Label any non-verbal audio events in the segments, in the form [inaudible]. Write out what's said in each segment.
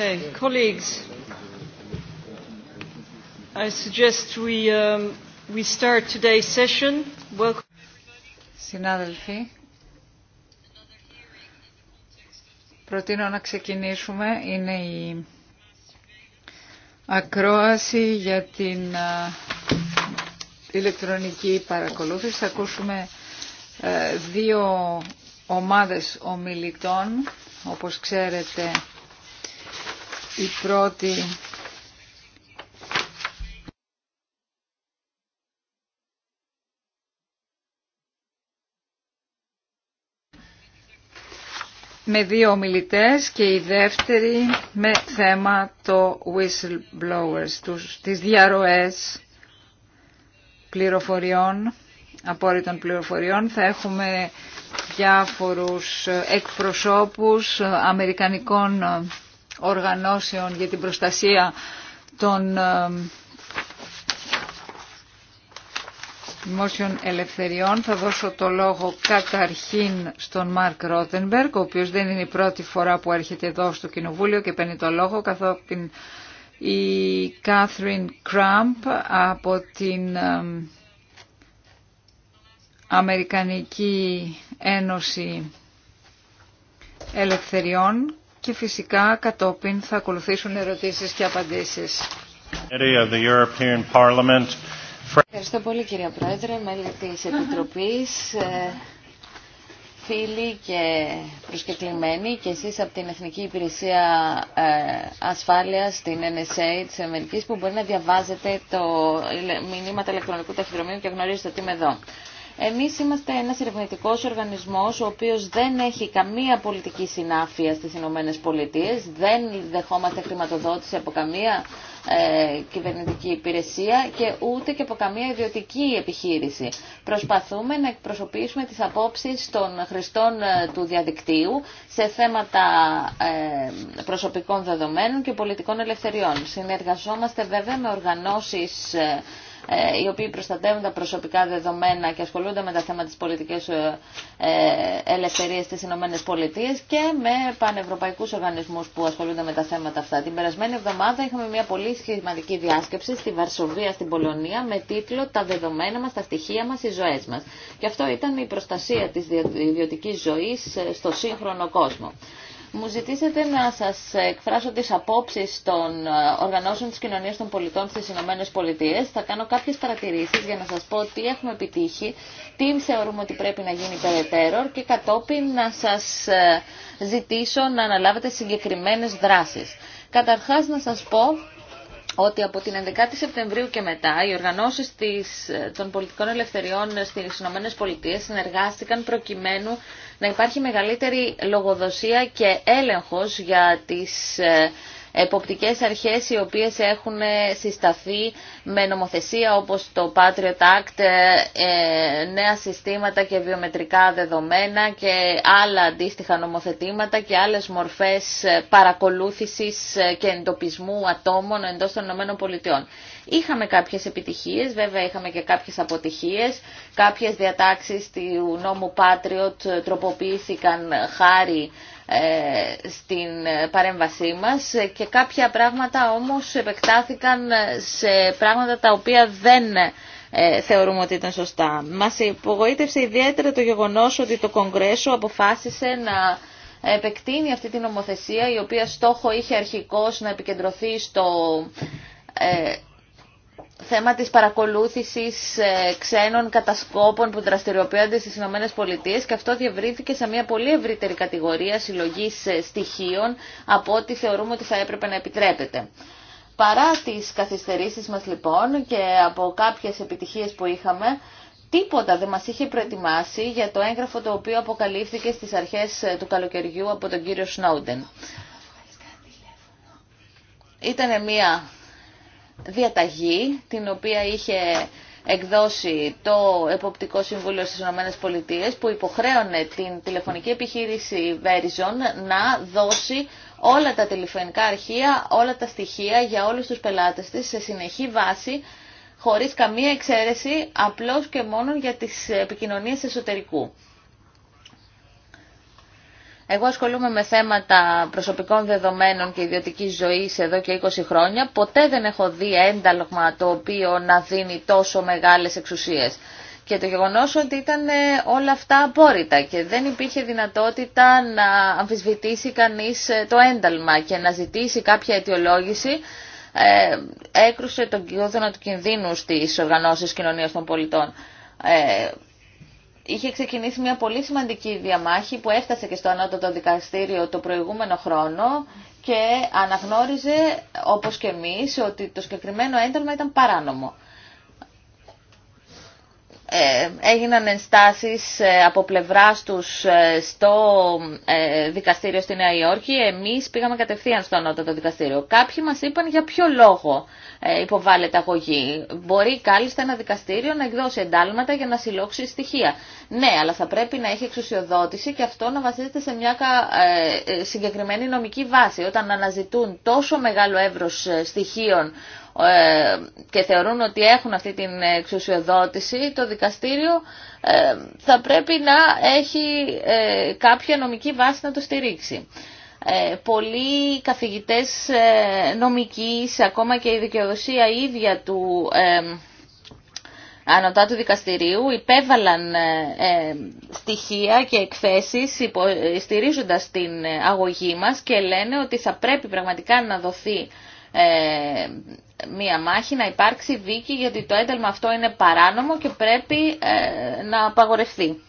Okay, suggest we, um, we start today's session. Welcome. Συνάδελφοι, προτείνω να ξεκινήσουμε. Είναι η ακρόαση για την ηλεκτρονική παρακολούθηση. Θα ακούσουμε ε, δύο ομάδες ομιλητών. Όπως ξέρετε, η πρώτη με δύο ομιλητές και η δεύτερη με θέμα το whistleblowers, τους, τις διαρροές πληροφοριών, απόρριτων πληροφοριών. Θα έχουμε διάφορους εκπροσώπους αμερικανικών οργανώσεων για την προστασία των ε, δημόσιων ελευθεριών. Θα δώσω το λόγο καταρχήν στον Μάρκ Ρότενμπεργκ, ο οποίος δεν είναι η πρώτη φορά που έρχεται εδώ στο Κοινοβούλιο και παίρνει το λόγο, καθόπιν η Κάθριν Κραμπ από την ε, Αμερικανική Ένωση Ελευθεριών και φυσικά κατόπιν θα ακολουθήσουν ερωτήσεις και απαντήσεις. Ευχαριστώ πολύ κυρία Πρόεδρε, μέλη της Επιτροπής, ε, φίλοι και προσκεκλημένοι και εσείς από την Εθνική Υπηρεσία ε, Ασφάλειας, την NSA της Αμερικής που μπορεί να διαβάζετε το ε, μηνύματα ηλεκτρονικού ταχυδρομείου και γνωρίζετε ότι είμαι εδώ. Εμείς είμαστε ένας ερευνητικό οργανισμός ο οποίος δεν έχει καμία πολιτική συνάφεια στις Ηνωμένες Πολιτείες, δεν δεχόμαστε χρηματοδότηση από καμία ε, κυβερνητική υπηρεσία και ούτε και από καμία ιδιωτική επιχείρηση. Προσπαθούμε να εκπροσωπήσουμε τις απόψεις των χρηστών ε, του διαδικτύου σε θέματα ε, προσωπικών δεδομένων και πολιτικών ελευθεριών. Συνεργαζόμαστε βέβαια με οργανώσεις ε, ε, οι οποίοι προστατεύουν τα προσωπικά δεδομένα και ασχολούνται με τα θέματα της πολιτικής ε, ε, ελευθερίας στις Ηνωμένες Πολιτείες και με πανευρωπαϊκούς οργανισμούς που ασχολούνται με τα θέματα αυτά. Την περασμένη εβδομάδα είχαμε μια πολύ σχηματική διάσκεψη στη Βαρσοβία στην Πολωνία με τίτλο «Τα δεδομένα μας, τα στοιχεία μας, οι ζωές μας». Και αυτό ήταν η προστασία της ιδιωτικής ζωής στο σύγχρονο κόσμο. Μου ζητήσετε να σας εκφράσω τις απόψεις των ε, οργανώσεων της κοινωνίας των πολιτών στις Ηνωμένε Πολιτείες. Θα κάνω κάποιες παρατηρήσεις για να σας πω τι έχουμε επιτύχει, τι θεωρούμε ότι πρέπει να γίνει περαιτέρω και κατόπιν να σας ε, ζητήσω να αναλάβετε συγκεκριμένες δράσεις. Καταρχάς να σας πω ότι από την 11η Σεπτεμβρίου και μετά οι οργανώσεις ε, των πολιτικών ελευθεριών στις Ηνωμένες Πολιτείες συνεργάστηκαν προκειμένου να υπάρχει μεγαλύτερη λογοδοσία και έλεγχος για τις ε, εποπτικές αρχές οι οποίες έχουν ε, συσταθεί με νομοθεσία όπως το Patriot Act, ε, νέα συστήματα και βιομετρικά δεδομένα και άλλα αντίστοιχα νομοθετήματα και άλλες μορφές παρακολούθησης και εντοπισμού ατόμων εντός των ΗΠΑ. Είχαμε κάποιες επιτυχίες, βέβαια είχαμε και κάποιες αποτυχίες. Κάποιες διατάξεις του νόμου Patriot τροποποιήθηκαν χάρη ε, στην παρέμβασή μας και κάποια πράγματα όμως επεκτάθηκαν σε πράγματα τα οποία δεν ε, θεωρούμε ότι ήταν σωστά. Μας υπογοήτευσε ιδιαίτερα το γεγονός ότι το Κογκρέσο αποφάσισε να επεκτείνει αυτή την νομοθεσία η οποία στόχο είχε αρχικώς να επικεντρωθεί στο ε, θέμα της παρακολούθησης ε, ξένων κατασκόπων που δραστηριοποιούνται στις Ηνωμένες Πολιτείες και αυτό διευρύθηκε σε μια πολύ ευρύτερη κατηγορία συλλογής ε, στοιχείων από ό,τι θεωρούμε ότι θα έπρεπε να επιτρέπεται. Παρά τις καθυστερήσεις μας λοιπόν και από κάποιες επιτυχίες που είχαμε, Τίποτα δεν μας είχε προετοιμάσει για το έγγραφο το οποίο αποκαλύφθηκε στις αρχές ε, του καλοκαιριού από τον κύριο Σνόντεν. Ήταν μια διαταγή την οποία είχε εκδώσει το Εποπτικό Συμβούλιο στις ΗΠΑ που υποχρέωνε την τηλεφωνική επιχείρηση Verizon να δώσει όλα τα τηλεφωνικά αρχεία, όλα τα στοιχεία για όλους τους πελάτες της σε συνεχή βάση χωρίς καμία εξαίρεση απλώς και μόνο για τις επικοινωνίες εσωτερικού. Εγώ ασχολούμαι με θέματα προσωπικών δεδομένων και ιδιωτική ζωής εδώ και 20 χρόνια. Ποτέ δεν έχω δει ένταλμα το οποίο να δίνει τόσο μεγάλες εξουσίες. Και το γεγονός ότι ήταν ε, όλα αυτά απόρριτα και δεν υπήρχε δυνατότητα να αμφισβητήσει κανείς ε, το ένταλμα και να ζητήσει κάποια αιτιολόγηση ε, έκρουσε τον κόδωνα του κινδύνου στις οργανώσεις κοινωνίας των πολιτών. Ε, είχε ξεκινήσει μια πολύ σημαντική διαμάχη που έφτασε και στο ανώτατο δικαστήριο το προηγούμενο χρόνο και αναγνώριζε, όπως και εμείς, ότι το συγκεκριμένο ένταλμα ήταν παράνομο. Ε, έγιναν ενστάσεις ε, από πλευράς τους ε, στο δικαστήριο στη Νέα Υόρκη. Εμείς πήγαμε κατευθείαν στο ανώτατο δικαστήριο. Κάποιοι μας είπαν για ποιο λόγο υποβάλλεται αγωγή. Μπορεί κάλλιστα ένα δικαστήριο να εκδώσει εντάλματα για να συλλόξει στοιχεία. Ναι, αλλά θα πρέπει να έχει εξουσιοδότηση και αυτό να βασίζεται σε μια συγκεκριμένη νομική βάση. Όταν αναζητούν τόσο μεγάλο εύρος στοιχείων ε, και θεωρούν ότι έχουν αυτή την εξουσιοδότηση, το δικαστήριο ε, θα πρέπει να έχει ε, κάποια νομική βάση να το στηρίξει. Πολλοί καθηγητές νομικής, ακόμα και η δικαιοδοσία ίδια του ανωτά του δικαστηρίου υπέβαλαν ε, στοιχεία και εκθέσεις στηρίζοντας την αγωγή μας και λένε ότι θα πρέπει πραγματικά να δοθεί ε, μία μάχη, να υπάρξει δίκη γιατί το ένταλμα αυτό είναι παράνομο και πρέπει ε, να απαγορευτεί.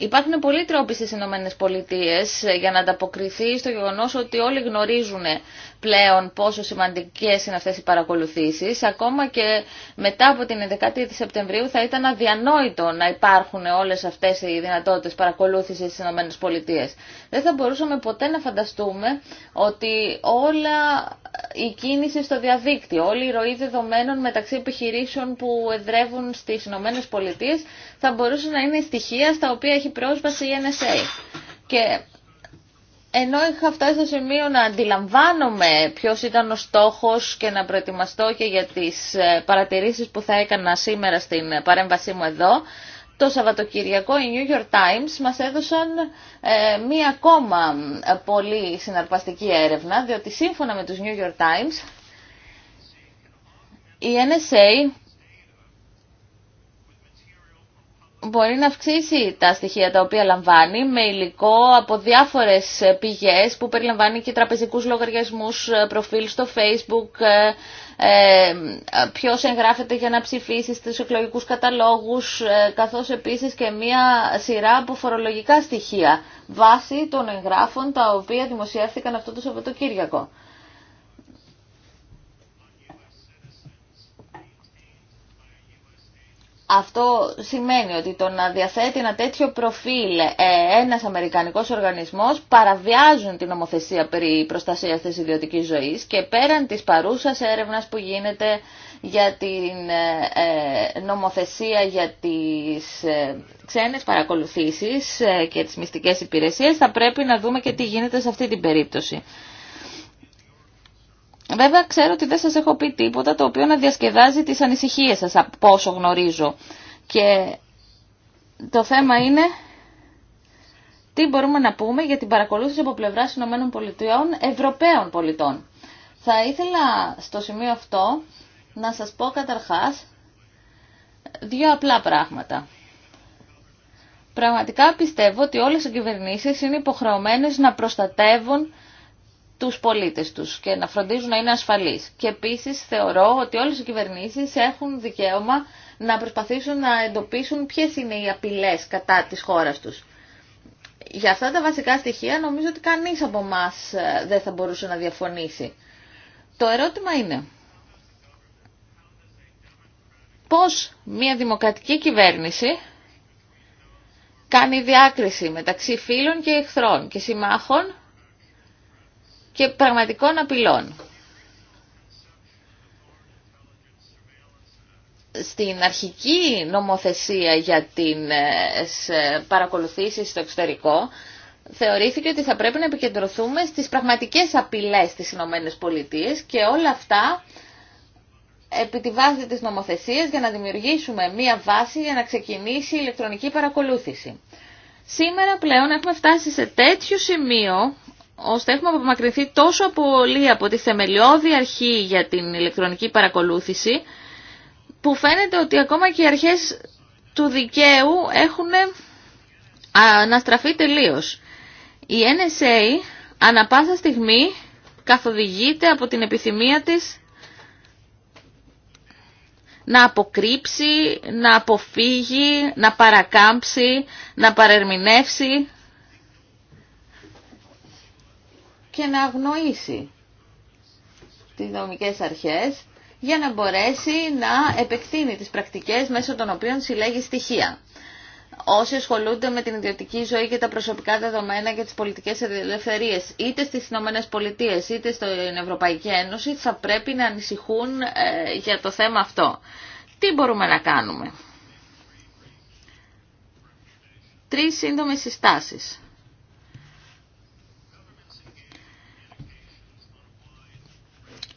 Υπάρχουν πολλοί τρόποι στις Ηνωμένες Πολιτείες ε, για να ανταποκριθεί στο γεγονός ότι όλοι γνωρίζουν ε, πλέον πόσο σημαντικές είναι αυτές οι παρακολουθήσεις. Ακόμα και μετά από την 11η Σεπτεμβρίου θα ήταν αδιανόητο να υπάρχουν όλες αυτές οι δυνατότητες παρακολούθησης στις Ηνωμένες Πολιτείες. Δεν θα μπορούσαμε ποτέ να φανταστούμε ότι όλα ε, η κίνηση στο διαδίκτυο, όλη η ροή δεδομένων μεταξύ επιχειρήσεων που εδρεύουν στις Ηνωμένε Πολιτείε, θα μπορούσε να είναι στοιχεία στα οποία έχει έχει πρόσβαση η NSA. Και ενώ είχα φτάσει στο σημείο να αντιλαμβάνομαι ποιος ήταν ο στόχος και να προετοιμαστώ και για τις ε, παρατηρήσεις που θα έκανα σήμερα στην παρέμβασή μου εδώ, το Σαββατοκυριακό οι New York Times μας έδωσαν ε, μία ακόμα πολύ συναρπαστική έρευνα, διότι σύμφωνα με τους New York Times η NSA μπορεί να αυξήσει τα στοιχεία τα οποία λαμβάνει με υλικό από διάφορες πηγές που περιλαμβάνει και τραπεζικούς λογαριασμούς, ε, προφίλ στο facebook, ε, ε, ε, ποιος εγγράφεται για να ψηφίσει στους εκλογικούς καταλόγους, καθώς επίσης και μία σειρά από φορολογικά στοιχεία βάσει των εγγράφων τα οποία δημοσιεύθηκαν αυτό το Σαββατοκύριακο. Αυτό σημαίνει ότι το να διαθέτει ένα τέτοιο προφίλ ε, ένας αμερικανικός οργανισμός παραβιάζουν την νομοθεσία περί προστασίας της ιδιωτικής ζωής και πέραν της παρούσας έρευνας που γίνεται για την ε, ε, νομοθεσία για τις ξένες παρακολουθήσεις και τις μυστικές υπηρεσίες θα πρέπει να δούμε και τι γίνεται σε αυτή την περίπτωση. Βέβαια ξέρω ότι δεν σας έχω πει τίποτα το οποίο να διασκεδάζει τις ανησυχίες σας από όσο γνωρίζω. Και το θέμα είναι τι μπορούμε να πούμε για την παρακολούθηση από πλευρά Ηνωμένων Πολιτειών Ευρωπαίων πολιτών. Θα ήθελα στο σημείο αυτό να σας πω καταρχάς δύο απλά πράγματα. Πραγματικά πιστεύω ότι όλες οι κυβερνήσεις είναι υποχρεωμένες να προστατεύουν τους πολίτες τους και να φροντίζουν να είναι ασφαλείς. Και επίσης θεωρώ ότι όλες οι κυβερνήσεις έχουν δικαίωμα να προσπαθήσουν να εντοπίσουν ποιες είναι οι απειλές κατά της χώρας τους. Για αυτά τα βασικά στοιχεία νομίζω ότι κανείς από εμά ε, δεν θα μπορούσε να διαφωνήσει. Το ερώτημα είναι πώς μια δημοκρατική κυβέρνηση κάνει διάκριση μεταξύ φίλων και εχθρών και συμμάχων και πραγματικών απειλών. Στην αρχική νομοθεσία για τις ε, παρακολουθήσεις στο εξωτερικό θεωρήθηκε ότι θα πρέπει να επικεντρωθούμε στις πραγματικές απειλές στις Ηνωμένες Πολιτείες και όλα αυτά επί τη βάση της νομοθεσίας για να δημιουργήσουμε μία βάση για να ξεκινήσει η ηλεκτρονική παρακολούθηση. Σήμερα πλέον έχουμε φτάσει σε τέτοιο σημείο ώστε έχουμε απομακρυνθεί τόσο πολύ από τη θεμελιώδη αρχή για την ηλεκτρονική παρακολούθηση, που φαίνεται ότι ακόμα και οι αρχές του δικαίου έχουν αναστραφεί τελείως. Η NSA ανα πάσα στιγμή καθοδηγείται από την επιθυμία της να αποκρύψει, να αποφύγει, να παρακάμψει, να παρερμηνεύσει και να αγνοήσει τις νομικές αρχές για να μπορέσει να επεκτείνει τις πρακτικές μέσω των οποίων συλλέγει στοιχεία. Όσοι ασχολούνται με την ιδιωτική ζωή και τα προσωπικά δεδομένα και τις πολιτικές ελευθερίες, είτε στις Ηνωμένες Πολιτείες είτε στην Ευρωπαϊκή Ένωση, θα πρέπει να ανησυχούν ε, για το θέμα αυτό. Τι μπορούμε να κάνουμε. Τρεις σύντομες συστάσεις.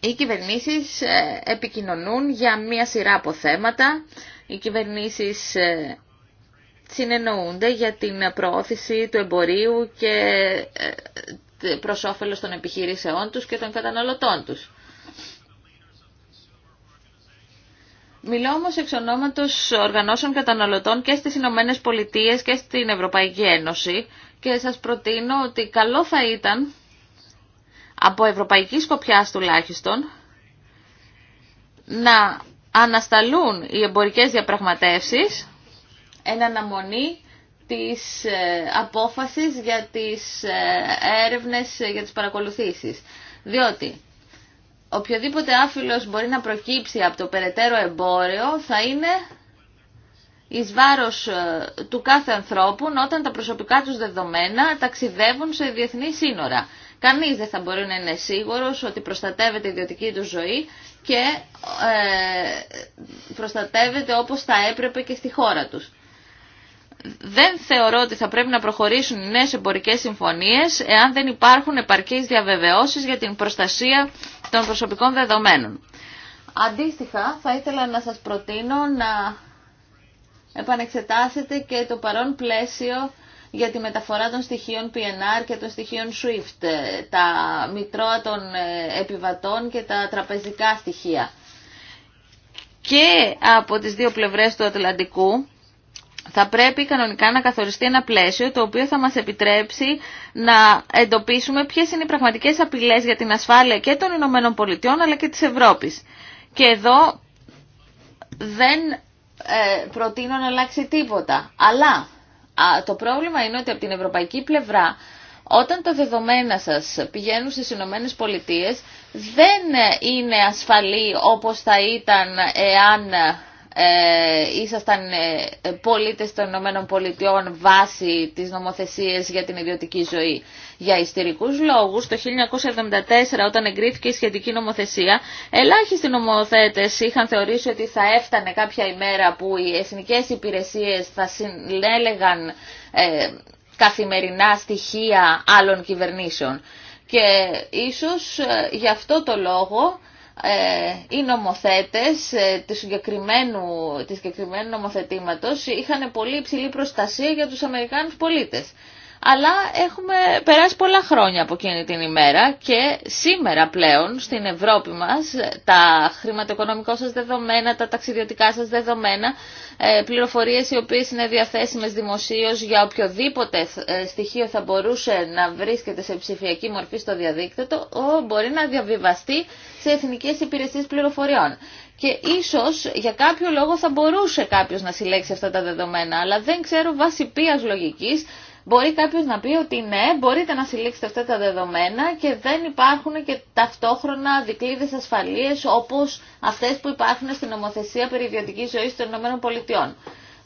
Οι κυβερνήσεις ε, επικοινωνούν για μία σειρά από θέματα. Οι κυβερνήσεις ε, συνεννοούνται για την προώθηση του εμπορίου και ε, προς όφελος των επιχειρήσεών τους και των καταναλωτών τους. Μιλώ όμως εξ ονόματος οργανώσεων καταναλωτών και στις Ηνωμένε Πολιτείες και στην Ευρωπαϊκή Ένωση και σας προτείνω ότι καλό θα ήταν από ευρωπαϊκή σκοπιά τουλάχιστον να ανασταλούν οι εμπορικές διαπραγματεύσεις εν αναμονή της ε, απόφασης για τις ε, έρευνες ε, για τις παρακολουθήσεις. Διότι οποιοδήποτε άφιλος μπορεί να προκύψει από το περαιτέρω εμπόριο θα είναι εις βάρος του κάθε ανθρώπου όταν τα προσωπικά τους δεδομένα ταξιδεύουν σε διεθνή σύνορα. Κανείς δεν θα μπορεί να είναι σίγουρος ότι προστατεύεται η ιδιωτική του ζωή και ε, προστατεύεται όπως θα έπρεπε και στη χώρα τους. Δεν θεωρώ ότι θα πρέπει να προχωρήσουν οι νέες εμπορικές συμφωνίες εάν δεν υπάρχουν επαρκείς διαβεβαιώσεις για την προστασία των προσωπικών δεδομένων. Αντίστοιχα, θα ήθελα να σας προτείνω να επανεξετάσετε και το παρόν πλαίσιο για τη μεταφορά των στοιχείων PNR και των στοιχείων SWIFT, τα μητρώα των ε, επιβατών και τα τραπεζικά στοιχεία. Και από τις δύο πλευρές του Ατλαντικού θα πρέπει κανονικά να καθοριστεί ένα πλαίσιο το οποίο θα μας επιτρέψει να εντοπίσουμε ποιες είναι οι πραγματικές απειλές για την ασφάλεια και των Ηνωμένων Πολιτειών αλλά και της Ευρώπης. Και εδώ δεν ε, προτείνω να αλλάξει τίποτα. Αλλά το πρόβλημα είναι ότι από την ευρωπαϊκή πλευρά όταν τα δεδομένα σας πηγαίνουν στις Ηνωμένε Πολιτείε, δεν είναι ασφαλή όπως θα ήταν εάν ε, ήσασταν ε, πολίτες των Ηνωμένων Πολιτειών βάσει της νομοθεσίας για την ιδιωτική ζωή. Για ιστερικούς λόγους, το 1974 όταν εγκρίθηκε η σχετική νομοθεσία, ελάχιστοι νομοθέτες είχαν θεωρήσει ότι θα έφτανε κάποια ημέρα που οι εθνικές υπηρεσίες θα συνέλεγαν ε, καθημερινά στοιχεία άλλων κυβερνήσεων. Και ίσως ε, γι' αυτό το λόγο ε, οι νομοθέτες της συγκεκριμένου, της συγκεκριμένου νομοθετήματος είχαν πολύ υψηλή προστασία για τους Αμερικάνους πολίτες αλλά έχουμε περάσει πολλά χρόνια από εκείνη την ημέρα και σήμερα πλέον στην Ευρώπη μας τα χρηματοοικονομικά σας δεδομένα, τα ταξιδιωτικά σας δεδομένα, ε, πληροφορίες οι οποίες είναι διαθέσιμες δημοσίως για οποιοδήποτε ε, στοιχείο θα μπορούσε να βρίσκεται σε ψηφιακή μορφή στο διαδίκτυο, μπορεί να διαβιβαστεί σε εθνικές υπηρεσίες πληροφοριών. Και ίσως για κάποιο λόγο θα μπορούσε κάποιος να συλλέξει αυτά τα δεδομένα, αλλά δεν ξέρω βάσει ποιας λογικής μπορεί κάποιος να πει ότι ναι, μπορείτε να συλλέξετε αυτά τα δεδομένα και δεν υπάρχουν και ταυτόχρονα δικλείδες ασφαλείας όπως αυτές που υπάρχουν στην νομοθεσία περί ιδιωτικής ζωής των ΗΠΑ.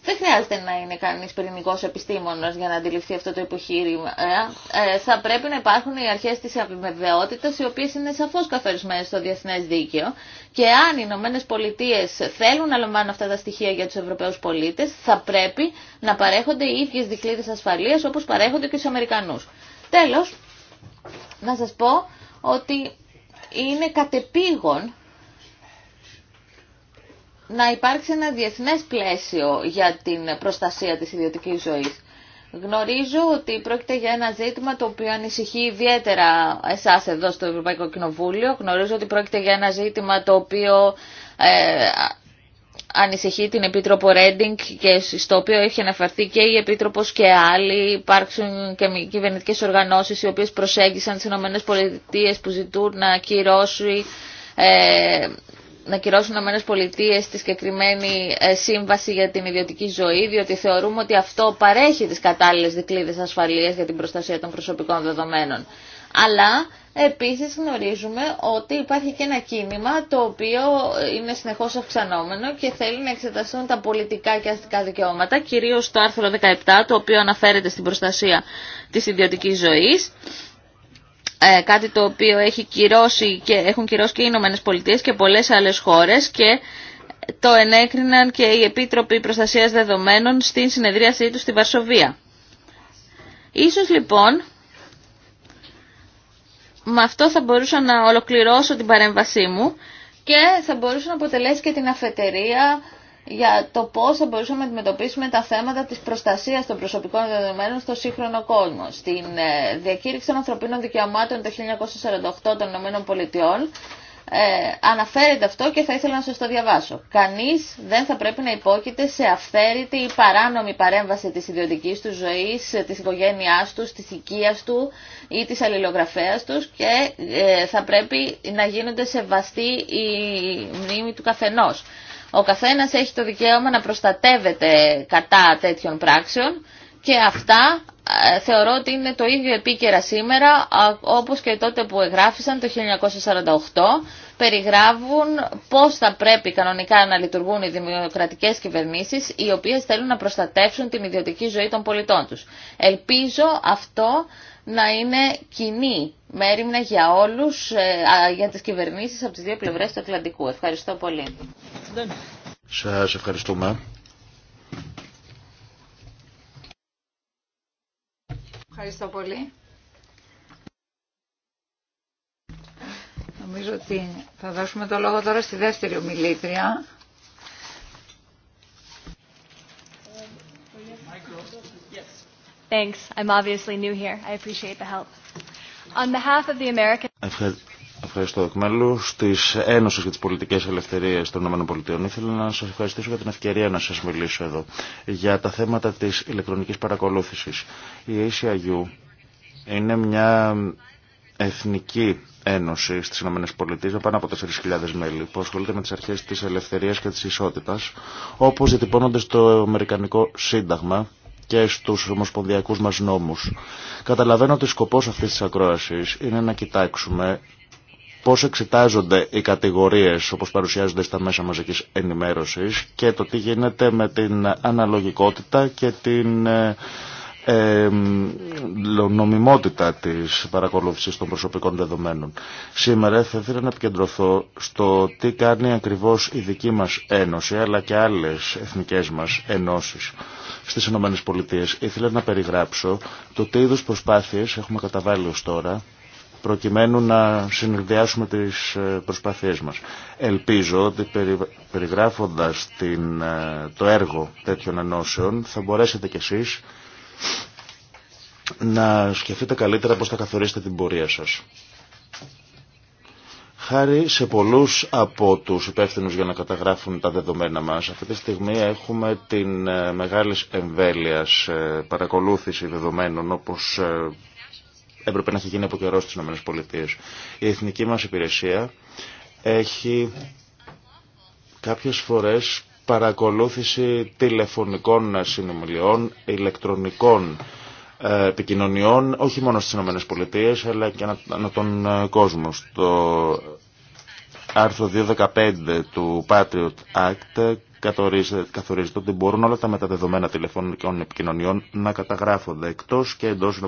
Δεν χρειάζεται να είναι κανείς πυρηνικός επιστήμονας για να αντιληφθεί αυτό το επιχείρημα. Ε. Ε, θα πρέπει να υπάρχουν οι αρχές της αμοιβαιότητας, οι οποίες είναι σαφώς καθορισμένες στο διεθνές δίκαιο. Και αν οι Ηνωμένε Πολιτείε θέλουν να λαμβάνουν αυτά τα στοιχεία για τους Ευρωπαίους πολίτες, θα πρέπει να παρέχονται οι ίδιες δικλείδες ασφαλείας όπως παρέχονται και στους Αμερικανούς. Τέλος, να σας πω ότι είναι κατεπήγον να υπάρξει ένα διεθνές πλαίσιο για την προστασία της ιδιωτικής ζωής. Γνωρίζω ότι πρόκειται για ένα ζήτημα το οποίο ανησυχεί ιδιαίτερα εσάς εδώ στο Ευρωπαϊκό Κοινοβούλιο. Γνωρίζω ότι πρόκειται για ένα ζήτημα το οποίο ε, ανησυχεί την Επίτροπο Ρέντινγκ και στο οποίο έχει αναφερθεί και η Επίτροπος και άλλοι. Υπάρξουν και κυβερνητικέ οργανώσεις οι οποίες προσέγγισαν τις ΗΠΑ που ζητούν να κυρώσει ε, να κυρώσουν οι ΗΠΑ τη συγκεκριμένη ε, σύμβαση για την ιδιωτική ζωή, διότι θεωρούμε ότι αυτό παρέχει τι κατάλληλε δικλείδες ασφαλεία για την προστασία των προσωπικών δεδομένων. Αλλά επίσης γνωρίζουμε ότι υπάρχει και ένα κίνημα το οποίο ε, είναι συνεχώς αυξανόμενο και θέλει να εξεταστούν τα πολιτικά και αστικά δικαιώματα, κυρίως το άρθρο 17, το οποίο αναφέρεται στην προστασία της ιδιωτικής ζωής. Ε, κάτι το οποίο έχει κυρώσει και, έχουν κυρώσει και οι Ηνωμένε Πολιτείες και πολλές άλλες χώρες και το ενέκριναν και οι Επίτροποι Προστασίας Δεδομένων στην συνεδρίασή τους στη Βαρσοβία. Ίσως λοιπόν με αυτό θα μπορούσα να ολοκληρώσω την παρέμβασή μου και θα μπορούσα να αποτελέσει και την αφετερία για το πώ θα μπορούσαμε να αντιμετωπίσουμε τα θέματα τη προστασία των προσωπικών δεδομένων στο σύγχρονο κόσμο. Στην ε, Διακήρυξη των Ανθρωπίνων Δικαιωμάτων το 1948 των ΗΠΑ ε, αναφέρεται αυτό και θα ήθελα να σα το διαβάσω. Κανεί δεν θα πρέπει να υπόκειται σε αυθαίρετη ή παράνομη παρέμβαση τη ιδιωτική του ζωή, τη οικογένειά του, τη οικία του ή τη αλληλογραφέα του και ε, θα πρέπει να γίνονται σεβαστοί οι μνήμοι του καθενό. Ο καθένας έχει το δικαίωμα να προστατεύεται κατά τέτοιων πράξεων και αυτά ε, θεωρώ ότι είναι το ίδιο επίκαιρα σήμερα όπως και τότε που εγγράφησαν το 1948 περιγράφουν πώς θα πρέπει κανονικά να λειτουργούν οι δημοκρατικές κυβερνήσεις οι οποίες θέλουν να προστατεύσουν την ιδιωτική ζωή των πολιτών τους. Ελπίζω αυτό να είναι κοινή μέρημνα για όλους, ε, για τις κυβερνήσεις από τις δύο πλευρές του Ατλαντικού. Ευχαριστώ πολύ. Σας ευχαριστούμε. Ευχαριστώ πολύ. Νομίζω ότι θα δώσουμε το λόγο τώρα στη δεύτερη ομιλήτρια. Thanks. I'm obviously new here. I appreciate the help. On behalf of the American... Ευχαριστώ εκ μέλου τη Ένωση για τι Πολιτικέ Ελευθερίε των ΗΠΑ. Ήθελα να σα ευχαριστήσω για την ευκαιρία να σα μιλήσω εδώ για τα θέματα τη ηλεκτρονική παρακολούθηση. Η ACIU είναι μια εθνική ένωση στι ΗΠΑ με πάνω από 4.000 μέλη που ασχολείται με τι αρχέ τη ελευθερία και τη ισότητα όπω διατυπώνονται στο Αμερικανικό Σύνταγμα και στους ομοσπονδιακούς μας νόμους. Καταλαβαίνω ότι σκοπό αυτή τη ακρόαση είναι να κοιτάξουμε πώς εξετάζονται οι κατηγορίες όπως παρουσιάζονται στα μέσα μαζικής ενημέρωσης και το τι γίνεται με την αναλογικότητα και την ε, νομιμότητα της παρακολούθησης των προσωπικών δεδομένων. Σήμερα θα ήθελα να επικεντρωθώ στο τι κάνει ακριβώς η δική μας ένωση αλλά και άλλες εθνικές μας ενώσεις στις ΗΠΑ. Ήθελα να περιγράψω το τι είδους προσπάθειες έχουμε καταβάλει ως τώρα προκειμένου να συνδυάσουμε τις ε, προσπάθειές μας. Ελπίζω ότι περιγράφοντας την, ε, το έργο τέτοιων ενώσεων θα μπορέσετε κι εσείς να σκεφτείτε καλύτερα πώς θα καθορίσετε την πορεία σας. Χάρη σε πολλούς από τους υπεύθυνου για να καταγράφουν τα δεδομένα μας, αυτή τη στιγμή έχουμε την ε, μεγάλη εμβέλεια παρακολούθηση δεδομένων όπως έπρεπε να έχει γίνει από καιρό στις ΗΠΑ. Η εθνική μας υπηρεσία έχει κάποιες φορές παρακολούθηση τηλεφωνικών συνομιλιών, ηλεκτρονικών ε, επικοινωνιών, όχι μόνο στις ΗΠΑ αλλά και ανά τον ε, κόσμο. Στο άρθρο 215 του Patriot Act καθορίζεται ότι μπορούν όλα τα μεταδεδομένα τηλεφωνικών επικοινωνιών να καταγράφονται εκτός και εντός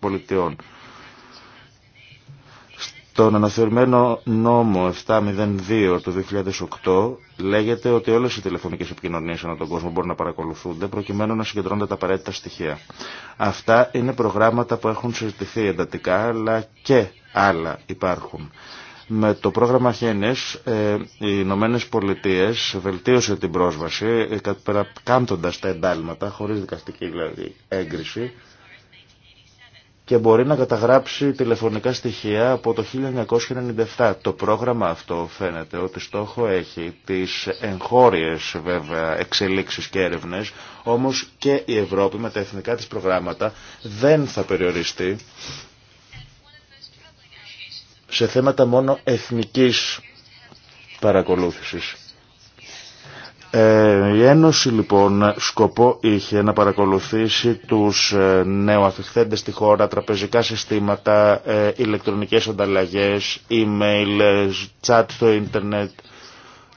πολιτεών. Στον αναθεωρημένο νόμο 702 του 2008 λέγεται ότι όλες οι τηλεφωνικές επικοινωνίες ανά τον κόσμο μπορούν να παρακολουθούνται προκειμένου να συγκεντρώνονται τα απαραίτητα στοιχεία. Αυτά είναι προγράμματα που έχουν συζητηθεί εντατικά αλλά και άλλα υπάρχουν. Με το πρόγραμμα Χένες, ε, οι Ηνωμένε Πολιτείε βελτίωσε την πρόσβαση, ε, κάμπτοντας τα εντάλματα, χωρίς δικαστική δηλαδή έγκριση, και μπορεί να καταγράψει τηλεφωνικά στοιχεία από το 1997. Το πρόγραμμα αυτό φαίνεται ότι στόχο έχει τις εγχώριες βέβαια εξελίξεις και έρευνες, όμως και η Ευρώπη με τα εθνικά της προγράμματα δεν θα περιοριστεί σε θέματα μόνο εθνικής παρακολούθησης. Ε, η Ένωση λοιπόν σκοπό είχε να παρακολουθήσει τους ε, στη χώρα, τραπεζικά συστήματα, ε, ηλεκτρονικές ανταλλαγές, email, chat στο ίντερνετ,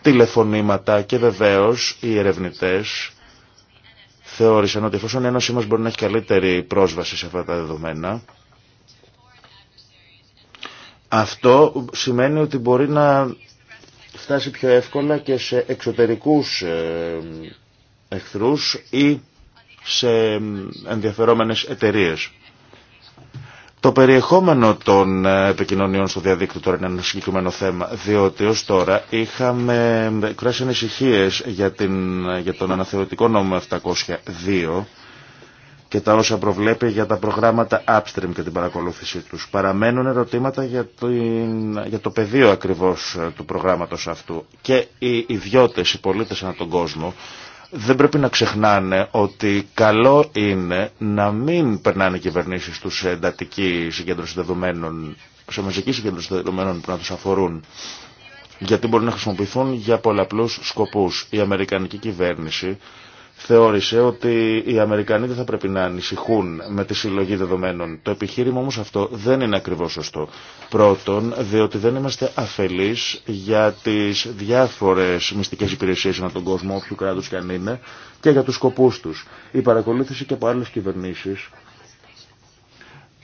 τηλεφωνήματα και βεβαίως οι ερευνητές θεώρησαν ότι εφόσον η Ένωση μας μπορεί να έχει καλύτερη πρόσβαση σε αυτά τα δεδομένα, αυτό σημαίνει ότι μπορεί να φτάσει πιο εύκολα και σε εξωτερικούς ε, εχθρούς ή σε ενδιαφερόμενες εταιρείες. Το περιεχόμενο των ε, επικοινωνιών στο διαδίκτυο τώρα είναι ένα συγκεκριμένο θέμα, διότι ως τώρα είχαμε κράσει ανησυχίε για, την, ε, για τον αναθεωρητικό νόμο 702, και τα όσα προβλέπει για τα προγράμματα upstream και την παρακολούθησή τους. Παραμένουν ερωτήματα για, την, για το πεδίο ακριβώς ε, του προγράμματος αυτού. Και οι ιδιώτες, οι πολίτες ανά τον κόσμο, δεν πρέπει να ξεχνάνε ότι καλό είναι να μην περνάνε οι κυβερνήσεις τους σε εντατική συγκέντρωση δεδομένων, σε μαζική συγκέντρωση δεδομένων που να τους αφορούν γιατί μπορούν να χρησιμοποιηθούν για πολλαπλούς σκοπούς. Η Αμερικανική κυβέρνηση θεώρησε ότι οι Αμερικανοί δεν θα πρέπει να ανησυχούν με τη συλλογή δεδομένων. Το επιχείρημα όμως αυτό δεν είναι ακριβώς σωστό. Πρώτον, διότι δεν είμαστε αφελείς για τις διάφορες μυστικές υπηρεσίες ανά τον κόσμο, όποιου κράτους και αν είναι, και για τους σκοπούς τους. Η παρακολούθηση και από άλλες κυβερνήσεις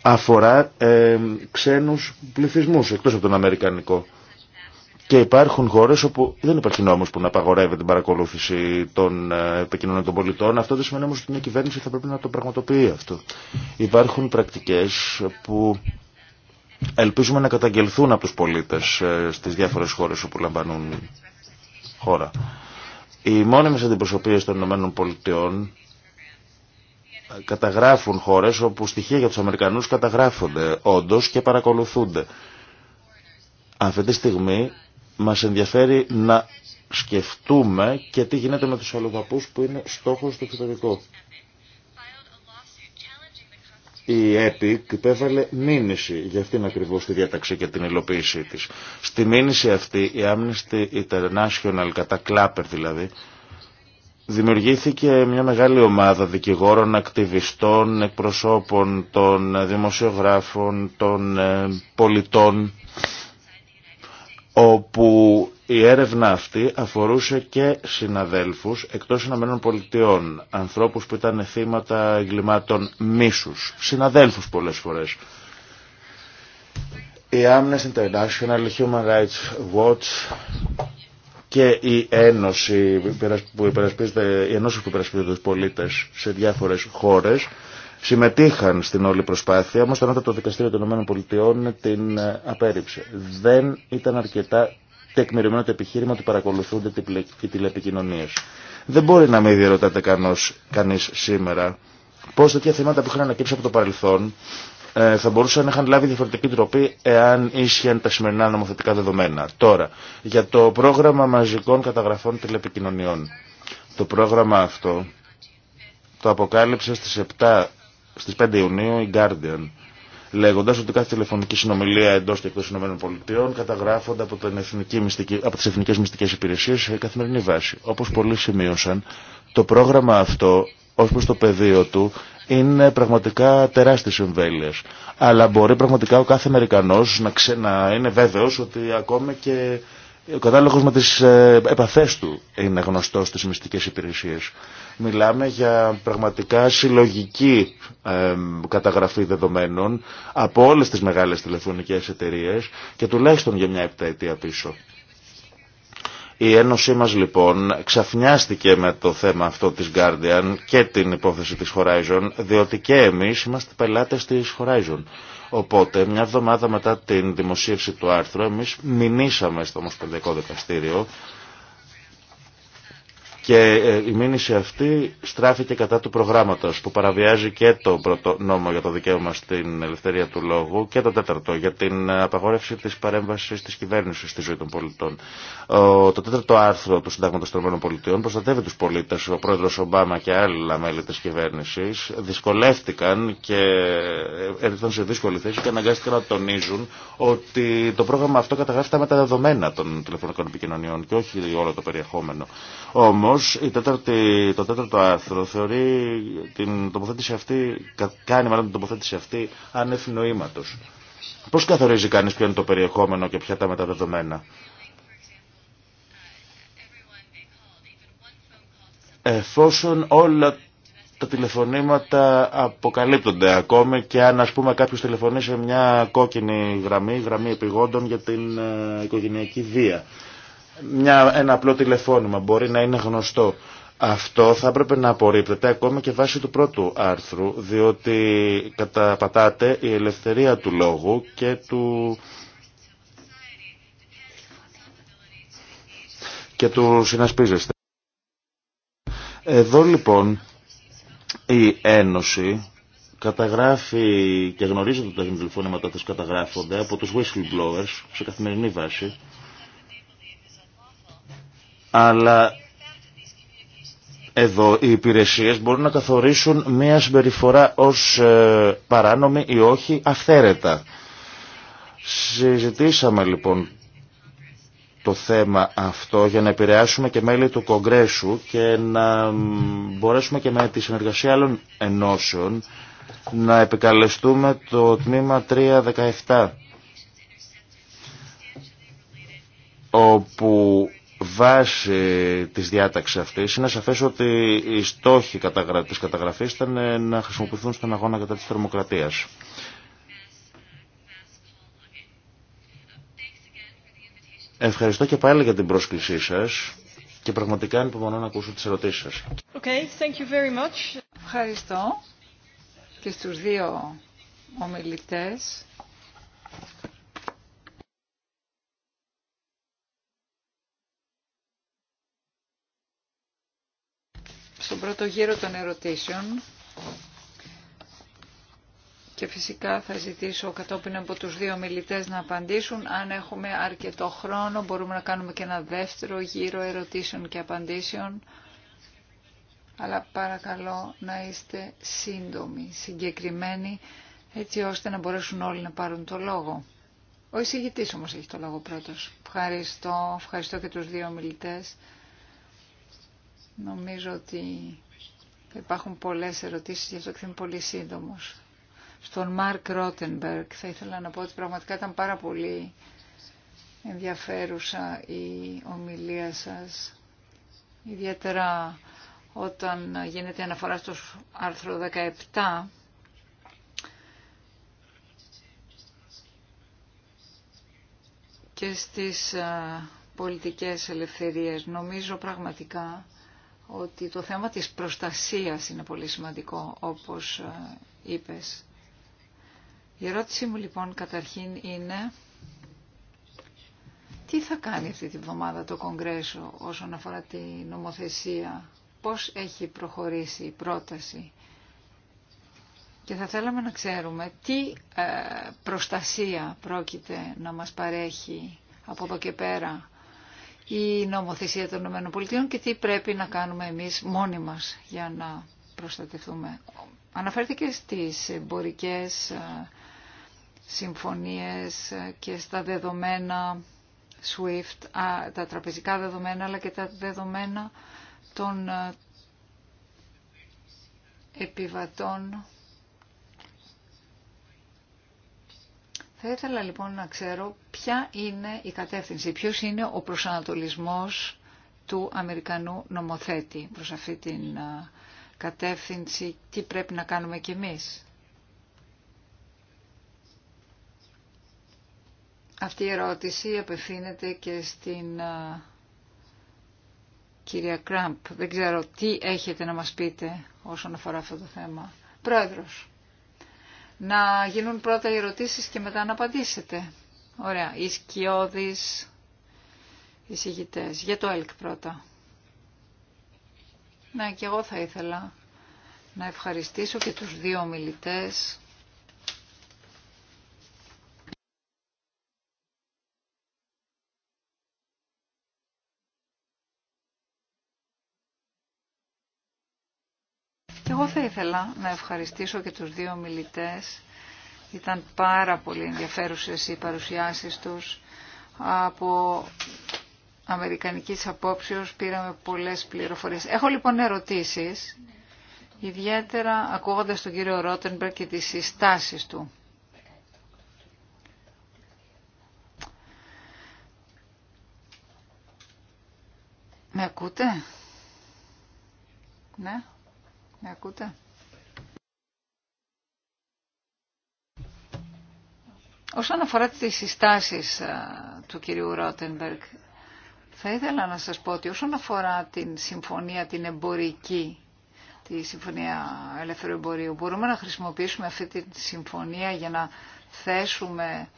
αφορά ε, ξένους πληθυσμούς εκτός από τον Αμερικανικό. Και υπάρχουν χώρε όπου δεν υπάρχει νόμο που να απαγορεύει την παρακολούθηση των ε, επικοινωνιών των πολιτών. Αυτό δεν σημαίνει όμω ότι μια κυβέρνηση θα πρέπει να το πραγματοποιεί αυτό. Υπάρχουν πρακτικέ που ελπίζουμε να καταγγελθούν από του πολίτε ε, στι διάφορε χώρε όπου λαμβάνουν χώρα. Οι μόνιμε αντιπροσωπείε των ΗΠΑ ε, καταγράφουν χώρε όπου στοιχεία για του Αμερικανού καταγράφονται όντω και παρακολουθούνται. Αυτή τη στιγμή μας ενδιαφέρει να σκεφτούμε και τι γίνεται με τους αλλοδαπούς που είναι στόχος του εξωτερικού. Η ΕΠΙΚ υπέβαλε μήνυση για αυτήν ακριβώς τη διάταξη και την υλοποίησή της. Στη μήνυση αυτή η Amnesty International, κατά κλάπερ δηλαδή, δημιουργήθηκε μια μεγάλη ομάδα δικηγόρων, ακτιβιστών, εκπροσώπων των δημοσιογράφων, των ε, πολιτών όπου η έρευνα αυτή αφορούσε και συναδέλφους εκτός Ηνωμένων Πολιτειών, ανθρώπους που ήταν θύματα εγκλημάτων μίσους, συναδέλφους πολλές φορές. Η Amnesty International, η Human Rights Watch και η Ένωση που υπερασπίζεται, οι Ενώσεις που τους πολίτες σε διάφορες χώρες συμμετείχαν στην όλη προσπάθεια, όμως το Ανώτατο Δικαστήριο των ΗΠΑ την ε, απέρριψε. Δεν ήταν αρκετά τεκμηριωμένο το επιχείρημα ότι παρακολουθούνται οι τηλεπικοινωνίες. Δεν μπορεί να μην διερωτάται κανός, κανείς σήμερα πώς τέτοια θέματα που είχαν ανακύψει από το παρελθόν ε, θα μπορούσαν να είχαν λάβει διαφορετική τροπή εάν ίσχυαν τα σημερινά νομοθετικά δεδομένα. Τώρα, για το πρόγραμμα μαζικών καταγραφών τηλεπικοινωνιών. Το πρόγραμμα αυτό το αποκάλυψε στις στις 5 Ιουνίου η Guardian λέγοντας ότι κάθε τηλεφωνική συνομιλία εντός και εκτός των ΗΠΑ καταγράφονται από, την εθνική μυστική, από τις εθνικές μυστικές υπηρεσίες σε καθημερινή βάση. Όπως πολλοί σημείωσαν, το πρόγραμμα αυτό ως προς το πεδίο του είναι πραγματικά τεράστιες εμβέλειες. Αλλά μπορεί πραγματικά ο κάθε Αμερικανός να, ξε, είναι βέβαιος ότι ακόμα και ο κατάλογος με τις ε, επαφές του είναι γνωστός στις μυστικές υπηρεσίες. Μιλάμε για πραγματικά συλλογική καταγραφή δεδομένων από όλες τις μεγάλες τηλεφωνικές εταιρείες και τουλάχιστον για μια επταετία πίσω. Η Ένωσή μας λοιπόν ξαφνιάστηκε με το θέμα αυτό της Guardian και την υπόθεση της Horizon, διότι και εμείς είμαστε πελάτες της Horizon. Οπότε, μια εβδομάδα μετά την δημοσίευση του άρθρου, εμείς μηνύσαμε στο Ομοσπονδιακό Δικαστήριο και ε, η μήνυση αυτή στράφηκε κατά του προγράμματος που παραβιάζει και το πρώτο νόμο για το δικαίωμα στην ελευθερία του λόγου και το τέταρτο για την απαγόρευση της παρέμβασης της κυβέρνησης στη ζωή των πολιτών. Το τέταρτο άρθρο του Συντάγματος των ΗΠΑ προστατεύει τους πολίτες. Ο πρόεδρος Ομπάμα και άλλα μέλη της κυβέρνησης δυσκολεύτηκαν και έρθαν ε, σε δύσκολη θέση και αναγκάστηκαν να τονίζουν ότι το πρόγραμμα αυτό καταγράφεται με τα δεδομένα των τηλεφωνικών επικοινωνιών και όχι όλο το περιεχόμενο. Όμω το τέταρτο άρθρο θεωρεί την τοποθέτηση αυτή, κάνει μάλλον την τοποθέτηση αυτή ανεφινοήματος. Πώς καθορίζει κανείς ποιο είναι το περιεχόμενο και ποια τα μεταδεδομένα. Εφόσον όλα τα τηλεφωνήματα αποκαλύπτονται ακόμη και αν ας πούμε κάποιος τηλεφωνεί σε μια κόκκινη γραμμή, γραμμή επιγόντων για την ε, οικογενειακή βία μια, ένα απλό τηλεφώνημα, μπορεί να είναι γνωστό. Αυτό θα έπρεπε να απορρίπτεται ακόμα και βάσει του πρώτου άρθρου, διότι καταπατάτε η ελευθερία του λόγου και του... και του συνασπίζεστε. Εδώ λοιπόν η Ένωση καταγράφει και γνωρίζεται ότι τα τηλεφώνηματα τους καταγράφονται από τους whistleblowers σε καθημερινή βάση αλλά εδώ οι υπηρεσίες μπορούν να καθορίσουν μια συμπεριφορά ως ε, παράνομη ή όχι αυθαίρετα. Συζητήσαμε λοιπόν το θέμα αυτό για να επηρεάσουμε και μέλη του Κογκρέσου και να μπορέσουμε και με τη συνεργασία άλλων ενώσεων να επικαλεστούμε το τμήμα 317 όπου βάση της διάταξης αυτής είναι σαφές ότι οι στόχοι της καταγραφής ήταν ε, να χρησιμοποιηθούν στον αγώνα κατά της θερμοκρατίας. Ευχαριστώ και πάλι για την πρόσκλησή σας και πραγματικά ανυπομονώ να ακούσω τις ερωτήσεις σας. Okay, thank you very much. Ευχαριστώ και στους δύο ομιλητές. τον πρώτο γύρο των ερωτήσεων και φυσικά θα ζητήσω κατόπιν από τους δύο μιλητές να απαντήσουν. Αν έχουμε αρκετό χρόνο μπορούμε να κάνουμε και ένα δεύτερο γύρο ερωτήσεων και απαντήσεων. Αλλά παρακαλώ να είστε σύντομοι, συγκεκριμένοι, έτσι ώστε να μπορέσουν όλοι να πάρουν το λόγο. Ο εισηγητής όμως έχει το λόγο πρώτος. Ευχαριστώ, ευχαριστώ και τους δύο μιλητές. Νομίζω ότι υπάρχουν πολλές ερωτήσεις, γι' αυτό και είμαι πολύ σύντομος. Στον Μάρκ Ρότενμπεργκ θα ήθελα να πω ότι πραγματικά ήταν πάρα πολύ ενδιαφέρουσα η ομιλία σας. Ιδιαίτερα όταν γίνεται αναφορά στο άρθρο 17, και στις ε, πολιτικές ελευθερίες. Νομίζω πραγματικά ότι το θέμα της προστασίας είναι πολύ σημαντικό, όπως ε, είπες. Η ερώτησή μου λοιπόν καταρχήν είναι τι θα κάνει αυτή τη βδομάδα το Κογκρέσο όσον αφορά τη νομοθεσία, πώς έχει προχωρήσει η πρόταση και θα θέλαμε να ξέρουμε τι ε, προστασία πρόκειται να μας παρέχει από εδώ και πέρα η νομοθεσία των ΗΠΑ και τι πρέπει να κάνουμε εμείς μόνοι μας για να προστατευτούμε. Αναφέρθηκε στις εμπορικέ συμφωνίες και στα δεδομένα SWIFT, τα τραπεζικά δεδομένα αλλά και τα δεδομένα των επιβατών Θα ήθελα λοιπόν να ξέρω ποια είναι η κατεύθυνση, ποιος είναι ο προσανατολισμός του Αμερικανού νομοθέτη προς αυτή την κατεύθυνση, τι πρέπει να κάνουμε κι εμείς. Αυτή η ερώτηση απευθύνεται και στην κυρία Κραμπ. Δεν ξέρω τι έχετε να μας πείτε όσον αφορά αυτό το θέμα. Πρόεδρος να γίνουν πρώτα οι ερωτήσεις και μετά να απαντήσετε. Ωραία. Οι σκιώδεις εισηγητές. Για το ΕΛΚ πρώτα. Ναι, και εγώ θα ήθελα να ευχαριστήσω και τους δύο ομιλητές. Εγώ θα ήθελα να ευχαριστήσω και τους δύο μιλητές. Ήταν πάρα πολύ ενδιαφέρουσες οι παρουσιάσεις τους. Από αμερικανικής απόψεως πήραμε πολλές πληροφορίες. Έχω λοιπόν ερωτήσεις, ιδιαίτερα ακούγοντας τον κύριο Ρότενμπερ και τις συστάσεις του. Με ακούτε? Ναι. Με ακούτε? Όσον αφορά τις συστάσεις ε, του κυρίου Ρότενμπεργκ, θα ήθελα να σας πω ότι όσον αφορά την συμφωνία την εμπορική, τη Συμφωνία Ελεύθερου Εμπορίου, μπορούμε να χρησιμοποιήσουμε αυτή τη συμφωνία για να θέσουμε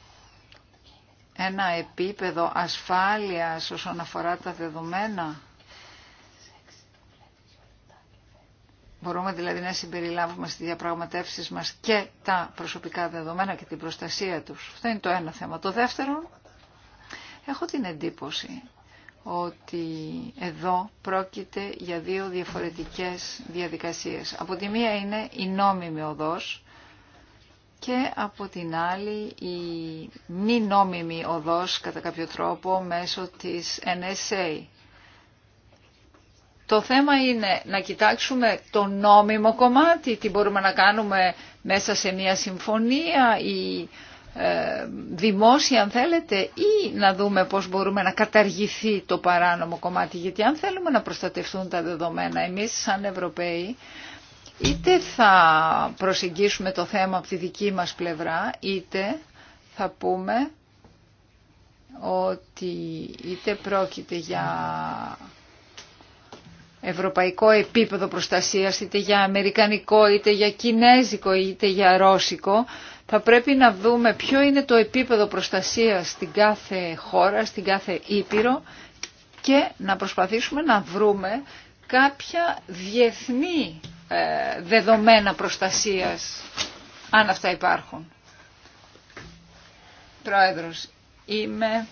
ένα επίπεδο ασφάλειας όσον αφορά τα δεδομένα. Μπορούμε δηλαδή να συμπεριλάβουμε στις διαπραγματεύσεις μας και τα προσωπικά δεδομένα και την προστασία τους. Αυτό είναι το ένα θέμα. Το δεύτερο, έχω την εντύπωση ότι εδώ πρόκειται για δύο διαφορετικές διαδικασίες. Από τη μία είναι η νόμιμη οδός και από την άλλη η μη νόμιμη οδός κατά κάποιο τρόπο μέσω της NSA. Το θέμα είναι να κοιτάξουμε το νόμιμο κομμάτι, τι μπορούμε να κάνουμε μέσα σε μια συμφωνία ή ε, δημόσια αν θέλετε ή να δούμε πώς μπορούμε να καταργηθεί το παράνομο κομμάτι. Γιατί αν θέλουμε να προστατευτούν τα δεδομένα εμείς σαν Ευρωπαίοι, είτε θα προσεγγίσουμε το θέμα από τη δική μας πλευρά, είτε θα πούμε ότι είτε πρόκειται για ευρωπαϊκό επίπεδο προστασίας, είτε για αμερικανικό, είτε για κινέζικο, είτε για ρώσικο, θα πρέπει να δούμε ποιο είναι το επίπεδο προστασίας στην κάθε χώρα, στην κάθε ήπειρο και να προσπαθήσουμε να βρούμε κάποια διεθνή ε, δεδομένα προστασίας, αν αυτά υπάρχουν. Πρόεδρος, είμαι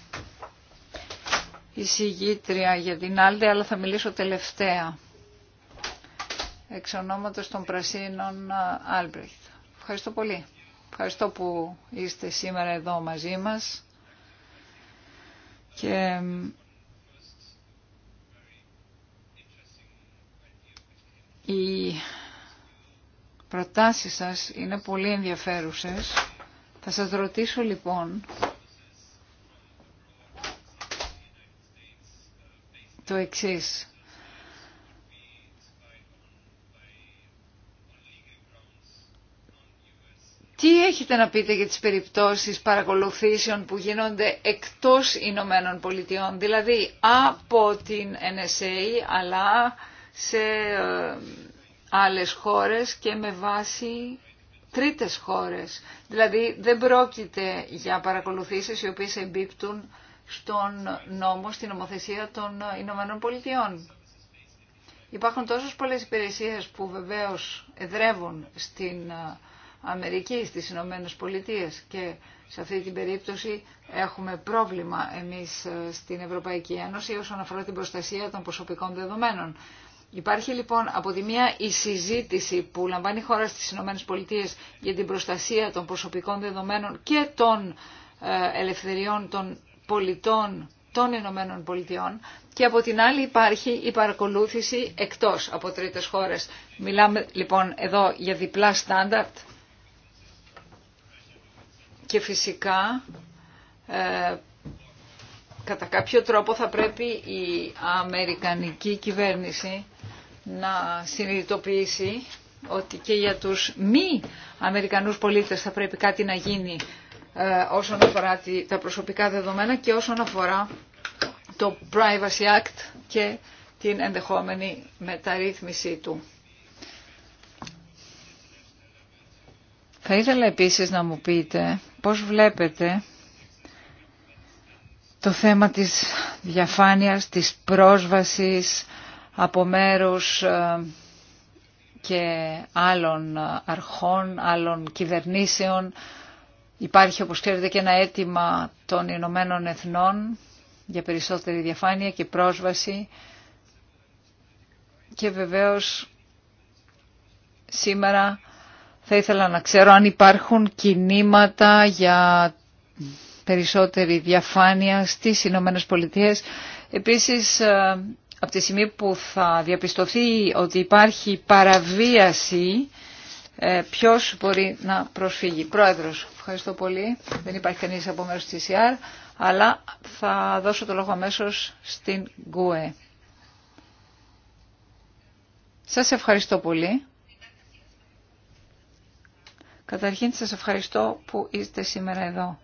εισηγήτρια για την Άλντε, αλλά θα μιλήσω τελευταία. Εξ ονόματος των Πρασίνων Άλμπρεχτ. Ευχαριστώ πολύ. Ευχαριστώ που είστε σήμερα εδώ μαζί μας. Και ε, οι προτάσεις σας είναι πολύ ενδιαφέρουσες. Θα σας ρωτήσω λοιπόν το εξής. Τι έχετε να πείτε για τις περιπτώσεις παρακολουθήσεων που γίνονται εκτός Ηνωμένων Πολιτειών, δηλαδή από την NSA αλλά σε ε, άλλες χώρες και με βάση τρίτες χώρες. Δηλαδή δεν πρόκειται για παρακολουθήσεις οι οποίες εμπίπτουν στον νόμο, στην νομοθεσία των Ηνωμένων Πολιτειών. Υπάρχουν τόσες πολλές υπηρεσίες που βεβαίως εδρεύουν στην ε, Αμερική, στις Ηνωμένες Πολιτείες και σε αυτή την περίπτωση έχουμε πρόβλημα εμείς ε, στην Ευρωπαϊκή Ένωση όσον αφορά την προστασία των προσωπικών δεδομένων. Υπάρχει λοιπόν από τη μία η συζήτηση που λαμβάνει η χώρα στις Ηνωμένες Πολιτείες για την προστασία των προσωπικών δεδομένων και των ε, ελευθεριών των πολιτών των Ηνωμένων Πολιτειών και από την άλλη υπάρχει η παρακολούθηση εκτός από τρίτες χώρες. Μιλάμε λοιπόν εδώ για διπλά στάνταρτ και φυσικά ε, κατά κάποιο τρόπο θα πρέπει η Αμερικανική κυβέρνηση να συνειδητοποιήσει ότι και για τους μη Αμερικανούς πολίτες θα πρέπει κάτι να γίνει ε, όσον αφορά τα προσωπικά δεδομένα και όσον αφορά το Privacy Act και την ενδεχόμενη μεταρρύθμιση του. Θα ήθελα επίσης να μου πείτε πώς βλέπετε το θέμα της διαφάνειας, της πρόσβασης από μέρους ε, και άλλων αρχών, άλλων κυβερνήσεων Υπάρχει, όπως ξέρετε, και ένα αίτημα των Ηνωμένων Εθνών για περισσότερη διαφάνεια και πρόσβαση και βεβαίως σήμερα θα ήθελα να ξέρω αν υπάρχουν κινήματα για περισσότερη διαφάνεια στις Ηνωμένες Πολιτείες. Επίσης, ε, από τη στιγμή που θα διαπιστωθεί ότι υπάρχει παραβίαση ε, ποιος μπορεί να προσφύγει. Πρόεδρος, ευχαριστώ πολύ. Δεν υπάρχει κανείς από μέρος της ΕΣΥΑΡ, αλλά θα δώσω το λόγο αμέσως στην ΓΚΟΕ. Σας ευχαριστώ πολύ. Καταρχήν σας ευχαριστώ που είστε σήμερα εδώ.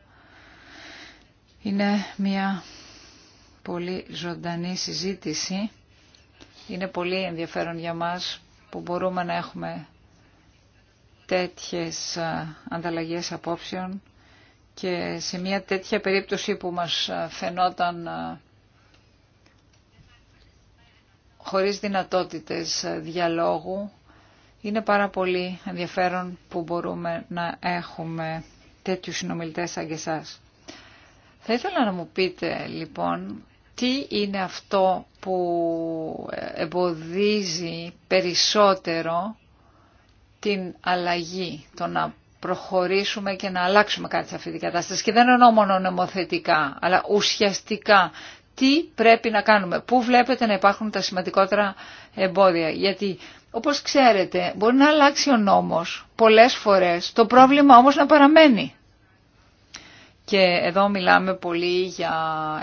Είναι μια πολύ ζωντανή συζήτηση. Είναι πολύ ενδιαφέρον για μας που μπορούμε να έχουμε τέτοιες ε, ανταλλαγές απόψεων και σε μια τέτοια περίπτωση που μας ε, φαινόταν ε, χωρίς δυνατότητες διαλόγου είναι πάρα πολύ ενδιαφέρον που μπορούμε να έχουμε τέτοιους συνομιλητές σαν και εσάς. Θα ήθελα να μου πείτε λοιπόν τι είναι αυτό που εμποδίζει περισσότερο την αλλαγή, το να προχωρήσουμε και να αλλάξουμε κάτι σε αυτή την κατάσταση. Και δεν εννοώ μόνο νομοθετικά, αλλά ουσιαστικά τι πρέπει να κάνουμε, πού βλέπετε να υπάρχουν τα σημαντικότερα εμπόδια. Γιατί όπως ξέρετε μπορεί να αλλάξει ο νόμος πολλές φορές, το πρόβλημα όμως να παραμένει. Και εδώ μιλάμε πολύ για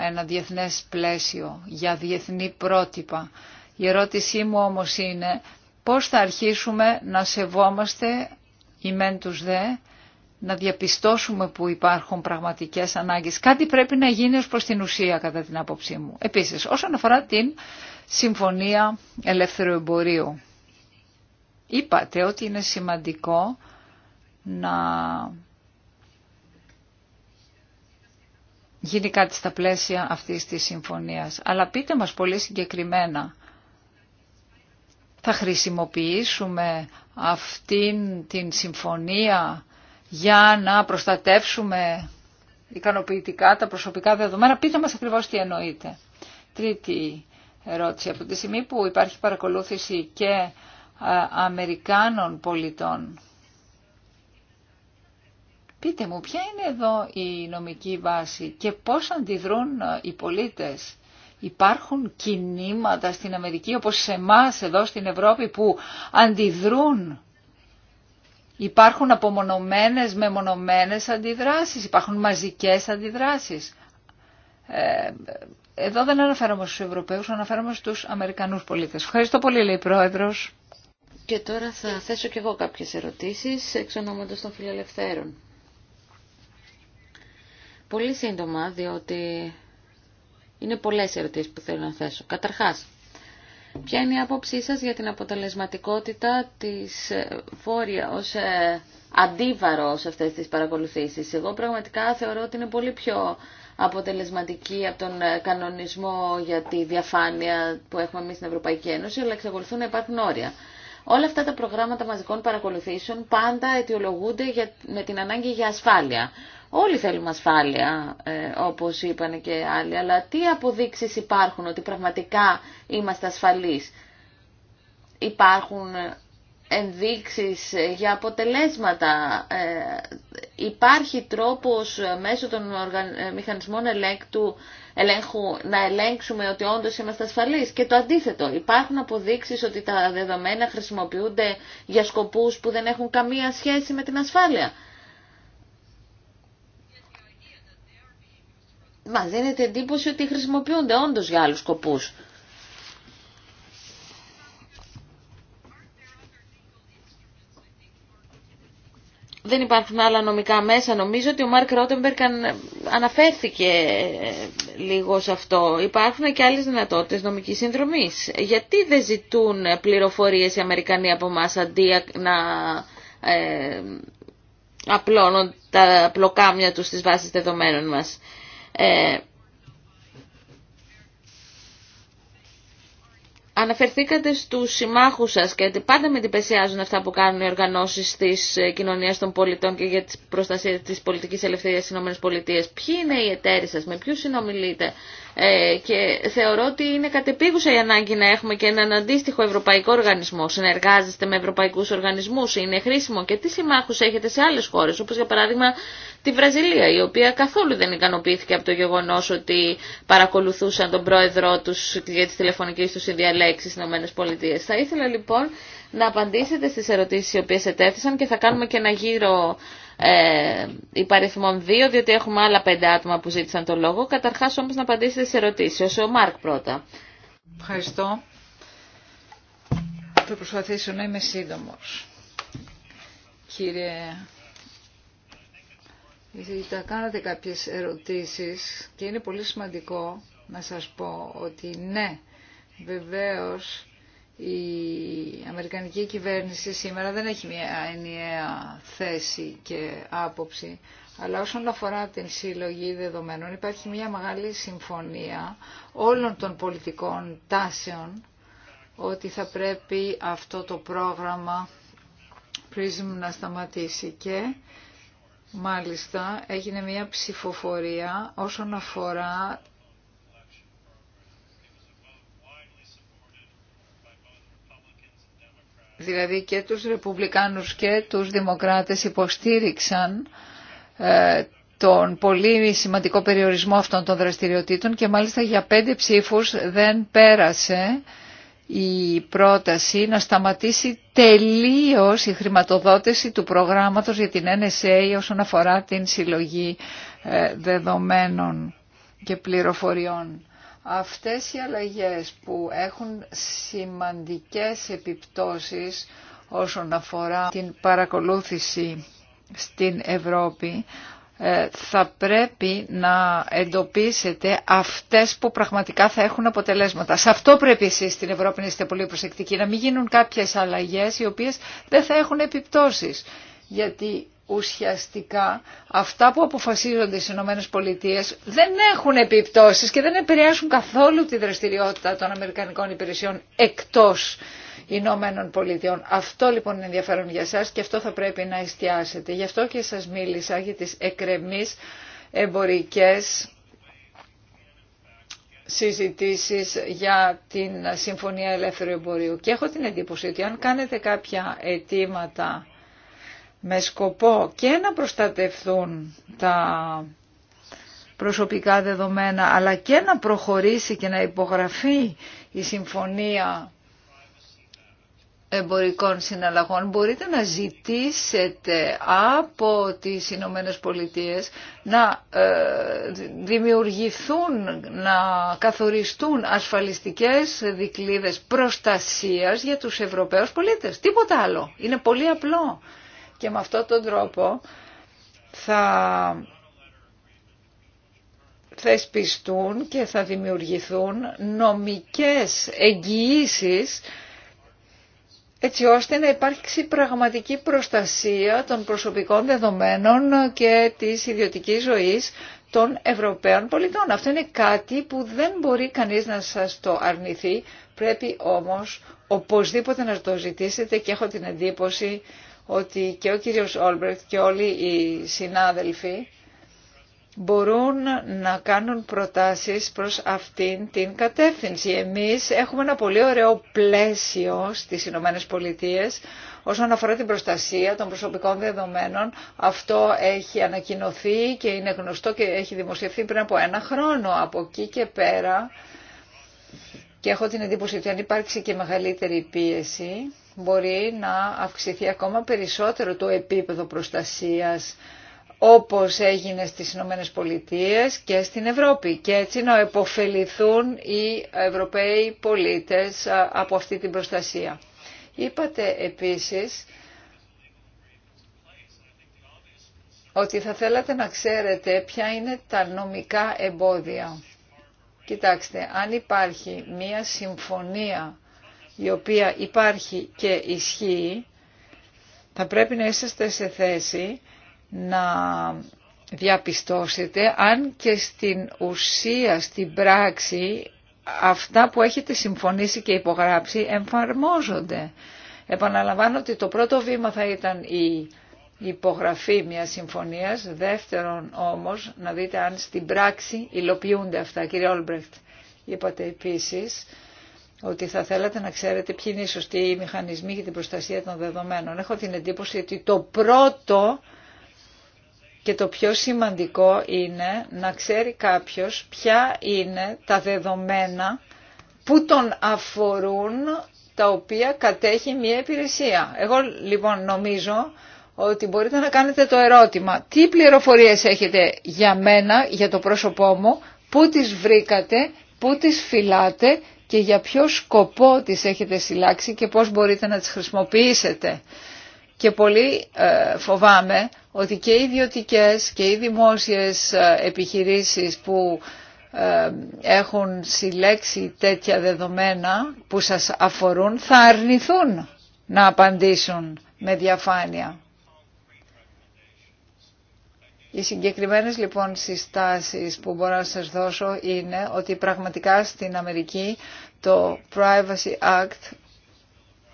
ένα διεθνές πλαίσιο, για διεθνή πρότυπα. Η ερώτησή μου όμως είναι πώς θα αρχίσουμε να σεβόμαστε οι μεν τους δε, να διαπιστώσουμε που υπάρχουν πραγματικές ανάγκες. Κάτι πρέπει να γίνει ως προς την ουσία κατά την άποψή μου. Επίσης, όσον αφορά την Συμφωνία Ελεύθερου Εμπορίου. Είπατε ότι είναι σημαντικό να γίνει κάτι στα πλαίσια αυτής της συμφωνίας. Αλλά πείτε μας πολύ συγκεκριμένα θα χρησιμοποιήσουμε αυτήν την συμφωνία για να προστατεύσουμε ικανοποιητικά τα προσωπικά δεδομένα. Πείτε μας ακριβώς τι εννοείτε. Τρίτη ερώτηση. Από τη στιγμή που υπάρχει παρακολούθηση και Αμερικάνων πολιτών, πείτε μου ποια είναι εδώ η νομική βάση και πώς αντιδρούν οι πολίτες Υπάρχουν κινήματα στην Αμερική όπως σε εμά εδώ στην Ευρώπη που αντιδρούν. Υπάρχουν απομονωμένες, μεμονωμένες αντιδράσεις, υπάρχουν μαζικές αντιδράσεις. Ε, εδώ δεν αναφέρομαι στους Ευρωπαίους, αναφέρομαι στους Αμερικανούς πολίτες. Ευχαριστώ πολύ, λέει η Πρόεδρος. Και τώρα θα θέσω κι εγώ κάποιες ερωτήσεις εξ ονόματος των φιλελευθέρων. Πολύ σύντομα, διότι είναι πολλές ερωτήσει που θέλω να θέσω. Καταρχά. ποια είναι η άποψή σα για την αποτελεσματικότητα τη ε, βόρεια ως ε, αντίβαρο σε αυτές τι παρακολουθήσει. Εγώ πραγματικά θεωρώ ότι είναι πολύ πιο αποτελεσματική από τον ε, κανονισμό για τη διαφάνεια που έχουμε εμεί στην Ευρωπαϊκή Ένωση, αλλά εξακολουθούν να υπάρχουν όρια. Όλα αυτά τα προγράμματα μαζικών παρακολουθήσεων πάντα αιτιολογούνται για, με την ανάγκη για ασφάλεια. Όλοι θέλουμε ασφάλεια, ε, όπως είπαν και άλλοι, αλλά τι αποδείξεις υπάρχουν ότι πραγματικά είμαστε ασφαλείς. Υπάρχουν ενδείξεις για αποτελέσματα. Ε, υπάρχει τρόπος μέσω των ε, μηχανισμών ελέγχου, να ελέγξουμε ότι όντως είμαστε ασφαλείς. Και το αντίθετο, υπάρχουν αποδείξεις ότι τα δεδομένα χρησιμοποιούνται για σκοπούς που δεν έχουν καμία σχέση με την ασφάλεια. Μα δίνεται εντύπωση ότι χρησιμοποιούνται όντως για άλλους σκοπούς. δεν υπάρχουν άλλα νομικά μέσα. Νομίζω ότι ο Μάρκ Ρότεμπερκ ε, αναφέρθηκε ε, λίγο σε αυτό. Υπάρχουν και άλλες δυνατότητες νομικής συνδρομής. Γιατί δεν ζητούν πληροφορίες οι Αμερικανοί από εμά αντί να ε, απλώνουν τα πλοκάμια τους στις βάσεις δεδομένων μας. Ε, αναφερθήκατε στους συμμάχους σας και πάντα με εντυπωσιάζουν αυτά που κάνουν οι οργανώσεις της ε, κοινωνίας των πολιτών και για την προστασία της πολιτικής ελευθερίας στις ΗΠΑ. Ποιοι είναι οι εταίροι σας, με ποιους συνομιλείτε, ε, και θεωρώ ότι είναι κατεπίγουσα η ανάγκη να έχουμε και έναν αντίστοιχο ευρωπαϊκό οργανισμό. Συνεργάζεστε με ευρωπαϊκούς οργανισμούς, είναι χρήσιμο και τι συμμάχους έχετε σε άλλες χώρες, όπως για παράδειγμα τη Βραζιλία, η οποία καθόλου δεν ικανοποιήθηκε από το γεγονός ότι παρακολουθούσαν τον πρόεδρό τους για τις τηλεφωνικές τους συνδιαλέξεις στις ΗΠΑ. Θα ήθελα λοιπόν να απαντήσετε στις ερωτήσεις οι οποίες ετέθησαν και θα κάνουμε και ένα γύρο ε, υπαριθμών 2, διότι έχουμε άλλα πέντε άτομα που ζήτησαν το λόγο. Καταρχάς όμως να απαντήσετε σε ερωτήσει. Ο Μάρκ πρώτα. Ευχαριστώ. Θα προσπαθήσω να είμαι σύντομο. Κύριε τα κάνατε κάποιες ερωτήσεις και είναι πολύ σημαντικό να σας πω ότι ναι, βεβαίως η Αμερικανική κυβέρνηση σήμερα δεν έχει μια ενιαία θέση και άποψη, αλλά όσον αφορά την συλλογή δεδομένων υπάρχει μια μεγάλη συμφωνία όλων των πολιτικών τάσεων ότι θα πρέπει αυτό το πρόγραμμα PRISM να σταματήσει και μάλιστα έγινε μια ψηφοφορία όσον αφορά δηλαδή και τους Ρεπουμπλικάνους και τους Δημοκράτες υποστήριξαν ε, τον πολύ σημαντικό περιορισμό αυτών των δραστηριοτήτων και μάλιστα για πέντε ψήφους δεν πέρασε η πρόταση να σταματήσει τελείως η χρηματοδότηση του προγράμματος για την NSA όσον αφορά την συλλογή ε, δεδομένων και πληροφοριών. Αυτές οι αλλαγές που έχουν σημαντικές επιπτώσεις όσον αφορά την παρακολούθηση στην Ευρώπη ε, θα πρέπει να εντοπίσετε αυτές που πραγματικά θα έχουν αποτελέσματα. Σε αυτό πρέπει εσείς στην Ευρώπη να είστε πολύ προσεκτικοί, να μην γίνουν κάποιες αλλαγές οι οποίες δεν θα έχουν επιπτώσεις. Γιατί ουσιαστικά αυτά που αποφασίζονται στι Ηνωμένες Πολιτείες δεν έχουν επιπτώσεις και δεν επηρεάσουν καθόλου τη δραστηριότητα των Αμερικανικών υπηρεσιών εκτός Ηνωμένων Πολιτειών. Αυτό λοιπόν είναι ενδιαφέρον για σας και αυτό θα πρέπει να εστιάσετε. Γι' αυτό και σας μίλησα για τις εκρεμείς εμπορικές συζητήσεις για την Συμφωνία Ελεύθερου Εμπορίου. Και έχω την εντύπωση ότι αν κάνετε κάποια αιτήματα με σκοπό και να προστατευθούν τα προσωπικά δεδομένα αλλά και να προχωρήσει και να υπογραφεί η Συμφωνία Εμπορικών Συναλλαγών μπορείτε να ζητήσετε από τις Ηνωμένε Πολιτείες να ε, δημιουργηθούν, να καθοριστούν ασφαλιστικές δικλίδες προστασίας για τους Ευρωπαίους πολίτες. Τίποτα άλλο. Είναι πολύ απλό και με αυτόν τον τρόπο θα θεσπιστούν και θα δημιουργηθούν νομικές εγγυήσεις έτσι ώστε να υπάρξει πραγματική προστασία των προσωπικών δεδομένων και της ιδιωτικής ζωής των Ευρωπαίων πολιτών. Αυτό είναι κάτι που δεν μπορεί κανείς να σας το αρνηθεί, πρέπει όμως οπωσδήποτε να το ζητήσετε και έχω την εντύπωση ότι και ο κύριος Όλμπρεκτ και όλοι οι συνάδελφοι μπορούν να κάνουν προτάσεις προς αυτήν την κατεύθυνση. Εμείς έχουμε ένα πολύ ωραίο πλαίσιο στις Ηνωμένε Πολιτείε όσον αφορά την προστασία των προσωπικών δεδομένων. Αυτό έχει ανακοινωθεί και είναι γνωστό και έχει δημοσιευθεί πριν από ένα χρόνο. Από εκεί και πέρα και έχω την εντύπωση ότι αν υπάρξει και μεγαλύτερη πίεση μπορεί να αυξηθεί ακόμα περισσότερο το επίπεδο προστασίας όπως έγινε στις Ηνωμένες Πολιτείες και στην Ευρώπη και έτσι να επωφεληθούν οι Ευρωπαίοι πολίτες από αυτή την προστασία. Είπατε επίσης ότι θα θέλατε να ξέρετε ποια είναι τα νομικά εμπόδια. Κοιτάξτε, αν υπάρχει μία συμφωνία η οποία υπάρχει και ισχύει, θα πρέπει να είσαστε σε θέση να διαπιστώσετε αν και στην ουσία, στην πράξη, αυτά που έχετε συμφωνήσει και υπογράψει εμφαρμόζονται. Επαναλαμβάνω ότι το πρώτο βήμα θα ήταν η υπογραφή μιας συμφωνίας, δεύτερον όμως να δείτε αν στην πράξη υλοποιούνται αυτά. Κύριε Όλμπρεχτ, είπατε επίσης ότι θα θέλατε να ξέρετε ποιοι είναι οι σωστοί μηχανισμοί για την προστασία των δεδομένων. Έχω την εντύπωση ότι το πρώτο και το πιο σημαντικό είναι να ξέρει κάποιος ποια είναι τα δεδομένα που τον αφορούν τα οποία κατέχει μια υπηρεσία. Εγώ λοιπόν νομίζω ότι μπορείτε να κάνετε το ερώτημα τι πληροφορίες έχετε για μένα, για το πρόσωπό μου, πού τις βρήκατε, πού τις φυλάτε και για ποιο σκοπό τις έχετε συλλάξει και πώς μπορείτε να τις χρησιμοποιήσετε. Και πολύ ε, φοβάμαι ότι και οι ιδιωτικές και οι δημόσιες ε, επιχειρήσεις που ε, έχουν συλλέξει τέτοια δεδομένα που σας αφορούν θα αρνηθούν να απαντήσουν με διαφάνεια. Οι συγκεκριμένες λοιπόν συστάσεις που μπορώ να σας δώσω είναι ότι πραγματικά στην Αμερική το Privacy Act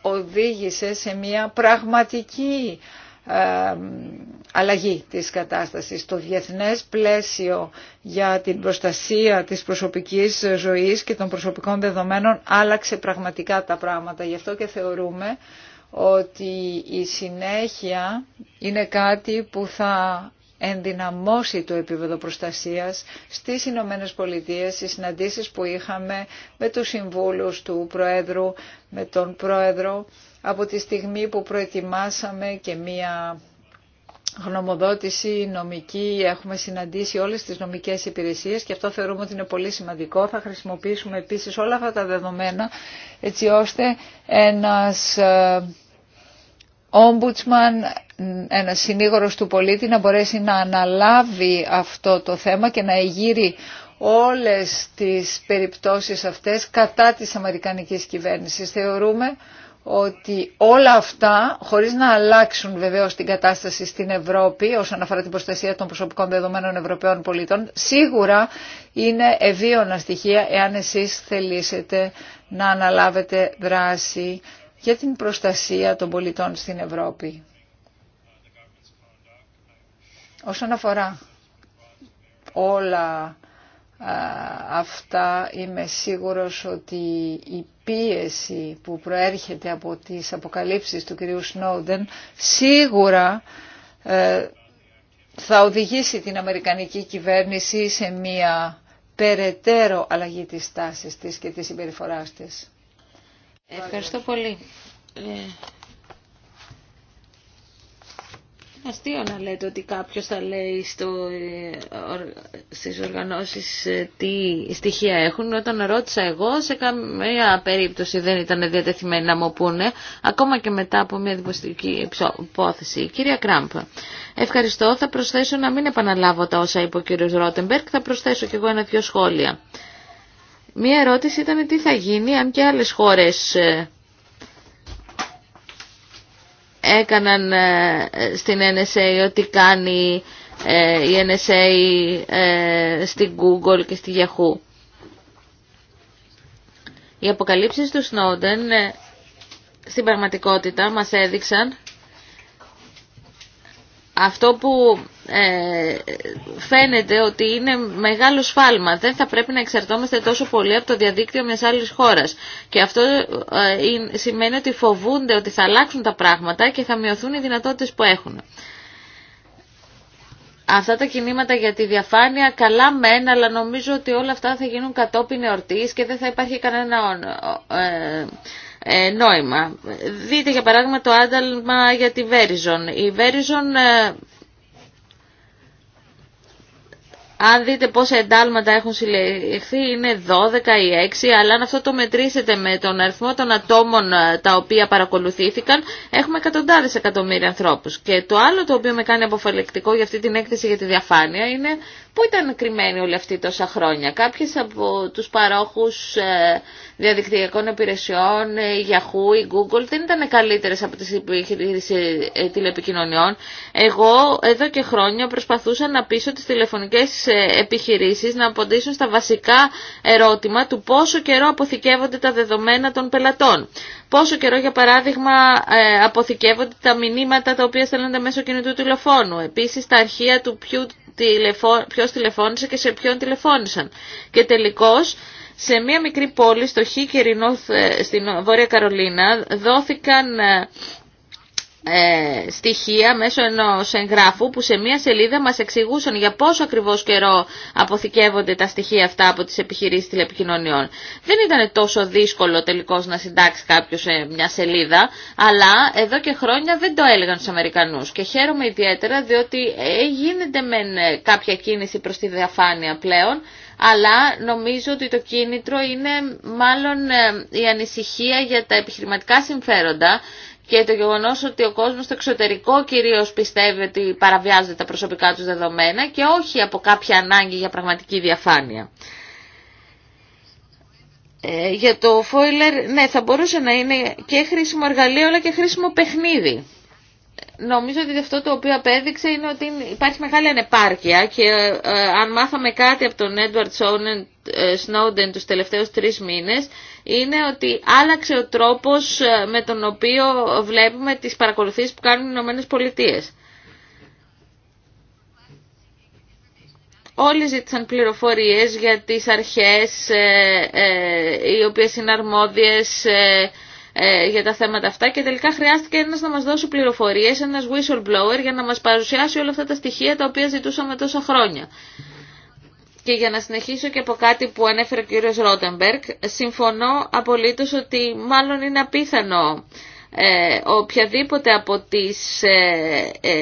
οδήγησε σε μια πραγματική αλλαγή της κατάστασης. Το διεθνές πλαίσιο για την προστασία της προσωπικής ζωής και των προσωπικών δεδομένων άλλαξε πραγματικά τα πράγματα. Γι' αυτό και θεωρούμε ότι η συνέχεια είναι κάτι που θα ενδυναμώσει το επίπεδο προστασίας στις Ηνωμένε Πολιτείες, στις συναντήσεις που είχαμε με τους συμβούλους του Προέδρου, με τον Πρόεδρο, από τη στιγμή που προετοιμάσαμε και μία γνωμοδότηση νομική, έχουμε συναντήσει όλες τις νομικές υπηρεσίες και αυτό θεωρούμε ότι είναι πολύ σημαντικό. Θα χρησιμοποιήσουμε επίσης όλα αυτά τα δεδομένα έτσι ώστε ένας ε, όμπουτσμαν ένα συνήγορος του πολίτη να μπορέσει να αναλάβει αυτό το θέμα και να εγείρει όλες τις περιπτώσεις αυτές κατά της Αμερικανικής κυβέρνησης. Θεωρούμε ότι όλα αυτά, χωρίς να αλλάξουν βεβαίως την κατάσταση στην Ευρώπη όσον αφορά την προστασία των προσωπικών δεδομένων Ευρωπαίων πολιτών, σίγουρα είναι ευίωνα στοιχεία εάν εσείς θελήσετε να αναλάβετε δράση για την προστασία των πολιτών στην Ευρώπη. Όσον αφορά όλα αυτά είμαι σίγουρος ότι η πίεση που προέρχεται από τις αποκαλύψεις του κυρίου Σνόντεν σίγουρα ε, θα οδηγήσει την Αμερικανική κυβέρνηση σε μια περαιτέρω αλλαγή της τάσης της και της συμπεριφοράς της. Ευχαριστώ πολύ. Ε, αστείο να λέτε ότι κάποιος θα λέει στο, ε, στις οργανώσεις ε, τι στοιχεία έχουν. Όταν ρώτησα εγώ, σε καμία περίπτωση δεν ήταν διατεθειμένοι να μου πούνε, ακόμα και μετά από μια δημοσιογραφική υπόθεση. Κυρία Κράμπ, ευχαριστώ. Θα προσθέσω να μην επαναλάβω τα όσα είπε ο κύριος Ρότεμπερκ, θα προσθέσω κι εγώ ένα-δυο σχόλια. Μία ερώτηση ήταν τι θα γίνει αν και άλλες χώρες ε, έκαναν ε, στην NSA ό,τι κάνει ε, η NSA στην Google και στη Yahoo. Οι αποκαλύψεις του Snowden στην πραγματικότητα μας έδειξαν αυτό που ε, φαίνεται ότι είναι μεγάλο σφάλμα. Δεν θα πρέπει να εξαρτώμαστε τόσο πολύ από το διαδίκτυο μιας άλλης χώρας. Και αυτό ε, σημαίνει ότι φοβούνται ότι θα αλλάξουν τα πράγματα και θα μειωθούν οι δυνατότητες που έχουν. Αυτά τα κινήματα για τη διαφάνεια καλά μεν, αλλά νομίζω ότι όλα αυτά θα γίνουν κατόπιν εορτής και δεν θα υπάρχει κανένα ε, ε, νόημα. Δείτε για παράδειγμα το άνταλμα για τη Verizon. Η Verizon ε, αν δείτε πόσα εντάλματα έχουν συλλεχθεί είναι 12 ή 6, αλλά αν αυτό το μετρήσετε με τον αριθμό των ατόμων ε, τα οποία παρακολουθήθηκαν, έχουμε εκατοντάδες εκατομμύρια ανθρώπους. Και το άλλο το οποίο με κάνει αποφαλεκτικό για αυτή την έκθεση για τη διαφάνεια είναι Πού ήταν κρυμμένοι όλοι αυτοί τόσα χρόνια. Κάποιε από τους παρόχους ε, διαδικτυακών υπηρεσιών, η ε, Yahoo, η Google, δεν ήταν καλύτερες από τις ε, τηλεπικοινωνιών. Εγώ εδώ και χρόνια προσπαθούσα να πείσω τις τηλεφωνικές επιχειρήσεις να απαντήσουν στα βασικά ερώτημα του πόσο καιρό αποθηκεύονται τα δεδομένα των πελατών. Πόσο καιρό, για παράδειγμα, αποθηκεύονται τα μηνύματα τα οποία στέλνονται μέσω κινητού τηλεφώνου. Επίσης, τα αρχεία του ποιου ποιος τηλεφώνησε και σε ποιον τηλεφώνησαν. Και τελικώς σε μία μικρή πόλη στο Χίκερινό ε, στην Βόρεια Καρολίνα δόθηκαν ε, ε, στοιχεία μέσω ενός εγγράφου που σε μία σελίδα μας εξηγούσαν για πόσο ακριβώς καιρό αποθηκεύονται τα στοιχεία αυτά από τις επιχειρήσεις τηλεπικοινωνιών. Δεν ήταν τόσο δύσκολο τελικώς να συντάξει κάποιος σε μια σελίδα, αλλά εδώ και χρόνια δεν το έλεγαν στους Αμερικανούς και χαίρομαι ιδιαίτερα διότι ε, γίνεται με ε, κάποια κίνηση προς τη διαφάνεια πλέον, αλλά νομίζω ότι το κίνητρο είναι μάλλον ε, η ανησυχία για τα επιχειρηματικά συμφέροντα και το γεγονό ότι ο κόσμος στο εξωτερικό κυρίω πιστεύει ότι παραβιάζεται τα προσωπικά του δεδομένα και όχι από κάποια ανάγκη για πραγματική διαφάνεια. Ε, για το Foiler, ναι, θα μπορούσε να είναι και χρήσιμο εργαλείο αλλά και χρήσιμο παιχνίδι. Νομίζω ότι αυτό το οποίο απέδειξε είναι ότι υπάρχει μεγάλη ανεπάρκεια και ε, ε, αν μάθαμε κάτι από τον Έντουαρτ ε, Snowden τους τελευταίους τρεις μήνες είναι ότι άλλαξε ο τρόπος με τον οποίο βλέπουμε τις παρακολουθήσεις που κάνουν οι Ηνωμένες Πολιτείες. Όλοι ζήτησαν πληροφορίες για τις αρχές οι οποίες είναι αρμόδιες ε, για τα θέματα αυτά και τελικά χρειάστηκε ένας να μας δώσει πληροφορίες, ένας whistleblower για να μας παρουσιάσει όλα αυτά τα στοιχεία τα οποία ζητούσαμε τόσα χρόνια. Και για να συνεχίσω και από κάτι που ανέφερε ο κύριος Ρότεμπεργκ, συμφωνώ απολύτως ότι μάλλον είναι απίθανο ε, οποιαδήποτε από τις ε, ε,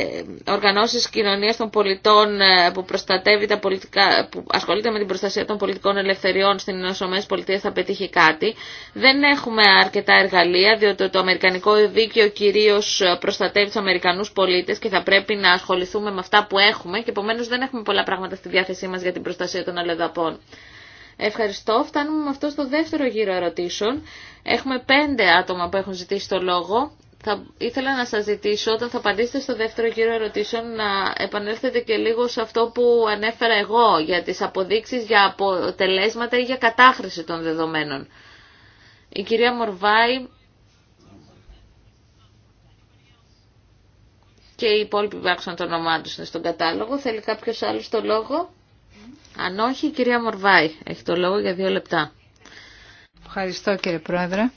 οργανώσεις κοινωνίας των πολιτών που, προστατεύει τα πολιτικά, που ασχολείται με την προστασία των πολιτικών ελευθεριών στην ΗΠΑ θα πετύχει κάτι. Δεν έχουμε αρκετά εργαλεία διότι το Αμερικανικό Δίκαιο κυρίως προστατεύει τους Αμερικανούς πολίτες και θα πρέπει να ασχοληθούμε με αυτά που έχουμε και επομένω δεν έχουμε πολλά πράγματα στη διάθεσή μας για την προστασία των αλλοδαπών. Ευχαριστώ. Φτάνουμε με αυτό στο δεύτερο γύρο ερωτήσεων. Έχουμε πέντε άτομα που έχουν ζητήσει το λόγο. Θα ήθελα να σας ζητήσω όταν θα απαντήσετε στο δεύτερο γύρο ερωτήσεων να επανέλθετε και λίγο σε αυτό που ανέφερα εγώ για τις αποδείξεις για αποτελέσματα ή για κατάχρηση των δεδομένων. Η κυρία Μορβάη και οι υπόλοιποι που άκουσαν το όνομά τους είναι στον κατάλογο. Θέλει κάποιος άλλος το λόγο. Αν όχι, η κυρία Μορβάη έχει το λόγο για δύο λεπτά. Ευχαριστώ κύριε Πρόεδρε.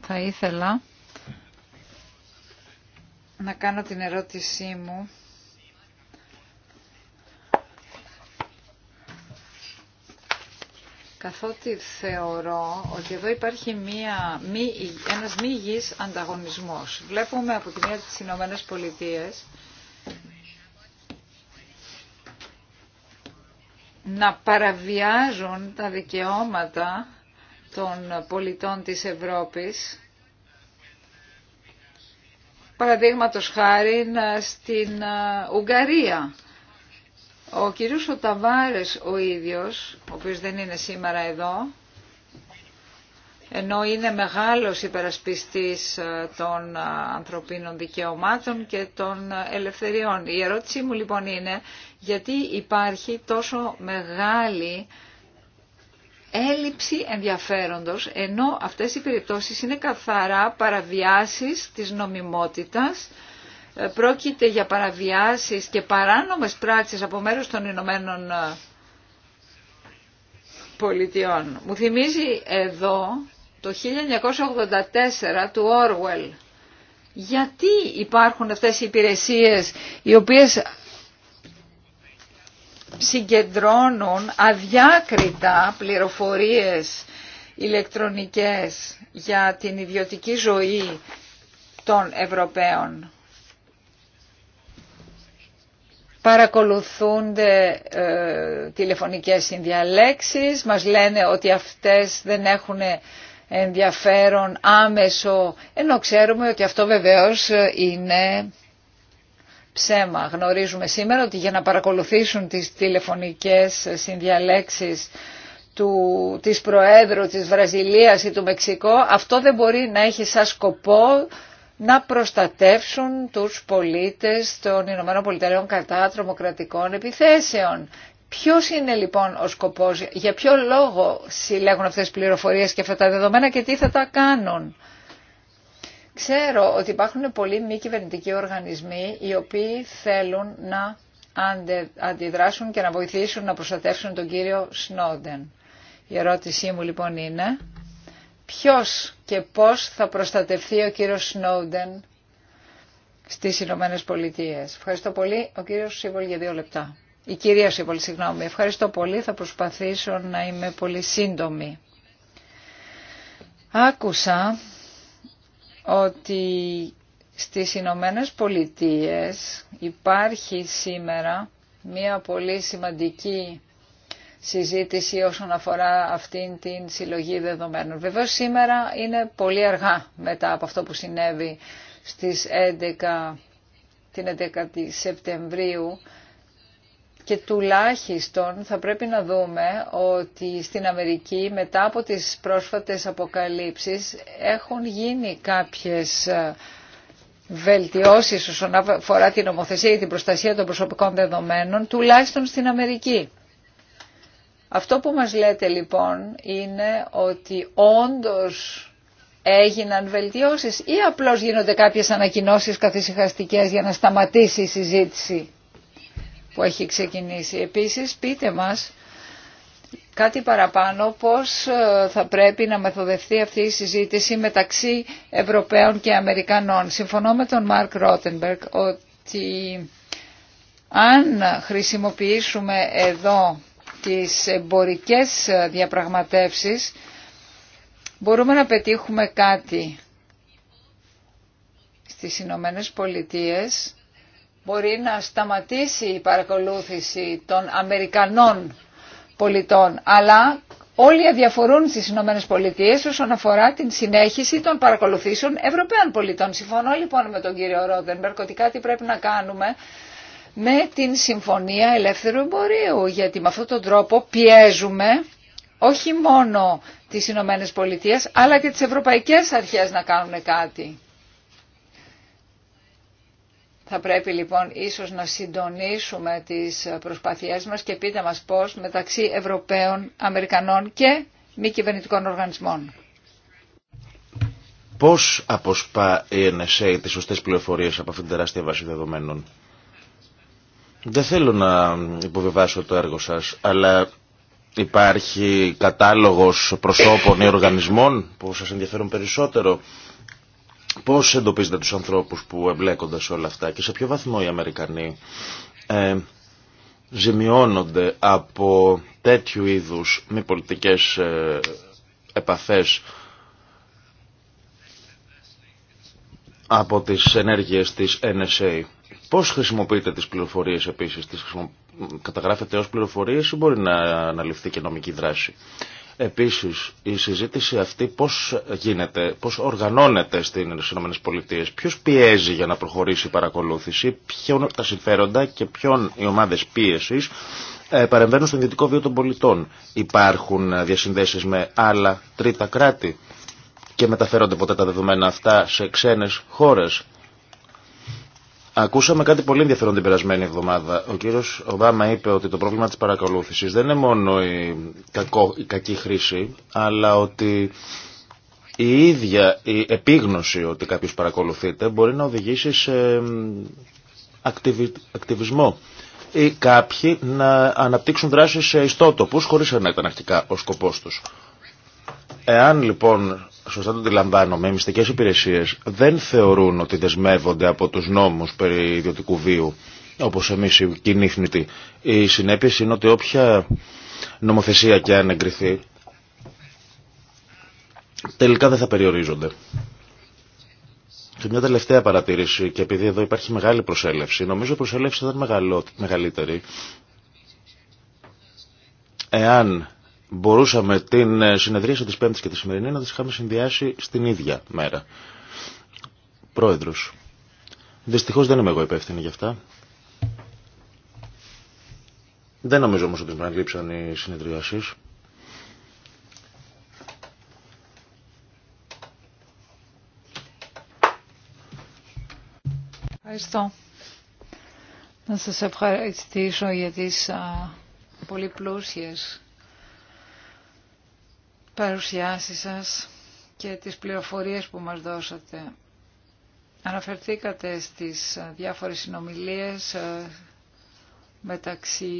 Θα ήθελα να κάνω την ερώτησή μου καθότι θεωρώ ότι εδώ υπάρχει μία, μη, ένας μη ανταγωνισμός. Βλέπουμε από τη μία τις Ηνωμένες Πολιτείες να παραβιάζουν τα δικαιώματα των πολιτών της Ευρώπης. Παραδείγματος χάρη ε, στην ε, Ουγγαρία. Ο κύριος Σοταβάρες ο ίδιος, ο οποίος δεν είναι σήμερα εδώ, ενώ είναι μεγάλος υπερασπιστής ε, των ε, ανθρωπίνων δικαιωμάτων και των ε, ελευθεριών. Η ερώτησή μου λοιπόν είναι γιατί υπάρχει τόσο μεγάλη έλλειψη ενδιαφέροντος, ενώ αυτές οι περιπτώσεις είναι καθαρά παραβιάσεις της νομιμότητας, πρόκειται για παραβιάσεις και παράνομες πράξεις από μέρους των Ηνωμένων Πολιτειών. Μου θυμίζει εδώ το 1984 του Orwell. Γιατί υπάρχουν αυτές οι υπηρεσίες οι οποίες συγκεντρώνουν αδιάκριτα πληροφορίες ηλεκτρονικές για την ιδιωτική ζωή των Ευρωπαίων. Παρακολουθούνται ε, τηλεφωνικές συνδιαλέξεις, μας λένε ότι αυτές δεν έχουν ενδιαφέρον άμεσο, ενώ ξέρουμε ότι αυτό βεβαίως ε, είναι ψέμα. Γνωρίζουμε σήμερα ότι για να παρακολουθήσουν τις τηλεφωνικές συνδιαλέξεις του, της Προέδρου της Βραζιλίας ή του Μεξικό, αυτό δεν μπορεί να έχει σαν σκοπό να προστατεύσουν τους πολίτες των Ηνωμένων Πολιτειών κατά τρομοκρατικών επιθέσεων. Ποιος είναι λοιπόν ο σκοπός, για ποιο λόγο συλλέγουν αυτές τις πληροφορίες και αυτά τα δεδομένα και τι θα τα κάνουν. Ξέρω ότι υπάρχουν πολλοί μη κυβερνητικοί οργανισμοί οι οποίοι θέλουν να αντιδράσουν και να βοηθήσουν να προστατεύσουν τον κύριο Σνόντεν. Η ερώτησή μου λοιπόν είναι ποιος και πώς θα προστατευθεί ο κύριος Σνόντεν στις Ηνωμένε Πολιτείες. Ευχαριστώ πολύ. Ο κύριος Σίβολ για δύο λεπτά. Η κυρία πολύ συγγνώμη. Ευχαριστώ πολύ. Θα προσπαθήσω να είμαι πολύ σύντομη. Άκουσα ότι στις Ηνωμένε Πολιτείες υπάρχει σήμερα μία πολύ σημαντική συζήτηση όσον αφορά αυτήν την συλλογή δεδομένων. Βεβαίω, σήμερα είναι πολύ αργά μετά από αυτό που συνέβη στις 11, την 11η Σεπτεμβρίου και τουλάχιστον θα πρέπει να δούμε ότι στην Αμερική μετά από τις πρόσφατες αποκαλύψεις έχουν γίνει κάποιες ε, βελτιώσεις όσον αφορά την νομοθεσία ή την προστασία των προσωπικών δεδομένων, τουλάχιστον στην Αμερική. Αυτό που μας λέτε λοιπόν είναι ότι όντως έγιναν βελτιώσεις ή απλώς γίνονται κάποιες ανακοινώσεις καθησυχαστικές για να σταματήσει η συζήτηση που έχει ξεκινήσει. Επίσης πείτε μας κάτι παραπάνω πώς ε, θα πρέπει να μεθοδευτεί αυτή η συζήτηση μεταξύ Ευρωπαίων και Αμερικανών. Συμφωνώ με τον Μάρκ Ρότενμπεργκ ότι αν χρησιμοποιήσουμε εδώ τις εμπορικές διαπραγματεύσεις μπορούμε να πετύχουμε κάτι στις Ηνωμένε Πολιτείες μπορεί να σταματήσει η παρακολούθηση των Αμερικανών πολιτών, αλλά όλοι αδιαφορούν στις Ηνωμένες Πολιτείες όσον αφορά την συνέχιση των παρακολουθήσεων Ευρωπαίων πολιτών. Συμφωνώ λοιπόν με τον κύριο Ρόδενμπερκ ότι κάτι πρέπει να κάνουμε με την Συμφωνία Ελεύθερου Εμπορίου, γιατί με αυτόν τον τρόπο πιέζουμε όχι μόνο τις Ηνωμένε Πολιτείες, αλλά και τις Ευρωπαϊκές Αρχές να κάνουν κάτι. Θα πρέπει λοιπόν ίσως να συντονίσουμε τις προσπάθειές μας και πείτε μας πώς μεταξύ Ευρωπαίων, Αμερικανών και μη κυβερνητικών οργανισμών. Πώς αποσπά η NSA τις σωστές πληροφορίες από αυτήν την τεράστια βάση δεδομένων. Δεν θέλω να υποβεβάσω το έργο σας, αλλά υπάρχει κατάλογος προσώπων ή οργανισμών που σας ενδιαφέρουν περισσότερο Πώς εντοπίζετε τους ανθρώπους που εμπλέκονται σε όλα αυτά και σε ποιο βαθμό οι Αμερικανοί ε, ζημιώνονται από τέτοιου είδους μη πολιτικές ε, επαφές από τις ενέργειες της NSA. Πώς χρησιμοποιείτε τις πληροφορίες επίσης, τις καταγράφετε ως πληροφορίες ή μπορεί να αναλυφθεί και νομική δράση. Επίσης, η συζήτηση αυτή πώς γίνεται, πώς οργανώνεται στις ΗΠΑ, ποιος πιέζει για να προχωρήσει η παρακολούθηση, ποιον τα συμφέροντα και ποιον οι ομάδες πίεσης ε, παρεμβαίνουν στον ιδιωτικό βίο των πολιτών. Υπάρχουν ε, διασυνδέσεις με άλλα τρίτα κράτη και μεταφέρονται ποτέ τα δεδομένα αυτά σε ξένες χώρες. Ακούσαμε κάτι πολύ ενδιαφέρον την περασμένη εβδομάδα. Ο κύριο Ομπάμα είπε ότι το πρόβλημα της παρακολούθησης δεν είναι μόνο η, κακή χρήση, αλλά ότι η ίδια η επίγνωση ότι κάποιος παρακολουθείται μπορεί να οδηγήσει σε ακτιβισμό ή κάποιοι να αναπτύξουν δράσεις σε ιστότοπου χωρίς να ήταν αρχικά ο σκοπό του. Εάν λοιπόν, σωστά το αντιλαμβάνομαι, οι μυστικέ υπηρεσίε δεν θεωρούν ότι δεσμεύονται από του νόμου περί ιδιωτικού βίου, όπω εμεί οι κοινήθνητοι. Η συνέπεια είναι ότι όποια νομοθεσία και αν εγκριθεί, τελικά δεν θα περιορίζονται. Και μια τελευταία παρατήρηση, και επειδή εδώ υπάρχει μεγάλη προσέλευση, νομίζω η προσέλευση θα ήταν μεγαλύτερη εάν μπορούσαμε την ε, συνεδρίαση της Πέμπτης και τη σημερινή να τις είχαμε συνδυάσει στην ίδια μέρα. Πρόεδρος, δυστυχώς δεν είμαι εγώ υπεύθυνη γι' αυτά. Δεν νομίζω όμως ότι επαναλήψαν οι συνεδριάσεις. Ευχαριστώ. Να σας ευχαριστήσω για τις α, πολύ πλούσιες Παρουσιάσει σας και τις πληροφορίες που μας δώσατε. Αναφερθήκατε στις διάφορες συνομιλίες ε, μεταξύ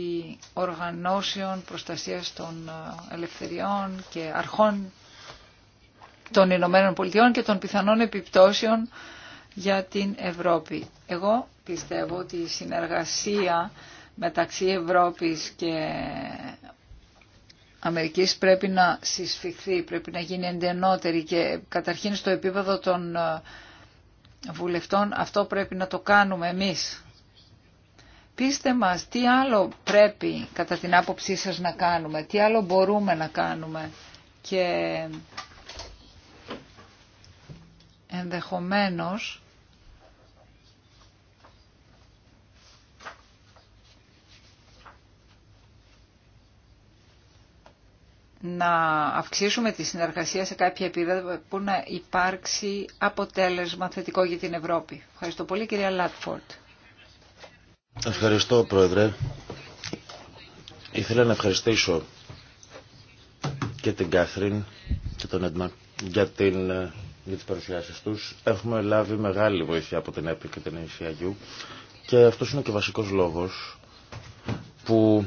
οργανώσεων προστασίας των ε, ελευθεριών και αρχών των Ηνωμένων Πολιτειών και των πιθανών επιπτώσεων για την Ευρώπη. Εγώ πιστεύω ότι η συνεργασία μεταξύ Ευρώπης και Αμερικής πρέπει να συσφιχθεί, πρέπει να γίνει εντενότερη και καταρχήν στο επίπεδο των ε, βουλευτών αυτό πρέπει να το κάνουμε εμείς. Πείστε μας τι άλλο πρέπει κατά την άποψή σας να κάνουμε, τι άλλο μπορούμε να κάνουμε και ενδεχομένως να αυξήσουμε τη συνεργασία σε κάποια επίπεδα που να υπάρξει αποτέλεσμα θετικό για την Ευρώπη. Ευχαριστώ πολύ κυρία Λάτφορντ. Ευχαριστώ Πρόεδρε. Ήθελα να ευχαριστήσω και την Κάθριν και τον Έντμα για, την, για τις παρουσιάσεις τους. Έχουμε λάβει μεγάλη βοήθεια από την ΕΠΗ και την και αυτός είναι και βασικός λόγος που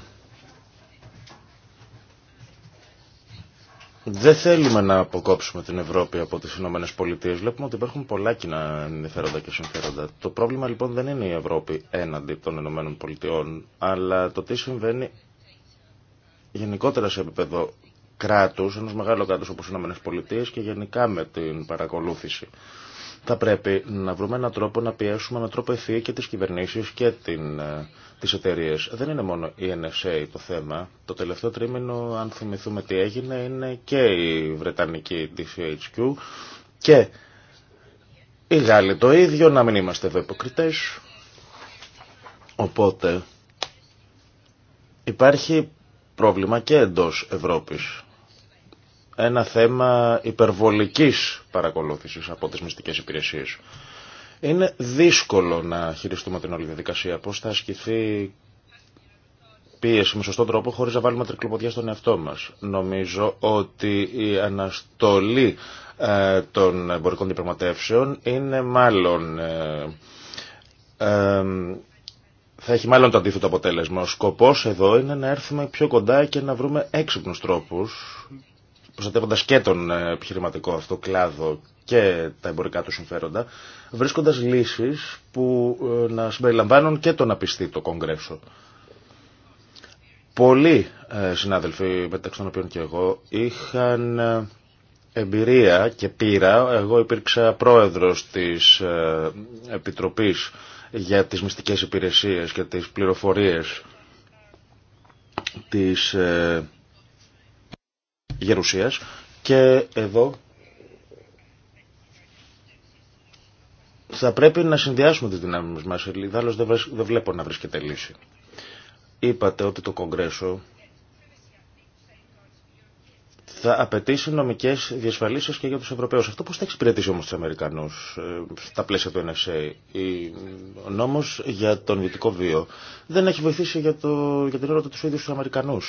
Δεν θέλουμε να αποκόψουμε την Ευρώπη από τις Ηνωμένε Πολιτείε. Βλέπουμε ότι υπάρχουν πολλά κοινά ενδιαφέροντα και συμφέροντα. Το πρόβλημα λοιπόν δεν είναι η Ευρώπη έναντι των Ηνωμένων Πολιτειών, αλλά το τι συμβαίνει γενικότερα σε επίπεδο κράτους, ενό μεγάλου κράτου όπως οι Ηνωμένε Πολιτείε και γενικά με την παρακολούθηση. Θα πρέπει να βρούμε έναν τρόπο να πιέσουμε με τρόπο ευθύ και τις κυβερνήσεις και την, ε, τις εταιρείες. Δεν είναι μόνο η NSA το θέμα. Το τελευταίο τρίμηνο, αν θυμηθούμε τι έγινε, είναι και η Βρετανική DCHQ και οι Γάλλοι το ίδιο, να μην είμαστε βεποκριτές. Οπότε υπάρχει πρόβλημα και εντός Ευρώπης ένα θέμα υπερβολικής παρακολούθησης από τις μυστικές υπηρεσίες. Είναι δύσκολο να χειριστούμε την όλη διαδικασία. Πώς θα ασκηθεί πίεση με σωστό τρόπο χωρίς να βάλουμε τρικλοποδιά στον εαυτό μας. Νομίζω ότι η αναστολή ε, των εμπορικών διαπραγματεύσεων είναι μάλλον... Ε, ε, θα έχει μάλλον το αντίθετο αποτέλεσμα. Ο σκοπός εδώ είναι να έρθουμε πιο κοντά και να βρούμε έξυπνους τρόπους προστατεύοντα και τον ε, επιχειρηματικό αυτό κλάδο και τα εμπορικά του συμφέροντα, βρίσκοντα λύσει που ε, να συμπεριλαμβάνουν και το να απιστή το Κογκρέσο. Πολλοί ε, συνάδελφοι, μεταξύ των οποίων και εγώ, είχαν εμπειρία και πείρα. Εγώ υπήρξα πρόεδρος της Επιτροπής για τις μυστικές υπηρεσίες και τις πληροφορίες της γερουσίας και εδώ θα πρέπει να συνδυάσουμε τις δυνάμεις μας, αλλιώς δεν βλέπω να βρίσκεται λύση. Είπατε ότι το Κογκρέσο θα απαιτήσει νομικές διασφαλίσεις και για τους Ευρωπαίους. Αυτό πώς θα εξυπηρετήσει όμως του Αμερικανού ε, στα πλαίσια του NSA. Ο νόμος για τον ιδιωτικό βίο δεν έχει βοηθήσει για, το, για την ώρα του ίδιου του Αμερικανού.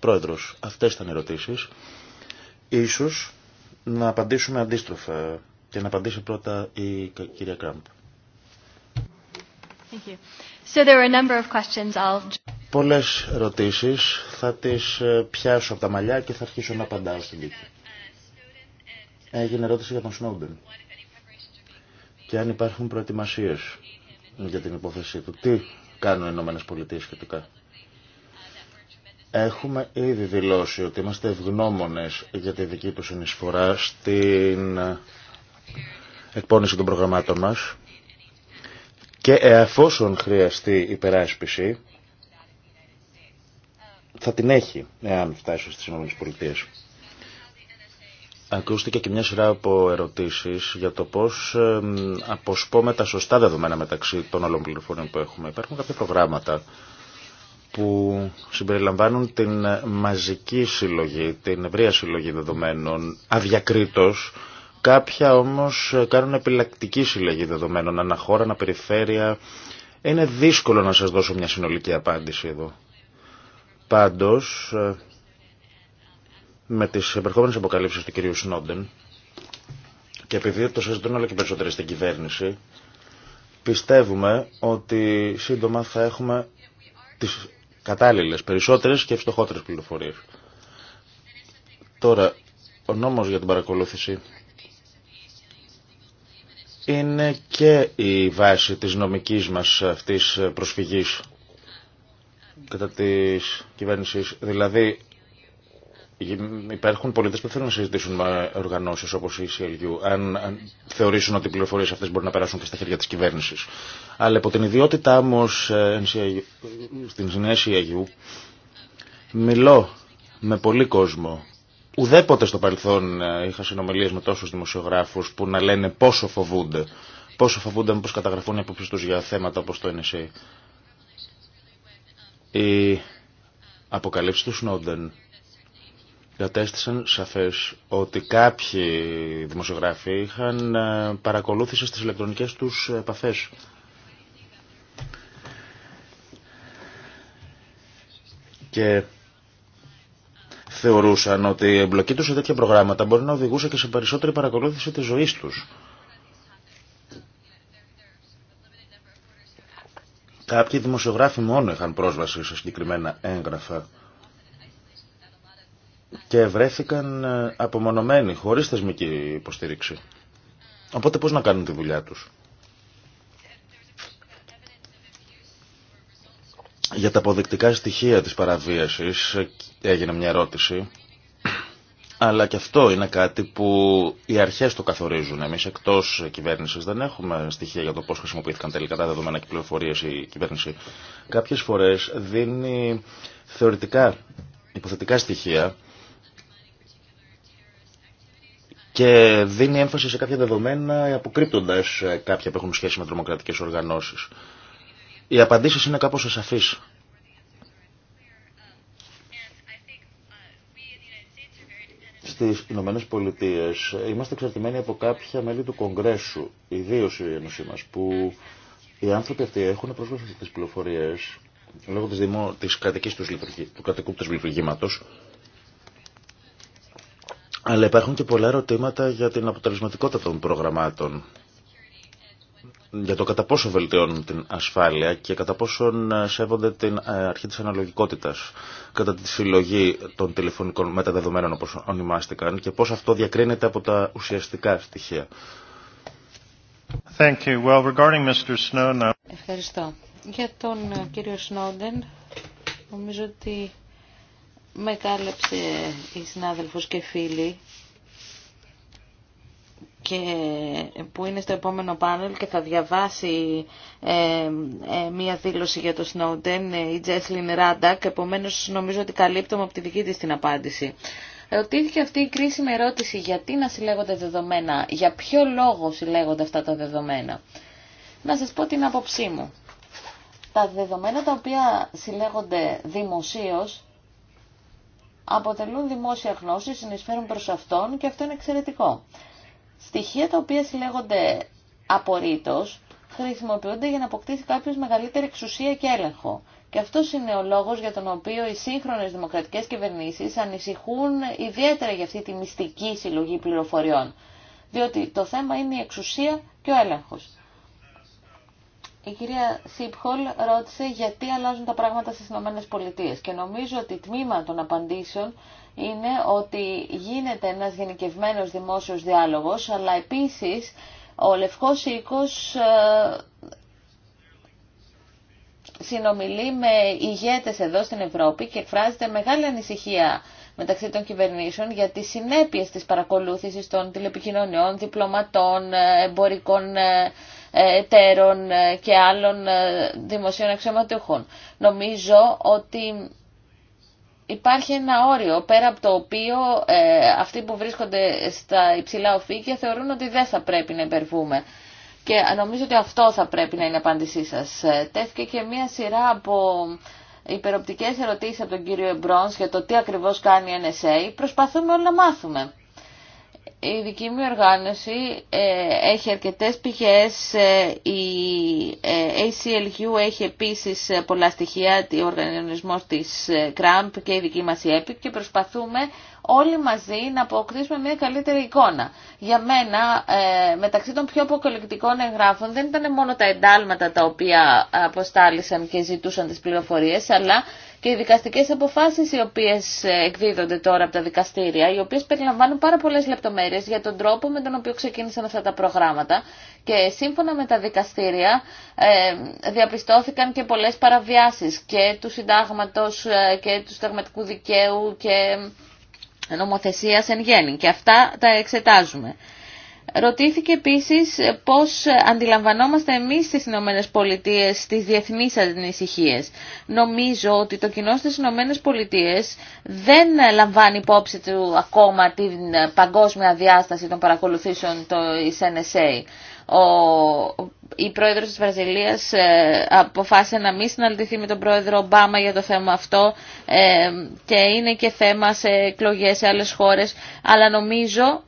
Πρόεδρος, αυτές ήταν οι ερωτήσεις. Ίσως να απαντήσουμε αντίστροφα και να απαντήσει πρώτα η κυρία Κράμπ. So Πολλές ερωτήσεις. Θα τις ε, πιάσω από τα μαλλιά και θα αρχίσω να απαντάω στην κύκη. Έγινε ερώτηση για τον Σνόντεν. Και αν υπάρχουν προετοιμασίες για την υπόθεσή του. Τι κάνουν οι Ηνωμένες Πολιτείες σχετικά. Έχουμε ήδη δηλώσει ότι είμαστε ευγνώμονες για τη δική του συνεισφορά στην εκπόνηση των προγραμμάτων μας και εφόσον χρειαστεί υπεράσπιση θα την έχει εάν φτάσει στις ΗΠΑ. Ακούστηκε και μια σειρά από ερωτήσεις για το πώς αποσπώμε τα σωστά δεδομένα μεταξύ των όλων πληροφοριών που έχουμε. Υπάρχουν κάποια προγράμματα που συμπεριλαμβάνουν την μαζική συλλογή, την ευρεία συλλογή δεδομένων, αδιακρίτως. Κάποια όμως κάνουν επιλακτική συλλογή δεδομένων, αναχώρα, αναπεριφέρεια. Είναι δύσκολο να σας δώσω μια συνολική απάντηση εδώ. Πάντως, με τις επερχόμενες αποκαλύψεις του κυρίου Σνόντεν, και επειδή το συζητούν όλο και περισσότερο στην κυβέρνηση, πιστεύουμε ότι σύντομα θα έχουμε τις κατάλληλες, περισσότερες και ευστοχότερες πληροφορίες. Τώρα, ο νόμος για την παρακολούθηση είναι και η βάση της νομικής μας αυτής προσφυγής κατά της κυβέρνησης. Δηλαδή, Υπάρχουν πολίτες που θέλουν να συζητήσουν με οργανώσεις όπως η CLU αν, αν θεωρήσουν ότι οι πληροφορίες αυτές μπορούν να περάσουν και στα χέρια της κυβέρνησης. Αλλά από την ιδιότητά μου ε, στην νέα μιλώ με πολύ κόσμο. Ουδέποτε στο παρελθόν ε, είχα συνομιλίες με τόσους δημοσιογράφους που να λένε πόσο φοβούνται. Πόσο φοβούνται μήπως καταγραφούν οι απόψεις τους για θέματα όπως το NSA. Οι αποκαλύψη του Σνόντεν κατέστησαν σαφές ότι κάποιοι δημοσιογράφοι είχαν ε, παρακολούθηση στις ηλεκτρονικές τους επαφές. Και θεωρούσαν ότι η εμπλοκή τους σε τέτοια προγράμματα μπορεί να οδηγούσε και σε περισσότερη παρακολούθηση της ζωής τους. Κάποιοι δημοσιογράφοι μόνο είχαν πρόσβαση σε συγκεκριμένα έγγραφα και βρέθηκαν ε, απομονωμένοι, χωρίς θεσμική υποστήριξη. Οπότε πώς να κάνουν τη δουλειά τους. Για τα αποδεικτικά στοιχεία της παραβίασης ε, έγινε μια ερώτηση, αλλά και αυτό είναι κάτι που οι αρχές το καθορίζουν. Εμείς εκτός ε, κυβέρνησης δεν έχουμε στοιχεία για το πώς χρησιμοποιήθηκαν τελικά τα δεδομένα και πληροφορίες η κυβέρνηση. Κάποιες φορές δίνει θεωρητικά υποθετικά στοιχεία και δίνει έμφαση σε κάποια δεδομένα αποκρύπτοντας ε, κάποια που έχουν σχέση με τρομοκρατικές οργανώσεις. Οι απαντήσεις είναι κάπως ασαφείς. Στις Ηνωμένε Πολιτείε ε, είμαστε εξαρτημένοι από κάποια μέλη του Κογκρέσου, ιδίω η Ένωση μας, που οι άνθρωποι αυτοί έχουν πρόσβαση στις πληροφορίες λόγω της, δημο... της κρατικής του λειτουργήματο. Αλλά υπάρχουν και πολλά ερωτήματα για την αποτελεσματικότητα των προγραμμάτων. Για το κατά πόσο βελτιώνουν την ασφάλεια και κατά πόσο ε, σέβονται την ε, αρχή της αναλογικότητας κατά τη συλλογή των τηλεφωνικών μεταδεδομένων όπως ονειμάστηκαν και πώς αυτό διακρίνεται από τα ουσιαστικά στοιχεία. Thank Ευχαριστώ. Για τον ε, κύριο Σνόντεν, νομίζω ότι με κάλεψε η συνάδελφος και φίλη και που είναι στο επόμενο πάνελ και θα διαβάσει ε, ε μία δήλωση για το Snowden ε, η Τζέσλιν Ράντακ, επομένως νομίζω ότι καλύπτω από τη δική της την απάντηση. Ρωτήθηκε ε, αυτή η κρίσιμη ερώτηση γιατί να συλλέγονται δεδομένα, για ποιο λόγο συλλέγονται αυτά τα δεδομένα. Να σας πω την άποψή μου. Τα δεδομένα τα οποία συλλέγονται δημοσίως αποτελούν δημόσια γνώση, συνεισφέρουν προς αυτόν και αυτό είναι εξαιρετικό. Στοιχεία τα οποία συλλέγονται απορρίτως χρησιμοποιούνται για να αποκτήσει κάποιο μεγαλύτερη εξουσία και έλεγχο. Και αυτό είναι ο λόγο για τον οποίο οι σύγχρονε δημοκρατικέ κυβερνήσει ανησυχούν ιδιαίτερα για αυτή τη μυστική συλλογή πληροφοριών. Διότι το θέμα είναι η εξουσία και ο έλεγχο. Η κυρία Σίπχολ ρώτησε γιατί αλλάζουν τα πράγματα στις ΗΠΑ Πολιτείες και νομίζω ότι τμήμα των απαντήσεων είναι ότι γίνεται ένας γενικευμένος δημόσιος διάλογος, αλλά επίσης ο Λευκός Οίκος ε, συνομιλεί με ηγέτες εδώ στην Ευρώπη και εκφράζεται μεγάλη ανησυχία μεταξύ των κυβερνήσεων για τις συνέπειες της παρακολούθησης των τηλεπικοινωνιών, διπλωματών, ε, εμπορικών ε, εταίρων ε, και άλλων ε, δημοσίων αξιωματούχων. Νομίζω ότι υπάρχει ένα όριο πέρα από το οποίο ε, αυτοί που βρίσκονται στα υψηλά οφήκια θεωρούν ότι δεν θα πρέπει να υπερβούμε. Και νομίζω ότι αυτό θα πρέπει να είναι η απάντησή σας. Τέθηκε και μία σειρά από υπεροπτικές ερωτήσεις από τον κύριο Εμπρόνς για το τι ακριβώς κάνει η NSA. Προσπαθούμε όλοι να μάθουμε η δική μου οργάνωση ε, έχει αρκετές πηγές, ε, η ε, ACLU έχει επίσης πολλά στοιχεία, ο οργανισμός της CRAMP και η δική μας η EPIC και προσπαθούμε όλοι μαζί να αποκτήσουμε μια καλύτερη εικόνα. Για μένα, μεταξύ των πιο αποκαλυπτικών εγγράφων δεν ήταν μόνο τα εντάλματα τα οποία αποστάλησαν και ζητούσαν τις πληροφορίες, αλλά και οι δικαστικές αποφάσεις οι οποίες ε, εκδίδονται τώρα από τα δικαστήρια, οι οποίες περιλαμβάνουν πάρα πολλές λεπτομέρειες για τον τρόπο με τον οποίο ξεκίνησαν αυτά τα προγράμματα και σύμφωνα με τα δικαστήρια ε, διαπιστώθηκαν και πολλές παραβιάσεις και του συντάγματος ε, και του συνταγματικού δικαίου και νομοθεσίας εν γέννη και αυτά τα εξετάζουμε. Ρωτήθηκε επίσης πώς αντιλαμβανόμαστε εμείς στις Ηνωμένε Πολιτείε τις διεθνείς ανησυχίε. Νομίζω ότι το κοινό στις Ηνωμένε δεν λαμβάνει υπόψη του ακόμα την παγκόσμια διάσταση των παρακολουθήσεων το NSA. Ο, η πρόεδρος της Βραζιλίας ε, αποφάσισε να μην συναντηθεί με τον πρόεδρο Ομπάμα για το θέμα αυτό ε, και είναι και θέμα σε εκλογέ σε άλλες χώρες αλλά νομίζω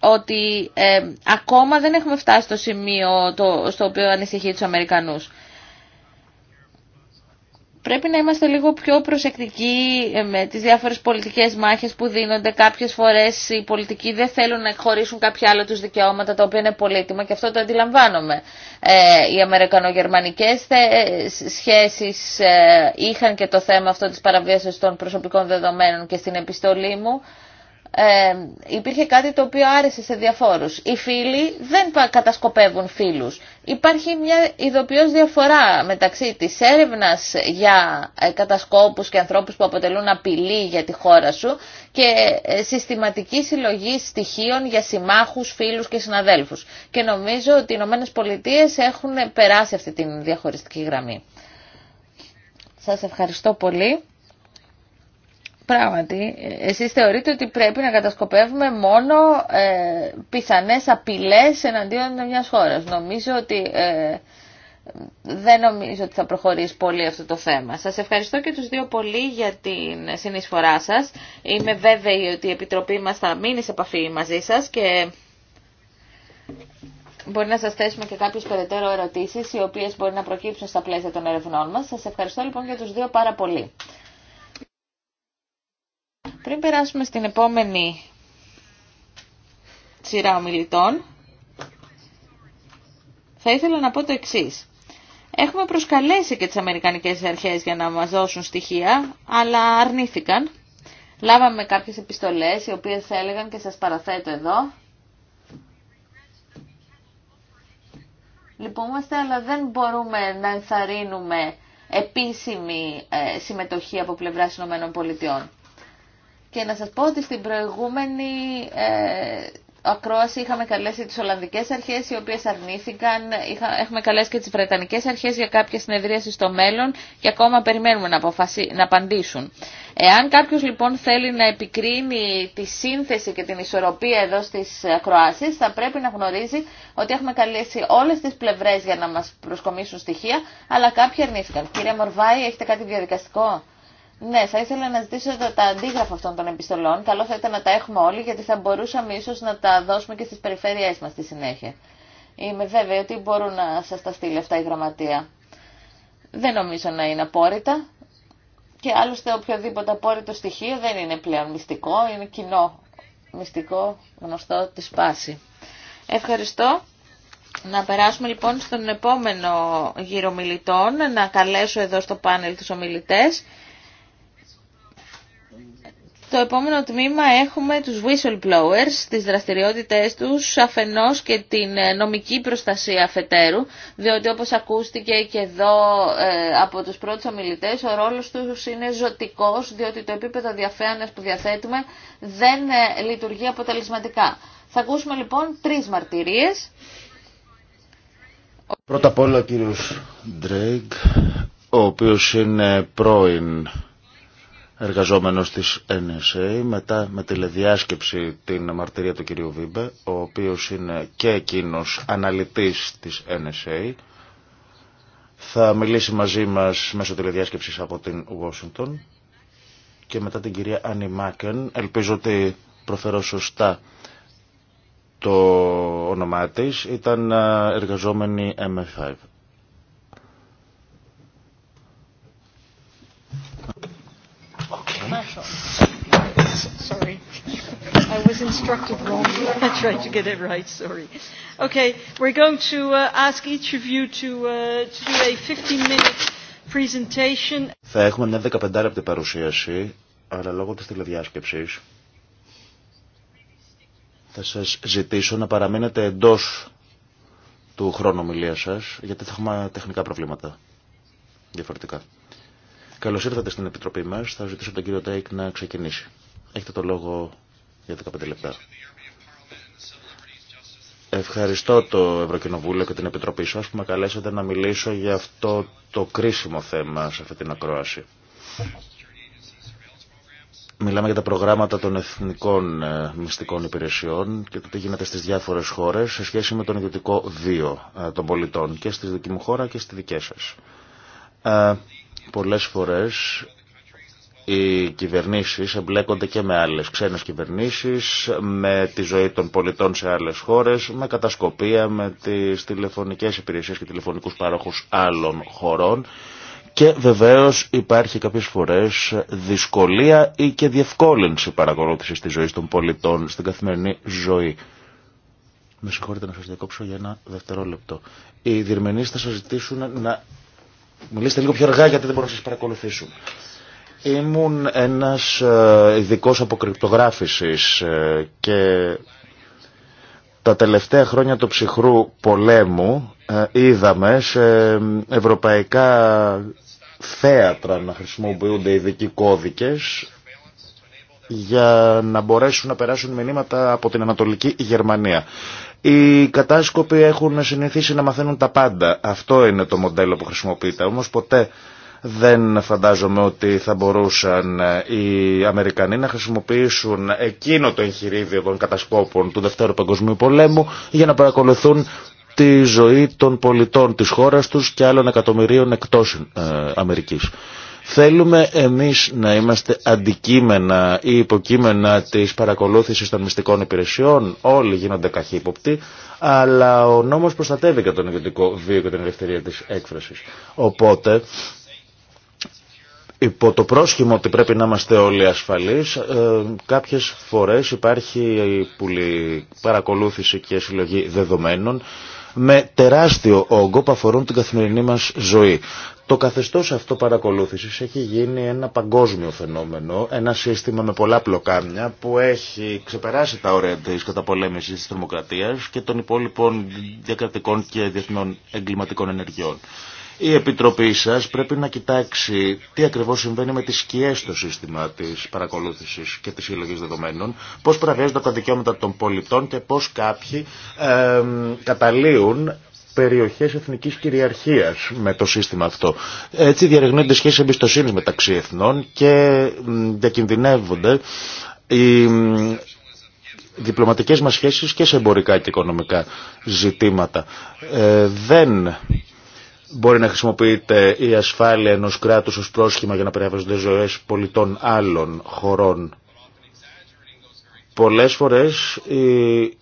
ότι ε, ακόμα δεν έχουμε φτάσει στο σημείο το, στο οποίο ανησυχεί τους Αμερικανούς. Πρέπει να είμαστε λίγο πιο προσεκτικοί ε, με τις διάφορες πολιτικές μάχες που δίνονται. Κάποιες φορές οι πολιτικοί δεν θέλουν να εκχωρήσουν κάποια άλλα τους δικαιώματα, τα οποία είναι πολύτιμα και αυτό το αντιλαμβάνομαι. Ε, οι αμερικανογερμανικές ε, σχέσεις είχαν και το θέμα αυτό της παραβίασης των προσωπικών δεδομένων και στην επιστολή μου ε, υπήρχε κάτι το οποίο άρεσε σε διαφόρους. Οι φίλοι δεν κατασκοπεύουν φίλους. Υπάρχει μια ειδοποιώς διαφορά μεταξύ της έρευνας για ε, κατασκόπους και ανθρώπους που αποτελούν απειλή για τη χώρα σου και ε, συστηματική συλλογή στοιχείων για συμμάχους, φίλους και συναδέλφους. Και νομίζω ότι οι Ηνωμένε Πολιτείε έχουν περάσει αυτή τη διαχωριστική γραμμή. Σας ευχαριστώ πολύ. Πράγματι, εσείς θεωρείτε ότι πρέπει να κατασκοπεύουμε μόνο ε, πιθανές απειλές εναντίον μιας χώρας. Νομίζω ότι ε, δεν νομίζω ότι θα προχωρήσει πολύ αυτό το θέμα. Σας ευχαριστώ και τους δύο πολύ για την συνεισφορά σας. Είμαι βέβαιη ότι η Επιτροπή μας θα μείνει σε επαφή μαζί σας και μπορεί να σας θέσουμε και κάποιες περαιτέρω ερωτήσεις οι οποίες μπορεί να προκύψουν στα πλαίσια των ερευνών μας. Σας ευχαριστώ λοιπόν για τους δύο πάρα πολύ. Πριν περάσουμε στην επόμενη σειρά ομιλητών, θα ήθελα να πω το εξή. Έχουμε προσκαλέσει και τις Αμερικανικές Αρχές για να μας δώσουν στοιχεία, αλλά αρνήθηκαν. Λάβαμε κάποιες επιστολές, οι οποίες θα έλεγαν και σας παραθέτω εδώ. Λυπούμαστε, αλλά δεν μπορούμε να ενθαρρύνουμε επίσημη ε, συμμετοχή από πλευράς ΗΠΑ και να σας πω ότι στην προηγούμενη ε, ακρόαση είχαμε καλέσει τις Ολλανδικές αρχές οι οποίες αρνήθηκαν, είχα, έχουμε καλέσει και τις Βρετανικές αρχές για κάποια συνεδρίαση στο μέλλον και ακόμα περιμένουμε να, αποφασί, να απαντήσουν. Εάν κάποιος λοιπόν θέλει να επικρίνει τη σύνθεση και την ισορροπία εδώ στις ακροάσεις θα πρέπει να γνωρίζει ότι έχουμε καλέσει όλες τις πλευρές για να μας προσκομίσουν στοιχεία αλλά κάποιοι αρνήθηκαν. Κύριε Μορβάη έχετε κάτι διαδικαστικό. Ναι, θα ήθελα να ζητήσω τα αντίγραφα αυτών των επιστολών. Καλό θα ήταν να τα έχουμε όλοι, γιατί θα μπορούσαμε ίσω να τα δώσουμε και στι περιφερειέ μα στη συνέχεια. Είμαι βέβαιη ότι μπορούν να σας τα στείλει αυτά η γραμματεία. Δεν νομίζω να είναι απόρριτα. Και άλλωστε οποιοδήποτε απόρριτο στοιχείο δεν είναι πλέον μυστικό, είναι κοινό μυστικό γνωστό τη πάση. Ευχαριστώ. Να περάσουμε λοιπόν στον επόμενο γύρο μιλητών, να καλέσω εδώ στο πάνελ τους ομιλητές. Στο επόμενο τμήμα έχουμε τους whistleblowers, τις δραστηριότητες τους, αφενός και την ε, νομική προστασία αφετέρου, διότι όπως ακούστηκε και εδώ ε, από τους πρώτους ομιλητές, ο ρόλος τους είναι ζωτικός, διότι το επίπεδο διαφέανες που διαθέτουμε δεν ε, λειτουργεί αποτελεσματικά. Θα ακούσουμε λοιπόν τρεις μαρτυρίες. Πρώτα απ' όλα ο κύριος Ντρέγκ, ο οποίος είναι πρώην εργαζόμενος της NSA, μετά με τηλεδιάσκεψη την μαρτυρία του κυρίου Βίμπε, ο οποίος είναι και εκείνος αναλυτής της NSA. Θα μιλήσει μαζί μας μέσω τηλεδιάσκεψης από την Washington και μετά την κυρία Άννη Μάκεν. Ελπίζω ότι προφέρω σωστά το όνομά της. Ήταν ε, εργαζόμενη MF5. Sorry. I was instructed wrong. [laughs] I tried to get it right, sorry. Okay, we're going to uh, ask each of you to, uh, to do a 15-minute presentation. Θα έχουμε μια 15 λεπτή παρουσίαση, αλλά λόγω της τηλεδιάσκεψης θα σας ζητήσω να παραμείνετε εντός του χρόνου ομιλίας σας, γιατί θα έχουμε τεχνικά προβλήματα διαφορετικά. Καλώ ήρθατε στην Επιτροπή μα. Θα ζητήσω τον κύριο Τέικ να ξεκινήσει. Έχετε το λόγο για 15 λεπτά. Ευχαριστώ το Ευρωκοινοβούλιο και την Επιτροπή σα, που με καλέσατε να μιλήσω για αυτό το κρίσιμο θέμα σε αυτή την ακρόαση. Μιλάμε για τα προγράμματα των εθνικών ε, μυστικών υπηρεσιών και το τι γίνεται στι διάφορε χώρε σε σχέση με τον ιδιωτικό βίο ε, των πολιτών και στη δική μου χώρα και στη δική σα. Ε, Πολλές φορές οι κυβερνήσεις εμπλέκονται και με άλλες ξένες κυβερνήσεις, με τη ζωή των πολιτών σε άλλες χώρες, με κατασκοπία, με τις τηλεφωνικές υπηρεσίες και τηλεφωνικούς πάροχους άλλων χωρών και βεβαίως υπάρχει κάποιες φορές δυσκολία ή και διευκόλυνση παρακολούθησης της ζωής των πολιτών στην καθημερινή ζωή. Με συγχωρείτε να σας διακόψω για ένα δευτερόλεπτο. Οι διερμενείς θα σας ζητήσουν να Μιλήστε λίγο πιο αργά γιατί δεν μπορώ να σας παρακολουθήσω. Ήμουν ένας ε, ειδικό αποκρυπτογράφησης ε, και τα τελευταία χρόνια του ψυχρού πολέμου ε, είδαμε σε ευρωπαϊκά θέατρα να χρησιμοποιούνται ειδικοί κώδικες για να μπορέσουν να περάσουν μηνύματα από την Ανατολική Γερμανία. Οι κατάσκοποι έχουν συνηθίσει να μαθαίνουν τα πάντα. Αυτό είναι το μοντέλο που χρησιμοποιείται. Όμως ποτέ δεν φαντάζομαι ότι θα μπορούσαν ε, οι Αμερικανοί να χρησιμοποιήσουν εκείνο το εγχειρίδιο των κατασκόπων του Δευτέρου Παγκοσμίου Πολέμου για να παρακολουθούν τη ζωή των πολιτών της χώρας τους και άλλων εκατομμυρίων εκτός ε, Αμερικής. Θέλουμε εμείς να είμαστε αντικείμενα ή υποκείμενα της παρακολούθησης των μυστικών υπηρεσιών, όλοι γίνονται καχύποπτοι, αλλά ο νόμος προστατεύει και τον ιδιωτικό βίο και την ελευθερία της έκφρασης. Οπότε, υπό το πρόσχημα ότι πρέπει να είμαστε όλοι ασφαλείς, ε, κάποιες φορές υπάρχει πουλή παρακολούθηση και συλλογή δεδομένων, με τεράστιο όγκο που αφορούν την καθημερινή μας ζωή. Το καθεστώς αυτό παρακολούθησης έχει γίνει ένα παγκόσμιο φαινόμενο, ένα σύστημα με πολλά πλοκάμια που έχει ξεπεράσει τα όρια της καταπολέμησης της θερμοκρατίας και των υπόλοιπων διακρατικών και διεθνών εγκληματικών ενεργειών. Η Επιτροπή σας πρέπει να κοιτάξει τι ακριβώς συμβαίνει με τις σκιές στο σύστημα της παρακολούθησης και της συλλογής δεδομένων, πώς παραβιάζονται τα δικαιώματα των πολιτών και πώς κάποιοι ε, καταλύουν περιοχές εθνικής κυριαρχίας με το σύστημα αυτό. Έτσι διαρριγνύονται σχέσεις εμπιστοσύνη μεταξύ εθνών και διακινδυνεύονται οι διπλωματικές μας σχέσεις και σε εμπορικά και οικονομικά ζητήματα. Ε, δεν μπορεί να χρησιμοποιείται η ασφάλεια ενός κράτους ως πρόσχημα για να περιέβαζονται ζωές πολιτών άλλων χωρών. Πολλές φορές οι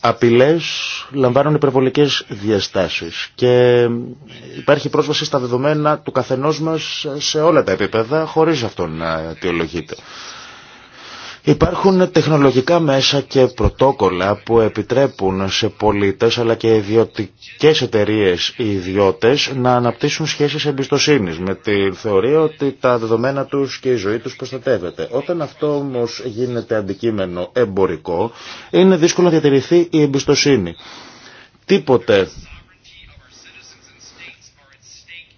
απειλές λαμβάνουν υπερβολικές διαστάσεις και υπάρχει πρόσβαση στα δεδομένα του καθενός μας σε όλα τα επίπεδα χωρίς αυτό να αιτιολογείται. Υπάρχουν τεχνολογικά μέσα και πρωτόκολλα που επιτρέπουν σε πολίτες αλλά και ιδιωτικές εταιρείες οι ιδιώτες να αναπτύσσουν σχέσεις εμπιστοσύνης με τη θεωρία ότι τα δεδομένα τους και η ζωή τους προστατεύεται. Όταν αυτό όμως γίνεται αντικείμενο εμπορικό είναι δύσκολο να διατηρηθεί η εμπιστοσύνη. Τίποτε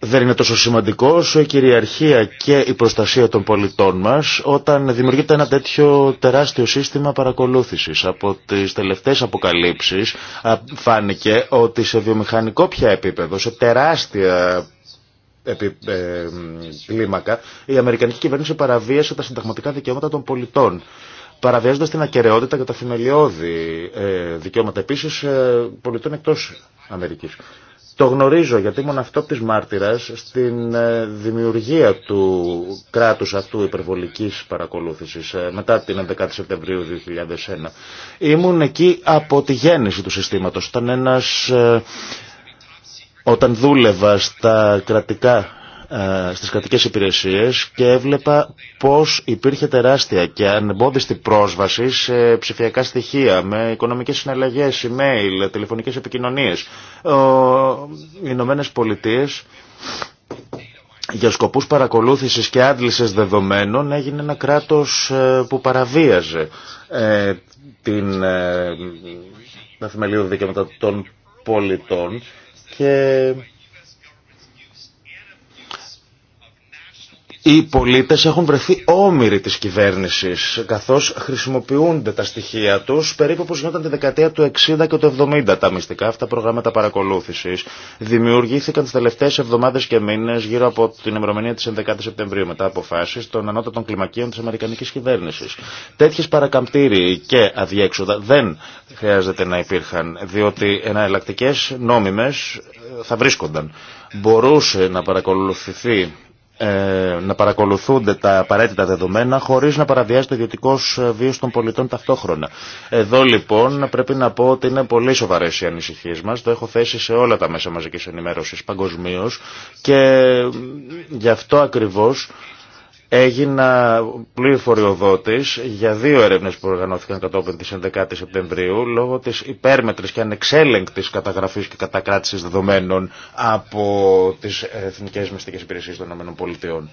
δεν είναι τόσο σημαντικό όσο η κυριαρχία και η προστασία των πολιτών μας όταν δημιουργείται ένα τέτοιο τεράστιο σύστημα παρακολούθησης. Από τις τελευταίες αποκαλύψεις φάνηκε ότι σε βιομηχανικό πια επίπεδο, σε τεράστια ε, κλίμακα, η Αμερικανική κυβέρνηση παραβίασε τα συνταγματικά δικαιώματα των πολιτών παραβιάζοντας την ακαιρεότητα και τα θεμελιώδη ε, δικαιώματα επίσης ε, πολιτών εκτός Αμερικής. Το γνωρίζω γιατί ήμουν της μάρτυρας στην ε, δημιουργία του κράτους αυτού υπερβολικής παρακολούθησης ε, μετά την 11η Σεπτεμβρίου 2001. Ήμουν εκεί από τη γέννηση του συστήματος. Ήταν ένας ε, όταν δούλευα στα κρατικά ε, στις κρατικές υπηρεσίες και έβλεπα πως υπήρχε τεράστια και ανεμπόδιστη πρόσβαση σε ψηφιακά στοιχεία με οικονομικές συναλλαγές, email, τηλεφωνικές επικοινωνίες. Οι Ηνωμένε Πολιτείε για σκοπούς παρακολούθησης και άντλησης δεδομένων έγινε ένα κράτος ε, που παραβίαζε ε, την, ε, δικαιώματα των πολιτών και Οι πολίτες έχουν βρεθεί όμοιροι της κυβέρνησης, καθώς χρησιμοποιούνται τα στοιχεία τους, περίπου όπως γινόταν τη δεκαετία του 60 και του 70 τα μυστικά αυτά προγράμματα παρακολούθησης. Δημιουργήθηκαν τις τελευταίες εβδομάδες και μήνες γύρω από την ημερομηνία της 11 Σεπτεμβρίου μετά αποφάσεις των ανώτατων κλιμακίων της Αμερικανικής κυβέρνησης. Τέτοιες παρακαμπτήριοι και αδιέξοδα δεν χρειάζεται να υπήρχαν, διότι εναλλακτικέ νόμιμες ε, θα βρίσκονταν. Μπορούσε να παρακολουθηθεί ε, να παρακολουθούνται τα απαραίτητα δεδομένα χωρίς να παραβιάζεται το ιδιωτικό ε, βίος των πολιτών ταυτόχρονα. Εδώ λοιπόν πρέπει να πω ότι είναι πολύ σοβαρές οι ανησυχίες μας, το έχω θέσει σε όλα τα μέσα μαζικής ενημέρωσης παγκοσμίω και γι' αυτό ακριβώς Έγινα δότης για δύο έρευνες που οργανώθηκαν κατόπιν της 11 η Σεπτεμβρίου λόγω της υπέρμετρης και ανεξέλεγκτης καταγραφής και κατακράτησης δεδομένων από τις Εθνικές Μυστικές Υπηρεσίες των ΗΠΑ.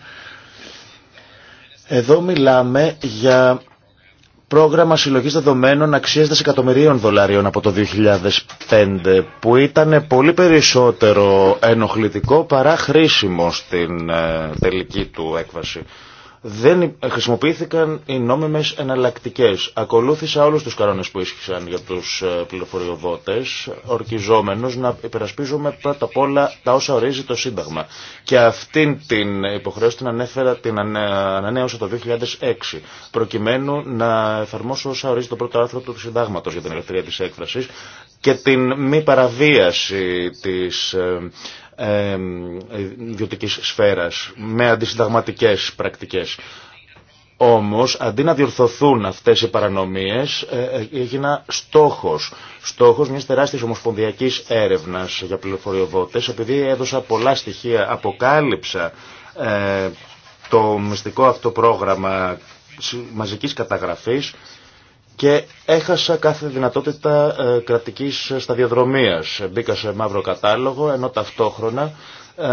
Εδώ μιλάμε για πρόγραμμα συλλογής δεδομένων αξίας δισεκατομμυρίων δολαρίων από το 2005 που ήταν πολύ περισσότερο ενοχλητικό παρά χρήσιμο στην ε, τελική του έκβαση δεν χρησιμοποιήθηκαν οι νόμιμες εναλλακτικέ. Ακολούθησα όλους τους κανόνες που ίσχυσαν για τους ε, πληροφοριοδότες, ορκιζόμενος να υπερασπίζουμε πρώτα απ' όλα τα όσα ορίζει το Σύνταγμα. Και αυτήν την υποχρέωση την ανέφερα, την ανανέωσα το 2006, προκειμένου να εφαρμόσω όσα ορίζει το πρώτο άρθρο του Συντάγματος για την ελευθερία της έκφρασης και την μη παραβίαση της ε, ε, ιδιωτικής σφαίρας, με αντισυνταγματικές πρακτικές. Όμως, αντί να διορθωθούν αυτές οι παρανομίες, ε, ε, έγινα στόχος. Στόχος μιας τεράστιας ομοσπονδιακής έρευνας για πληροφοριοδότες, επειδή έδωσα πολλά στοιχεία, αποκάλυψα ε, το μυστικό αυτό πρόγραμμα μαζικής καταγραφής και έχασα κάθε δυνατότητα ε, κρατικής σταδιοδρομίας. Μπήκα σε μαύρο κατάλογο ενώ ταυτόχρονα ε,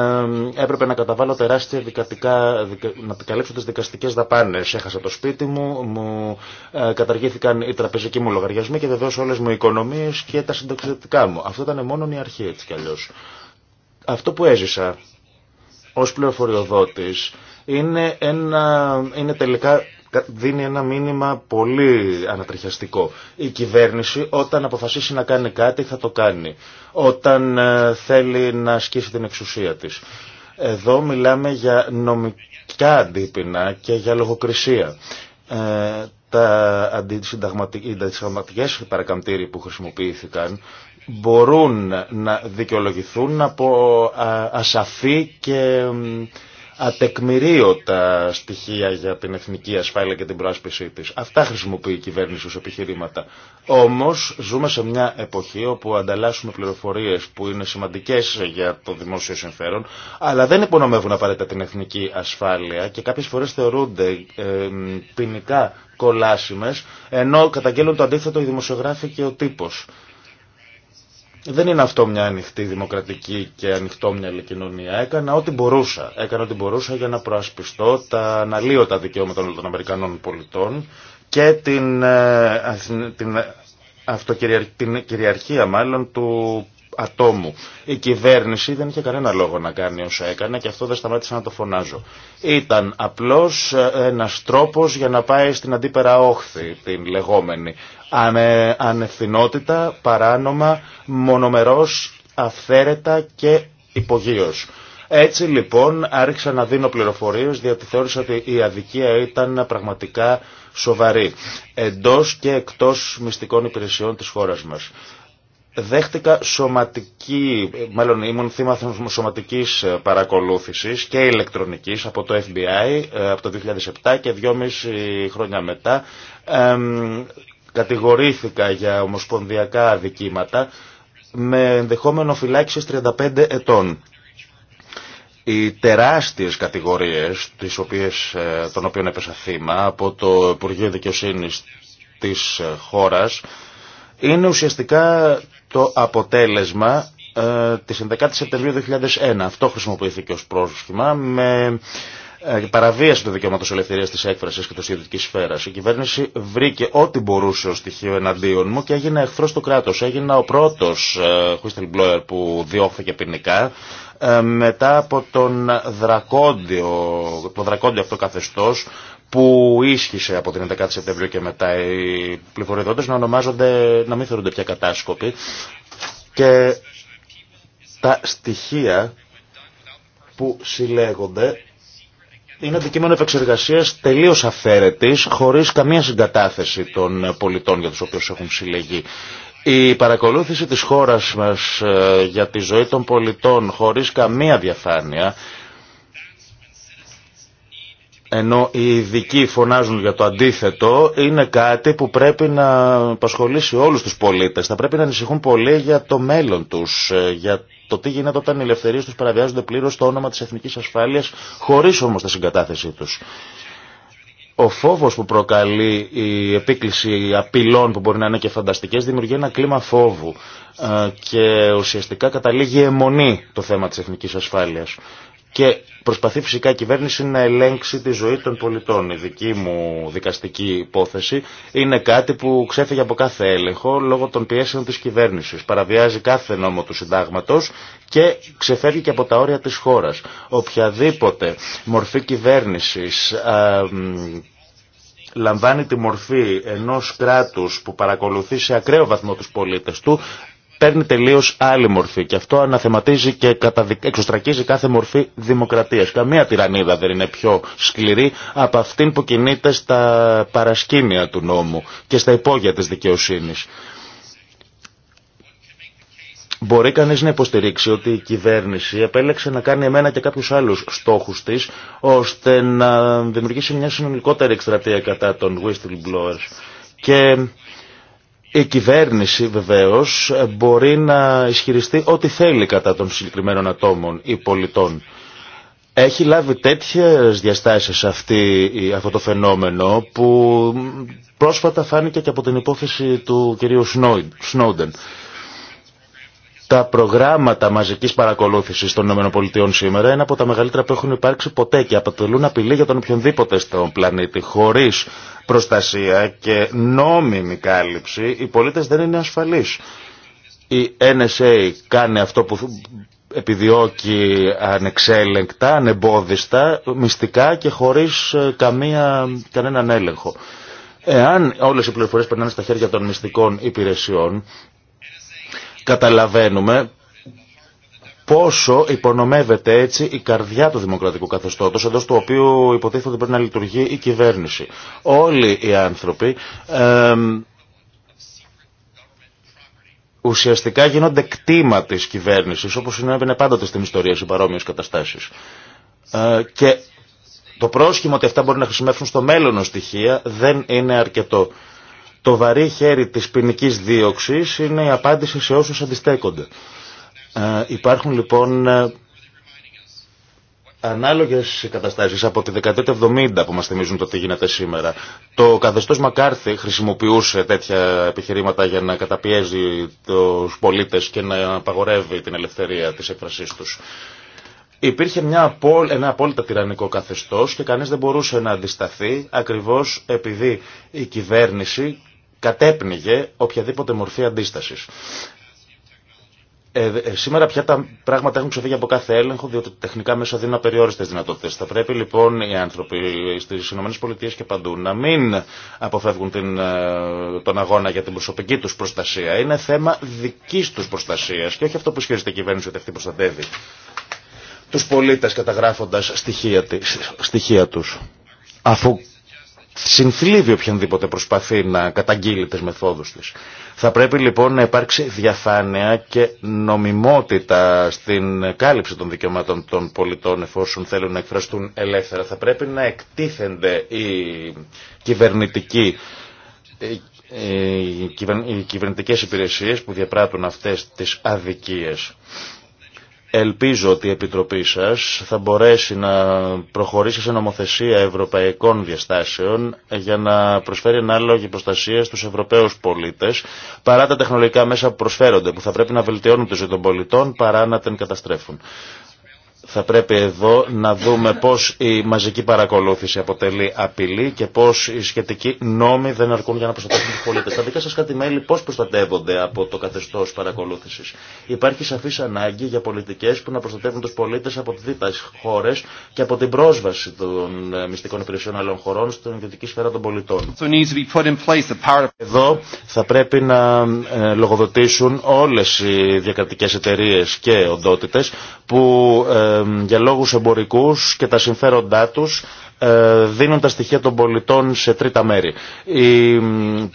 έπρεπε να καταβάλω τεράστια δικατικά, να καλύψω τις δικαστικές δαπάνες. Έχασα το σπίτι μου, μου ε, καταργήθηκαν οι τραπεζικοί μου λογαριασμοί και βεβαίως όλες μου οι οικονομίες και τα συνταξιδετικά μου. Αυτό ήταν μόνο η αρχή έτσι κι αλλιώς. Αυτό που έζησα ως πληροφοριοδότης είναι τελικά δίνει ένα μήνυμα πολύ ανατριχιαστικό. Η κυβέρνηση όταν αποφασίσει να κάνει κάτι θα το κάνει. Όταν ε, θέλει να ασκήσει την εξουσία της. Εδώ μιλάμε για νομικά αντίπεινα και για λογοκρισία. Ε, τα αντισυνταγματικές παρακαμπτήρια που χρησιμοποιήθηκαν μπορούν να δικαιολογηθούν από ασαφή και ατεκμηρίωτα στοιχεία για την εθνική ασφάλεια και την προάσπιση της. Αυτά χρησιμοποιεί η κυβέρνηση ως επιχειρήματα. Όμως ζούμε σε μια εποχή όπου ανταλλάσσουμε πληροφορίες που είναι σημαντικές για το δημόσιο συμφέρον, αλλά δεν υπονομεύουν απαραίτητα την εθνική ασφάλεια και κάποιες φορές θεωρούνται ποινικά κολάσιμες, ενώ καταγγέλνουν το αντίθετο οι δημοσιογράφοι και ο τύπος. Δεν είναι αυτό μια ανοιχτή δημοκρατική και ανοιχτό μια κοινωνία. Έκανα ό,τι μπορούσα. Έκανα ό,τι μπορούσα για να προασπιστώ τα αναλύωτα δικαιώματα των Αμερικανών πολιτών και την, ε, την, την κυριαρχία μάλλον του ατόμου. Η κυβέρνηση δεν είχε κανένα λόγο να κάνει όσα έκανε και αυτό δεν σταμάτησα να το φωνάζω. Ήταν απλώς ε, ένας τρόπος για να πάει στην αντίπερα όχθη, την λεγόμενη ανε, ανευθυνότητα, παράνομα, μονομερός, αυθαίρετα και υπογείως. Έτσι λοιπόν άρχισα να δίνω πληροφορίες διότι θεώρησα ότι η αδικία ήταν πραγματικά σοβαρή εντός και εκτός μυστικών υπηρεσιών της χώρας μας. Δέχτηκα σωματική, μάλλον ήμουν θύμα σωματικής παρακολούθησης και ηλεκτρονικής από το FBI ε, από το 2007 και δυόμιση χρόνια μετά κατηγορήθηκα για ομοσπονδιακά αδικήματα με ενδεχόμενο φυλάξης 35 ετών. Οι τεράστιες κατηγορίες τις οποίες, ε, των οποίων έπεσα θύμα από το Υπουργείο Δικαιοσύνη της ε, χώρας είναι ουσιαστικά το αποτέλεσμα ε, της 11 Σεπτεμβρίου 2001. Αυτό χρησιμοποιήθηκε ως πρόσχημα με παραβίαση του δικαιώματο ελευθερία τη έκφραση και τη ιδιωτική σφαίρα. Η κυβέρνηση βρήκε ό,τι μπορούσε ω στοιχείο εναντίον μου και έγινε εχθρό του κράτου. Έγινα ο πρώτο ε, whistleblower που διώχθηκε ποινικά ε, μετά από τον δρακόντιο, το δρακόντιο αυτό καθεστώ που ίσχυσε από την 11η Σεπτεμβρίου και μετά. Οι πληροφοριδότε να ονομάζονται, να μην θεωρούνται πια κατάσκοποι. Και τα στοιχεία που συλλέγονται είναι αντικείμενο επεξεργασία τελείω αφαίρετη, χωρί καμία συγκατάθεση των πολιτών για του οποίου έχουν συλλεγεί. Η παρακολούθηση της χώρας μας ε, για τη ζωή των πολιτών χωρίς καμία διαφάνεια ενώ οι ειδικοί φωνάζουν για το αντίθετο, είναι κάτι που πρέπει να απασχολήσει όλους τους πολίτες. Θα πρέπει να ανησυχούν πολύ για το μέλλον τους, ε, για το τι γίνεται όταν οι ελευθερίε του παραβιάζονται πλήρω στο όνομα τη εθνική ασφάλεια, χωρί όμω τη συγκατάθεσή του. Ο φόβο που προκαλεί η επίκληση απειλών που μπορεί να είναι και φανταστικέ δημιουργεί ένα κλίμα φόβου ε, και ουσιαστικά καταλήγει αιμονή το θέμα τη εθνική ασφάλεια. Και προσπαθεί φυσικά η κυβέρνηση να ελέγξει τη ζωή των πολιτών. Η δική μου δικαστική υπόθεση είναι κάτι που ξέφυγε από κάθε έλεγχο λόγω των πιέσεων της κυβέρνησης. Παραβιάζει κάθε νόμο του συντάγματος και ξεφεύγει και από τα όρια της χώρας. Οποιαδήποτε μορφή κυβέρνησης λαμβάνει τη μορφή ενός κράτους που παρακολουθεί σε ακραίο βαθμό τους πολίτες του, παίρνει τελείω άλλη μορφή και αυτό αναθεματίζει και εξωστρακίζει κάθε μορφή δημοκρατίας. Καμία τυραννίδα δεν είναι πιο σκληρή από αυτήν που κινείται στα παρασκήνια του νόμου και στα υπόγεια της δικαιοσύνης. Μπορεί κανείς να υποστηρίξει ότι η κυβέρνηση επέλεξε να κάνει εμένα και κάποιους άλλους στόχους της, ώστε να δημιουργήσει μια συνολικότερη εκστρατεία κατά των whistleblowers. Και η κυβέρνηση βεβαίως μπορεί να ισχυριστεί ό,τι θέλει κατά των συγκεκριμένων ατόμων ή πολιτών. Έχει λάβει τέτοιες διαστάσεις αυτή, αυτό το φαινόμενο που πρόσφατα φάνηκε και από την υπόθεση του κυρίου Σνόντεν τα προγράμματα μαζικής παρακολούθησης των ΗΠΑ σήμερα είναι από τα μεγαλύτερα που έχουν υπάρξει ποτέ και αποτελούν απειλή για τον οποιονδήποτε στον πλανήτη. Χωρίς προστασία και νόμιμη κάλυψη οι πολίτες δεν είναι ασφαλείς. Η NSA κάνει αυτό που επιδιώκει ανεξέλεγκτα, ανεμπόδιστα, μυστικά και χωρίς ε, κανέναν έλεγχο. Εάν όλες οι πληροφορίες περνάνε στα χέρια των μυστικών υπηρεσιών, καταλαβαίνουμε πόσο υπονομεύεται έτσι η καρδιά του δημοκρατικού καθεστώτος, εντός του οποίου υποτίθεται ότι πρέπει να λειτουργεί η κυβέρνηση. Όλοι οι άνθρωποι ουσιαστικά γίνονται κτήμα της κυβέρνησης, όπως συνέβαινε πάντοτε στην ιστορία σε παρόμοιες καταστάσεις. Ε, και το πρόσχημα ότι αυτά μπορεί να χρησιμεύσουν στο μέλλον ως στοιχεία δεν είναι αρκετό. Το βαρύ χέρι της ποινική δίωξη είναι η απάντηση σε όσους αντιστέκονται. Ε, υπάρχουν λοιπόν ε, Ανάλογε καταστάσει από τη δεκαετία του 70 που μα θυμίζουν το τι γίνεται σήμερα. Το καθεστώ Μακάρθη χρησιμοποιούσε τέτοια επιχειρήματα για να καταπιέζει του πολίτε και να απαγορεύει την ελευθερία τη έκφρασή του. Υπήρχε μια, ένα απόλυτα τυραννικό καθεστώ και κανεί δεν μπορούσε να αντισταθεί ακριβώ επειδή η κυβέρνηση κατέπνιγε οποιαδήποτε μορφή αντίστασης. Ε, ε, σήμερα πια τα πράγματα έχουν ξεφύγει από κάθε έλεγχο, διότι τεχνικά μέσα δίνουν απεριόριστε δυνατότητε. Θα πρέπει λοιπόν οι άνθρωποι στι ΗΠΑ και παντού να μην αποφεύγουν την, ε, τον αγώνα για την προσωπική του προστασία. Είναι θέμα δική του προστασία και όχι αυτό που ισχυρίζεται η κυβέρνηση ότι αυτή προστατεύει του πολίτε καταγράφοντα στοιχεία, στοιχεία του. Αφού συνθλίβει οποιονδήποτε προσπαθεί να καταγγείλει τις μεθόδους της. Θα πρέπει λοιπόν να υπάρξει διαφάνεια και νομιμότητα στην κάλυψη των δικαιωμάτων των πολιτών εφόσον θέλουν να εκφραστούν ελεύθερα. Θα πρέπει να εκτίθενται οι κυβερνητικοί οι κυβερνητικές υπηρεσίες που διαπράττουν αυτές τις αδικίες. Ελπίζω ότι η Επιτροπή σας θα μπορέσει να προχωρήσει σε νομοθεσία ευρωπαϊκών διαστάσεων για να προσφέρει ανάλογη προστασία στους Ευρωπαίους πολίτες παρά τα τεχνολογικά μέσα που προσφέρονται που θα πρέπει να βελτιώνουν τη ζωή των πολιτών παρά να την καταστρέφουν. Θα πρέπει εδώ να δούμε πώς η μαζική παρακολούθηση αποτελεί απειλή και πώς οι σχετικοί νόμοι δεν αρκούν για να προστατεύουν τους πολίτες. Τα δικά σας κάτι μέλη πώς προστατεύονται από το καθεστώς παρακολούθησης. Υπάρχει σαφής ανάγκη για πολιτικές που να προστατεύουν τους πολίτες από τις χώρες και από την πρόσβαση των ε, μυστικών υπηρεσιών άλλων χωρών στην ιδιωτική σφαίρα των πολιτών. Εδώ θα πρέπει να ε, λογοδοτήσουν όλες οι διακρατικές εταιρείε και οντότητες που ε, για λόγους εμπορικούς και τα συμφέροντά τους ε, δίνουν τα στοιχεία των πολιτών σε τρίτα μέρη. Η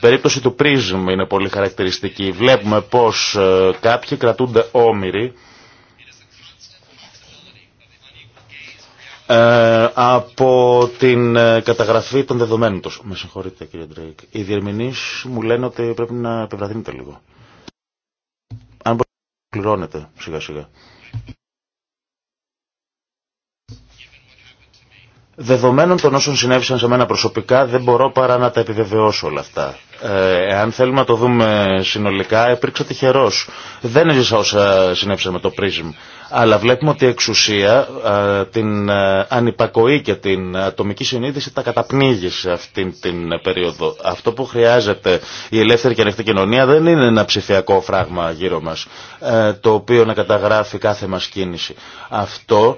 περίπτωση του πρίσμου είναι πολύ χαρακτηριστική. Βλέπουμε πως ε, κάποιοι κρατούνται όμοιροι ε, από την καταγραφή των δεδομένων τους. Με συγχωρείτε κύριε Ντρέικ. Οι διερμηνείς μου λένε ότι πρέπει να επιβραδύνετε λίγο. Αν μπορείτε να πληρώνετε σιγά σιγά. Δεδομένων των όσων συνέβησαν σε μένα προσωπικά δεν μπορώ παρά να τα επιβεβαιώσω όλα αυτά. Ε, εάν θέλουμε να το δούμε συνολικά, έπρεξα τυχερό. Δεν έζησα όσα συνέβησαν με το πρίσμ. Αλλά βλέπουμε ότι η εξουσία ε, την ε, ανυπακοή και την ατομική συνείδηση τα καταπνίγει σε αυτήν την περίοδο. Αυτό που χρειάζεται η ελεύθερη και ανοιχτή κοινωνία δεν είναι ένα ψηφιακό φράγμα γύρω μας, το οποίο να καταγράφει κάθε μα κίνηση. Αυτό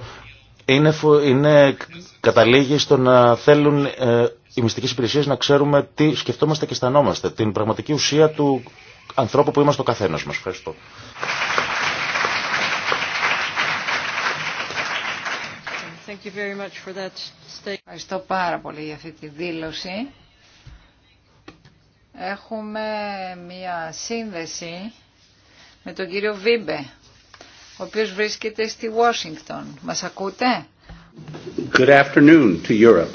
είναι, είναι, καταλήγει στο να θέλουν ε, οι μυστικές υπηρεσίες να ξέρουμε τι σκεφτόμαστε και αισθανόμαστε, την πραγματική ουσία του ανθρώπου που είμαστε ο καθένας μας. Ευχαριστώ. Thank you Ευχαριστώ πάρα πολύ για αυτή τη δήλωση. Έχουμε μία σύνδεση με τον κύριο Βίμπε ο οποίος βρίσκεται στη Washington. Μας ακούτε? Good afternoon to Europe.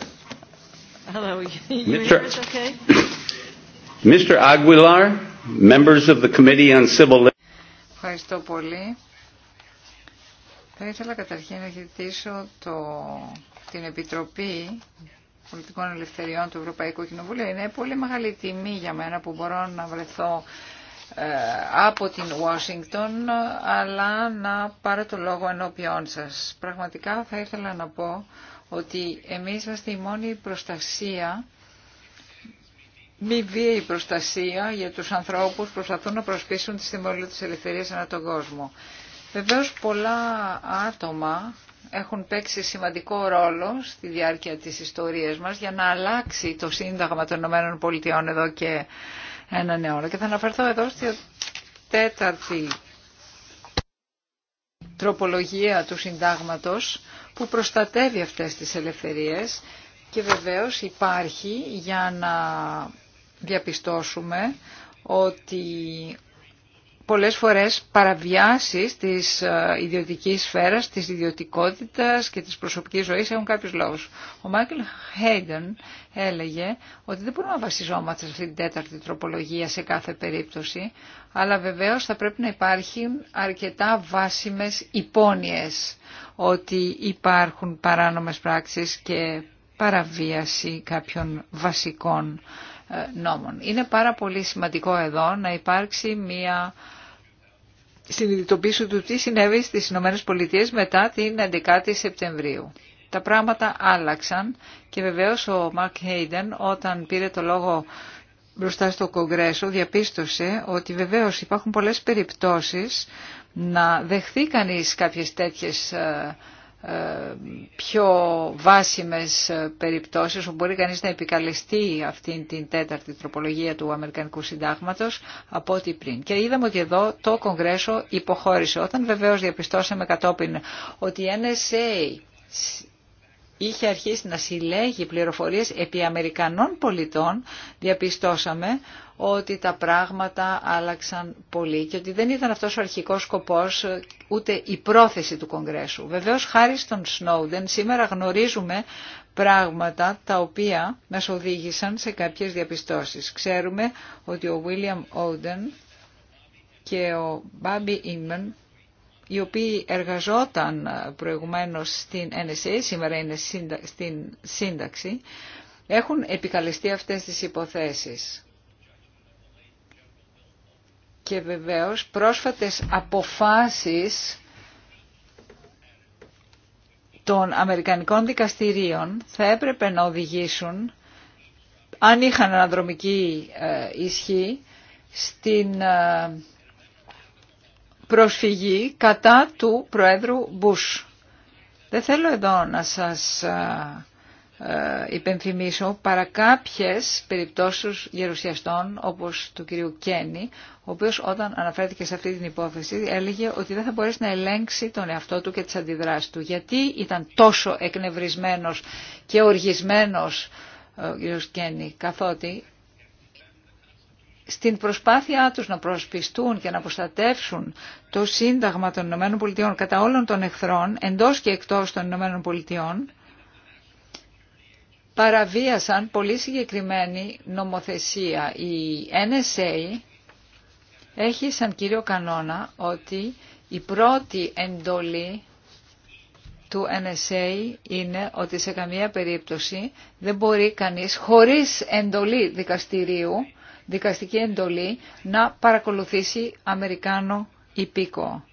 Hello, you Mr. Okay? [clears throat] Mr. Aguilar, members of the Committee on Civil Ευχαριστώ πολύ. Θα ήθελα καταρχήν να χαιρετήσω το, την Επιτροπή Πολιτικών Ελευθεριών του Ευρωπαϊκού Κοινοβουλίου. Είναι πολύ μεγάλη τιμή για μένα που μπορώ να βρεθώ ε, από την Ουάσιγκτον, αλλά να πάρω το λόγο ενώπιόν σας. Πραγματικά θα ήθελα να πω ότι εμείς είμαστε η μόνη προστασία, μη η προστασία για τους ανθρώπους που προσπαθούν να προσπίσουν τη συμβολή της ελευθερίας ανά τον κόσμο. Βεβαίως πολλά άτομα έχουν παίξει σημαντικό ρόλο στη διάρκεια της ιστορίας μας για να αλλάξει το Σύνταγμα των Ηνωμένων εδώ και έναν αιώνα. Και θα αναφερθώ εδώ στη τέταρτη τροπολογία του συντάγματος που προστατεύει αυτές τις ελευθερίες και βεβαίως υπάρχει για να διαπιστώσουμε ότι πολλές φορές παραβιάσεις της ε, ιδιωτικής σφαίρας, της ιδιωτικότητας και της προσωπικής ζωής έχουν κάποιους λόγους. Ο Μάικλ Χέιντον έλεγε ότι δεν μπορούμε να βασιζόμαστε σε αυτή την τέταρτη τροπολογία σε κάθε περίπτωση, αλλά βεβαίως θα πρέπει να υπάρχουν αρκετά βάσιμες υπόνοιες ότι υπάρχουν παράνομες πράξεις και παραβίαση κάποιων βασικών ε, Είναι πάρα πολύ σημαντικό εδώ να υπάρξει μια συνειδητοποίηση του τι συνέβη στις Ηνωμένες Πολιτείες μετά την 11η Σεπτεμβρίου. Τα πράγματα άλλαξαν και βεβαίως ο Μαρκ Χέιντεν όταν πήρε το λόγο μπροστά στο Κογκρέσο διαπίστωσε ότι βεβαίως υπάρχουν πολλές περιπτώσεις να δεχθεί κανείς κάποιες τέτοιες ε, πιο βάσιμες ε, περιπτώσεις που μπορεί κανείς να επικαλεστεί αυτήν την τέταρτη τροπολογία του Αμερικανικού Συντάγματος από ό,τι πριν. Και είδαμε ότι εδώ το Κογκρέσο υποχώρησε όταν βεβαίως διαπιστώσαμε κατόπιν ότι η NSA είχε αρχίσει να συλλέγει πληροφορίες επί Αμερικανών πολιτών, διαπιστώσαμε ότι τα πράγματα άλλαξαν πολύ και ότι δεν ήταν αυτός ο αρχικός σκοπός ούτε η πρόθεση του Κογκρέσου. Βεβαίως χάρη στον Σνόουντεν σήμερα γνωρίζουμε πράγματα τα οποία μας οδήγησαν σε κάποιες διαπιστώσεις. Ξέρουμε ότι ο Βίλιαμ Όντεν και ο Μπάμπι Ίμμεν, οι οποίοι εργαζόταν προηγουμένως στην NSA, σήμερα είναι στην σύνταξη, έχουν επικαλεστεί αυτές τις υποθέσεις και βεβαίως πρόσφατες αποφάσεις των Αμερικανικών δικαστηρίων θα έπρεπε να οδηγήσουν, αν είχαν αναδρομική ε, ισχύ, στην ε, προσφυγή κατά του Προέδρου Μπούς. Δεν θέλω εδώ να σας ε, υπενθυμίσω παρά κάποιες περιπτώσεις γερουσιαστών όπως του κυρίου Κέννη ο οποίο, όταν αναφέρθηκε σε αυτή την υπόθεση έλεγε ότι δεν θα μπορέσει να ελέγξει τον εαυτό του και τις αντιδράσει του. Γιατί ήταν τόσο εκνευρισμένος και οργισμένος ε, ο κ. Κέννη, καθότι στην προσπάθειά τους να προσπιστούν και να προστατεύσουν το Σύνταγμα των Ηνωμένων Πολιτειών κατά όλων των εχθρών, εντός και εκτός των Ηνωμένων Πολιτειών, παραβίασαν πολύ συγκεκριμένη νομοθεσία. Η NSA έχει σαν κύριο κανόνα ότι η πρώτη εντολή του NSA είναι ότι σε καμία περίπτωση δεν μπορεί κανείς χωρίς εντολή δικαστηρίου, δικαστική εντολή, να παρακολουθήσει Αμερικάνο υπήκο.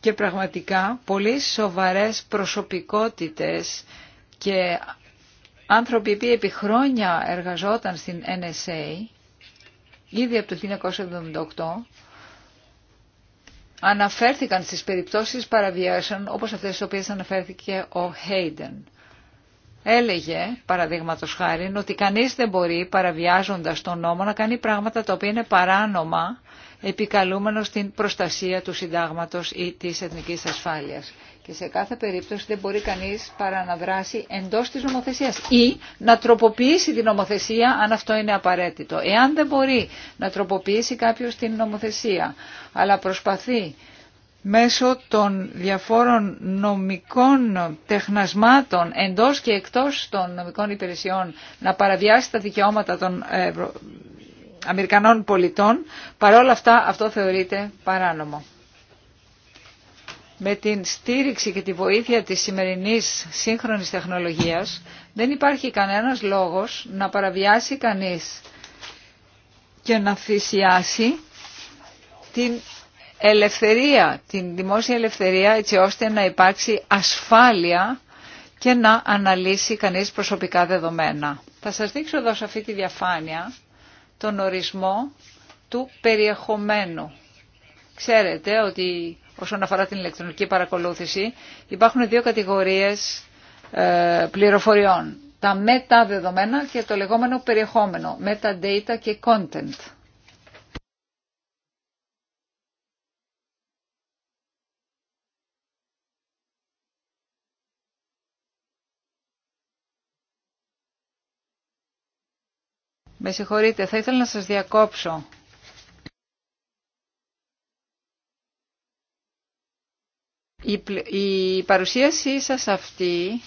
Και πραγματικά πολύ σοβαρές προσωπικότητες και άνθρωποι που επί χρόνια εργαζόταν στην NSA ήδη από το 1978 αναφέρθηκαν στις περιπτώσεις παραβιάσεων όπως αυτές τις οποίες αναφέρθηκε ο Χέιντεν. Έλεγε, παραδείγματος χάρη, ότι κανείς δεν μπορεί παραβιάζοντας τον νόμο να κάνει πράγματα τα οποία είναι παράνομα επικαλούμενος την προστασία του συντάγματος ή της εθνικής ασφάλειας. Και σε κάθε περίπτωση δεν μπορεί κανείς παρά να δράσει εντός της νομοθεσίας ή να τροποποιήσει την νομοθεσία αν αυτό είναι απαραίτητο. Εάν δεν μπορεί να τροποποιήσει κάποιος την νομοθεσία, αλλά προσπαθεί μέσω των διαφόρων νομικών τεχνασμάτων εντός και εκτός των νομικών υπηρεσιών να παραβιάσει τα δικαιώματα των ε, Αμερικανών πολιτών, παρόλα αυτά αυτό θεωρείται παράνομο με την στήριξη και τη βοήθεια της σημερινής σύγχρονης τεχνολογίας δεν υπάρχει κανένας λόγος να παραβιάσει κανείς και να θυσιάσει την ελευθερία, την δημόσια ελευθερία έτσι ώστε να υπάρξει ασφάλεια και να αναλύσει κανείς προσωπικά δεδομένα. Θα σας δείξω εδώ σε αυτή τη διαφάνεια τον ορισμό του περιεχομένου. Ξέρετε ότι όσον αφορά την ηλεκτρονική παρακολούθηση, υπάρχουν δύο κατηγορίες ε, πληροφοριών. Τα μεταδεδομένα και το λεγόμενο περιεχόμενο, metadata και content. Με συγχωρείτε, θα ήθελα να σας διακόψω. Η παρουσίασή σας αυτή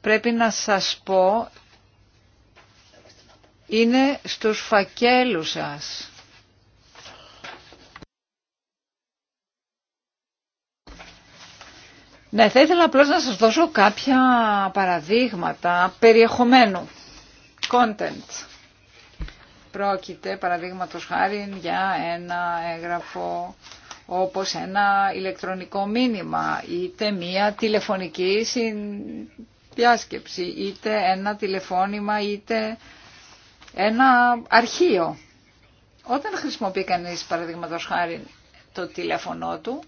πρέπει να σας πω είναι στους φακέλους σας. Ναι, θα ήθελα απλώς να σας δώσω κάποια παραδείγματα περιεχομένου, content. Πρόκειται, παραδείγματος χάρη, για ένα έγγραφο όπως ένα ηλεκτρονικό μήνυμα, είτε μία τηλεφωνική διάσκεψη, είτε ένα τηλεφώνημα, είτε ένα αρχείο. Όταν χρησιμοποιεί κανείς, παραδείγματος χάρη, το τηλέφωνό του,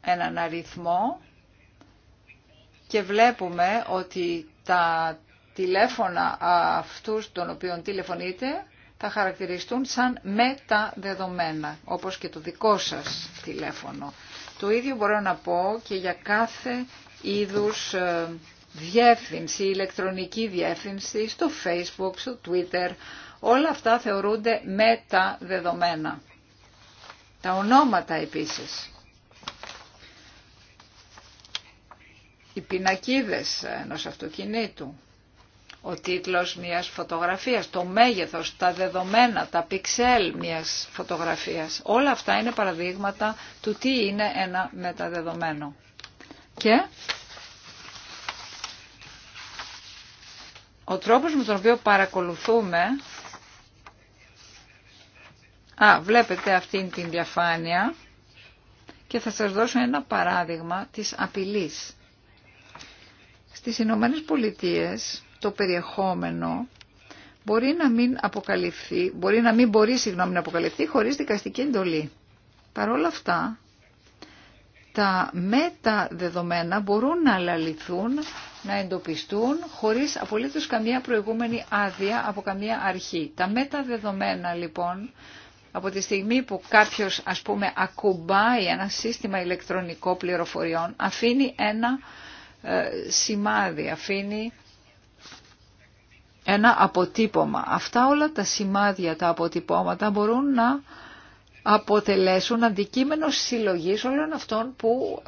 έναν αριθμό και βλέπουμε ότι τα τηλέφωνα αυτούς των οποίων τηλεφωνείτε θα χαρακτηριστούν σαν μεταδεδομένα, όπως και το δικό σας τηλέφωνο. Το ίδιο μπορώ να πω και για κάθε είδους ε, διεύθυνση, ηλεκτρονική διεύθυνση, στο facebook, στο twitter, όλα αυτά θεωρούνται μεταδεδομένα. Τα ονόματα επίσης. Οι πινακίδες ενός αυτοκινήτου, ο τίτλος μιας φωτογραφίας, το μέγεθος, τα δεδομένα, τα πιξέλ μιας φωτογραφίας. Όλα αυτά είναι παραδείγματα του τι είναι ένα μεταδεδομένο. Και ο τρόπος με τον οποίο παρακολουθούμε... Α, βλέπετε αυτήν την διαφάνεια και θα σας δώσω ένα παράδειγμα της απειλής. Στις Ηνωμένες Πολιτείες το περιεχόμενο μπορεί να μην αποκαλυφθεί, μπορεί να μην μπορεί συγγνώμη να αποκαλυφθεί χωρίς δικαστική εντολή. Παρ' όλα αυτά, τα μεταδεδομένα μπορούν να αλλαληθούν να εντοπιστούν χωρίς απολύτως καμία προηγούμενη άδεια από καμία αρχή. Τα μεταδεδομένα λοιπόν, από τη στιγμή που κάποιος ας πούμε ακουμπάει ένα σύστημα ηλεκτρονικό πληροφοριών, αφήνει ένα ε, σημάδι, αφήνει ένα αποτύπωμα. Αυτά όλα τα σημάδια, τα αποτυπώματα μπορούν να αποτελέσουν αντικείμενο συλλογής όλων αυτών που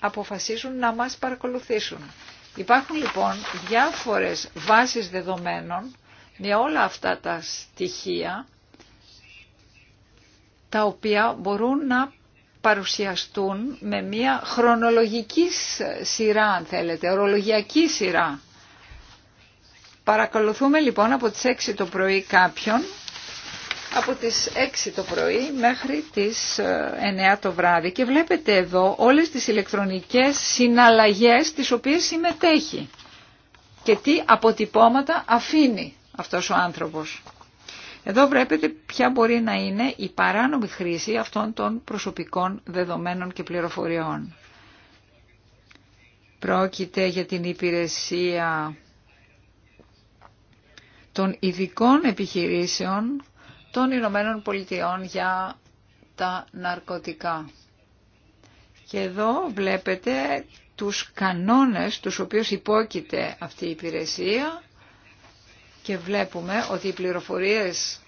αποφασίζουν να μας παρακολουθήσουν. Υπάρχουν λοιπόν διάφορες βάσεις δεδομένων με όλα αυτά τα στοιχεία τα οποία μπορούν να παρουσιαστούν με μια χρονολογική σειρά, αν θέλετε, ορολογιακή σειρά. Παρακολουθούμε λοιπόν από τις 6 το πρωί κάποιον, από τις 6 το πρωί μέχρι τις 9 ε, το βράδυ και βλέπετε εδώ όλες τις ηλεκτρονικές συναλλαγές τις οποίες συμμετέχει και τι αποτυπώματα αφήνει αυτός ο άνθρωπος. Εδώ βλέπετε ποια μπορεί να είναι η παράνομη χρήση αυτών των προσωπικών δεδομένων και πληροφοριών. Πρόκειται για την υπηρεσία των ειδικών επιχειρήσεων των Ηνωμένων Πολιτειών για τα ναρκωτικά. Και εδώ βλέπετε τους κανόνες τους οποίους υπόκειται αυτή η υπηρεσία και βλέπουμε ότι οι πληροφορίες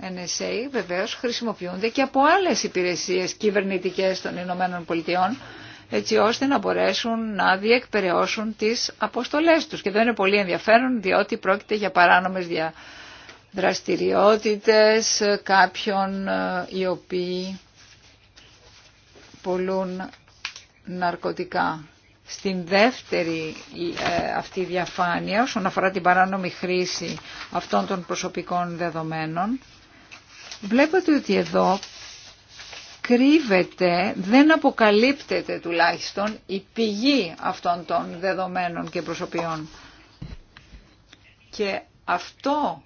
NSA βεβαίως χρησιμοποιούνται και από άλλες υπηρεσίες κυβερνητικές των Ηνωμένων Πολιτειών έτσι ώστε να μπορέσουν να διεκπαιρεώσουν τις αποστολές τους. Και δεν είναι πολύ ενδιαφέρον διότι πρόκειται για παράνομες δια... δραστηριότητες κάποιων ε, οι οποίοι πολλούν ναρκωτικά. Στην δεύτερη ε, αυτή διαφάνεια όσον αφορά την παράνομη χρήση αυτών των προσωπικών δεδομένων βλέπετε ότι εδώ κρύβεται, δεν αποκαλύπτεται τουλάχιστον η πηγή αυτών των δεδομένων και προσωπιών. Και αυτό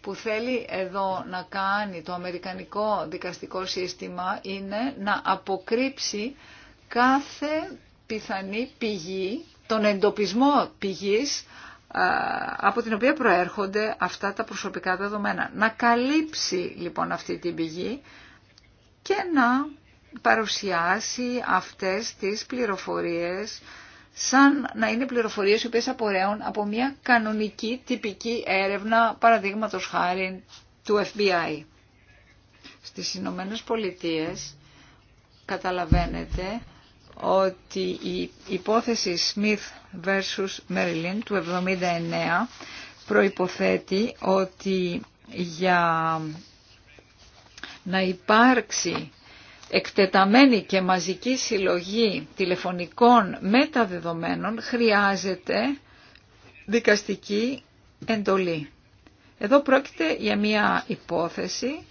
που θέλει εδώ να κάνει το αμερικανικό δικαστικό σύστημα είναι να αποκρύψει κάθε πιθανή πηγή, τον εντοπισμό πηγής από την οποία προέρχονται αυτά τα προσωπικά δεδομένα. Να καλύψει λοιπόν αυτή την πηγή και να παρουσιάσει αυτές τις πληροφορίες σαν να είναι πληροφορίες οι οποίες απορρέουν από μια κανονική τυπική έρευνα παραδείγματος χάρη του FBI. Στις Ηνωμένε Πολιτείες καταλαβαίνετε ότι η υπόθεση Smith vs. Merlin του 79 προϋποθέτει ότι για να υπάρξει εκτεταμένη και μαζική συλλογή τηλεφωνικών μεταδεδομένων χρειάζεται δικαστική εντολή. Εδώ πρόκειται για μια υπόθεση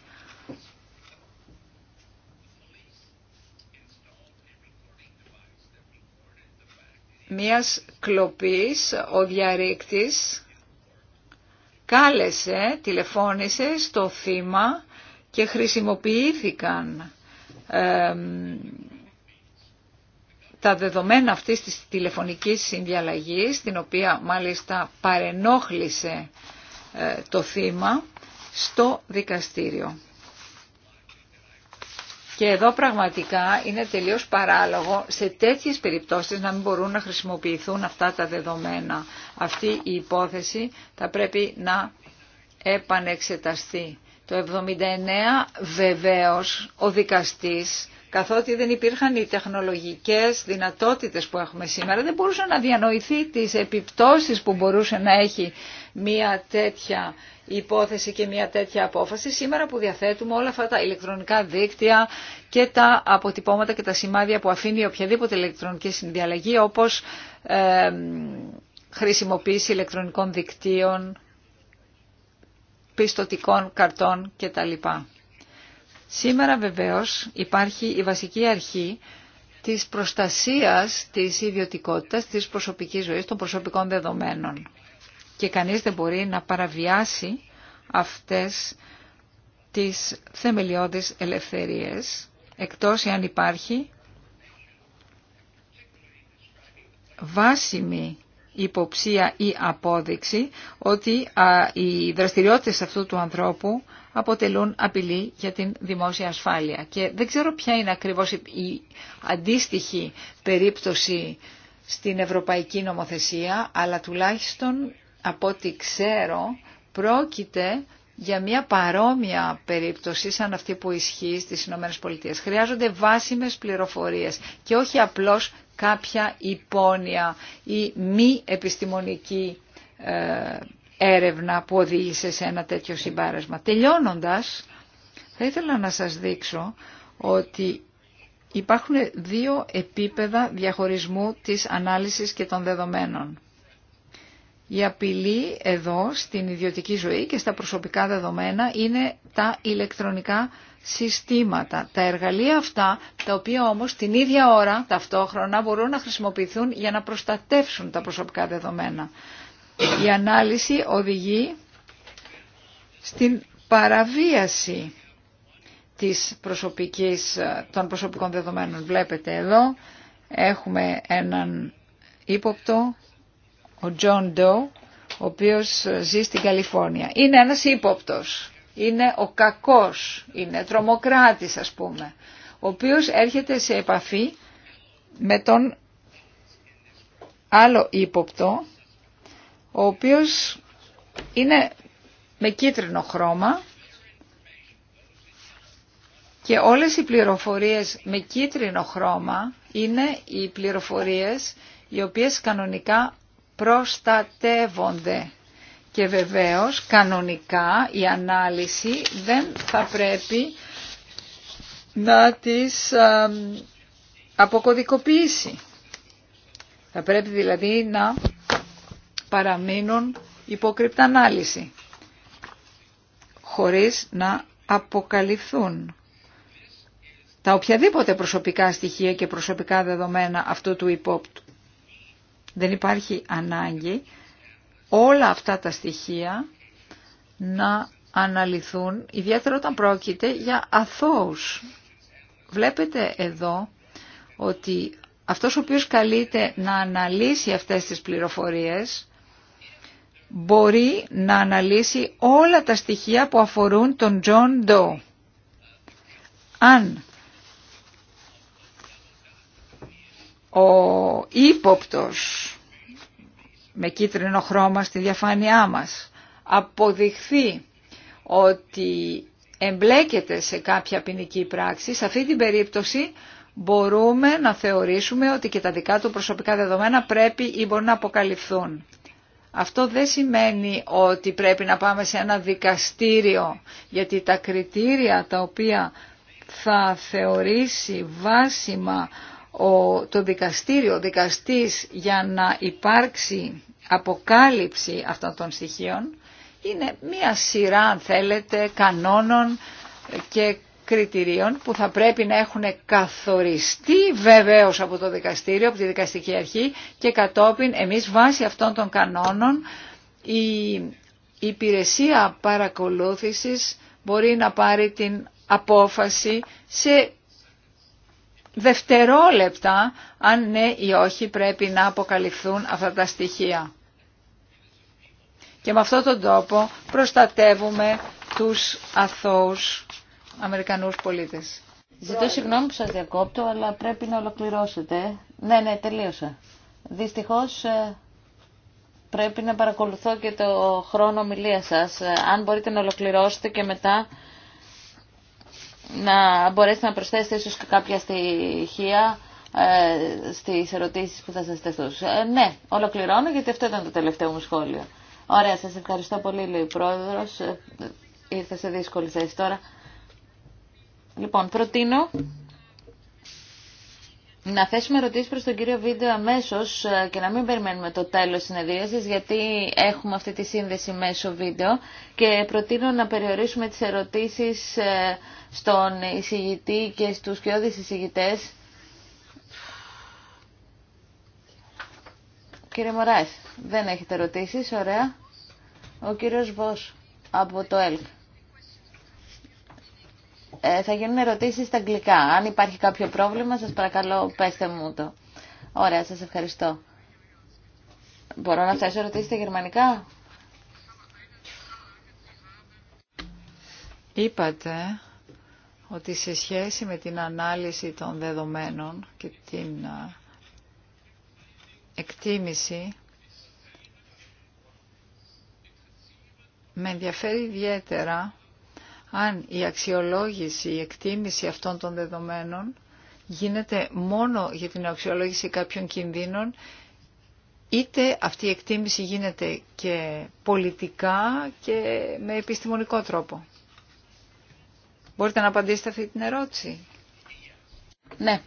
μιας κλοπής ο διαρρήκτης κάλεσε, τηλεφώνησε στο θύμα και χρησιμοποιήθηκαν τα δεδομένα αυτής της τηλεφωνικής συνδιαλλαγής, την οποία μάλιστα παρενόχλησε ε, το θύμα, στο δικαστήριο. Και εδώ πραγματικά είναι τελείως παράλογο σε τέτοιες περιπτώσεις να μην μπορούν να χρησιμοποιηθούν αυτά τα δεδομένα. Αυτή η υπόθεση θα πρέπει να επανεξεταστεί. Το 79 βεβαίως ο δικαστής, καθότι δεν υπήρχαν οι τεχνολογικές δυνατότητες που έχουμε σήμερα, δεν μπορούσε να διανοηθεί τις επιπτώσεις που μπορούσε να έχει μια τέτοια υπόθεση και μια τέτοια απόφαση. Σήμερα που διαθέτουμε όλα αυτά τα ηλεκτρονικά δίκτυα και τα αποτυπώματα και τα σημάδια που αφήνει οποιαδήποτε ηλεκτρονική συνδιαλλαγή, όπως ε, χρησιμοποίηση ηλεκτρονικών δικτύων πιστοτικών καρτών κτλ. Σήμερα βεβαίως υπάρχει η βασική αρχή της προστασίας της ιδιωτικότητας, της προσωπικής ζωής, των προσωπικών δεδομένων. Και κανείς δεν μπορεί να παραβιάσει αυτές τις θεμελιώδεις ελευθερίες, εκτός αν υπάρχει βάσιμη υποψία ή απόδειξη ότι οι δραστηριότητες αυτού του ανθρώπου αποτελούν απειλή για την δημόσια ασφάλεια. Και δεν ξέρω ποια είναι ακριβώς η αντίστοιχη περίπτωση στην ευρωπαϊκή νομοθεσία, αλλά τουλάχιστον από ό,τι ξέρω πρόκειται για μια παρόμοια περίπτωση σαν αυτή που ισχύει στις ΗΠΑ. Χρειάζονται βάσιμες πληροφορίες και όχι απλώς κάποια υπόνοια ή μη επιστημονική ε, έρευνα που οδήγησε σε ένα τέτοιο συμπάρασμα. Τελειώνοντας, θα ήθελα να σας δείξω ότι υπάρχουν δύο επίπεδα διαχωρισμού της ανάλυσης και των δεδομένων. Η απειλή εδώ στην ιδιωτική ζωή και στα προσωπικά δεδομένα είναι τα ηλεκτρονικά συστήματα. Τα εργαλεία αυτά, τα οποία όμως την ίδια ώρα, ταυτόχρονα, μπορούν να χρησιμοποιηθούν για να προστατεύσουν τα προσωπικά δεδομένα. Η ανάλυση οδηγεί στην παραβίαση της προσωπικής, των προσωπικών δεδομένων. Βλέπετε εδώ, έχουμε έναν ύποπτο, ο John Doe, ο οποίος ζει στην Καλιφόρνια. Είναι ένας ύποπτος είναι ο κακός, είναι τρομοκράτης ας πούμε, ο οποίος έρχεται σε επαφή με τον άλλο ύποπτο, ο οποίος είναι με κίτρινο χρώμα και όλες οι πληροφορίες με κίτρινο χρώμα είναι οι πληροφορίες οι οποίες κανονικά προστατεύονται. Και βεβαίως κανονικά η ανάλυση δεν θα πρέπει να τις αποκωδικοποιήσει. Θα πρέπει δηλαδή να παραμείνουν υπόκρυπτα ανάλυση χωρίς να αποκαλυφθούν τα οποιαδήποτε προσωπικά στοιχεία και προσωπικά δεδομένα αυτού του υπόπτου. Δεν υπάρχει ανάγκη όλα αυτά τα στοιχεία να αναλυθούν, ιδιαίτερα όταν πρόκειται για αθώους. Βλέπετε εδώ ότι αυτός ο οποίος καλείται να αναλύσει αυτές τις πληροφορίες μπορεί να αναλύσει όλα τα στοιχεία που αφορούν τον Τζον Ντο. Αν ο ύποπτος με κίτρινο χρώμα στη διαφάνειά μας αποδειχθεί ότι εμπλέκεται σε κάποια ποινική πράξη, σε αυτή την περίπτωση μπορούμε να θεωρήσουμε ότι και τα δικά του προσωπικά δεδομένα πρέπει ή μπορούν να αποκαλυφθούν. Αυτό δεν σημαίνει ότι πρέπει να πάμε σε ένα δικαστήριο, γιατί τα κριτήρια τα οποία θα θεωρήσει βάσιμα ο, το δικαστήριο, ο δικαστής για να υπάρξει αποκάλυψη αυτών των στοιχείων είναι μία σειρά, αν θέλετε, κανόνων και κριτηρίων που θα πρέπει να έχουν καθοριστεί βεβαίως από το δικαστήριο, από τη δικαστική αρχή και κατόπιν εμείς βάσει αυτών των κανόνων η υπηρεσία παρακολούθησης μπορεί να πάρει την απόφαση σε δευτερόλεπτα αν ναι ή όχι πρέπει να αποκαλυφθούν αυτά τα στοιχεία. Και με αυτόν τον τόπο προστατεύουμε τους αθώους Αμερικανούς πολίτες. Ζητώ συγγνώμη που σας διακόπτω, αλλά πρέπει να ολοκληρώσετε. Ναι, ναι, τελείωσα. Δυστυχώς ε, πρέπει να παρακολουθώ και το χρόνο ομιλία σας. Ε, αν μπορείτε να ολοκληρώσετε και μετά να μπορέσετε να προσθέσετε ίσως κάποια στοιχεία ε, στις ερωτήσεις που θα σας τεθούν. Ε, ναι, ολοκληρώνω γιατί αυτό ήταν το τελευταίο μου σχόλιο. Ωραία, σας ευχαριστώ πολύ, λέει ο Πρόεδρος. Ε, ε, Ήρθα σε δύσκολη θέση τώρα. Λοιπόν, προτείνω να θέσουμε ερωτήσει προς τον κύριο Βίντεο αμέσω ε, και να μην περιμένουμε το τέλος τη συνεδρίαση, γιατί έχουμε αυτή τη σύνδεση μέσω βίντεο και προτείνω να περιορίσουμε τις ερωτήσεις ε, στον εισηγητή και στους κοιόδη εισηγητέ. Κύριε Μωράς, δεν έχετε ερωτήσεις, ωραία. Ο κύριος Βος από το ΕΛΚ. Ε, θα γίνουν ερωτήσεις στα αγγλικά. Αν υπάρχει κάποιο πρόβλημα, σας παρακαλώ πέστε μου το. Ωραία, σας ευχαριστώ. Μπορώ να θέσω ερωτήσεις στα γερμανικά. Είπατε ότι σε σχέση με την ανάλυση των δεδομένων και την εκτίμηση με ενδιαφέρει ιδιαίτερα αν η αξιολόγηση, η εκτίμηση αυτών των δεδομένων γίνεται μόνο για την αξιολόγηση κάποιων κινδύνων, είτε αυτή η εκτίμηση γίνεται και πολιτικά και με επιστημονικό τρόπο. Μπορείτε να απαντήσετε αυτή την ερώτηση. Ναι.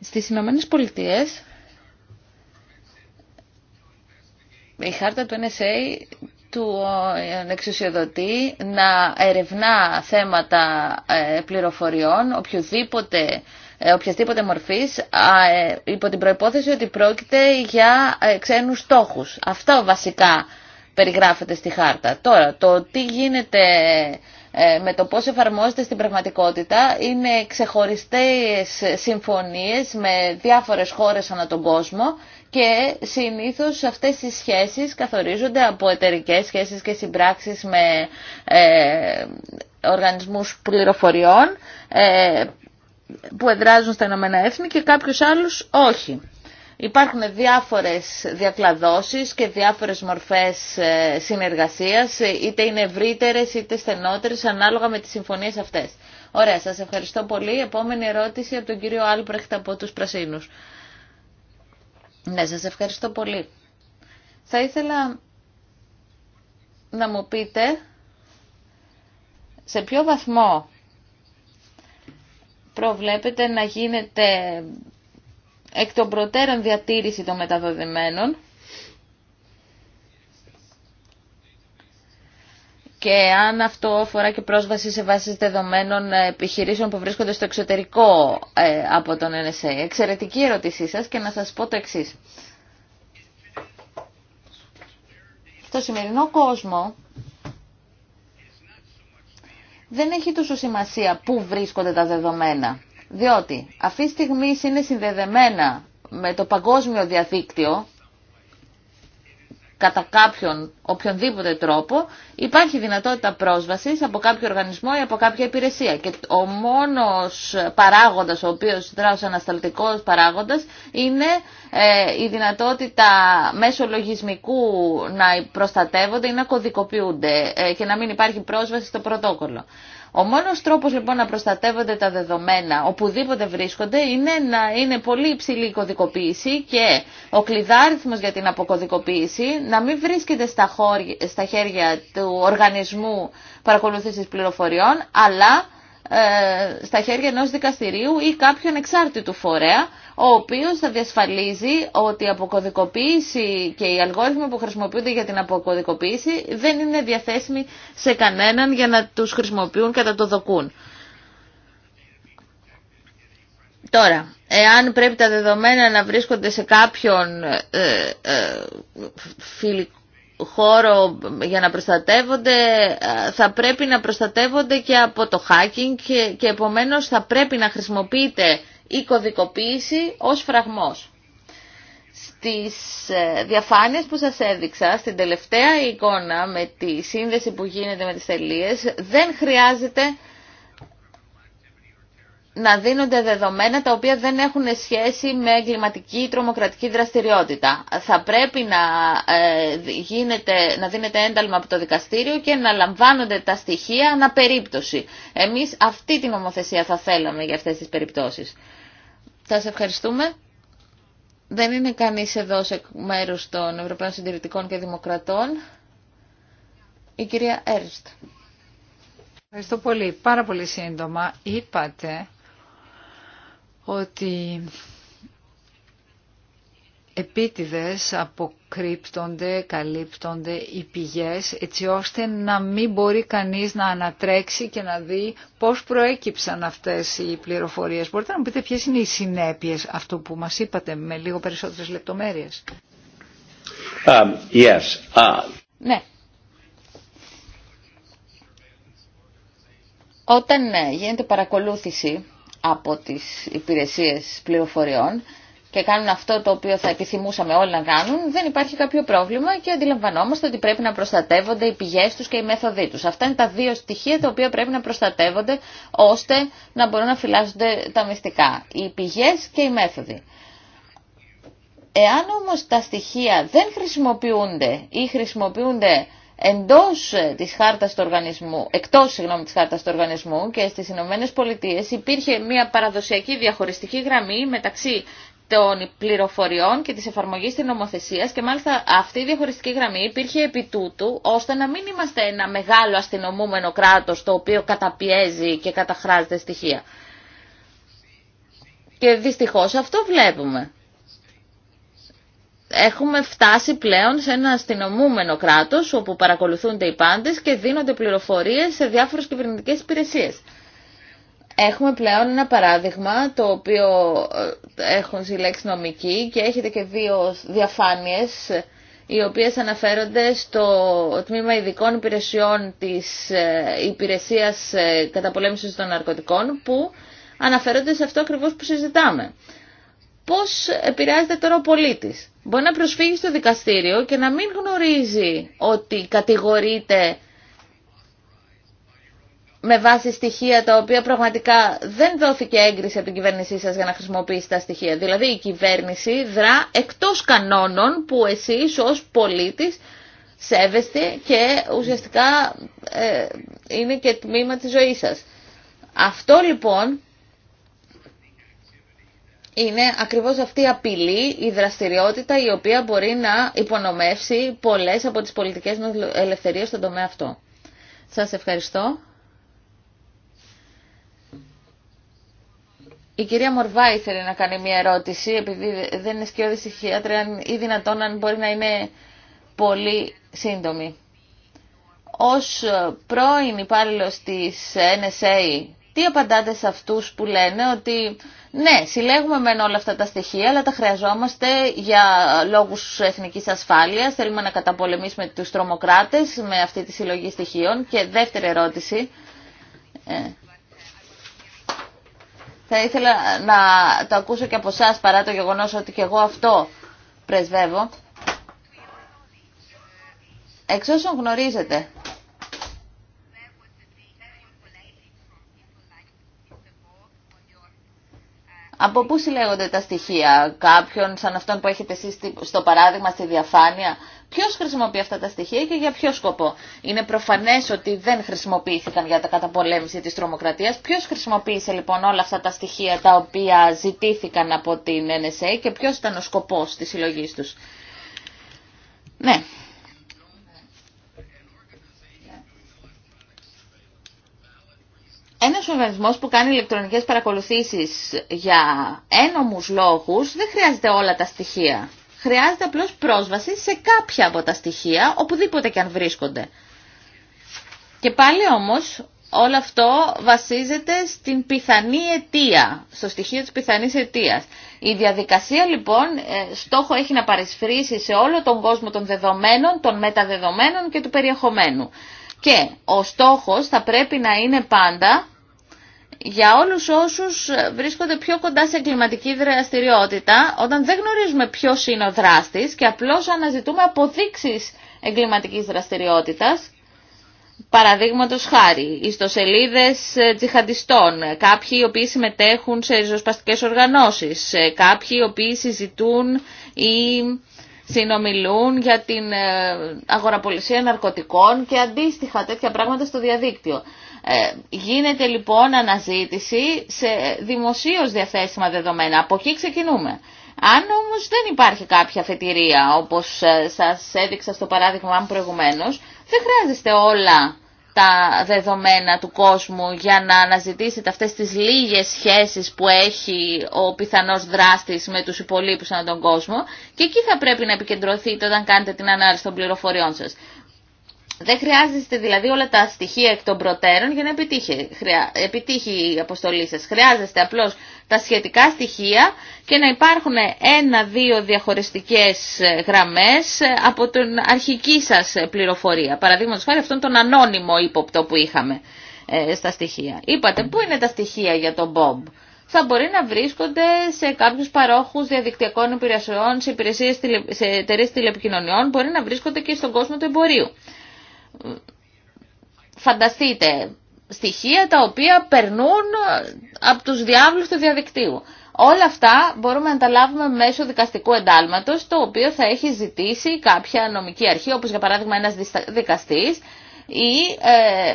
Στις Ηνωμένε Πολιτείε η χάρτα του NSA του ε, εξουσιοδοτή να ερευνά θέματα ε, πληροφοριών οποιοδήποτε ε, οποιασδήποτε μορφής υπό την προϋπόθεση ότι πρόκειται για ξένους στόχους. Αυτό βασικά περιγράφεται στη χάρτα. Τώρα, το τι γίνεται με το πώς εφαρμόζεται στην πραγματικότητα είναι ξεχωριστές συμφωνίες με διάφορες χώρες ανά τον κόσμο και συνήθως αυτές οι σχέσεις καθορίζονται από εταιρικές σχέσεις και συμπράξεις με ε, οργανισμούς πληροφοριών ε, που εδράζουν στα Ηνωμένα Έθνη και κάποιους άλλους όχι. Υπάρχουν διάφορες διακλαδώσεις και διάφορες μορφές ε, συνεργασίας, είτε είναι ευρύτερε είτε στενότερες, ανάλογα με τις συμφωνίες αυτές. Ωραία, σας ευχαριστώ πολύ. Επόμενη ερώτηση από τον κύριο Άλπρεχτ από τους Πρασίνους. Ναι, σας ευχαριστώ πολύ. Θα ήθελα να μου πείτε σε ποιο βαθμό προβλέπετε να γίνεται εκ των προτέρων διατήρηση των μεταδοδημένων και αν αυτό αφορά και πρόσβαση σε βάσει δεδομένων ε, επιχειρήσεων που βρίσκονται στο εξωτερικό ε, από τον NSA. Εξαιρετική ερώτησή σας και να σας πω το εξή. Στο σημερινό κόσμο δεν έχει τόσο σημασία πού βρίσκονται τα δεδομένα, διότι αυτή τη στιγμή είναι συνδεδεμένα με το παγκόσμιο διαδίκτυο κατά κάποιον οποιονδήποτε τρόπο υπάρχει δυνατότητα πρόσβασης από κάποιο οργανισμό ή από κάποια υπηρεσία και ο μόνος παράγοντας ο οποίος δρά ως ανασταλτικός παράγοντας είναι ε, η δυνατότητα μέσω λογισμικού να προστατεύονται ή να κωδικοποιούνται ε, και να μην υπάρχει πρόσβαση στο πρωτόκολλο. Ο μόνος τρόπος λοιπόν να προστατεύονται τα δεδομένα οπουδήποτε βρίσκονται είναι να είναι πολύ υψηλή η κωδικοποίηση και ο κλειδάριθμος για την αποκωδικοποίηση να μην βρίσκεται στα, χέρια του οργανισμού παρακολούθησης πληροφοριών αλλά ε, στα χέρια ενός δικαστηρίου ή κάποιον εξάρτητου φορέα ο οποίος θα διασφαλίζει ότι η αποκωδικοποίηση και οι αλγόριθμοι που χρησιμοποιούνται για την αποκωδικοποίηση δεν είναι διαθέσιμοι σε κανέναν για να τους χρησιμοποιούν και να το δοκούν. Τώρα, εάν πρέπει τα δεδομένα να βρίσκονται σε κάποιον ε, ε χώρο για να προστατεύονται θα πρέπει να προστατεύονται και από το hacking και, και επομένως θα πρέπει να χρησιμοποιείται η κωδικοποίηση ως φραγμός. Στις ε, διαφάνειες που σας έδειξα, στην τελευταία εικόνα με τη σύνδεση που γίνεται με τις τελείες, δεν χρειάζεται να δίνονται δεδομένα τα οποία δεν έχουν σχέση με εγκληματική ή τρομοκρατική δραστηριότητα. Θα πρέπει να, ε, γίνεται, να δίνεται ένταλμα από το δικαστήριο και να λαμβάνονται τα στοιχεία αναπερίπτωση. Εμείς αυτή την νομοθεσία θα θέλαμε για αυτές τις περιπτώσεις. Σας ευχαριστούμε. Δεν είναι κανείς εδώ σε μέρους των Ευρωπαίων Συντηρητικών και Δημοκρατών. Η κυρία Έρστ. Ευχαριστώ πολύ. Πάρα πολύ σύντομα είπατε ότι επίτηδες αποκρύπτονται, καλύπτονται οι πηγές έτσι ώστε να μην μπορεί κανείς να ανατρέξει και να δει πώς προέκυψαν αυτές οι πληροφορίες. Μπορείτε να μου πείτε ποιες είναι οι συνέπειες αυτού που μας είπατε με λίγο περισσότερες λεπτομέρειες. Um, yes. Uh, ναι. Όταν γίνεται παρακολούθηση από τις υπηρεσίες πληροφοριών, και κάνουν αυτό το οποίο θα επιθυμούσαμε όλοι να κάνουν, δεν υπάρχει κάποιο πρόβλημα και αντιλαμβανόμαστε ότι πρέπει να προστατεύονται οι πηγές τους και οι μέθοδοί τους. Αυτά είναι τα δύο στοιχεία τα οποία πρέπει να προστατεύονται ώστε να μπορούν να φυλάσσονται τα μυστικά. Οι πηγές και οι μέθοδοι. Εάν όμως τα στοιχεία δεν χρησιμοποιούνται ή χρησιμοποιούνται εντός ε, της χάρτας του οργανισμού, εκτός συγγνώμη, της χάρτας του οργανισμού και στις Ηνωμένε Πολιτείες υπήρχε μια παραδοσιακή διαχωριστική γραμμή μεταξύ των πληροφοριών και της εφαρμογής της νομοθεσίας και μάλιστα αυτή η διαχωριστική γραμμή υπήρχε επί τούτου ώστε να μην είμαστε ένα μεγάλο αστυνομούμενο κράτος το οποίο καταπιέζει και καταχράζεται στοιχεία. Και δυστυχώς αυτό βλέπουμε. Έχουμε φτάσει πλέον σε ένα αστυνομούμενο κράτος όπου παρακολουθούνται οι πάντες και δίνονται πληροφορίες σε διάφορες κυβερνητικές υπηρεσίες. Έχουμε πλέον ένα παράδειγμα το οποίο ε, έχουν συλλέξει νομικοί και έχετε και δύο διαφάνειες οι οποίες αναφέρονται στο τμήμα ειδικών υπηρεσιών της ε, υπηρεσίας ε, καταπολέμησης των ναρκωτικών που αναφέρονται σε αυτό ακριβώς που συζητάμε. Πώς επηρεάζεται τώρα ο πολίτης. Μπορεί να προσφύγει στο δικαστήριο και να μην γνωρίζει ότι κατηγορείται με βάση στοιχεία τα οποία πραγματικά δεν δόθηκε έγκριση από την κυβέρνησή σας για να χρησιμοποιήσει τα στοιχεία. Δηλαδή η κυβέρνηση δρά εκτός κανόνων που εσείς ως πολίτης σέβεστε και ουσιαστικά ε, είναι και τμήμα της ζωής σας. Αυτό λοιπόν είναι ακριβώς αυτή η απειλή, η δραστηριότητα η οποία μπορεί να υπονομεύσει πολλές από τις πολιτικές ελευθερίες στον τομέα αυτό. Σας ευχαριστώ. Η κυρία Μορβά ήθελε να κάνει μια ερώτηση, επειδή δεν είναι σκιώδη ηχιάτρια ή δυνατόν αν μπορεί να είναι πολύ σύντομη. Ως ε, πρώην υπάλληλο της NSA, τι απαντάτε σε αυτούς που λένε ότι ναι, συλλέγουμε μεν όλα αυτά τα στοιχεία, αλλά τα χρειαζόμαστε για λόγους εθνικής ασφάλειας, θέλουμε να καταπολεμήσουμε τους τρομοκράτες με αυτή τη συλλογή στοιχείων. Και δεύτερη ερώτηση, ε, θα ήθελα να το ακούσω και από εσά παρά το γεγονός ότι και εγώ αυτό πρεσβεύω. Εξ όσων γνωρίζετε, από πού συλλέγονται τα στοιχεία κάποιων σαν αυτόν που συλλεγονται τα στοιχεια καποιον σαν εσείς στο παράδειγμα στη διαφάνεια Ποιος χρησιμοποιεί αυτά τα στοιχεία και για ποιο σκοπό. Είναι προφανές ότι δεν χρησιμοποιήθηκαν για τα καταπολέμηση της τρομοκρατίας. Ποιος χρησιμοποίησε λοιπόν όλα αυτά τα στοιχεία τα οποία ζητήθηκαν από την NSA και ποιος ήταν ο σκοπός της συλλογή τους. Ναι. Ένα οργανισμό που κάνει ηλεκτρονικέ παρακολουθήσει για ένομου λόγου, δεν χρειάζεται όλα τα στοιχεία. Χρειάζεται απλώς πρόσβαση σε κάποια από τα στοιχεία, οπουδήποτε και αν βρίσκονται. Και πάλι όμως όλο αυτό βασίζεται στην πιθανή αιτία, στο στοιχείο της πιθανής αιτίας. Η διαδικασία λοιπόν ε, στόχο έχει να παρισφρήσει σε όλο τον κόσμο των δεδομένων, των μεταδεδομένων και του περιεχομένου. Και ο στόχος θα πρέπει να είναι πάντα για όλους όσους ε, βρίσκονται πιο κοντά σε εγκληματική δραστηριότητα, όταν δεν γνωρίζουμε ποιος είναι ο δράστης και απλώς αναζητούμε αποδείξεις εγκληματικής δραστηριότητας, παραδείγματος χάρη, ιστοσελίδε ε, τζιχαντιστών, ε, κάποιοι οι οποίοι συμμετέχουν σε ριζοσπαστικές οργανώσεις, κάποιοι οι οποίοι συζητούν ή συνομιλούν για την αγοραπολισία ναρκωτικών και αντίστοιχα τέτοια πράγματα στο διαδίκτυο. Ε, γίνεται λοιπόν αναζήτηση σε δημοσίως διαθέσιμα δεδομένα. Από εκεί ξεκινούμε. Αν όμως δεν υπάρχει κάποια αφετηρία, όπως ε, σας έδειξα στο παράδειγμα μου προηγουμένως, δεν χρειάζεστε όλα τα δεδομένα του κόσμου για να αναζητήσετε αυτές τις λίγες σχέσεις που έχει ο πιθανός δράστης με τους υπολείπους ανά τον κόσμο και εκεί θα πρέπει να επικεντρωθείτε όταν κάνετε την ανάλυση των πληροφοριών σας. Δεν χρειάζεστε δηλαδή όλα τα στοιχεία εκ των προτέρων για να επιτύχει, επιτύχει η αποστολή σας. Χρειάζεστε απλώς τα σχετικά στοιχεία και να υπάρχουν ένα-δύο διαχωριστικές γραμμές από την αρχική σας πληροφορία. Παραδείγματος χάρη αυτόν τον ανώνυμο ύποπτο που είχαμε ε, στα στοιχεία. Είπατε, πού είναι τα στοιχεία για τον Bob. Θα μπορεί να βρίσκονται σε κάποιους παρόχους διαδικτυακών υπηρεσιών, σε, υπηρεσίες, σε εταιρείες τηλεπικοινωνιών, μπορεί να βρίσκονται και στον κόσμο του εμπορίου φανταστείτε, στοιχεία τα οποία περνούν ε, από τους διάβλους του διαδικτύου. Όλα αυτά μπορούμε να τα λάβουμε μέσω δικαστικού εντάλματος, το οποίο θα έχει ζητήσει κάποια νομική αρχή, όπως για παράδειγμα ένας δικαστής, ή ε,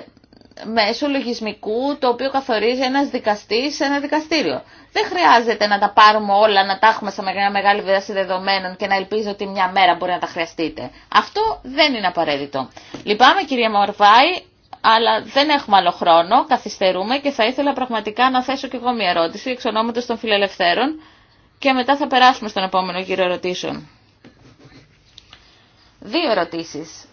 Μέσω λογισμικού το οποίο καθορίζει ένας δικαστής σε ένα δικαστήριο. Δεν χρειάζεται να τα πάρουμε όλα, να τα έχουμε σε μια μεγάλη βάση δεδομένων και να ελπίζω ότι μια μέρα μπορεί να τα χρειαστείτε. Αυτό δεν είναι απαραίτητο. Λυπάμαι κυρία Μορβάη, αλλά δεν έχουμε άλλο χρόνο, καθυστερούμε και θα ήθελα πραγματικά να θέσω και εγώ μια ερώτηση εξ ονόματος των φιλελευθέρων και μετά θα περάσουμε στον επόμενο γύρο ερωτήσεων. Δύο ερωτήσεις.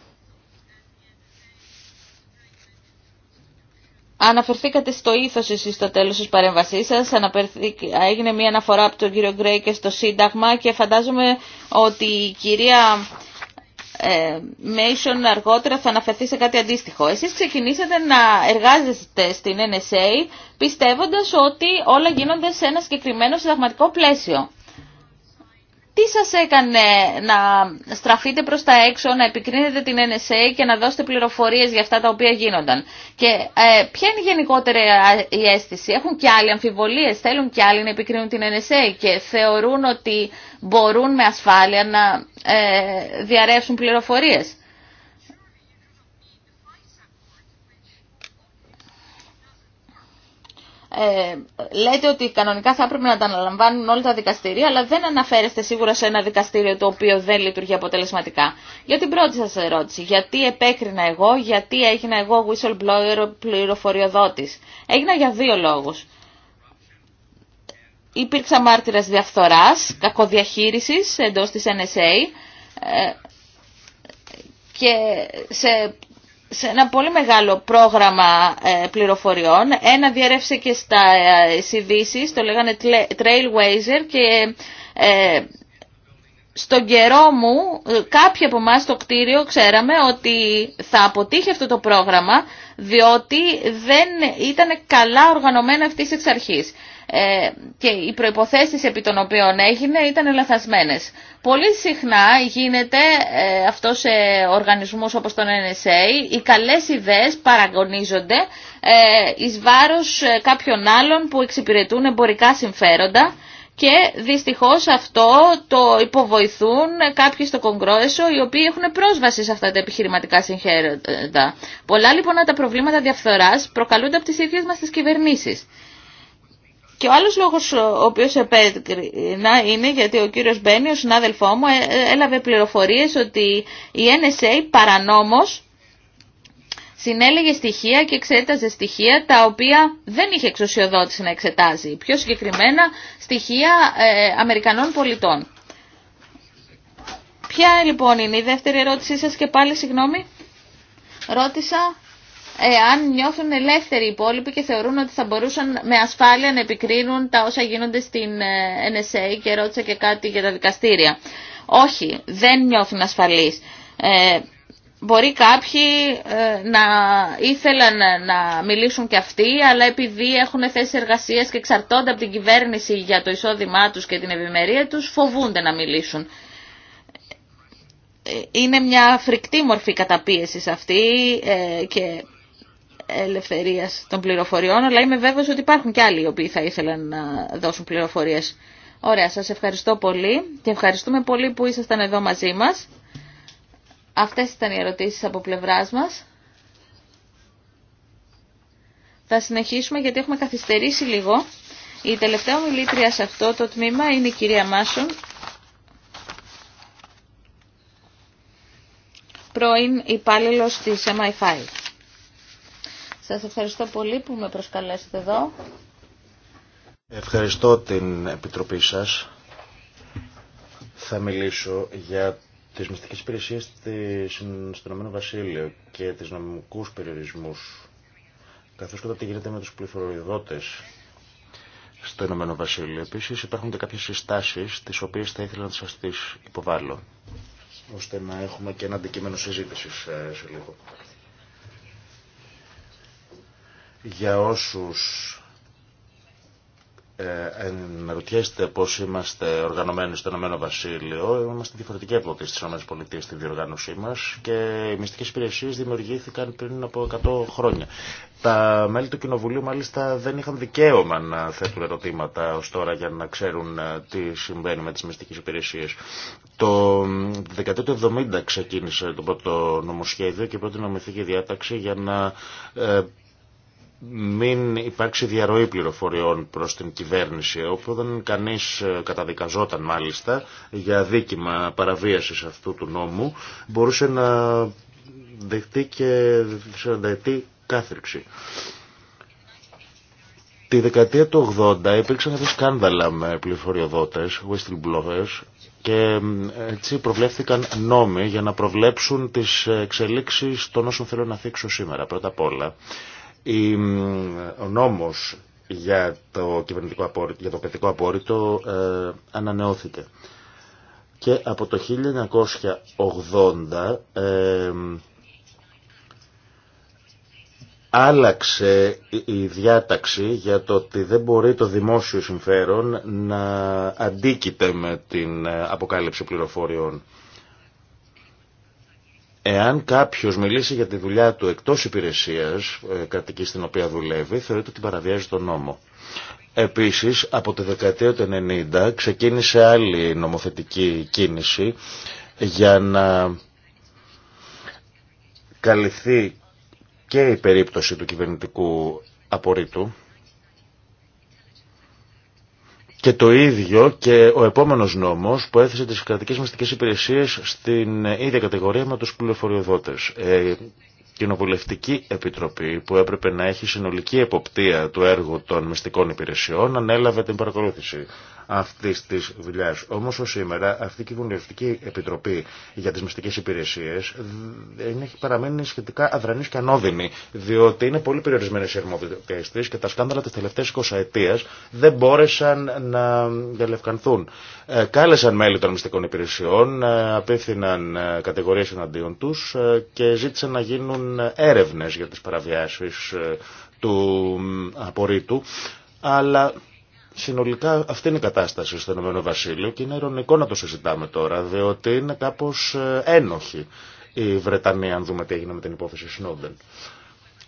Αναφερθήκατε στο ήθο εσεί στο τέλο τη παρέμβασή σα, έγινε μια αναφορά από τον κύριο Γκρέι και στο Σύνταγμα και φαντάζομαι ότι η κυρία ε, Μέισον αργότερα θα αναφερθεί σε κάτι αντίστοιχο. Εσείς ξεκινήσατε να εργάζεστε στην NSA πιστεύοντας ότι όλα γίνονται σε ένα συγκεκριμένο συνταγματικό πλαίσιο. Τι σας έκανε να στραφείτε προς τα έξω, να επικρίνετε την NSA και να δώσετε πληροφορίες για αυτά τα οποία γίνονταν. Και ε, ποια είναι γενικότερα η αίσθηση. Έχουν και άλλοι αμφιβολίες, θέλουν και άλλοι να επικρίνουν την NSA και θεωρούν ότι μπορούν με ασφάλεια να ε, διαρρεύσουν πληροφορίες. ε, λέτε ότι κανονικά θα έπρεπε να τα αναλαμβάνουν όλα τα δικαστήρια, αλλά δεν αναφέρεστε σίγουρα σε ένα δικαστήριο το οποίο δεν λειτουργεί αποτελεσματικά. Για την πρώτη σας ερώτηση, γιατί επέκρινα εγώ, γιατί έγινα εγώ whistleblower πληροφοριοδότης. Έγινα για δύο λόγους. Υπήρξα μάρτυρας διαφθοράς, κακοδιαχείρισης εντός της NSA, ε, και σε σε ένα πολύ μεγάλο πρόγραμμα ε, πληροφοριών. Ένα διέρευσε και στα ε, ε, ειδήσει, το λέγανε Trailwazer και στον καιρό μου κάποιοι από εμά στο κτίριο ξέραμε ότι θα αποτύχει αυτό το πρόγραμμα διότι δεν ήταν καλά οργανωμένα αυτή εξ αρχής. Ε, και οι προϋποθέσεις επί των οποίων έγινε ήταν λαθασμένες. Πολύ συχνά γίνεται ε, αυτό σε οργανισμούς όπως τον NSA, οι καλές ιδέες παραγωνίζονται ε, εις βάρος κάποιων άλλων που εξυπηρετούν εμπορικά συμφέροντα και δυστυχώς αυτό το υποβοηθούν κάποιοι στο Κογκρόεσο οι οποίοι έχουν πρόσβαση σε αυτά τα επιχειρηματικά συγχέροντα. Πολλά λοιπόν τα προβλήματα διαφθοράς προκαλούνται από τις ίδιες μας τις κυβερνήσεις. Και ο άλλος λόγος ο οποίος επέκρινα είναι γιατί ο κύριος Μπένι, ο συνάδελφό μου, ε, ε, έλαβε πληροφορίες ότι η NSA παρανόμως συνέλεγε στοιχεία και εξέταζε στοιχεία τα οποία δεν είχε εξουσιοδότηση να εξετάζει. Πιο συγκεκριμένα στοιχεία ε, Αμερικανών πολιτών. Ποια λοιπόν είναι η δεύτερη ερώτησή σας και πάλι συγγνώμη. Ρώτησα αν νιώθουν ελεύθεροι οι υπόλοιποι και θεωρούν ότι θα μπορούσαν με ασφάλεια να επικρίνουν τα όσα γίνονται στην NSA ε, και ρώτησα και κάτι για τα δικαστήρια. Όχι, δεν νιώθουν ασφαλείς. Ε, μπορεί κάποιοι ε, να ήθελαν να μιλήσουν και αυτοί, αλλά επειδή έχουν θέσει εργασίας και εξαρτώνται από την κυβέρνηση για το εισόδημά τους και την ευημερία τους, φοβούνται να μιλήσουν είναι μια φρικτή μορφή καταπίεσης αυτή και ελευθερίας των πληροφοριών, αλλά είμαι βέβαιος ότι υπάρχουν και άλλοι οι οποίοι θα ήθελαν να δώσουν πληροφορίες. Ωραία, σας ευχαριστώ πολύ και ευχαριστούμε πολύ που ήσασταν εδώ μαζί μας. Αυτές ήταν οι ερωτήσεις από πλευρά μας. Θα συνεχίσουμε γιατί έχουμε καθυστερήσει λίγο. Η τελευταία μιλήτρια σε αυτό το τμήμα είναι η κυρία Μάσον, πρώην υπάλληλος της MI5. Σας ευχαριστώ πολύ που με προσκαλέσετε εδώ. Ευχαριστώ την Επιτροπή σας. Θα μιλήσω για τις μυστικές υπηρεσίες στον Ηνωμένο Βασίλειο και τις νομικούς περιορισμούς, καθώς και το τι γίνεται με τους πληθωροειδότες στο Ηνωμένο Βασίλειο. Επίσης υπάρχουν και κάποιες συστάσεις, τις οποίες θα ήθελα να σας τις υποβάλω, ώστε να έχουμε και ένα αντικείμενο συζήτησης ε, σε λίγο. Για όσους ε, ενημερωτιέστε πώς είμαστε οργανωμένοι στο Ηνωμένο Βασίλειο. Είμαστε διαφορετικοί από τις Ηνωμένες στην στη διοργάνωσή μας και οι μυστικές υπηρεσίες δημιουργήθηκαν πριν από 100 χρόνια. Τα μέλη του Κοινοβουλίου μάλιστα δεν είχαν δικαίωμα να θέτουν ερωτήματα ως τώρα για να ξέρουν ε, τι συμβαίνει με τις μυστικές υπηρεσίες. Το 1970 ξεκίνησε το πρώτο νομοσχέδιο και η πρώτη νομηθήκη διάταξη για να ε, μην υπάρξει διαρροή πληροφοριών προς την κυβέρνηση, όπου δεν κανείς ε, καταδικαζόταν μάλιστα για δίκημα παραβίασης αυτού του νόμου, μπορούσε να δεχτεί και 40 κάθριξη. Τη δεκαετία του 80 υπήρξαν αυτά σκάνδαλα με πληροφοριοδότες, whistleblowers, και ε, έτσι προβλέφθηκαν νόμοι για να προβλέψουν τις εξελίξεις των όσων θέλω να θίξω σήμερα. Πρώτα απ' όλα, ο νόμος για το, κυβερνητικό απόρριτο, για το κρατικό απόρριτο ε, ανανεώθηκε. Και από το 1980 ε, άλλαξε η διάταξη για το ότι δεν μπορεί το δημόσιο συμφέρον να αντίκειται με την ε, αποκάλυψη πληροφοριών. Εάν κάποιος μιλήσει για τη δουλειά του εκτός υπηρεσίας ε, κρατικής στην οποία δουλεύει, θεωρείται ότι παραβιάζει τον νόμο. Επίσης, από το δεκαετία του 1990 ξεκίνησε άλλη νομοθετική κίνηση για να καλυφθεί και η περίπτωση του κυβερνητικού απορρίτου και το ίδιο και ο επόμενος νόμος που έθεσε τις κρατικές μυστικές υπηρεσίες στην ίδια κατηγορία με τους πληροφοριοδότες. Ε, Κοινοβουλευτική Επιτροπή που έπρεπε να έχει συνολική εποπτεία του έργου των μυστικών υπηρεσιών ανέλαβε την παρακολούθηση αυτή τη δουλειά. Όμω ω σήμερα αυτή η βουλευτική Επιτροπή για τι Μυστικέ Υπηρεσίε παραμένει σχετικά αδρανή και ανώδυνη, διότι είναι πολύ περιορισμένε οι αρμοδιότητέ τη και τα σκάνδαλα τη τελευταία 20 ετία δεν μπόρεσαν να διαλευκανθούν. Ε, κάλεσαν μέλη των μυστικών υπηρεσιών, ε, απίθυναν ε, κατηγορίε εναντίον του και ζήτησαν να γίνουν έρευνε για τι παραβιάσει του απορρίτου, αλλά Συνολικά αυτή είναι η κατάσταση στο Ηνωμένο Βασίλειο και είναι ειρωνικό να το συζητάμε τώρα, διότι είναι κάπως ε, ένοχη η Βρετανία, αν δούμε τι έγινε με την υπόθεση Σνόντεν.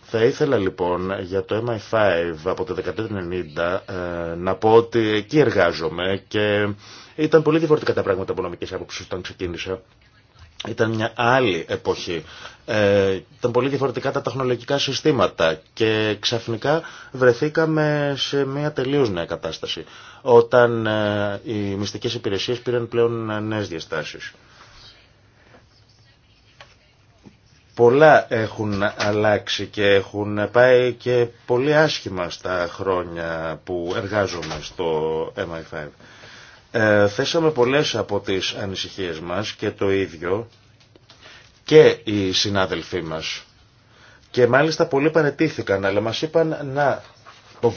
Θα ήθελα λοιπόν για το MI5 από το 1990 ε, να πω ότι εκεί εργάζομαι και ήταν πολύ διαφορετικά τα πράγματα από νομικές άποψεις όταν ξεκίνησα. Ήταν μια άλλη εποχή. Ε, ήταν πολύ διαφορετικά τα τεχνολογικά συστήματα και ξαφνικά βρεθήκαμε σε μια τελείως νέα κατάσταση όταν ε, οι μυστικές υπηρεσίες πήραν πλέον ε, νέες διαστάσεις. Πολλά έχουν αλλάξει και έχουν πάει και πολύ άσχημα στα χρόνια που εργάζομαι στο MI5. Ε, θέσαμε πολλές από τις ανησυχίες μας και το ίδιο και οι συνάδελφοί μας. Και μάλιστα πολλοί παρετήθηκαν, αλλά μας είπαν να το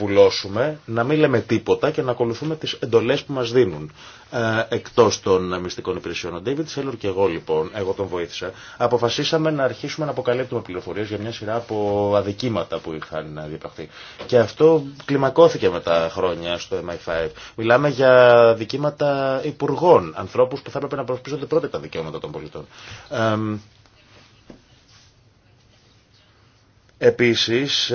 να μην λέμε τίποτα και να ακολουθούμε τις εντολές που μας δίνουν ε, εκτός των μυστικών υπηρεσιών. Ο David Σέλλορ και εγώ λοιπόν, εγώ τον βοήθησα, αποφασίσαμε να αρχίσουμε να αποκαλύπτουμε πληροφορίες για μια σειρά από αδικήματα που είχαν να διαπραχθεί. Και αυτό κλιμακώθηκε με τα χρόνια στο MI5. Μιλάμε για αδικήματα υπουργών, ανθρώπους που θα έπρεπε να προσπίζονται πρώτα τα δικαιώματα των πολιτών. Ε, Επίσης,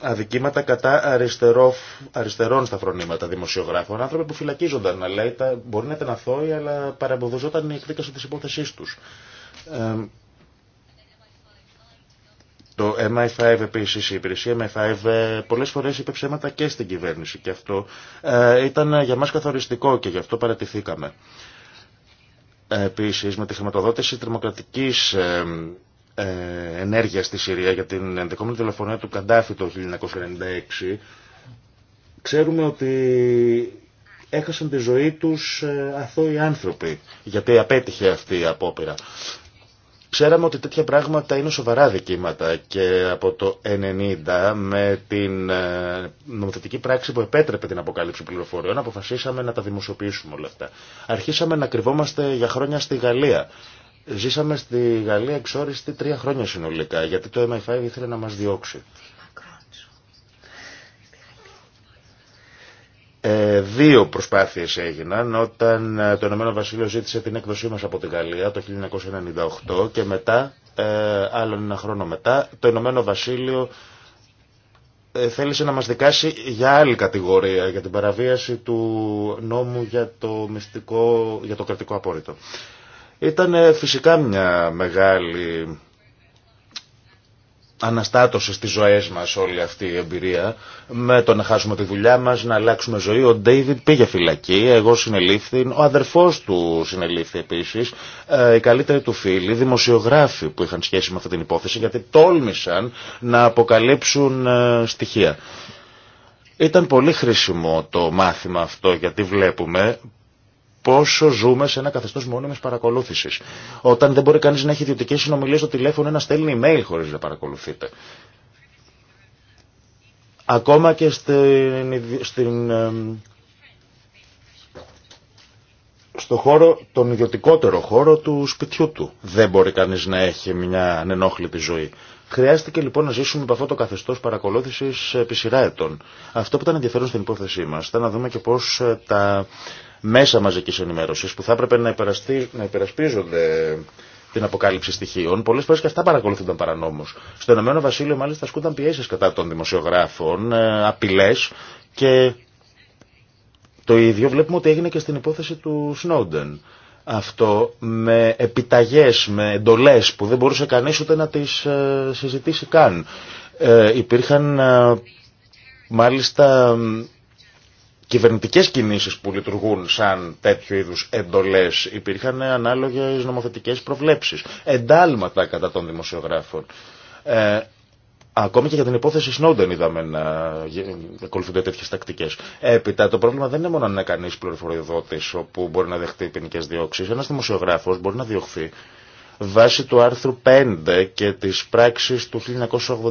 αδικήματα κατά αριστερό, αριστερών στα φρονήματα δημοσιογράφων, άνθρωποι που φυλακίζονταν, αλλά μπορεί να ήταν αθώοι, αλλά παραμποδοζόταν η εκδίκαση της υπόθεσής τους. Το MI5 επίση, η υπηρεσία MI5 ε, πολλές φορές είπε ψέματα και στην κυβέρνηση και αυτό ε, ήταν για μας καθοριστικό και γι' αυτό παρατηθήκαμε. Ε, επίση με τη χρηματοδότηση τρομοκρατική ε, ενέργεια στη Συρία για την ενδεχόμενη τηλεφωνία του Καντάφη το 1996 ξέρουμε ότι έχασαν τη ζωή τους ε, αθώοι άνθρωποι γιατί απέτυχε αυτή η απόπειρα. Ξέραμε ότι τέτοια πράγματα είναι σοβαρά δικήματα και από το 1990 με την ε, νομοθετική πράξη που επέτρεπε την αποκάλυψη πληροφοριών αποφασίσαμε να τα δημοσιοποιήσουμε όλα αυτά. Αρχίσαμε να κρυβόμαστε για χρόνια στη Γαλλία Ζήσαμε στη Γαλλία εξόριστη τρία χρόνια συνολικά, γιατί το MI5 ήθελε να μας διώξει. Ε, δύο προσπάθειες έγιναν όταν ε, το Ηνωμένο Βασίλειο ζήτησε την έκδοσή μας από τη Γαλλία το 1998 και μετά, ε, άλλον ένα χρόνο μετά, το Ηνωμένο Βασίλειο ε, θέλησε να μας δικάσει για άλλη κατηγορία, για την παραβίαση του νόμου για το, μυστικό, για το κρατικό απόρριτο. Ήταν ε, φυσικά μια μεγάλη αναστάτωση στις ζωές μας όλη αυτή η εμπειρία με το να χάσουμε τη δουλειά μας, να αλλάξουμε ζωή. Ο Ντέιβιν πήγε φυλακή, εγώ συνελήφθη, ο αδερφός του συνελήφθη επίσης, ε, οι καλύτεροι του φίλοι, δημοσιογράφοι που είχαν σχέση με αυτή την υπόθεση γιατί τόλμησαν να αποκαλύψουν ε, στοιχεία. Ήταν πολύ χρήσιμο το μάθημα αυτό γιατί βλέπουμε πόσο ζούμε σε ένα καθεστώ μόνιμη παρακολούθηση. Όταν δεν μπορεί κανεί να έχει ιδιωτικέ συνομιλίε στο τηλέφωνο ένα στέλνει email χωρί να παρακολουθείτε. Ακόμα και στην, στην, στο χώρο, τον ιδιωτικότερο χώρο του σπιτιού του δεν μπορεί κανείς να έχει μια ανενόχλητη ζωή. Χρειάστηκε λοιπόν να ζήσουμε από αυτό το καθεστώς παρακολούθησης επί σειρά ετών. Αυτό που ήταν ενδιαφέρον στην υπόθεσή μας ήταν να δούμε και πώ ε, τα μέσα μαζικής ενημέρωσης που θα έπρεπε να, να υπερασπίζονται την αποκάλυψη στοιχείων. Πολλέ φορέ και αυτά παρακολουθούνταν παρανόμω. Στο Ηνωμένο Βασίλειο, μάλιστα, ασκούνταν πιέσει κατά των δημοσιογράφων, ε, απειλέ και το ίδιο βλέπουμε ότι έγινε και στην υπόθεση του Σνόντεν. Αυτό με επιταγές, με εντολές που δεν μπορούσε κανείς ούτε να τις ε, συζητήσει καν. Ε, υπήρχαν μάλιστα κυβερνητικές κινήσεις που λειτουργούν σαν τέτοιου είδους εντολές υπήρχαν ανάλογες νομοθετικές προβλέψεις, εντάλματα κατά των δημοσιογράφων. Ε, ακόμη και για την υπόθεση Σνόντεν είδαμε να ακολουθούνται τέτοιε τακτικέ. Έπειτα το πρόβλημα δεν είναι μόνο να είναι κανεί πληροφοριοδότη όπου μπορεί να δεχτεί ποινικέ διώξει. Ένα δημοσιογράφο μπορεί να διωχθεί βάσει του άρθρου 5 και της πράξης του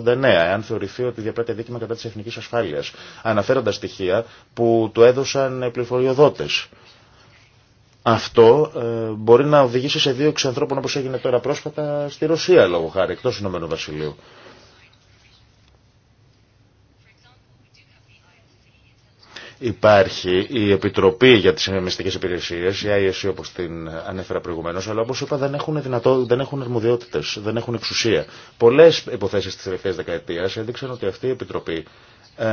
1989, εάν θεωρηθεί ότι διαπράττει δίκημα κατά της εθνικής ασφάλειας, αναφέροντας στοιχεία που του έδωσαν πληροφοριοδότες. Αυτό ε, μπορεί να οδηγήσει σε δύο εξανθρώπων όπως έγινε τώρα πρόσφατα στη Ρωσία λόγω χάρη, εκτός Ηνωμένου Βασιλείου. Υπάρχει η Επιτροπή για τις Μυστικές Υπηρεσίες, η ISU όπως την ανέφερα προηγουμένως, αλλά όπως είπα δεν έχουν, δυνατό, δεν έχουν αρμοδιότητες, δεν έχουν εξουσία. Πολλές υποθέσεις της τελευταίας δεκαετίας έδειξαν ότι αυτή η Επιτροπή ε,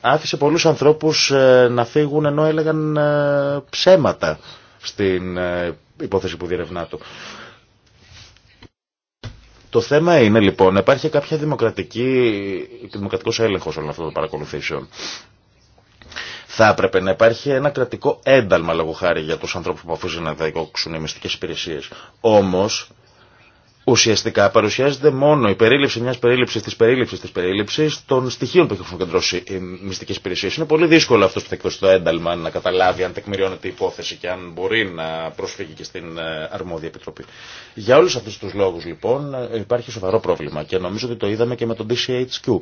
άφησε πολλούς ανθρώπους ε, να φύγουν ενώ έλεγαν ε, ψέματα στην ε, υπόθεση που διερευνά του. Το θέμα είναι λοιπόν υπάρχει κάποια δημοκρατική, δημοκρατικός έλεγχος όλων αυτών των παρακολουθήσεων. Θα έπρεπε να υπάρχει ένα κρατικό ένταλμα λόγω χάρη για τους ανθρώπους που αφήσουν να διώξουν οι μυστικές υπηρεσίες. Όμως, ουσιαστικά παρουσιάζεται μόνο η περίληψη μιας περίληψης της περίληψης της περίληψης των στοιχείων που έχουν κεντρώσει οι μυστικές υπηρεσίες. Είναι πολύ δύσκολο αυτό που θα εκδώσει το ένταλμα να καταλάβει αν τεκμηριώνεται η υπόθεση και αν μπορεί να προσφύγει και στην ε, αρμόδια επιτροπή. Για όλους αυτούς τους λόγους λοιπόν υπάρχει σοβαρό πρόβλημα και νομίζω ότι το είδαμε και με τον DCHQ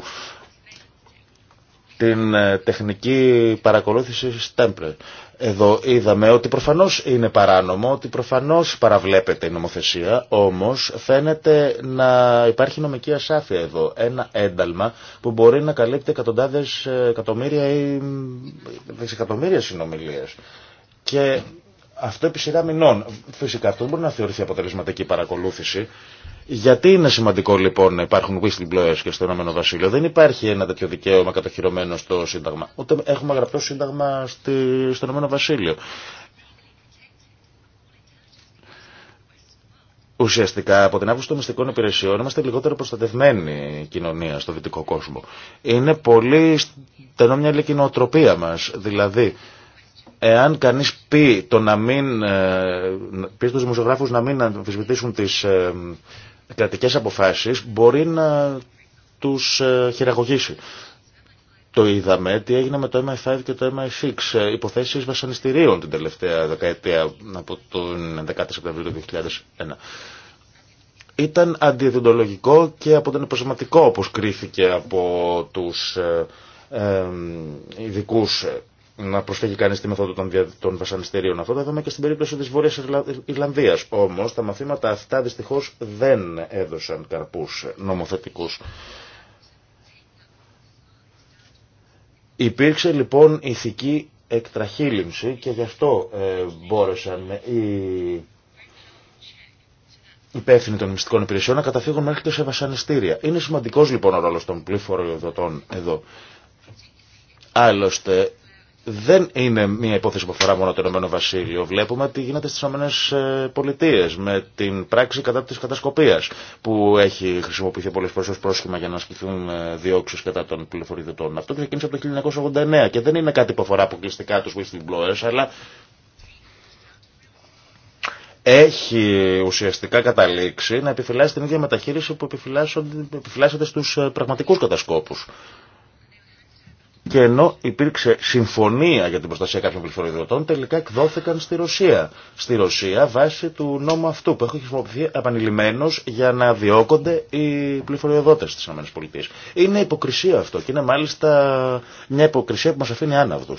την ε, τεχνική παρακολούθηση στέμπλε. Εδώ είδαμε ότι προφανώς είναι παράνομο, ότι προφανώς παραβλέπεται η νομοθεσία, όμως φαίνεται να υπάρχει νομική ασάφεια εδώ. Ένα ένταλμα που μπορεί να καλύπτει εκατοντάδες ε, εκατομμύρια ή δισεκατομμύρια συνομιλίες. Και αυτό επί σειρά μηνών. Φυσικά αυτό μπορεί να θεωρηθεί αποτελεσματική παρακολούθηση γιατί είναι σημαντικό λοιπόν να υπάρχουν whistleblowers και στο Ηνωμένο Βασίλειο. Δεν υπάρχει ένα τέτοιο δικαίωμα κατοχυρωμένο στο Σύνταγμα. Ούτε έχουμε γραπτό Σύνταγμα στη... στο Ηνωμένο Βασίλειο. Ουσιαστικά από την άποψη των μυστικών υπηρεσιών είμαστε λιγότερο προστατευμένη κοινωνία στο δυτικό κόσμο. Είναι πολύ στενό μια κοινοτροπία μα. Δηλαδή, εάν κανεί πει, το να μην, ε, πει στους δημοσιογράφου να μην αμφισβητήσουν τι. Ε, Κρατικέ αποφάσεις μπορεί να τους ε, χειραγωγήσει. Το είδαμε τι έγινε με το MI5 και το MI6, ε, υποθέσεις βασανιστήριων την τελευταία δεκαετία από τον 11 Σεπτεμβρίου του 2001. Ήταν αντιδιοντολογικό και αποτελεσματικό όπως κρίθηκε από τους ε, ειδικού να προσφύγει κανεί τη μεθόδο των, βασανιστήριων. Αυτό το είδαμε και στην περίπτωση τη Βόρεια Ιρλανδία. Όμω τα μαθήματα αυτά δυστυχώ δεν έδωσαν καρπού νομοθετικού. Υπήρξε λοιπόν ηθική εκτραχύλυνση και γι' αυτό ε, μπόρεσαν οι υπεύθυνοι των μυστικών υπηρεσιών να καταφύγουν μέχρι και σε βασανιστήρια. Είναι σημαντικός λοιπόν ο ρόλος των πληροφοριοδοτών εδώ. Άλλωστε, δεν είναι μια υπόθεση που αφορά μόνο το Ηνωμένο Βασίλειο. Βλέπουμε τι γίνεται στι ΗΠΑ ε, με την πράξη κατά τη κατασκοπία που έχει χρησιμοποιηθεί πολλέ φορέ ω πρόσχημα για να ασκηθούν ε, διώξει κατά των πληροφοριδωτών. Αυτό ξεκίνησε από το 1989 και δεν είναι κάτι που αφορά αποκλειστικά του whistleblowers, αλλά έχει ουσιαστικά καταλήξει να επιφυλάσσει την ίδια μεταχείριση που επιφυλάσσεται στου ε, πραγματικού κατασκόπου. Και ενώ υπήρξε συμφωνία για την προστασία κάποιων πληροφοριοδοτών, τελικά εκδόθηκαν στη Ρωσία. Στη Ρωσία βάσει του νόμου αυτού που έχει χρησιμοποιηθεί επανειλημμένω για να διώκονται οι πληροφοριοδότε τη ΗΠΑ. Είναι υποκρισία αυτό και είναι μάλιστα μια υποκρισία που μα αφήνει άναυδου.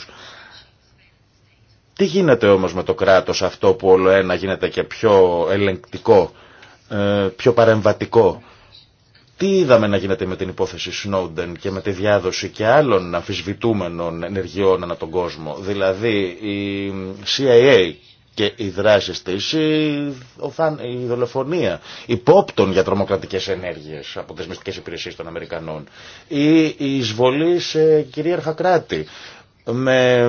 Τι γίνεται όμω με το κράτο αυτό που όλο ένα γίνεται και πιο ελεγκτικό, ε, πιο παρεμβατικό τι είδαμε να γίνεται με την υπόθεση Snowden και με τη διάδοση και άλλων αμφισβητούμενων ενεργειών ανά τον κόσμο. Δηλαδή η CIA και οι δράσεις της, η, η δολοφονία, υπόπτων για τρομοκρατικές ενέργειες από τις υπηρεσίε υπηρεσίες των Αμερικανών ή η εισβολή σε κυρίαρχα κράτη με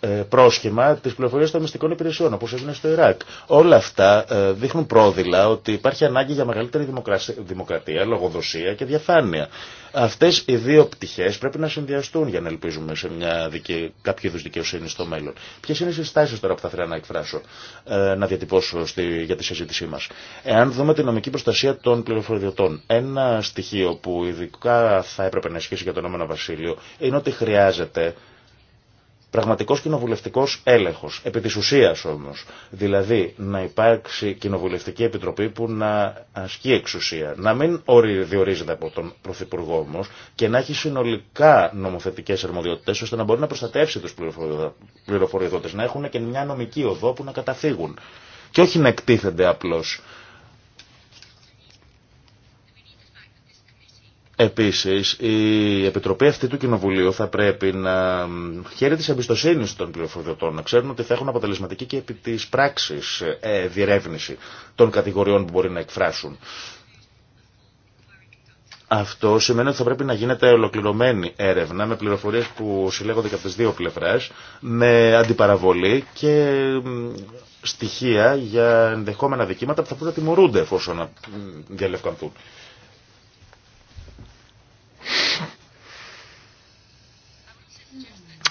ε, πρόσχημα τις πληροφορία των μυστικών υπηρεσιών, όπως έγινε στο Ιράκ. Όλα αυτά ε, δείχνουν πρόδειλα ότι υπάρχει ανάγκη για μεγαλύτερη δημοκρατία, λογοδοσία και διαφάνεια. Αυτές οι δύο πτυχές πρέπει να συνδυαστούν για να ελπίζουμε σε μια δικαι... κάποιο είδους δικαιοσύνη στο μέλλον. Ποιες είναι οι συστάσεις τώρα που θα ήθελα να εκφράσω, ε, να διατυπώσω για τη συζήτησή μας. Εάν δούμε την νομική προστασία των πληροφοριωτών ένα στοιχείο που ειδικά θα έπρεπε να ισχύσει για το Βασίλειο είναι ότι χρειάζεται Πραγματικός κοινοβουλευτικός έλεγχος, επί της ουσίας όμως. Δηλαδή να υπάρξει κοινοβουλευτική επιτροπή που να ασκεί εξουσία, να μην διορίζεται από τον Πρωθυπουργό όμως και να έχει συνολικά νομοθετικές αρμοδιότητες ώστε να μπορεί να προστατεύσει τους πληροφοριοδότες, να έχουν και μια νομική οδό που να καταφύγουν. Και όχι να εκτίθενται απλώς Επίσης, η Επιτροπή αυτή του Κοινοβουλίου θα πρέπει να χαίρει τη εμπιστοσύνη των πληροφοριωτών, να ξέρουν ότι θα έχουν αποτελεσματική και επί της πράξης ε, διερεύνηση των κατηγοριών που μπορεί να εκφράσουν. Αυτό σημαίνει ότι θα πρέπει να γίνεται ολοκληρωμένη έρευνα με πληροφορίες που συλλέγονται και από τις δύο πλευράς, με αντιπαραβολή και στοιχεία για ενδεχόμενα δικήματα που θα πρέπει να τιμωρούνται εφόσον διαλευκανθούν.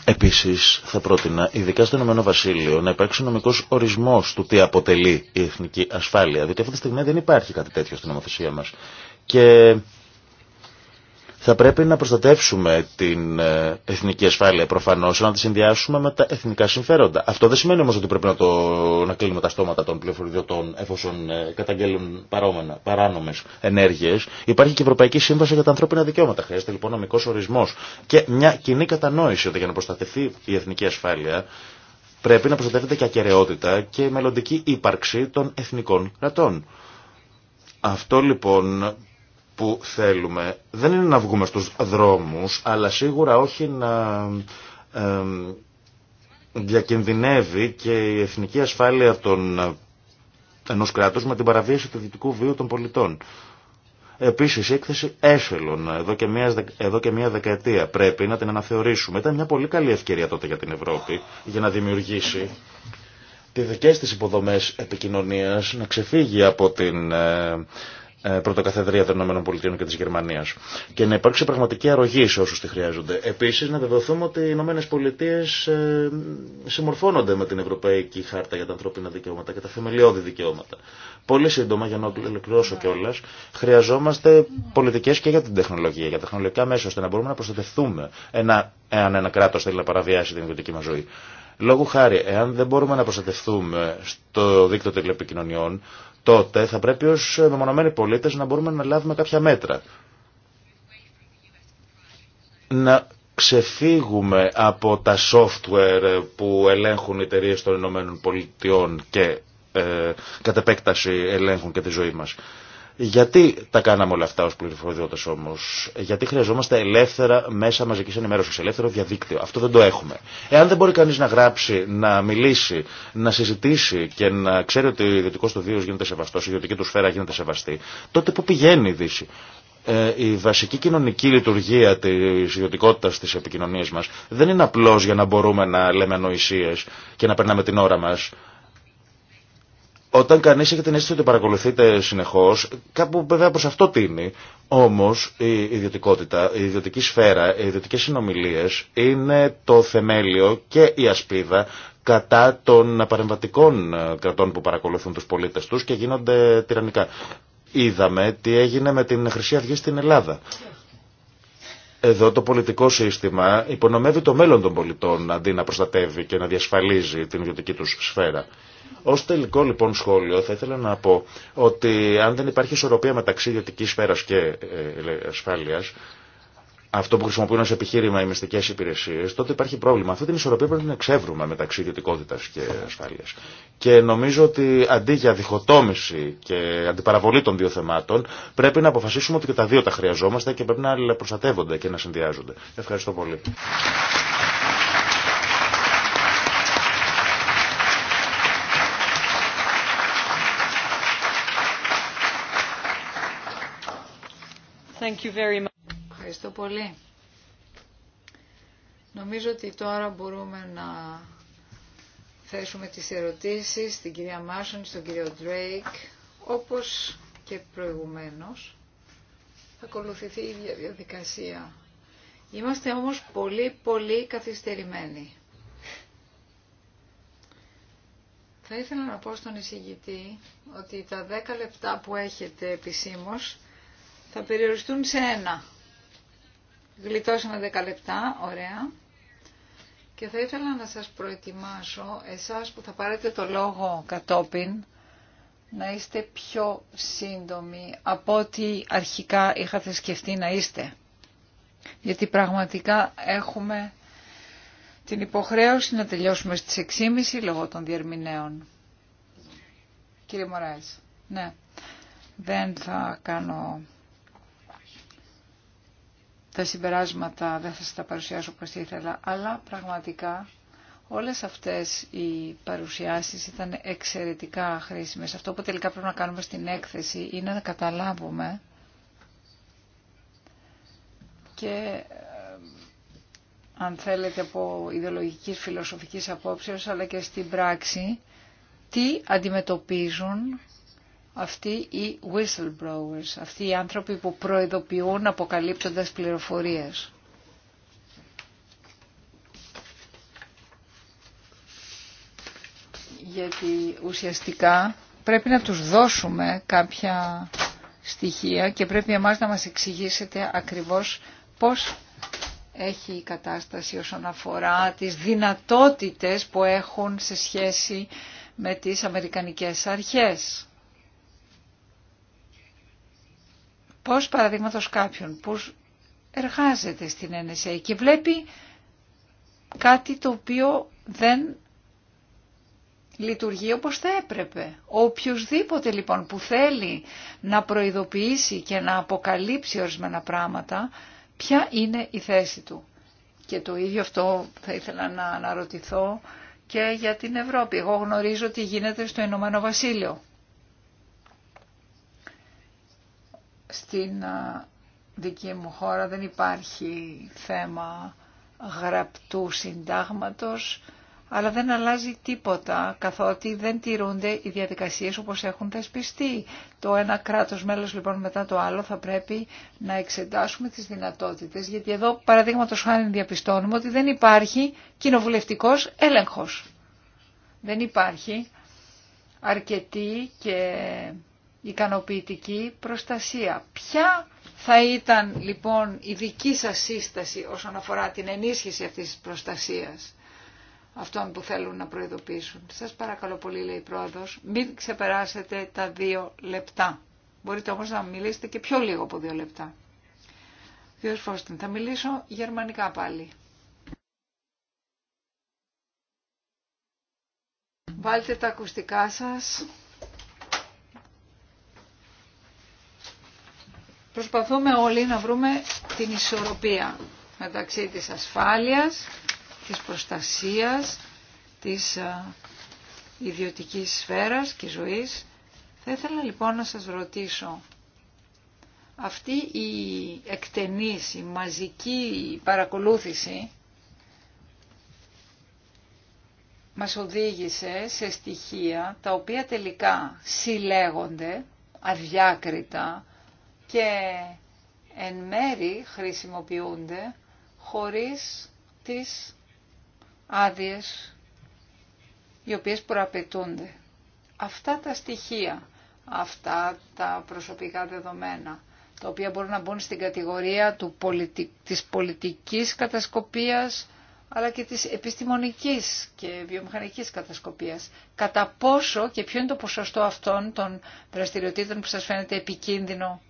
Επίσης θα πρότεινα ειδικά στο Ηνωμένο Βασίλειο να υπάρξει νομικός ορισμός του τι αποτελεί η εθνική ασφάλεια, διότι αυτή τη στιγμή δεν υπάρχει κάτι τέτοιο στην νομοθεσία μας. Και θα πρέπει να προστατεύσουμε την ε, εθνική ασφάλεια προφανώ, να τη συνδυάσουμε με τα εθνικά συμφέροντα. Αυτό δεν σημαίνει όμω ότι πρέπει να, το, να κλείνουμε τα στόματα των πληροφοριδιωτών εφόσον ε, καταγγέλουν παράνομε ενέργειε. Υπάρχει και η Ευρωπαϊκή Σύμβαση για τα Ανθρώπινα Δικαιώματα. Χρειάζεται λοιπόν νομικό ορισμό και μια κοινή κατανόηση ότι για να προστατευτεί η εθνική ασφάλεια πρέπει να προστατεύεται και ακαιρεότητα και η μελλοντική ύπαρξη των εθνικών κρατών. Αυτό λοιπόν που θέλουμε δεν είναι να βγούμε στους δρόμους, αλλά σίγουρα όχι να διακινδυνεύει και η εθνική ασφάλεια των, ενός κράτους με την παραβίαση του δυτικού βίου των πολιτών. Επίσης, η έκθεση Έσελον, εδώ και, μια, εδώ και μια δεκαετία, πρέπει να την αναθεωρήσουμε. Ήταν μια πολύ καλή ευκαιρία τότε για την Ευρώπη, για να δημιουργήσει τις δικές της υποδομές επικοινωνίας, να ξεφύγει από την ε, ε, πρωτοκαθεδρία των ΗΠΑ και τη Γερμανία. Και να υπάρξει πραγματική αρρωγή σε όσου τη χρειάζονται. Επίση, να βεβαιωθούμε ότι οι ΗΠΑ ε, συμμορφώνονται με την Ευρωπαϊκή Χάρτα για τα ανθρώπινα δικαιώματα και τα θεμελιώδη δικαιώματα. Πολύ σύντομα, για να ολοκληρώσω ναι. κιόλα, χρειαζόμαστε πολιτικέ και για την τεχνολογία, για τεχνολογικά μέσα, ώστε να μπορούμε να προστατευτούμε ένα, εάν ένα κράτο θέλει να παραβιάσει την ιδιωτική μα ζωή. Λόγου χάρη, εάν δεν μπορούμε να προστατευτούμε στο δίκτυο τηλεπικοινωνιών, τότε θα πρέπει ως μεμονωμένοι πολίτες να μπορούμε να λάβουμε κάποια μέτρα. Να ξεφύγουμε από τα software που ελέγχουν οι εταιρείε των Ηνωμένων Πολιτειών και ε, κατ' επέκταση ελέγχουν και τη ζωή μας. Γιατί τα κάναμε όλα αυτά ω πληροφοριώτε όμω, Γιατί χρειαζόμαστε ελεύθερα μέσα μαζική ενημέρωση, ελεύθερο διαδίκτυο. Αυτό δεν το έχουμε. Εάν δεν μπορεί κανεί να γράψει, να μιλήσει, να συζητήσει και να ξέρει ότι ο ιδιωτικό του βίο γίνεται σεβαστό, η ιδιωτική του σφαίρα γίνεται σεβαστή, τότε πού πηγαίνει η Δύση. Ε, η βασική κοινωνική λειτουργία τη ιδιωτικότητα τη επικοινωνία μα δεν είναι απλώ για να μπορούμε να λέμε ανοησίε και να περνάμε την ώρα μα. Όταν κανείς έχει την αίσθηση ότι παρακολουθείται συνεχώς, κάπου βέβαια προς αυτό τίνει. Όμως η ιδιωτικότητα, η ιδιωτική σφαίρα, οι ιδιωτικές συνομιλίες είναι το θεμέλιο και η ασπίδα κατά των παρεμβατικών ε, κρατών που παρακολουθούν τους πολίτες τους και γίνονται τυραννικά. Είδαμε τι έγινε με την Χρυσή Αυγή στην Ελλάδα. Εδώ το πολιτικό σύστημα υπονομεύει το μέλλον των πολιτών αντί να προστατεύει και να διασφαλίζει την ιδιωτική τους σφαίρα. Ω τελικό λοιπόν σχόλιο θα ήθελα να πω ότι αν δεν υπάρχει ισορροπία μεταξύ ιδιωτική σφαίρα και ε, ε, ασφάλεια, αυτό που χρησιμοποιούν ω επιχείρημα οι μυστικέ υπηρεσίε, τότε υπάρχει πρόβλημα. Αυτή την ισορροπία πρέπει να εξεύρουμε μεταξύ ιδιωτικότητα και ασφάλεια. Και νομίζω ότι αντί για διχοτόμηση και αντιπαραβολή των δύο θεμάτων, πρέπει να αποφασίσουμε ότι και τα δύο τα χρειαζόμαστε και πρέπει να προστατεύονται και να συνδυάζονται. Ευχαριστώ πολύ. Ευχαριστώ πολύ. Νομίζω ότι τώρα μπορούμε να θέσουμε τις ερωτήσεις στην κυρία Μάρσον, στον κύριο Drake, όπως και προηγουμένως. Θα ακολουθηθεί η διαδικασία. Είμαστε όμως πολύ, πολύ καθυστερημένοι. Θα ήθελα να πω στον εισηγητή ότι τα 10 λεπτά που έχετε επισήμως θα περιοριστούν σε ένα. Γλιτώσαμε 10 λεπτά, ωραία. Και θα ήθελα να σας προετοιμάσω, εσάς που θα πάρετε το λόγο κατόπιν, να είστε πιο σύντομοι από ό,τι αρχικά είχατε σκεφτεί να είστε. Γιατί πραγματικά έχουμε την υποχρέωση να τελειώσουμε στις 6.30 λόγω των διερμηνέων. Κύριε Μωράης, ναι, δεν θα κάνω τα συμπεράσματα δεν θα σας τα παρουσιάσω όπως ήθελα, αλλά πραγματικά όλες αυτές οι παρουσιάσεις ήταν εξαιρετικά χρήσιμες. Αυτό που τελικά πρέπει να κάνουμε στην έκθεση είναι να καταλάβουμε και ε, αν θέλετε από ιδεολογικής φιλοσοφικής απόψεως αλλά και στην πράξη τι αντιμετωπίζουν αυτοί οι whistleblowers, αυτοί οι άνθρωποι που προειδοποιούν αποκαλύπτοντας πληροφορίες. Γιατί ουσιαστικά πρέπει να τους δώσουμε κάποια στοιχεία και πρέπει εμάς να μας εξηγήσετε ακριβώς πώς έχει η κατάσταση όσον αφορά τις δυνατότητες που έχουν σε σχέση με τις Αμερικανικές αρχές. Πώς παραδείγματο κάποιον που εργάζεται στην NSA και βλέπει κάτι το οποίο δεν λειτουργεί όπως θα έπρεπε. Οποιουσδήποτε λοιπόν που θέλει να προειδοποιήσει και να αποκαλύψει ορισμένα πράγματα, ποια είναι η θέση του. Και το ίδιο αυτό θα ήθελα να αναρωτηθώ και για την Ευρώπη. Εγώ γνωρίζω τι γίνεται στο Ηνωμένο Βασίλειο. Στην δική μου χώρα δεν υπάρχει θέμα γραπτού συντάγματος, αλλά δεν αλλάζει τίποτα, καθότι δεν τηρούνται οι διαδικασίες όπως έχουν θεσπιστεί. Το ένα κράτος μέλος λοιπόν μετά το άλλο θα πρέπει να εξετάσουμε τις δυνατότητες, γιατί εδώ παραδείγματο χάρη διαπιστώνουμε ότι δεν υπάρχει κοινοβουλευτικός έλεγχος. Δεν υπάρχει αρκετή και ικανοποιητική προστασία. Ποια θα ήταν λοιπόν η δική σας σύσταση όσον αφορά την ενίσχυση αυτής της προστασίας αυτών που θέλουν να προειδοποιήσουν. Σας παρακαλώ πολύ λέει η Πρόεδρος, μην ξεπεράσετε τα δύο λεπτά. Μπορείτε όμως να μιλήσετε και πιο λίγο από δύο λεπτά. Φώστην, θα μιλήσω γερμανικά πάλι. Βάλτε τα ακουστικά σας. Προσπαθούμε όλοι να βρούμε την ισορροπία μεταξύ της ασφάλειας, της προστασίας, της ιδιωτικής σφαίρας και ζωής. Θα ήθελα λοιπόν να σας ρωτήσω, αυτή η εκτενής, η μαζική παρακολούθηση μας οδήγησε σε στοιχεία τα οποία τελικά συλλέγονται αδιάκριτα και εν μέρη χρησιμοποιούνται χωρίς τις άδειες οι οποίες προαπαιτούνται. Αυτά τα στοιχεία, αυτά τα προσωπικά δεδομένα, τα οποία μπορούν να μπουν στην κατηγορία του πολιτι... της πολιτικής κατασκοπίας, αλλά και της επιστημονικής και βιομηχανικής κατασκοπίας. Κατά πόσο και ποιο είναι το ποσοστό αυτών των δραστηριοτήτων που σας φαίνεται επικίνδυνο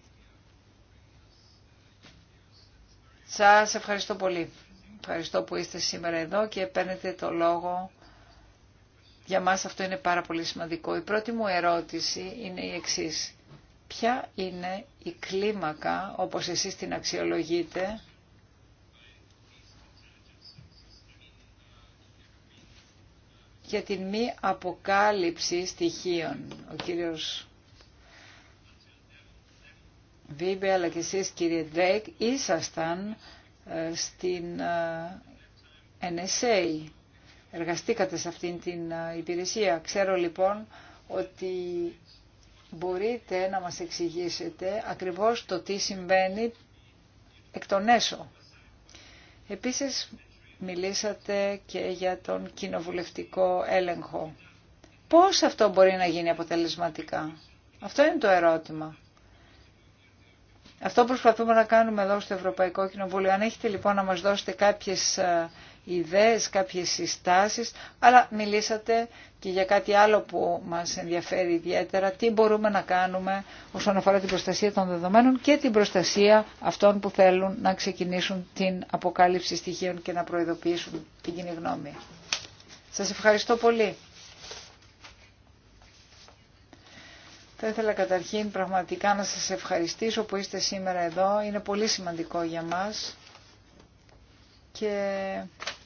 Σας ευχαριστώ πολύ. Ευχαριστώ που είστε σήμερα εδώ και παίρνετε το λόγο. Για μας αυτό είναι πάρα πολύ σημαντικό. Η πρώτη μου ερώτηση είναι η εξής. Ποια είναι η κλίμακα, όπως εσείς την αξιολογείτε, για την μη αποκάλυψη στοιχείων. Ο κύριος Βίμπε αλλά και εσείς κύριε Ντρέικ ήσασταν ε, στην NSA. Ε, Εργαστήκατε σε αυτήν την ε, υπηρεσία. Ξέρω λοιπόν ότι μπορείτε να μας εξηγήσετε ακριβώς το τι συμβαίνει εκ των έσω. Επίσης μιλήσατε και για τον κοινοβουλευτικό έλεγχο. Πώς αυτό μπορεί να γίνει αποτελεσματικά. Αυτό είναι το ερώτημα. Αυτό προσπαθούμε να κάνουμε εδώ στο Ευρωπαϊκό Κοινοβούλιο. Αν έχετε λοιπόν να μας δώσετε κάποιες ε, ιδέες, κάποιες συστάσεις, αλλά μιλήσατε και για κάτι άλλο που μας ενδιαφέρει ιδιαίτερα, τι μπορούμε να κάνουμε όσον αφορά την προστασία των δεδομένων και την προστασία αυτών που θέλουν να ξεκινήσουν την αποκάλυψη στοιχείων και να προειδοποιήσουν την κοινή γνώμη. Σας ευχαριστώ πολύ. Θα ήθελα καταρχήν πραγματικά να σας ευχαριστήσω που είστε σήμερα εδώ. Είναι πολύ σημαντικό για μας. Και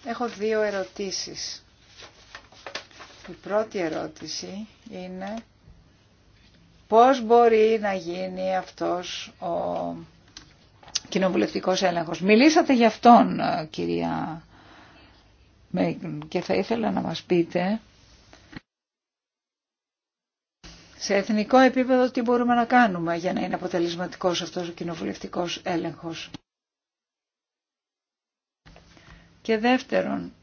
έχω δύο ερωτήσεις. Η πρώτη ερώτηση είναι πώς μπορεί να γίνει αυτός ο κοινοβουλευτικός έλεγχος. Μιλήσατε για αυτόν, ε, κυρία και θα ήθελα να μας πείτε σε εθνικό επίπεδο τι μπορούμε να κάνουμε για να είναι αποτελεσματικός αυτός ο κοινοβουλευτικός έλεγχος. Και δεύτερον,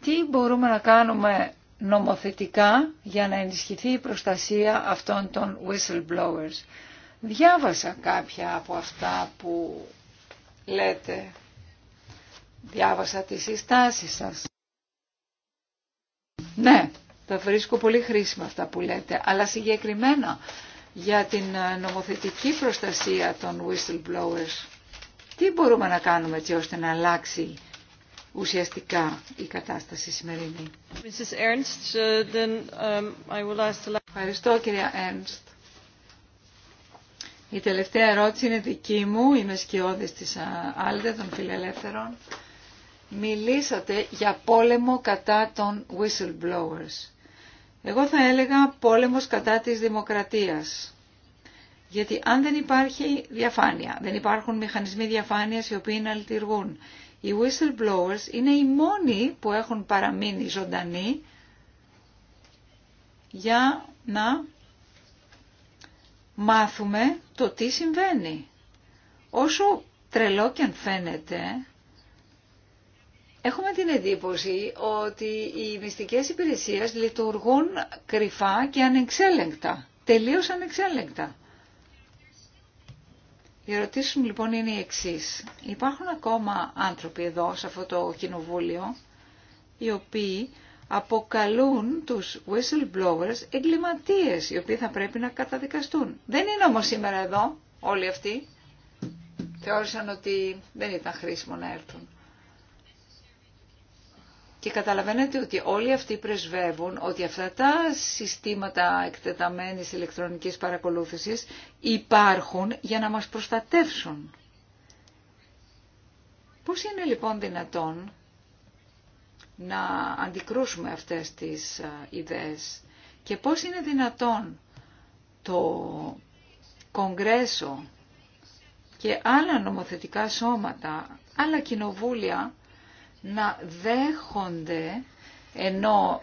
τι μπορούμε να κάνουμε νομοθετικά για να ενισχυθεί η προστασία αυτών των whistleblowers. Διάβασα κάποια από αυτά που λέτε. Διάβασα τις συστάσεις σας. Ναι, τα βρίσκω πολύ χρήσιμα αυτά που λέτε, αλλά συγκεκριμένα για την ε, νομοθετική προστασία των whistleblowers. Τι μπορούμε να κάνουμε έτσι ώστε να αλλάξει ουσιαστικά η κατάσταση σημερινή. Ε, um, Ευχαριστώ κυρία Ernst. Η τελευταία ερώτηση είναι δική μου, είμαι σκιώδης της ε, Άλτε των Φιλελεύθερων. Μιλήσατε για πόλεμο κατά των whistleblowers. Εγώ θα έλεγα πόλεμος κατά της δημοκρατίας. Γιατί αν δεν υπάρχει διαφάνεια, δεν υπάρχουν μηχανισμοί διαφάνειας οι οποίοι να λειτουργούν. Οι whistleblowers είναι οι μόνοι που έχουν παραμείνει ζωντανοί για να μάθουμε το τι συμβαίνει. Όσο τρελό και αν φαίνεται, Έχουμε την εντύπωση ότι οι μυστικές υπηρεσίες λειτουργούν κρυφά και ανεξέλεγκτα, τελείως ανεξέλεγκτα. Οι ερωτήσεις μου λοιπόν είναι οι εξής. Υπάρχουν ακόμα άνθρωποι εδώ, σε αυτό το κοινοβούλιο, οι οποίοι αποκαλούν τους whistleblowers εγκληματίες, οι οποίοι θα πρέπει να καταδικαστούν. Δεν είναι όμως σήμερα εδώ όλοι αυτοί. Θεώρησαν ότι δεν ήταν χρήσιμο να έρθουν. Και καταλαβαίνετε ότι όλοι αυτοί πρεσβεύουν ότι αυτά τα συστήματα εκτεταμένης ηλεκτρονικής παρακολούθησης υπάρχουν για να μας προστατεύσουν. Πώς είναι λοιπόν δυνατόν να αντικρούσουμε αυτές τις ιδέες και πώς είναι δυνατόν το Κογκρέσο και άλλα νομοθετικά σώματα, άλλα κοινοβούλια να δέχονται, ενώ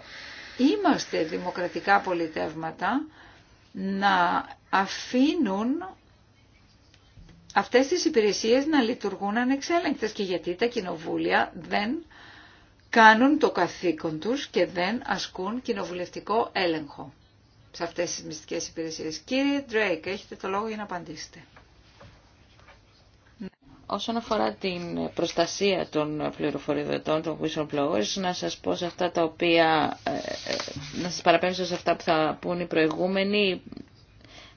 είμαστε δημοκρατικά πολιτεύματα, να αφήνουν αυτές τις υπηρεσίες να λειτουργούν ανεξέλεγκτες και γιατί τα κοινοβούλια δεν κάνουν το καθήκον τους και δεν ασκούν κοινοβουλευτικό έλεγχο σε αυτές τις μυστικές υπηρεσίες. Κύριε Drake, έχετε το λόγο για να απαντήσετε. Όσον αφορά την προστασία των πληροφοριοδοτών, των whistleblowers, να σας πω αυτά τα οποία, ε, ε, να σας παραπέμψω σε αυτά που θα πούν οι προηγούμενοι,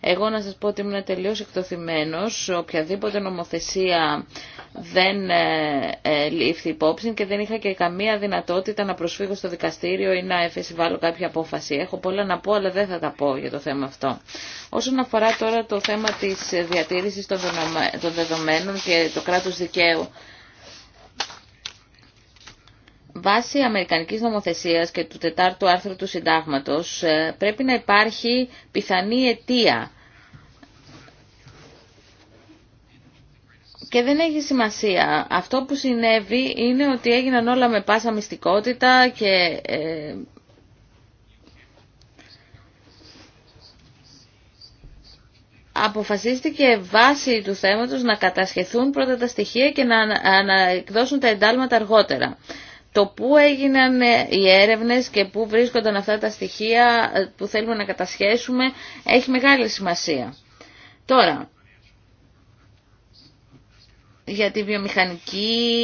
εγώ να σας πω ότι ήμουν τελείως εκτοθυμένος, οποιαδήποτε νομοθεσία δεν ε, ε, λήφθη υπόψη και δεν είχα και καμία δυνατότητα να προσφύγω στο δικαστήριο ή να εφεσιβάλω κάποια απόφαση. Έχω πολλά να πω, αλλά δεν θα τα πω για το θέμα αυτό. Όσον αφορά τώρα το θέμα της διατήρησης των δεδομένων και το κράτος δικαίου, βάσει Αμερικανικής νομοθεσίας και του τετάρτου άρθρου του συντάγματος ε, πρέπει να υπάρχει πιθανή αιτία Και δεν έχει σημασία. Αυτό που συνέβη είναι ότι έγιναν όλα με πάσα μυστικότητα και ε, αποφασίστηκε βάση του θέματος να κατασχεθούν πρώτα τα στοιχεία και να εκδώσουν τα εντάλματα αργότερα. Το πού έγιναν ε, οι έρευνες και πού βρίσκονταν αυτά τα στοιχεία ε, που θέλουμε να κατασχέσουμε έχει μεγάλη σημασία. Τώρα, για τη βιομηχανική,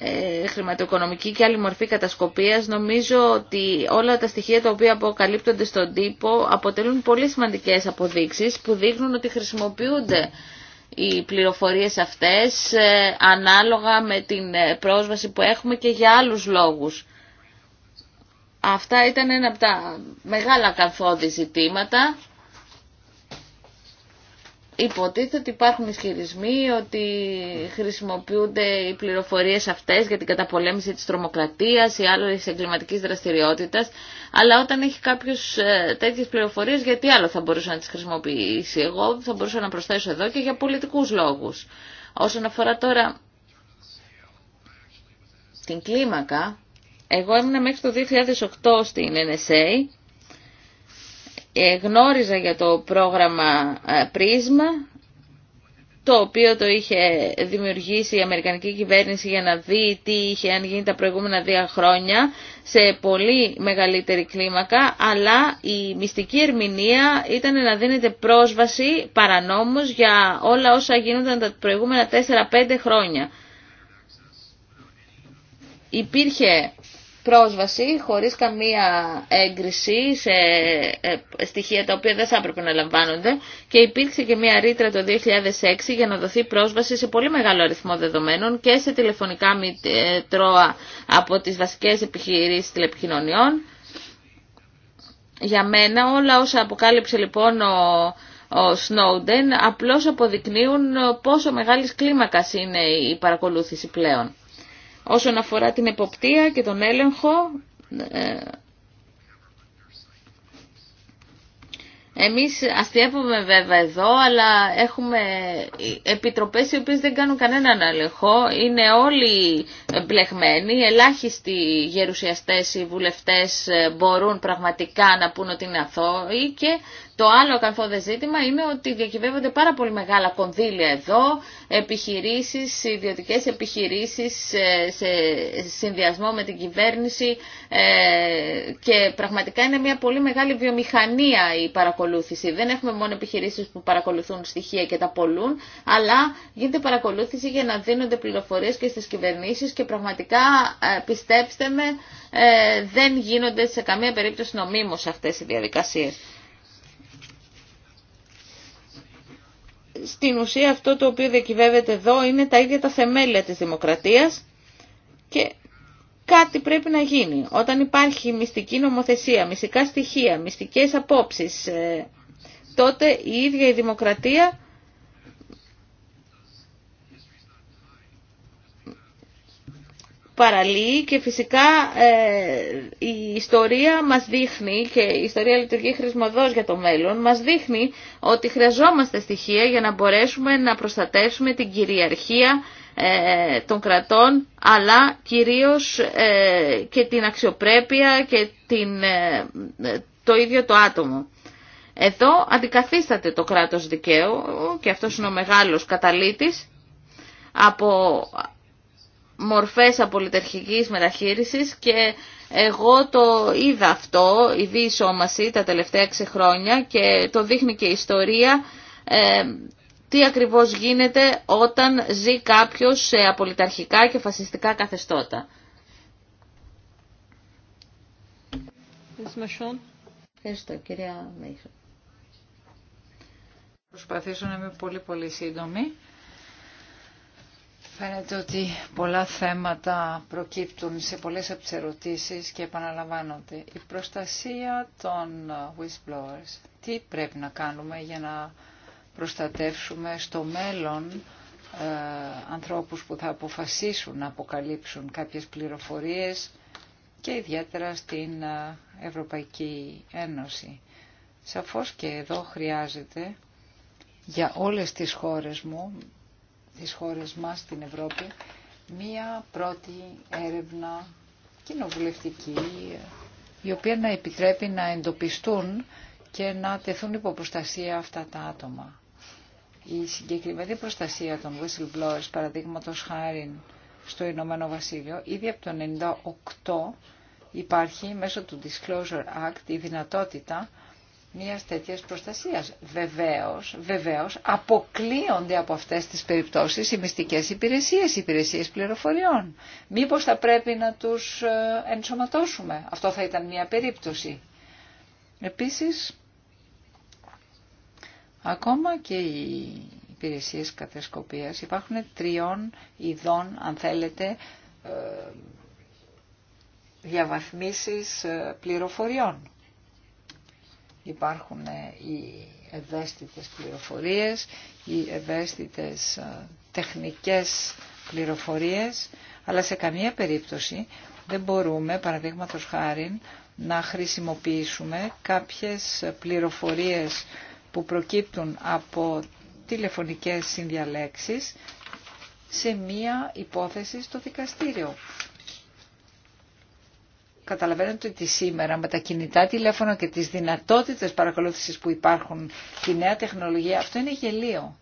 ε, χρηματοοικονομική και άλλη μορφή κατασκοπίας νομίζω ότι όλα τα στοιχεία τα οποία αποκαλύπτονται στον τύπο αποτελούν πολύ σημαντικές αποδείξεις που δείχνουν ότι χρησιμοποιούνται οι πληροφορίες αυτές ε, ανάλογα με την ε, πρόσβαση που έχουμε και για άλλους λόγους. Αυτά ήταν ένα από τα μεγάλα καθόδη ζητήματα Υποτίθεται ότι υπάρχουν ισχυρισμοί ότι χρησιμοποιούνται οι πληροφορίες αυτές για την καταπολέμηση της τρομοκρατίας ή άλλης εγκληματικής δραστηριότητας, αλλά όταν έχει κάποιος ε, τέτοιες πληροφορίες γιατί άλλο θα μπορούσε να τις χρησιμοποιήσει. Εγώ θα μπορούσα να προσθέσω εδώ και για πολιτικούς λόγους. Όσον αφορά τώρα την κλίμακα, εγώ έμεινα μέχρι το 2008 στην NSA ε, γνώριζα για το πρόγραμμα ε, Πρίσμα, το οποίο το είχε δημιουργήσει η Αμερικανική κυβέρνηση για να δει τι είχε αν γίνει τα προηγούμενα δύο χρόνια σε πολύ μεγαλύτερη κλίμακα, αλλά η μυστική ερμηνεία ήταν να δίνεται πρόσβαση παρανόμως για όλα όσα γίνονταν τα προηγούμενα 4-5 χρόνια. Υπήρχε πρόσβαση χωρίς καμία έγκριση σε ε, ε, στοιχεία τα οποία δεν θα έπρεπε να λαμβάνονται και υπήρξε και μια ρήτρα το 2006 για να δοθεί πρόσβαση σε πολύ μεγάλο αριθμό δεδομένων και σε τηλεφωνικά μητρώα ε, από τις βασικές επιχειρήσεις τηλεπικοινωνιών. Για μένα όλα όσα αποκάλυψε λοιπόν ο ο Σνόντεν απλώς αποδεικνύουν πόσο μεγάλης κλίμακας είναι η παρακολούθηση πλέον. Όσον αφορά την εποπτεία και τον έλεγχο, ε, εμείς αστείευουμε βέβαια εδώ, αλλά έχουμε επιτροπές οι οποίες δεν κάνουν κανέναν έλεγχο. Είναι όλοι μπλεγμένοι, ελάχιστοι γερουσιαστές ή βουλευτές μπορούν πραγματικά να πούν ότι είναι αθώοι και το άλλο καθόδε ζήτημα είναι ότι διακυβεύονται πάρα πολύ μεγάλα κονδύλια εδώ, επιχειρήσεις, ιδιωτικές επιχειρήσεις ε, σε συνδυασμό με την κυβέρνηση ε, και πραγματικά είναι μια πολύ μεγάλη βιομηχανία η παρακολούθηση. Δεν έχουμε μόνο επιχειρήσεις που παρακολουθούν στοιχεία και τα πολλούν, αλλά γίνεται παρακολούθηση για να δίνονται πληροφορίες και στις κυβερνήσεις και πραγματικά ε, πιστέψτε με δεν γίνονται σε καμία περίπτωση νομίμως αυτές οι διαδικασίες. στην ουσία αυτό το οποίο διακυβεύεται εδώ είναι τα ίδια τα θεμέλια της δημοκρατίας και κάτι πρέπει να γίνει. Όταν υπάρχει μυστική νομοθεσία, μυστικά στοιχεία, μυστικές απόψεις, ε, τότε η ίδια η δημοκρατία παραλύει και φυσικά ε, η ιστορία μας δείχνει και η ιστορία λειτουργεί χρησμοδός για το μέλλον μας δείχνει ότι χρειαζόμαστε στοιχεία για να μπορέσουμε να προστατεύσουμε την κυριαρχία ε, των κρατών αλλά κυρίως ε, και την αξιοπρέπεια και την, το ίδιο το άτομο. Εδώ αντικαθίσταται το κράτος δικαίου και αυτός είναι ο μεγάλος καταλήτης από μορφές απολυτερχικής μεταχείρισης και εγώ το είδα αυτό, η διεισόμαση τα τελευταία 6 χρόνια και το δείχνει και η ιστορία ε, τι ακριβώς γίνεται όταν ζει κάποιος σε απολυταρχικά και φασιστικά καθεστώτα. Ευχαριστώ κυρία Προσπαθήσω να είμαι πολύ πολύ σύντομη. Φαίνεται ότι πολλά θέματα προκύπτουν σε πολλές από τις ερωτήσεις και επαναλαμβάνονται. Η προστασία των whistleblowers. Τι πρέπει να κάνουμε για να προστατεύσουμε στο μέλλον ε, ανθρώπους που θα αποφασίσουν να αποκαλύψουν κάποιες πληροφορίες και ιδιαίτερα στην ε, Ευρωπαϊκή Ένωση. Σαφώς και εδώ χρειάζεται για όλες τις χώρες μου τις χώρες μας στην Ευρώπη μία πρώτη έρευνα κοινοβουλευτική η οποία να επιτρέπει να εντοπιστούν και να τεθούν υπό αυτά τα άτομα. Η συγκεκριμένη προστασία των whistleblowers, παραδείγματο χάρη στο Ηνωμένο Βασίλειο, ήδη από το 1998 υπάρχει μέσω του Disclosure Act η δυνατότητα μια τέτοια προστασίας. Βεβαίως, βεβαίως αποκλείονται από αυτές τις περιπτώσεις οι μυστικέ υπηρεσίες, οι υπηρεσίες πληροφοριών. Μήπω θα πρέπει να τους ε, ενσωματώσουμε. Αυτό θα ήταν μια περίπτωση. Επίσης, ακόμα και οι υπηρεσίες κατασκοπια υπάρχουν τριών ειδών, αν θέλετε, ε, διαβαθμίσει ε, πληροφοριών. Υπάρχουν ε, οι ευαίσθητες πληροφορίες, οι ευαίσθητες ε, τεχνικές πληροφορίες, αλλά σε καμία περίπτωση δεν μπορούμε, παραδείγματο χάρη, να χρησιμοποιήσουμε κάποιες πληροφορίες που προκύπτουν από τηλεφωνικές συνδιαλέξεις σε μία υπόθεση στο δικαστήριο. Καταλαβαίνετε ότι σήμερα με τα κινητά τηλέφωνα και τις δυνατότητες παρακολούθησης που υπάρχουν τη νέα τεχνολογία, αυτό είναι γελίο.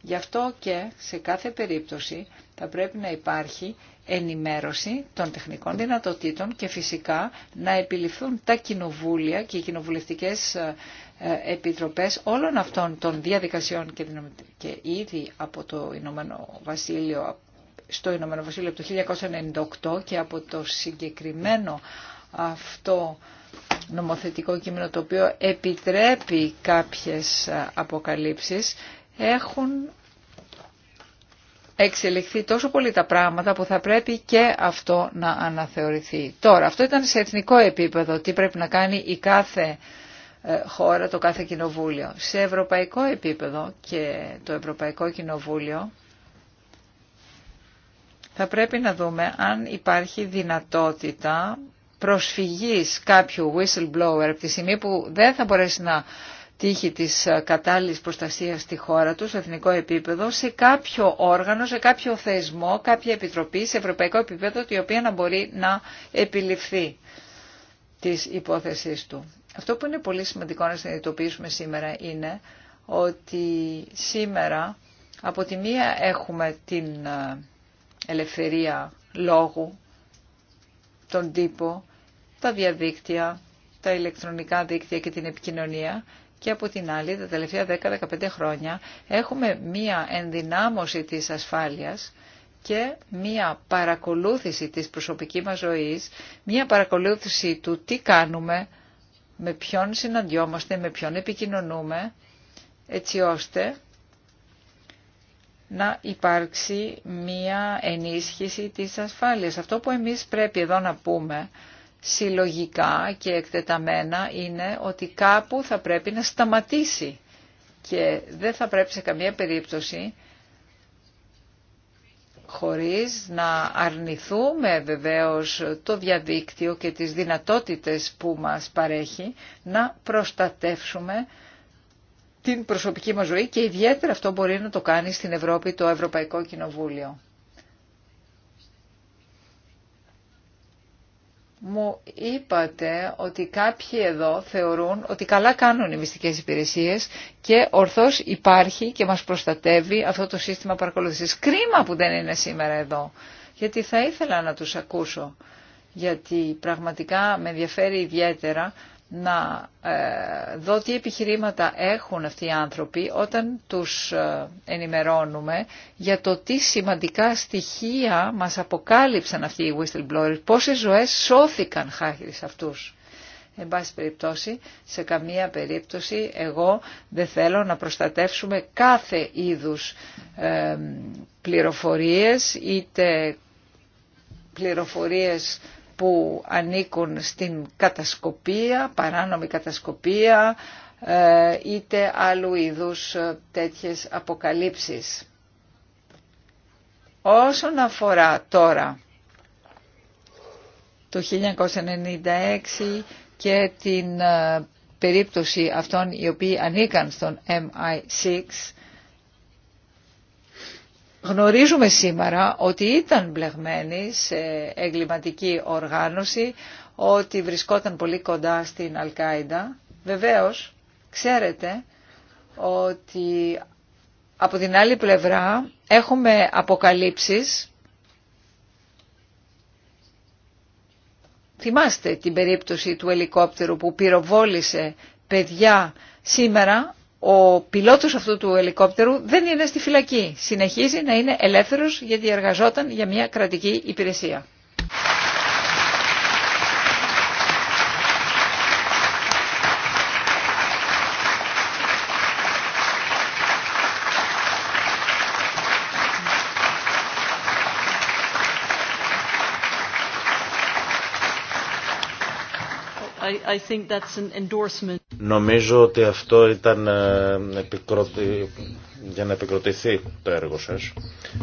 Γι' αυτό και σε κάθε περίπτωση θα πρέπει να υπάρχει ενημέρωση των τεχνικών δυνατοτήτων και φυσικά να επιληφθούν τα κοινοβούλια και οι κοινοβουλευτικές ε, επιτροπές όλων αυτών των διαδικασιών και ήδη από το Ηνωμένο Βασίλειο στο Ηνωμένο Βασίλειο από το 1998 και από το συγκεκριμένο αυτό νομοθετικό κείμενο το οποίο επιτρέπει κάποιες αποκαλύψεις έχουν εξελιχθεί τόσο πολύ τα πράγματα που θα πρέπει και αυτό να αναθεωρηθεί. Τώρα, αυτό ήταν σε εθνικό επίπεδο, τι πρέπει να κάνει η κάθε ε, χώρα, το κάθε κοινοβούλιο. Σε ευρωπαϊκό επίπεδο και το Ευρωπαϊκό Κοινοβούλιο θα πρέπει να δούμε αν υπάρχει δυνατότητα προσφυγής κάποιου whistleblower από τη στιγμή που δεν θα μπορέσει να τύχει της ε, κατάλληλης προστασίας στη χώρα του, σε εθνικό επίπεδο, σε κάποιο όργανο, σε κάποιο θεσμό, κάποια επιτροπή, σε ευρωπαϊκό επίπεδο, η οποία να μπορεί να επιληφθεί της υπόθεσής του. Αυτό που είναι πολύ σημαντικό να συνειδητοποιήσουμε σήμερα είναι ότι σήμερα από τη μία έχουμε την ε, ελευθερία λόγου, τον τύπο, τα διαδίκτυα, τα ηλεκτρονικά δίκτυα και την επικοινωνία και από την άλλη τα τελευταία 10-15 χρόνια έχουμε μία ενδυνάμωση της ασφάλειας και μία παρακολούθηση της προσωπικής μας ζωής, μία παρακολούθηση του τι κάνουμε, με ποιον συναντιόμαστε, με ποιον επικοινωνούμε, έτσι ώστε να υπάρξει μία ενίσχυση της ασφάλειας. Αυτό που εμείς πρέπει εδώ να πούμε συλλογικά και εκτεταμένα είναι ότι κάπου θα πρέπει να σταματήσει και δεν θα πρέπει σε καμία περίπτωση χωρίς να αρνηθούμε βεβαίως το διαδίκτυο και τις δυνατότητες που μας παρέχει να προστατεύσουμε την προσωπική μας ζωή και ιδιαίτερα αυτό μπορεί να το κάνει στην Ευρώπη το Ευρωπαϊκό Κοινοβούλιο. Μου είπατε ότι κάποιοι εδώ θεωρούν ότι καλά κάνουν οι μυστικές υπηρεσίες και ορθώς υπάρχει και μας προστατεύει αυτό το σύστημα παρακολουθήσης. Κρίμα που δεν είναι σήμερα εδώ, γιατί θα ήθελα να τους ακούσω, γιατί πραγματικά με ενδιαφέρει ιδιαίτερα να ε, δω τι επιχειρήματα έχουν αυτοί οι άνθρωποι όταν τους ε, ενημερώνουμε για το τι σημαντικά στοιχεία μας αποκάλυψαν αυτοί οι whistleblowers, πόσες ζωές σώθηκαν χάρη σε αυτούς. Εν πάση περιπτώσει, σε καμία περίπτωση εγώ δεν θέλω να προστατεύσουμε κάθε είδους ε, πληροφορίες, είτε πληροφορίες που ανήκουν στην κατασκοπία, παράνομη κατασκοπία, ε, είτε άλλου είδους τέτοιες αποκαλύψεις. Όσον αφορά τώρα το 1996 και την ε, περίπτωση αυτών οι οποίοι ανήκαν στον MI6, Γνωρίζουμε σήμερα ότι ήταν μπλεγμένη σε εγκληματική οργάνωση, ότι βρισκόταν πολύ κοντά στην Αλκάιντα. Βεβαίως, ξέρετε ότι από την άλλη πλευρά έχουμε αποκαλύψεις. Θυμάστε την περίπτωση του ελικόπτερου που πυροβόλησε παιδιά σήμερα ο πιλότος αυτού του ελικόπτερου δεν είναι στη φυλακή. Συνεχίζει να είναι ελεύθερος γιατί εργαζόταν για μια κρατική υπηρεσία. Νομίζω ότι αυτό ήταν ε, για να επικροτηθεί το έργο σας.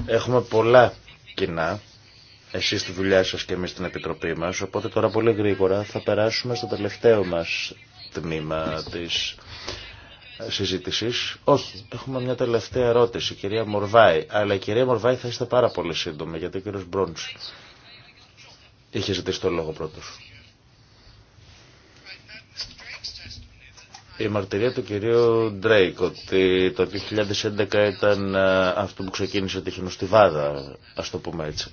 Έχουμε πολλά κοινά, εσείς στη δουλειά σας και εμείς στην Επιτροπή μας, οπότε τώρα πολύ γρήγορα θα περάσουμε στο τελευταίο μας τμήμα της ε, συζήτησης. Όχι, έχουμε μια τελευταία ερώτηση, κυρία Μορβάη. Αλλά η κυρία Μορβάη θα είστε πάρα πολύ σύντομη, γιατί ο κύριος Μπρόντς είχε ζητήσει το λόγο πρώτος. η μαρτυρία του κυρίου Ντρέικ ότι το 2011 ήταν ε, αυτό που ξεκίνησε τη χινοστιβάδα, ας το πούμε έτσι.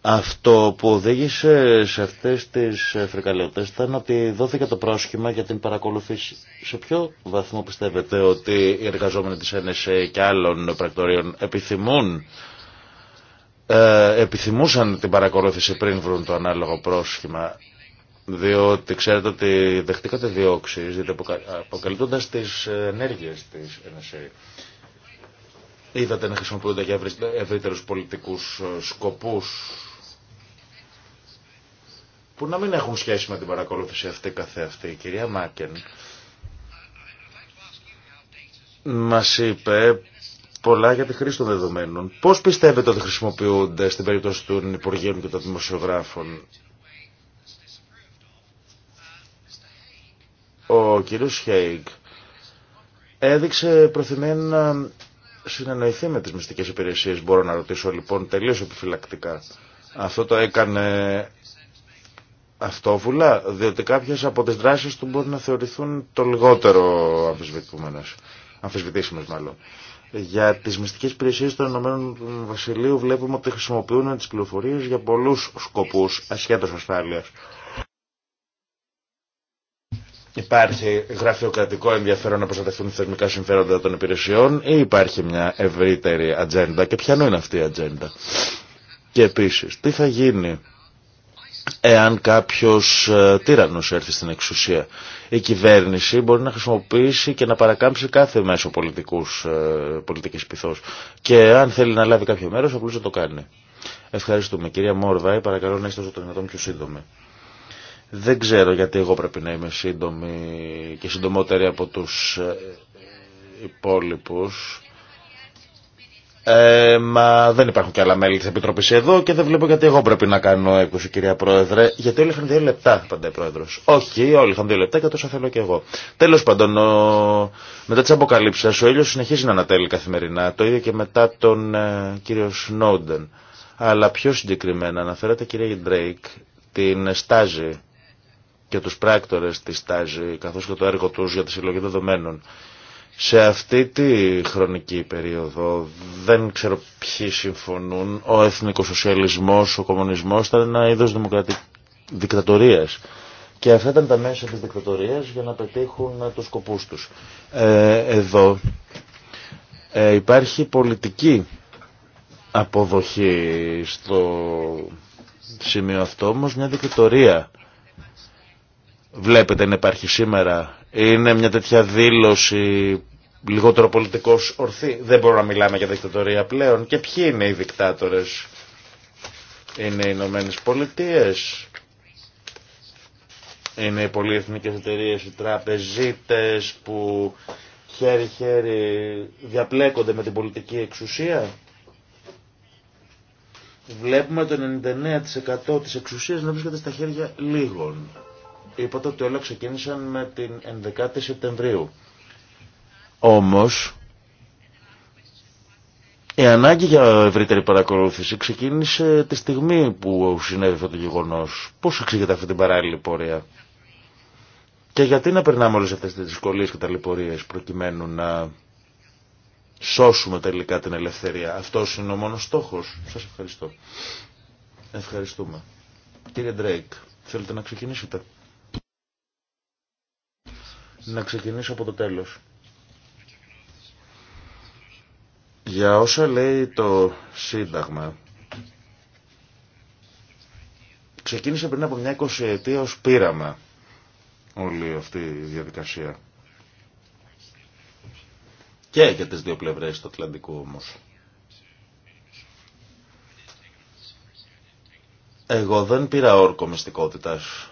Αυτό που οδήγησε σε αυτές τις φρικαλαιότητες ήταν ότι δόθηκε το πρόσχημα για την παρακολουθήση. Σε ποιο βαθμό πιστεύετε ότι οι εργαζόμενοι της NSA και άλλων πρακτορείων επιθυμούν ε, επιθυμούσαν την παρακολούθηση πριν βρουν το ανάλογο πρόσχημα. Διότι ξέρετε ότι δεχτήκατε διώξεις, διότι αποκαλύπτοντας τις ενέργειες της NSA. Είδατε να χρησιμοποιούνται για ευρύτερους πολιτικούς ε, σκοπούς που να μην έχουν σχέση με την παρακολούθηση αυτή καθεαυτή. Η κυρία Μάκεν μας είπε πολλά για τη χρήση των δεδομένων. Πώς πιστεύετε ότι χρησιμοποιούνται στην περίπτωση των Υπουργείων και των δημοσιογράφων Ο κύριος Χέικ έδειξε προθυμένη να συνεννοηθεί με τις μυστικές υπηρεσίες. Μπορώ να ρωτήσω λοιπόν τελείως επιφυλακτικά. Αυτό το έκανε αυτόβουλα, διότι κάποιες από τις δράσεις του μπορεί να θεωρηθούν το λιγότερο αμφισβητούμενες, αμφισβητήσιμες μάλλον. Για τις μυστικές υπηρεσίες των Ηνωμένων βλέπουμε ότι χρησιμοποιούν τις πληροφορίες για πολλούς σκοπούς ασχέτως ασφάλειας. Υπάρχει γραφειοκρατικό ενδιαφέρον να προστατευτούν θερμικά συμφέροντα των υπηρεσιών ή υπάρχει μια ευρύτερη ατζέντα και ποιανού είναι αυτή η ατζέντα. Και επίσης, τι θα γίνει εάν κάποιος ε, τύραννος έρθει στην εξουσία. Η κυβέρνηση μπορεί να χρησιμοποιήσει και να παρακάμψει κάθε μέσο πολιτικούς, ε, πολιτικής πυθός. Και αν θέλει να λάβει κάποιο μέρος, απλώς θα το κάνει. Ευχαριστούμε. Κυρία Μόρβα, παρακαλώ να είστε όσο το δυνατόν πιο σύντομη. Δεν ξέρω γιατί εγώ πρέπει να είμαι σύντομη και συντομότερη από τους ε, υπόλοιπους. Ε, μα δεν υπάρχουν και άλλα μέλη τη Επιτροπή εδώ και δεν βλέπω γιατί εγώ πρέπει να κάνω έκουση, κυρία Πρόεδρε. Γιατί όλοι είχαν δύο λεπτά, πάντα Πρόεδρο. Όχι, όλοι είχαν δύο λεπτά και τόσο θέλω και εγώ. Τέλο πάντων, ο... μετά τι αποκαλύψεις, ο ήλιο συνεχίζει να ανατέλει καθημερινά. Το ίδιο και μετά τον ε, κύριο Σνόντεν. Αλλά πιο συγκεκριμένα αναφέρατε, κυρία Ντρέικ, την στάζη και τους πράκτορες της ΤΑΖΗ καθώς και το έργο τους για τη συλλογή δεδομένων. Σε αυτή τη χρονική περίοδο δεν ξέρω ποιοι συμφωνούν. Ο εθνικοσοσιαλισμός, ο κομμουνισμός ήταν ένα είδος δημοκρατικ... δικτατορίας. Και αυτά ήταν τα μέσα της δικτατορίας για να πετύχουν τους σκοπούς τους. Ε, εδώ ε, υπάρχει πολιτική αποδοχή στο σημείο αυτό, όμως μια δικτατορία βλέπετε να υπάρχει σήμερα. Είναι μια τέτοια δήλωση λιγότερο πολιτικός ορθή. Δεν μπορούμε να μιλάμε για δικτατορία πλέον. Και ποιοι είναι οι δικτάτορες. Είναι οι Ηνωμένε Πολιτείε. Είναι οι πολυεθνικές εταιρείες, οι τραπεζίτες που χέρι-χέρι διαπλέκονται με την πολιτική εξουσία. Βλέπουμε το 99% της εξουσίας να βρίσκεται στα χέρια λίγων. Είπατε ότι όλα ξεκίνησαν με την 11η Σεπτεμβρίου. Όμως, η ανάγκη για ευρύτερη παρακολούθηση ξεκίνησε τη στιγμή που συνέβη αυτό το γεγονός. Πώς εξηγείται αυτή την παράλληλη πορεία. Και γιατί να περνάμε όλες αυτές τις δυσκολίες και τα προκειμένου να σώσουμε τελικά την ελευθερία. Αυτός είναι ο μόνος στόχος. Σας ευχαριστώ. Ευχαριστούμε. Κύριε Ντρέικ, θέλετε να ξεκινήσετε. Να ξεκινήσω από το τέλος. Για όσα λέει το Σύνταγμα, ξεκίνησε πριν από μια 20 ετία ως πείραμα όλη αυτή η διαδικασία. Και για τις δύο πλευρές του Ατλαντικού όμως. Εγώ δεν πήρα όρκο μυστικότητας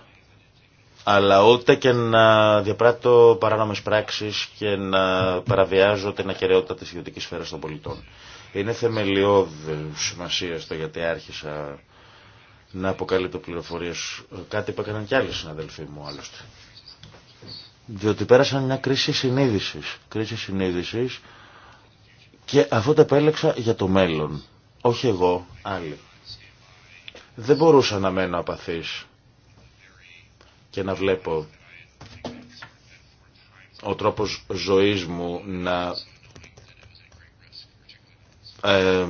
αλλά ούτε και να διαπράττω παράνομες πράξεις και να παραβιάζω την ακαιρεότητα της ιδιωτικής σφαίρας των πολιτών. Είναι θεμελιώδη σημασία στο γιατί άρχισα να αποκαλύπτω πληροφορίες. Κάτι που έκαναν κι άλλοι συναδελφοί μου άλλωστε. Διότι πέρασαν μια κρίση συνείδησης. Κρίση συνείδησης και αυτό το επέλεξα για το μέλλον. Όχι εγώ, άλλοι. Δεν μπορούσα να μένω απαθής και να βλέπω ο τρόπος ζωής μου να ε,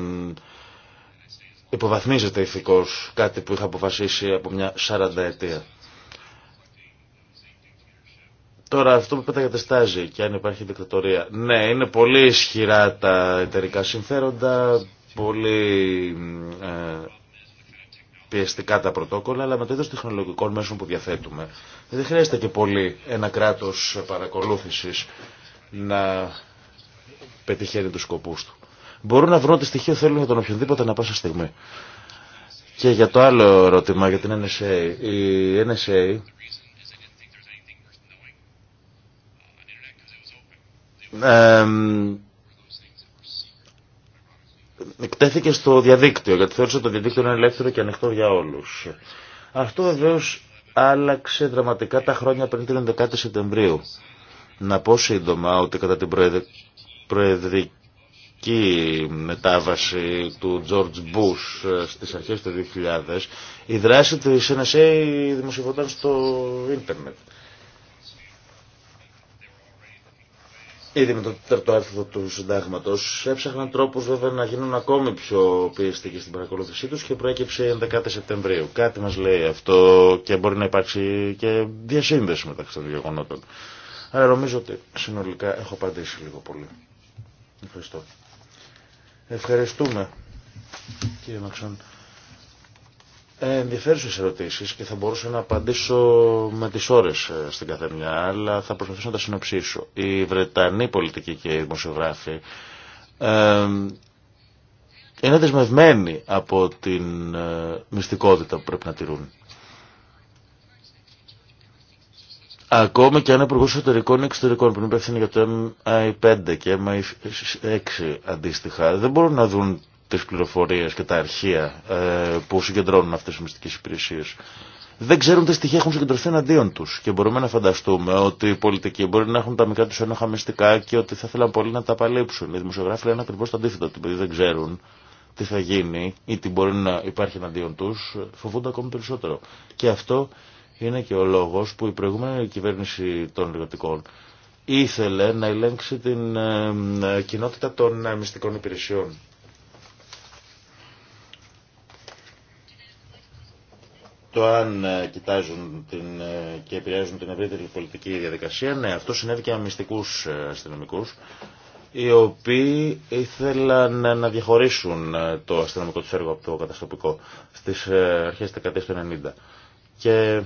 υποβαθμίζεται ηθικώς κάτι που είχα αποφασίσει από μια 40 ετία. Τώρα αυτό που στάζει και αν υπάρχει δικτατορία. Ναι, είναι πολύ ισχυρά τα εταιρικά συμφέροντα, πολύ ε, πιεστικά τα πρωτόκολλα, αλλά με το είδο τεχνολογικών μέσων που διαθέτουμε. Δεν χρειάζεται και πολύ ένα κράτο παρακολούθησης να πετυχαίνει του σκοπού του. Μπορούν να βρουν ό,τι στοιχείο θέλουν για τον οποιονδήποτε να πάσα στιγμή. Και για το άλλο ερώτημα, για την NSA. Η NSA ε, εκτέθηκε στο διαδίκτυο, γιατί θεώρησε το διαδίκτυο είναι ελεύθερο και ανοιχτό για όλους. Αυτό βεβαίω άλλαξε δραματικά τα χρόνια πριν την 11η Σεπτεμβρίου. Να πω σύντομα ότι κατά την προεδρική μετάβαση του George Bush ε, στις αρχές του 2000 η δράση της NSA δημοσιευόταν στο ίντερνετ. Ήδη με το τέταρτο άρθρο του συντάγματο έψαχναν τρόπου βέβαια να γίνουν ακόμη πιο πιεστικοί στην παρακολούθησή του και προέκυψε 11 Σεπτεμβρίου. Κάτι μα λέει αυτό και μπορεί να υπάρξει και διασύνδεση μεταξύ των γεγονότων. αλλά νομίζω ότι συνολικά έχω απαντήσει λίγο πολύ. Ευχαριστώ. Ευχαριστούμε κύριε Μαξόν. Ενδιαφέρουσε ερωτήσεις και θα μπορούσα να απαντήσω με τις ώρες ε, στην καθεμιά, αλλά θα προσπαθήσω να τα συνοψίσω. Οι Βρετανοί πολιτικοί και οι δημοσιογράφοι ε, είναι δεσμευμένοι από την ε, μυστικότητα που πρέπει να τηρούν. Ακόμα και αν υπουργό εσωτερικών ή εξωτερικών που είναι υπεύθυνοι για το MI5 και MI6 αντίστοιχα, δεν μπορούν να δουν τις πληροφορίες και τα αρχεία ε, που συγκεντρώνουν αυτές τις μυστικές υπηρεσίες. Δεν ξέρουν τι στοιχεία έχουν συγκεντρωθεί εναντίον του. Και μπορούμε να φανταστούμε ότι οι πολιτικοί μπορεί να έχουν τα μικρά του ένοχα μυστικά και ότι θα ήθελαν πολύ να τα απαλείψουν. Οι δημοσιογράφοι λένε ακριβώ το αντίθετο, ότι επειδή δεν ξέρουν τι θα γίνει ή τι μπορεί να υπάρχει εναντίον του, φοβούνται ακόμη περισσότερο. Και αυτό είναι και ο λόγο που η προηγούμενη κυβέρνηση των λιγοτικών ήθελε να ελέγξει την ε, ε, κοινότητα των μυστικών υπηρεσιών το αν ε, κοιτάζουν την, ε, και επηρεάζουν την ευρύτερη πολιτική διαδικασία. Ναι, αυτό συνέβη και με μυστικού ε, αστυνομικού, οι οποίοι ήθελαν να διαχωρίσουν το αστυνομικό του έργο από το καταστροπικό στι αρχέ τη δεκαετία του 1990. Και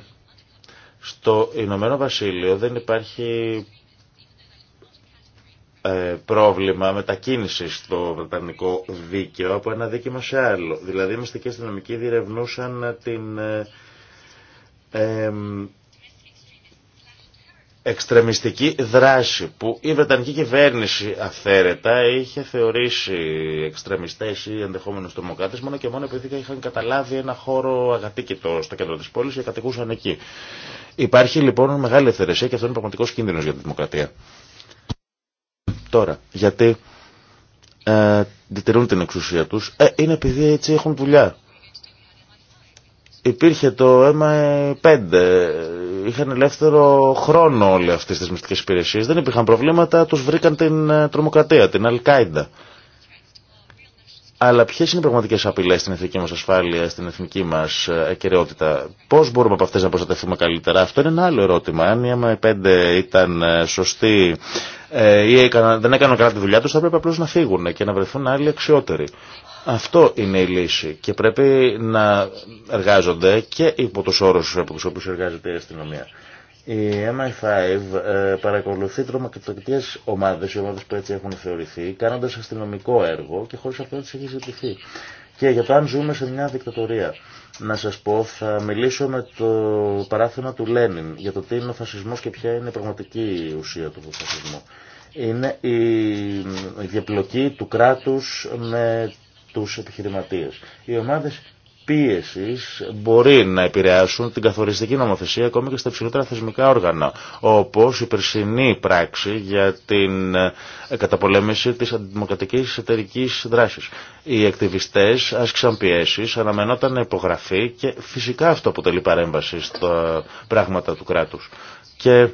στο Ηνωμένο Βασίλειο δεν υπάρχει ε, πρόβλημα μετακίνηση στο Βρετανικό δίκαιο από ένα δίκημα σε άλλο. Δηλαδή οι μυστικοί αστυνομικοί διερευνούσαν την ε, εξτρεμιστική δράση που η Βρετανική κυβέρνηση αυθαίρετα είχε θεωρήσει εξτρεμιστές ή ενδεχόμενου τρομοκράτε μόνο και μόνο επειδή είχαν καταλάβει ένα χώρο αγατήκητο στο κέντρο της πόλης και κατοικούσαν εκεί. Υπάρχει λοιπόν μεγάλη ευθερεσία και αυτό είναι πραγματικός κίνδυνο για τη δημοκρατία τώρα. Γιατί ε, διτηρούν την εξουσία τους. Ε, είναι επειδή έτσι έχουν δουλειά. Υπήρχε το MI5, είχαν ελεύθερο χρόνο όλοι αυτές τις μυστικές υπηρεσίες, δεν υπήρχαν προβλήματα, τους βρήκαν την ε, τρομοκρατία, την Αλκάιντα. Αλλά ποιε είναι οι πραγματικέ απειλέ στην εθνική μα ασφάλεια, στην εθνική μα ε, ακαιρεότητα. Πώ μπορούμε από αυτέ να προστατευτούμε καλύτερα. Αυτό είναι ένα άλλο ερώτημα. Αν οι μαε 5 ήταν ε, σωστοί ε, ή δεν έκαναν καλά τη δουλειά του, θα πρέπει απλώ να φύγουν και να βρεθούν άλλοι αξιότεροι. Αυτό είναι η λύση και πρέπει να εργάζονται και υπό τους όρους από του οποίους εργάζεται η αστυνομία. Η MI5 ε, παρακολουθεί τρομοκρατικές ομάδες, οι ομάδες που έτσι έχουν θεωρηθεί, κάνοντας αστυνομικό έργο και χωρίς αυτό τι έχει ζητηθεί. Και για το αν ζούμε σε μια δικτατορία. Να σα πω, θα μιλήσω με το παράθυμα του Λένιν για το τι είναι ο φασισμό και ποια είναι η πραγματική ουσία του φασισμού. Είναι η διαπλοκή του κράτου με του επιχειρηματίε. Οι ομάδες πίεσης μπορεί να επηρεάσουν την καθοριστική νομοθεσία ακόμη και στα υψηλότερα θεσμικά όργανα, όπως η περσινή πράξη για την ε, καταπολέμηση της αντιδημοκρατικής εταιρική δράσης. Οι ακτιβιστές άσκησαν πιέσεις, αναμενόταν υπογραφή και φυσικά αυτό αποτελεί παρέμβαση στα πράγματα του κράτους. Και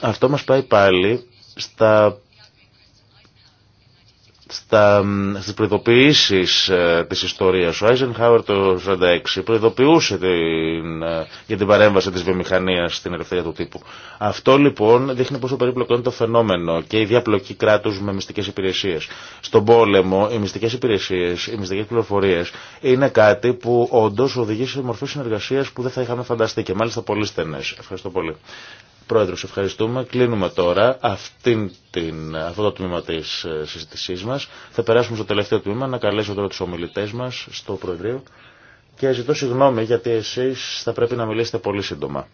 αυτό μας πάει πάλι στα στα, στις προειδοποιήσεις ε, της ιστορίας. Ο Eisenhower το 1946 προειδοποιούσε την, ε, για την παρέμβαση της βιομηχανίας στην ελευθερία του τύπου. Αυτό λοιπόν δείχνει πόσο περίπλοκο είναι το φαινόμενο και η διαπλοκή κράτους με μυστικές υπηρεσίες. Στον πόλεμο οι μυστικές υπηρεσίες, οι μυστικές πληροφορίες είναι κάτι που όντω οδηγεί σε μορφή συνεργασίας που δεν θα είχαμε φανταστεί και μάλιστα πολύ στενές. Ευχαριστώ πολύ. Πρόεδρος, ευχαριστούμε. Κλείνουμε τώρα αυτήν την, αυτό το τμήμα τη ε, συζήτησή μας. Θα περάσουμε στο τελευταίο τμήμα να καλέσω τώρα τους ομιλητές μας στο Προεδρείο και ζητώ συγγνώμη γιατί εσείς θα πρέπει να μιλήσετε πολύ σύντομα.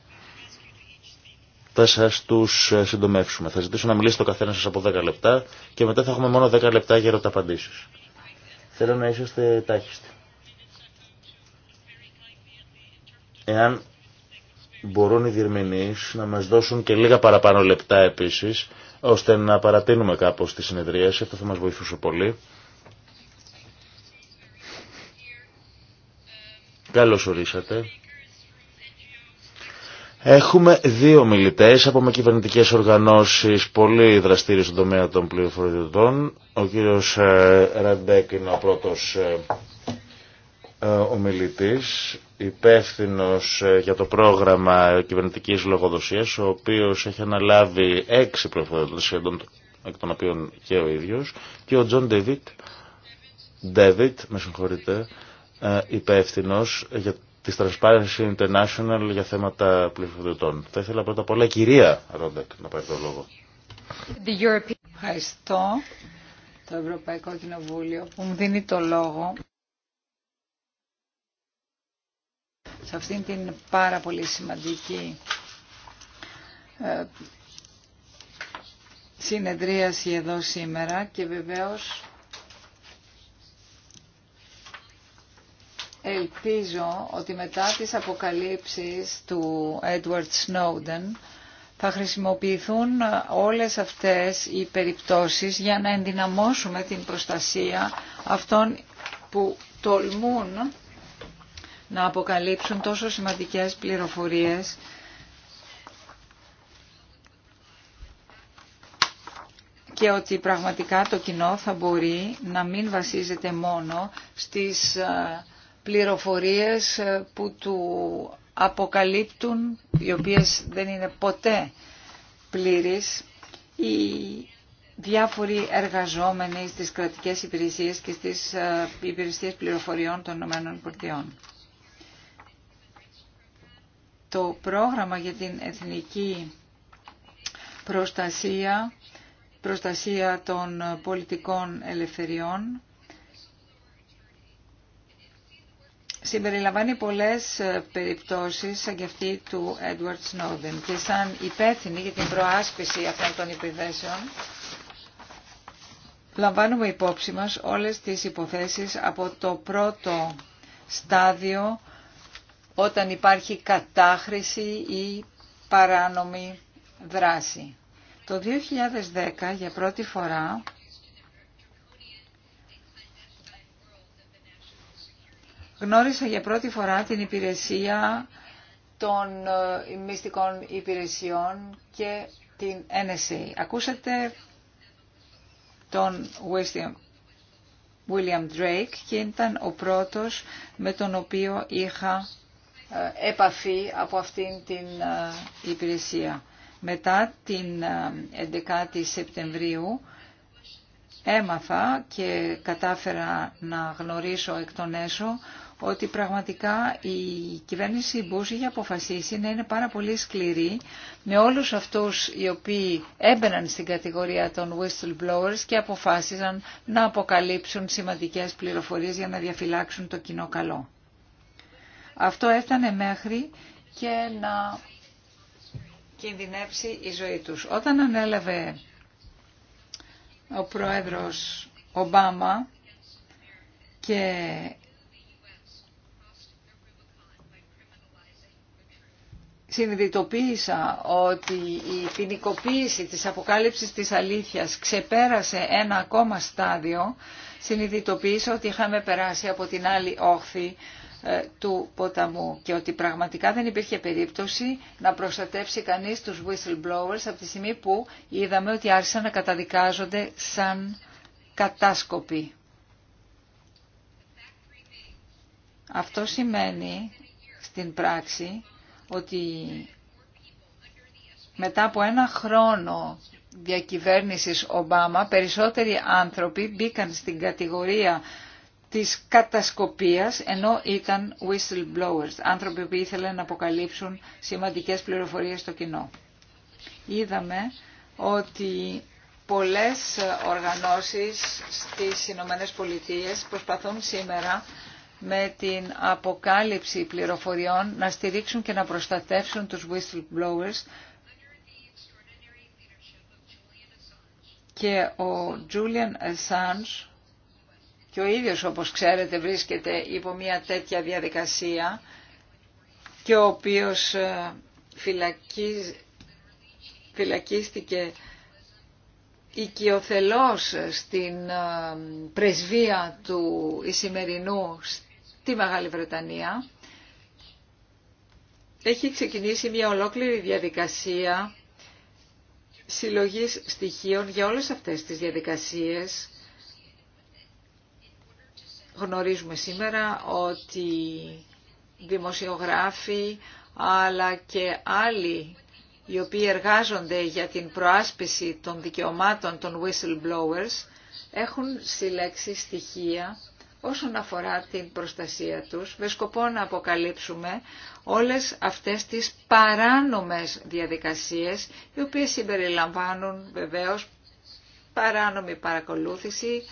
Θα σα τους ε, συντομεύσουμε. Θα ζητήσω να μιλήσετε ο καθένα σα από 10 λεπτά και μετά θα έχουμε μόνο 10 λεπτά για ερωταπαντήσει. Θέλω να είσαστε τάχιστοι. Εάν μπορούν οι διερμηνείς να μας δώσουν και λίγα παραπάνω λεπτά επίσης, ώστε να παρατείνουμε κάπως τη συνεδρίαση. Αυτό θα μας βοηθούσε πολύ. Καλώς ορίσατε. Έχουμε δύο μιλητές από με κυβερνητικές οργανώσεις πολύ δραστήριες στον τομέα των πληροφοριοδοτών. Ο κύριος ε, Ραντέκ είναι ο πρώτος ε, ε, ομιλητής υπεύθυνο ε, για το πρόγραμμα κυβερνητικής λογοδοσίας ο οποίος έχει αναλάβει έξι προϋποθέσεις εκ των οποίων και ο ίδιος και ο Τζον Ντεβιτ Ντεβιτ, με συγχωρείτε ε, υπεύθυνο για τη Transparency International για θέματα πληροφοριωτών. Θα ήθελα πρώτα απ' όλα κυρία Ρόντεκ να πάρει το λόγο. Ευχαριστώ το Ευρωπαϊκό Κοινοβούλιο που μου δίνει το λόγο. σε αυτήν την πάρα πολύ σημαντική ε, συνεδρίαση εδώ σήμερα και βεβαίως ελπίζω ότι μετά τις αποκαλύψεις του Edward Snowden θα χρησιμοποιηθούν όλες αυτές οι περιπτώσεις για να ενδυναμώσουμε την προστασία αυτών που τολμούν να αποκαλύψουν τόσο σημαντικές πληροφορίες και ότι πραγματικά το κοινό θα μπορεί να μην βασίζεται μόνο στις ε, πληροφορίες ε, που του αποκαλύπτουν, οι οποίες δεν είναι ποτέ πλήρης, οι διάφοροι εργαζόμενοι στις κρατικές υπηρεσίες και στις ε, υπηρεσίες πληροφοριών των ΗΠΑ το πρόγραμμα για την εθνική προστασία, προστασία των πολιτικών ελευθεριών, συμπεριλαμβάνει πολλές ε, περιπτώσεις σαν και αυτή του Edward Snowden και σαν υπεύθυνη για την προάσπιση αυτών των επιθέσεων λαμβάνουμε υπόψη μας όλες τις υποθέσεις από το πρώτο στάδιο όταν υπάρχει κατάχρηση ή παράνομη δράση. Το 2010 για πρώτη φορά γνώρισα για πρώτη φορά την υπηρεσία των ε, μυστικών υπηρεσιών και την NSA. Ακούσατε τον William, Drake και ήταν ο πρώτος με τον οποίο είχα ε, επαφή από αυτήν την ε, υπηρεσία. Μετά την 11η ε, Σεπτεμβρίου έμαθα και κατάφερα να γνωρίσω εκ των έσω ότι πραγματικά η κυβέρνηση Μπούς είχε αποφασίσει να είναι πάρα πολύ σκληρή με όλους αυτούς οι οποίοι έμπαιναν στην κατηγορία των whistleblowers και αποφάσιζαν να αποκαλύψουν σημαντικές πληροφορίες για να διαφυλάξουν το κοινό καλό. Αυτό έφτανε μέχρι και να κινδυνεύσει η ζωή τους. Όταν ανέλαβε ο πρόεδρος Ομπάμα και συνειδητοποίησα ότι η ποινικοποίηση της αποκάλυψης της αλήθειας ξεπέρασε ένα ακόμα στάδιο, συνειδητοποίησα ότι είχαμε περάσει από την άλλη όχθη ε, του ποταμού και ότι πραγματικά δεν υπήρχε περίπτωση να προστατεύσει κανείς τους whistleblowers από τη στιγμή που είδαμε ότι άρχισαν να καταδικάζονται σαν κατάσκοποι. Αυτό σημαίνει στην πράξη ότι μετά από ένα χρόνο διακυβέρνησης Ομπάμα περισσότεροι άνθρωποι μπήκαν στην κατηγορία της κατασκοπίας, ενώ ήταν whistleblowers, άνθρωποι που ήθελαν να αποκαλύψουν σημαντικές πληροφορίες στο κοινό. Είδαμε ότι πολλές οργανώσεις στις Ηνωμένες Πολιτείες προσπαθούν σήμερα με την αποκάλυψη πληροφοριών να στηρίξουν και να προστατεύσουν τους whistleblowers και ο Julian Assange και ο ίδιος όπως ξέρετε βρίσκεται υπό μια τέτοια διαδικασία και ο οποίος ε, φυλακίστηκε οικειοθελώς στην ε, πρεσβεία του Ισημερινού στη Μεγάλη Βρετανία. Έχει ξεκινήσει μια ολόκληρη διαδικασία συλλογής στοιχείων για όλες αυτές τις διαδικασίες Γνωρίζουμε σήμερα ότι δημοσιογράφοι αλλά και άλλοι οι οποίοι εργάζονται για την προάσπιση των δικαιωμάτων των whistleblowers έχουν συλλέξει στοιχεία όσον αφορά την προστασία τους με σκοπό να αποκαλύψουμε όλες αυτές τις παράνομες διαδικασίες οι οποίες συμπεριλαμβάνουν βεβαίως παράνομη παρακολούθηση,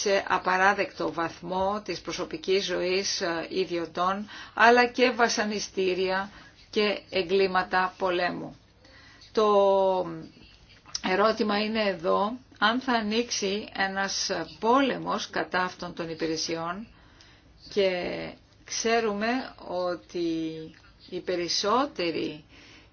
σε απαράδεκτο βαθμό της προσωπικής ζωής ε, ιδιωτών, αλλά και βασανιστήρια και εγκλήματα πολέμου. Το ερώτημα είναι εδώ αν θα ανοίξει ένας πόλεμος κατά αυτών των υπηρεσιών και ξέρουμε ότι οι περισσότεροι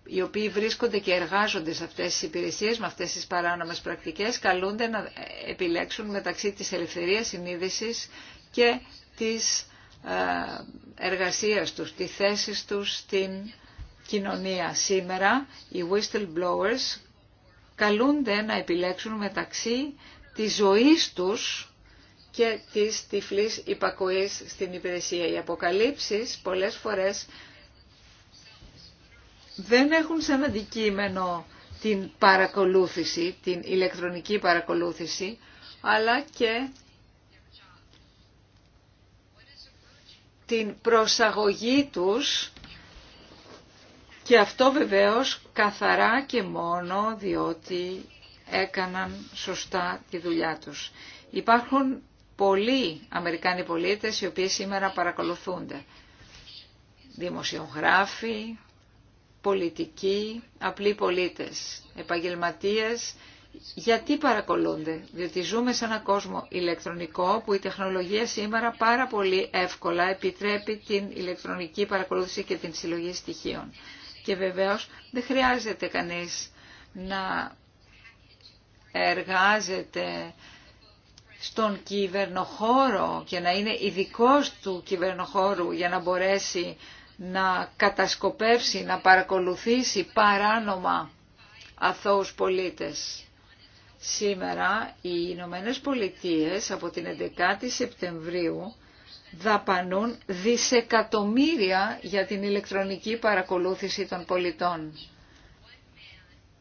οι οποίοι βρίσκονται και εργάζονται σε αυτές τις υπηρεσίες, με αυτές τις παράνομες πρακτικές, καλούνται να επιλέξουν μεταξύ της ελευθερίας συνείδησης και της ε, εργασίας τους, τη θέση τους στην κοινωνία. Σήμερα οι whistleblowers καλούνται να επιλέξουν μεταξύ της ζωής τους και της τυφλής υπακοής στην υπηρεσία. Οι αποκαλύψεις πολλές φορές δεν έχουν σαν αντικείμενο την παρακολούθηση, την ηλεκτρονική παρακολούθηση, αλλά και την προσαγωγή τους και αυτό βεβαίως καθαρά και μόνο διότι έκαναν σωστά τη δουλειά τους. Υπάρχουν πολλοί Αμερικάνοι πολίτες οι οποίοι σήμερα παρακολουθούνται. Δημοσιογράφοι, πολιτικοί, απλοί πολίτες, επαγγελματίες, γιατί παρακολούνται. Διότι ζούμε σε έναν κόσμο ηλεκτρονικό που η τεχνολογία σήμερα πάρα πολύ εύκολα επιτρέπει την ηλεκτρονική παρακολούθηση και την συλλογή στοιχείων. Και βεβαίως δεν χρειάζεται κανείς να εργάζεται στον κυβερνοχώρο και να είναι ειδικό του κυβερνοχώρου για να μπορέσει να κατασκοπεύσει, να παρακολουθήσει παράνομα αθώους πολίτες. Σήμερα οι Ηνωμένε Πολιτείε από την 11η Σεπτεμβρίου δαπανούν δισεκατομμύρια για την ηλεκτρονική παρακολούθηση των πολιτών.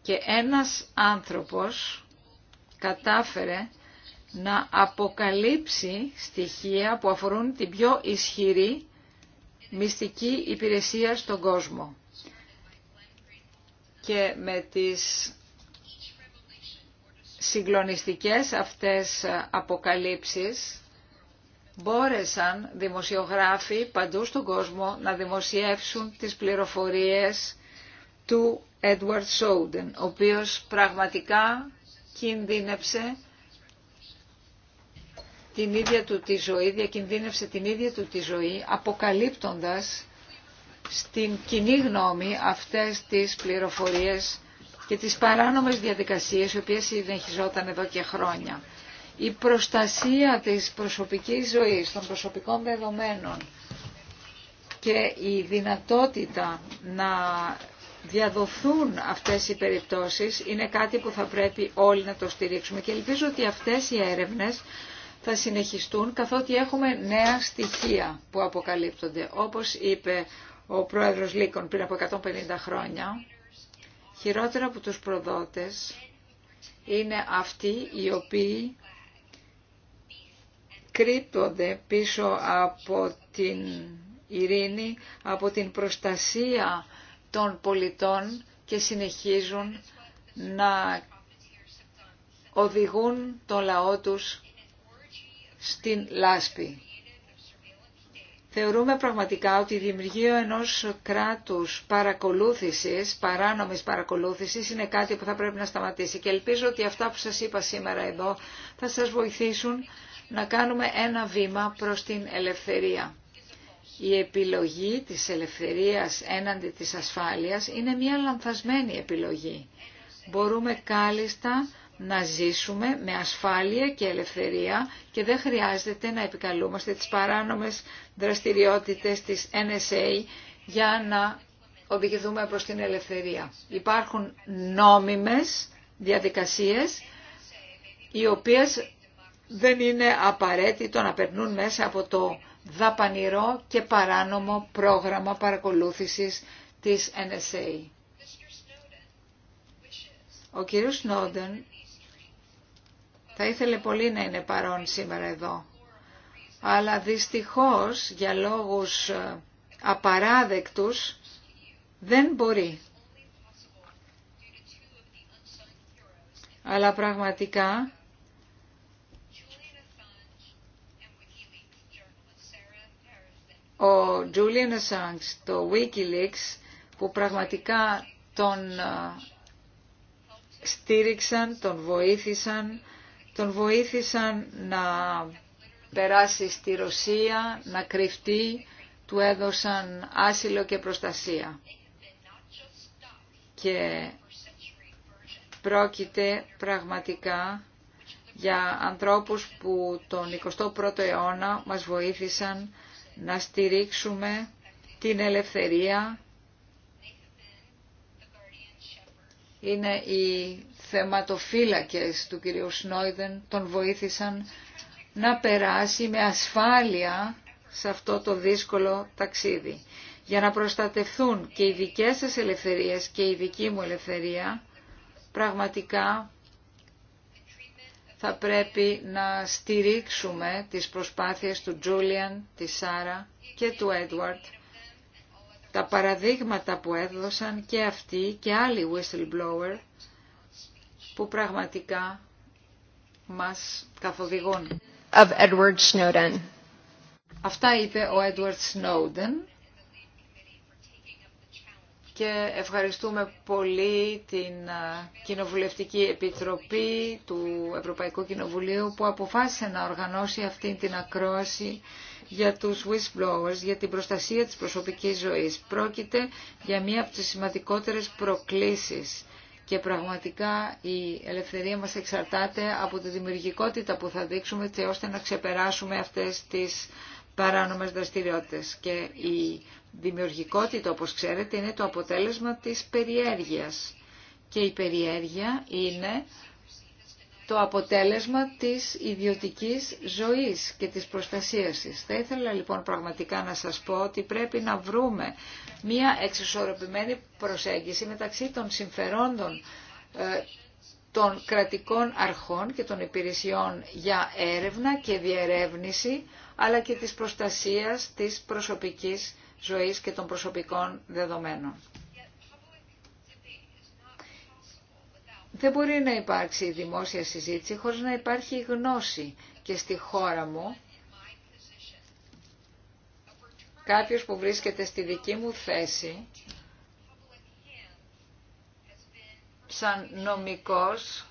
Και ένας άνθρωπος κατάφερε να αποκαλύψει στοιχεία που αφορούν την πιο ισχυρή μυστική υπηρεσία στον κόσμο. Και με τις συγκλονιστικές αυτές αποκαλύψεις μπόρεσαν δημοσιογράφοι παντού στον κόσμο να δημοσιεύσουν τις πληροφορίες του Edward Snowden, ο οποίος πραγματικά κινδύνεψε την ίδια του τη ζωή, διακινδύνευσε την ίδια του τη ζωή, αποκαλύπτοντας στην κοινή γνώμη αυτές τις πληροφορίες και τις παράνομες διαδικασίες, οι οποίες συνεχιζόταν εδώ και χρόνια. Η προστασία της προσωπικής ζωής, των προσωπικών δεδομένων και η δυνατότητα να διαδοθούν αυτές οι περιπτώσεις είναι κάτι που θα πρέπει όλοι να το στηρίξουμε και ελπίζω ότι αυτές οι έρευνες θα συνεχιστούν καθότι έχουμε νέα στοιχεία που αποκαλύπτονται. Όπως είπε ο πρόεδρος Λίκων πριν από 150 χρόνια, χειρότερα από τους προδότες είναι αυτοί οι οποίοι κρύπτονται πίσω από την ειρήνη, από την προστασία των πολιτών και συνεχίζουν να οδηγούν τον λαό τους στην λάσπη. Θεωρούμε πραγματικά ότι η δημιουργία ενός κράτους παρακολούθησης, παράνομης παρακολούθησης, είναι κάτι που θα πρέπει να σταματήσει. Και ελπίζω ότι αυτά που σας είπα σήμερα εδώ θα σας βοηθήσουν να κάνουμε ένα βήμα προς την ελευθερία. Η επιλογή της ελευθερίας έναντι της ασφάλειας είναι μια λανθασμένη επιλογή. Μπορούμε κάλλιστα να ζήσουμε με ασφάλεια και ελευθερία και δεν χρειάζεται να επικαλούμαστε τις παράνομες δραστηριότητες της NSA για να οδηγηθούμε προς την ελευθερία. Υπάρχουν νόμιμες διαδικασίες οι οποίες δεν είναι απαραίτητο να περνούν μέσα από το δαπανηρό και παράνομο πρόγραμμα παρακολούθησης της NSA. Ο κύριος Σνόντεν θα ήθελε πολύ να είναι παρόν σήμερα εδώ. Αλλά δυστυχώς για λόγους ε, απαράδεκτους δεν μπορεί. Αλλά πραγματικά ο Julian Assange, το Wikileaks, που πραγματικά τον ε, στήριξαν, τον βοήθησαν, τον βοήθησαν να περάσει στη Ρωσία, να κρυφτεί, του έδωσαν άσυλο και προστασία. Και πρόκειται πραγματικά για ανθρώπους που τον 21ο αιώνα μας βοήθησαν να στηρίξουμε την ελευθερία. Είναι οι θεματοφύλακες του κυρίου Σνόιδεν τον βοήθησαν να περάσει με ασφάλεια σε αυτό το δύσκολο ταξίδι. Για να προστατευθούν και οι δικές σας ελευθερίες και η δική μου ελευθερία, πραγματικά θα πρέπει να στηρίξουμε τις προσπάθειες του Τζούλιαν, της Σάρα και του Έντουαρτ, τα παραδείγματα που έδωσαν και αυτοί και άλλοι whistleblower, που πραγματικά μας καθοδηγούν. Of Αυτά είπε ο Edward Snowden και ευχαριστούμε πολύ την Κοινοβουλευτική Επιτροπή του Ευρωπαϊκού Κοινοβουλίου που αποφάσισε να οργανώσει αυτή την ακρόαση για τους whistleblowers, για την προστασία της προσωπικής ζωής. Πρόκειται για μία από τις σημαντικότερες προκλήσεις και πραγματικά η ελευθερία μας εξαρτάται από τη δημιουργικότητα που θα δείξουμε έτσι ώστε να ξεπεράσουμε αυτές τις παράνομες δραστηριότητες. Και η δημιουργικότητα, όπως ξέρετε, είναι το αποτέλεσμα της περιέργειας. Και η περιέργεια είναι το αποτέλεσμα της ιδιωτικής ζωής και της προστασίας της. Θα ήθελα λοιπόν πραγματικά να σας πω ότι πρέπει να βρούμε μια εξισορροπημένη προσέγγιση μεταξύ των συμφερόντων ε, των κρατικών αρχών και των υπηρεσιών για έρευνα και διερεύνηση, αλλά και της προστασίας της προσωπικής ζωής και των προσωπικών δεδομένων. Δεν μπορεί να υπάρξει δημόσια συζήτηση χωρίς να υπάρχει γνώση. Και στη χώρα μου, κάποιος που βρίσκεται στη δική μου θέση, σαν νομικός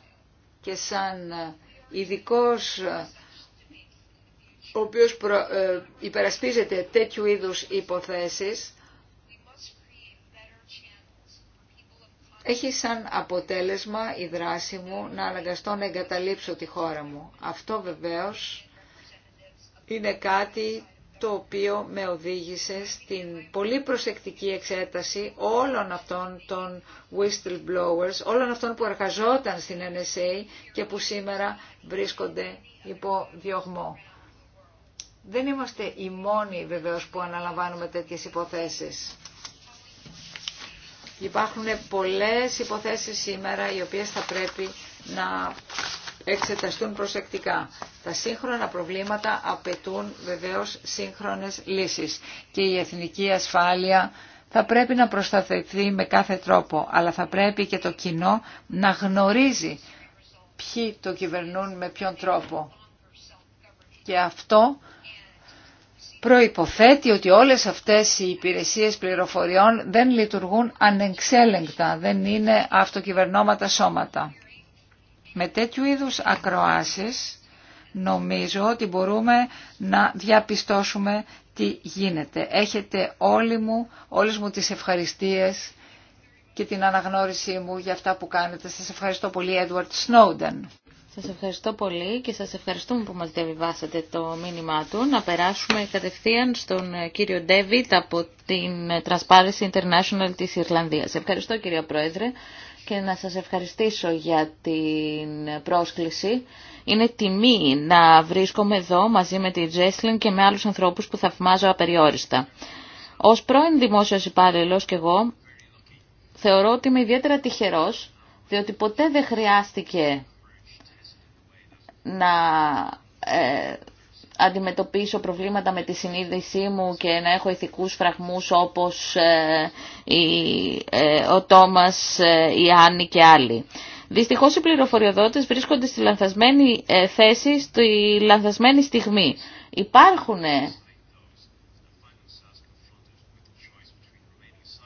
και σαν ε, ειδικό ε, ο οποίος ε, υπερασπίζεται τέτοιου είδους υποθέσεις, έχει σαν αποτέλεσμα η δράση μου να αναγκαστώ να εγκαταλείψω τη χώρα μου. Αυτό βεβαίως είναι κάτι το οποίο με οδήγησε στην πολύ προσεκτική εξέταση όλων αυτών των whistleblowers, όλων αυτών που εργαζόταν στην NSA και που σήμερα βρίσκονται υπό διωγμό. Δεν είμαστε οι μόνοι βεβαίως που αναλαμβάνουμε τέτοιες υποθέσεις. Υπάρχουν πολλές υποθέσεις σήμερα οι οποίες θα πρέπει να εξεταστούν προσεκτικά. Τα σύγχρονα προβλήματα απαιτούν βεβαίως σύγχρονες λύσεις και η εθνική ασφάλεια θα πρέπει να προστατευτεί με κάθε τρόπο, αλλά θα πρέπει και το κοινό να γνωρίζει ποιοι το κυβερνούν με ποιον τρόπο. Και αυτό προϋποθέτει ότι όλες αυτές οι υπηρεσίες πληροφοριών δεν λειτουργούν ανεξέλεγκτα, δεν είναι αυτοκυβερνόματα σώματα. Με τέτοιου είδους ακροάσεις νομίζω ότι μπορούμε να διαπιστώσουμε τι γίνεται. Έχετε όλοι μου, όλες μου τις ευχαριστίες και την αναγνώρισή μου για αυτά που κάνετε. Σας ευχαριστώ πολύ, Edward Snowden. Σας ευχαριστώ πολύ και σας ευχαριστούμε που μας διαβιβάσατε το μήνυμά του. Να περάσουμε κατευθείαν στον ε, κύριο Ντέβιτ από την ε, Transparency International της Ιρλανδίας. Ευχαριστώ κύριο Πρόεδρε και να σας ευχαριστήσω για την πρόσκληση. Είναι τιμή να βρίσκομαι εδώ μαζί με τη Τζέσλιν και με άλλους ανθρώπους που θαυμάζω απεριόριστα. Ως πρώην δημόσιο υπάλληλος και εγώ θεωρώ ότι είμαι ιδιαίτερα τυχερός διότι ποτέ δεν χρειάστηκε να ε, αντιμετωπίσω προβλήματα με τη συνείδησή μου και να έχω ηθικούς φραγμούς όπως ε, η, ε, ο Τόμας, η Άννη και άλλοι. Δυστυχώς οι πληροφοριοδότες βρίσκονται στη λανθασμένη θέση, στη λανθασμένη στιγμή. Υπάρχουν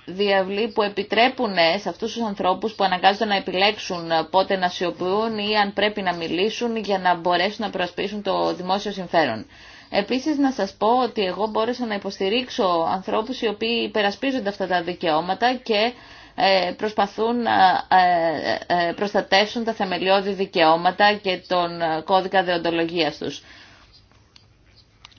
διαβλή που επιτρέπουν ε, σε αυτούς τους ανθρώπους που αναγκάζονται να επιλέξουν ε, πότε να σιωπούν ή αν πρέπει να μιλήσουν για να μπορέσουν να προασπίσουν το δημόσιο συμφέρον. Επίσης να σας πω ότι εγώ μπόρεσα να υποστηρίξω ανθρώπους οι οποίοι υπερασπίζονται αυτά τα δικαιώματα και ε, προσπαθούν να προστατεύσουν τα θεμελιώδη δικαιώματα και τον κώδικα δεοντολογίας τους.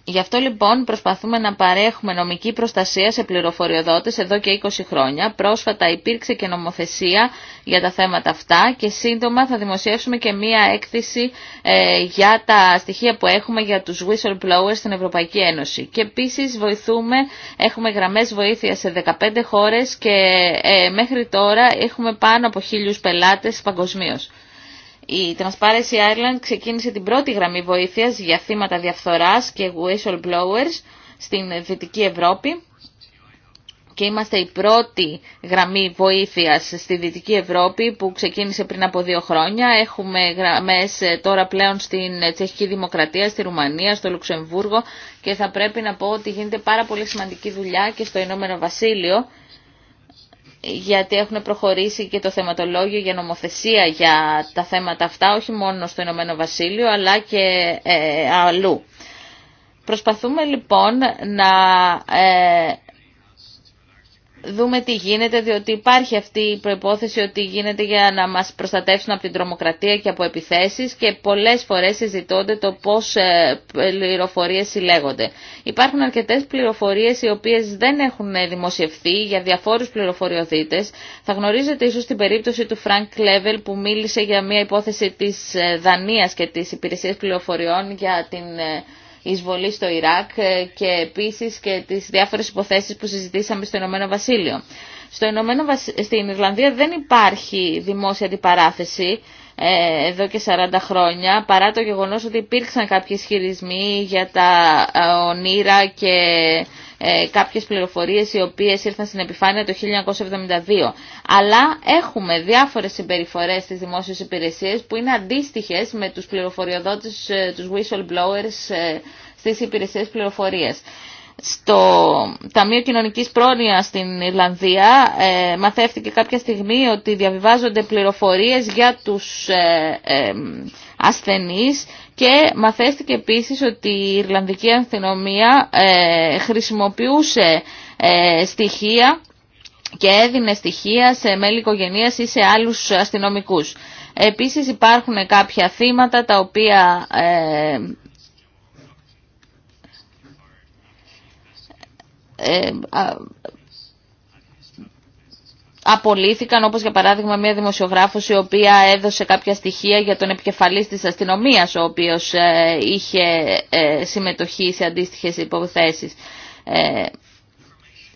Γι' αυτό λοιπόν προσπαθούμε να παρέχουμε νομική προστασία σε πληροφοριοδότες εδώ και 20 χρόνια. Πρόσφατα υπήρξε και νομοθεσία για τα θέματα αυτά και σύντομα θα δημοσιεύσουμε και μία έκθεση ε, για τα στοιχεία που έχουμε για τους whistleblowers στην Ευρωπαϊκή Ένωση. Και επίσης βοηθούμε, έχουμε γραμμές βοήθεια σε 15 χώρες και ε, μέχρι τώρα έχουμε πάνω από χίλιους πελάτες παγκοσμίως. Η Transparency Ireland ξεκίνησε την πρώτη γραμμή βοήθειας για θύματα διαφθοράς και whistleblowers στην Δυτική Ευρώπη και είμαστε η πρώτη γραμμή βοήθειας στη Δυτική Ευρώπη που ξεκίνησε πριν από δύο χρόνια. Έχουμε γραμμές ε, τώρα πλέον στην Τσεχική Δημοκρατία, στη Ρουμανία, στο Λουξεμβούργο και θα πρέπει να πω ότι γίνεται πάρα πολύ σημαντική δουλειά και στο Ηνωμένο Βασίλειο γιατί έχουν προχωρήσει και το θεματολόγιο για νομοθεσία για τα θέματα αυτά, όχι μόνο στο Ηνωμένο Βασίλειο, αλλά και ε, αλλού. Προσπαθούμε λοιπόν να ε, δούμε τι γίνεται, διότι υπάρχει αυτή η προϋπόθεση ότι γίνεται για να μας προστατεύσουν από την τρομοκρατία και από επιθέσεις και πολλές φορές συζητώνται το πώς ε, πληροφορίες συλλέγονται. Υπάρχουν αρκετές πληροφορίες οι οποίες δεν έχουν δημοσιευθεί για διαφόρους πληροφοριοδίτες. Θα γνωρίζετε ίσως την περίπτωση του Frank Level που μίλησε για μια υπόθεση της ε, Δανίας και της υπηρεσίας πληροφοριών για την ε, εισβολή στο Ιράκ ε, και επίσης και τις διάφορες υποθέσεις που συζητήσαμε στο Ηνωμένο Βασίλειο. Στην Ιρλανδία δεν υπάρχει δημόσια αντιπαράθεση ε, εδώ και 40 χρόνια, παρά το γεγονός ότι υπήρξαν κάποιοι ισχυρισμοί για τα ε, ονείρα και ε, κάποιες πληροφορίες οι οποίες ήρθαν στην επιφάνεια το 1972. Αλλά έχουμε διάφορες συμπεριφορές στις δημόσιες υπηρεσίες που είναι αντίστοιχες με τους πληροφοριοδότες, τους whistleblowers στις υπηρεσίες πληροφορίας στο Ταμείο Κοινωνικής Πρόνοιας στην Ιρλανδία ε, μαθεύτηκε κάποια στιγμή ότι διαβιβάζονται πληροφορίες για τους ε, ε ασθενείς και μαθαίστηκε επίσης ότι η Ιρλανδική Ανθινομία ε, χρησιμοποιούσε ε, στοιχεία και έδινε στοιχεία σε μέλη οικογενείας ή σε άλλους αστυνομικούς. Επίσης υπάρχουν κάποια θύματα τα οποία Ε, απολύθηκαν, όπως για παράδειγμα μια δημοσιογράφος η οποία έδωσε κάποια στοιχεία για τον επικεφαλής της αστυνομίας, ο οποίος ε, είχε ε, συμμετοχή σε αντίστοιχες υποθέσεις.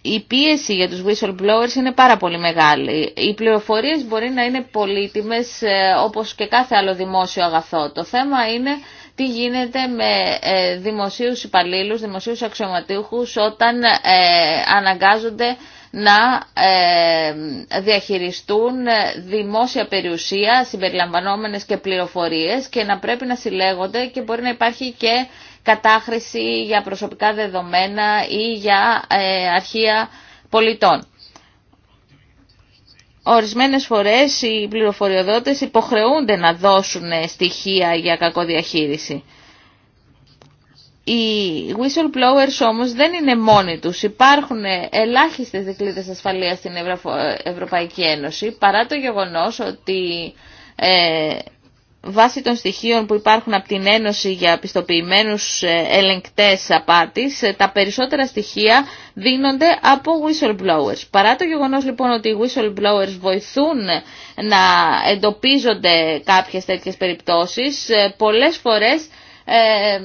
Η πίεση για τους whistleblowers είναι πάρα πολύ μεγάλη. Οι πληροφορίες μπορεί να είναι πολύτιμες όπως και κάθε άλλο δημόσιο αγαθό. Το θέμα είναι τι γίνεται με ε, δημοσίους υπαλλήλους, δημοσίους αξιωματούχους όταν ε, αναγκάζονται να ε, διαχειριστούν δημόσια περιουσία, συμπεριλαμβανόμενες και πληροφορίες και να πρέπει να συλλέγονται και μπορεί να υπάρχει και κατάχρηση για προσωπικά δεδομένα ή για αρχεία πολιτών. Ορισμένες φορές οι πληροφοριοδότες υποχρεούνται να δώσουν στοιχεία για κακοδιαχείριση. Οι whistleblowers όμως δεν είναι μόνοι τους. Υπάρχουν ελάχιστες δικλείδες ασφαλείας στην Ευρωπαϊκή Ένωση παρά το γεγονός ότι ε, βάσει των στοιχείων που υπάρχουν από την Ένωση για πιστοποιημένους ε, ελεγκτές απάτης, ε, τα περισσότερα στοιχεία δίνονται από whistleblowers. Παρά το γεγονός λοιπόν ότι οι whistleblowers βοηθούν να εντοπίζονται κάποιες τέτοιες περιπτώσεις, ε, πολλές φορές ε,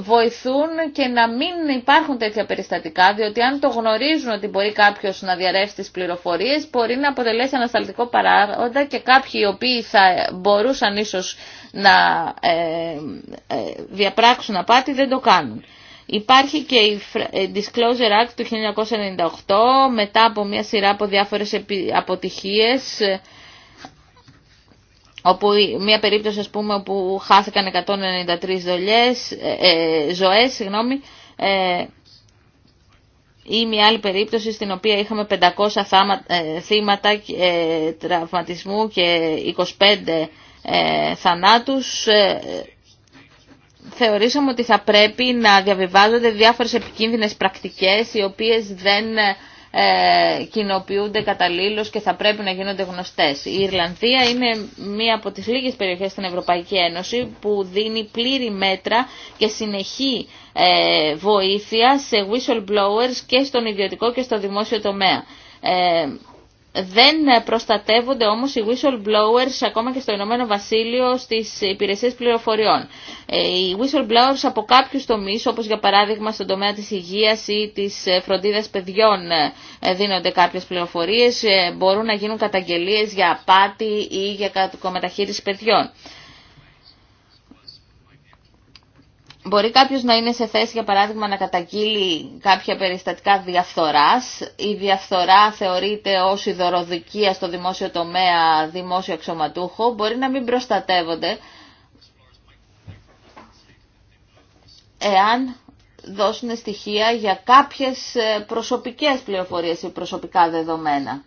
βοηθούν και να μην υπάρχουν τέτοια περιστατικά, διότι αν το γνωρίζουν ότι μπορεί κάποιος να διαρρεύσει τις πληροφορίες, μπορεί να αποτελέσει ανασταλτικό παράγοντα και κάποιοι οι οποίοι θα μπορούσαν ίσως να ε, ε, διαπράξουν απάτη δεν το κάνουν. Υπάρχει και η Disclosure Act του 1998 μετά από μια σειρά από διάφορες αποτυχίες όπου μια περίπτωση ας πούμε όπου χάθηκαν 193 δολιές, ε, ε, ζωές συγγνώμη, ε, ή μια άλλη περίπτωση στην οποία είχαμε 500 ε, θύματα ε, τραυματισμού και 25 θανάτους θεωρήσαμε ότι θα πρέπει να διαβιβάζονται διάφορες επικίνδυνες πρακτικές οι οποίες δεν ε, κοινοποιούνται καταλήλως και θα πρέπει να γίνονται γνωστές. Η Ιρλανδία είναι μία από τις λίγες περιοχές στην Ευρωπαϊκή Ένωση που δίνει πλήρη μέτρα και συνεχή ε, βοήθεια σε whistleblowers και στον ιδιωτικό και στο δημόσιο τομέα. Ε, δεν προστατεύονται όμως οι whistleblowers ακόμα και στο Ηνωμένο Βασίλειο στις υπηρεσίες πληροφοριών. Ε, οι whistleblowers από κάποιους τομείς όπως για παράδειγμα στον τομέα της υγείας ή της ε, φροντίδας παιδιών ε, δίνονται κάποιες πληροφορίες, μπορούν να γίνουν καταγγελίες για απάτη ή για κακομεταχείριση παιδιών. Μπορεί κάποιο να είναι σε θέση, για παράδειγμα, να καταγγείλει κάποια περιστατικά διαφθοράς. Η διαφθορά θεωρείται ως ιδωροδικία στο δημόσιο τομέα, δημόσιο αξιωματούχο. Μπορεί να μην προστατεύονται εάν δώσουν στοιχεία για κάποιες ε, προσωπικές πληροφορίες ή προσωπικά δεδομένα.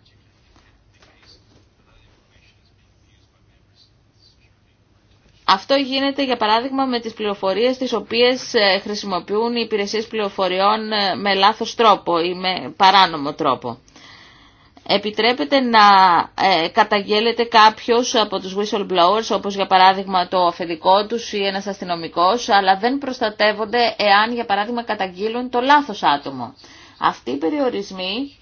Αυτό γίνεται για παράδειγμα με τις πληροφορίες τις οποίες ε, χρησιμοποιούν οι υπηρεσίες πληροφοριών ε, με λάθος τρόπο ή με παράνομο τρόπο. Επιτρέπεται να ε, καταγγέλλεται κάποιος από τους whistleblowers, όπως για παράδειγμα το αφεντικό τους ή ένας αστυνομικός, αλλά δεν προστατεύονται εάν για παράδειγμα καταγγείλουν το λάθος άτομο. Αυτοί οι περιορισμοί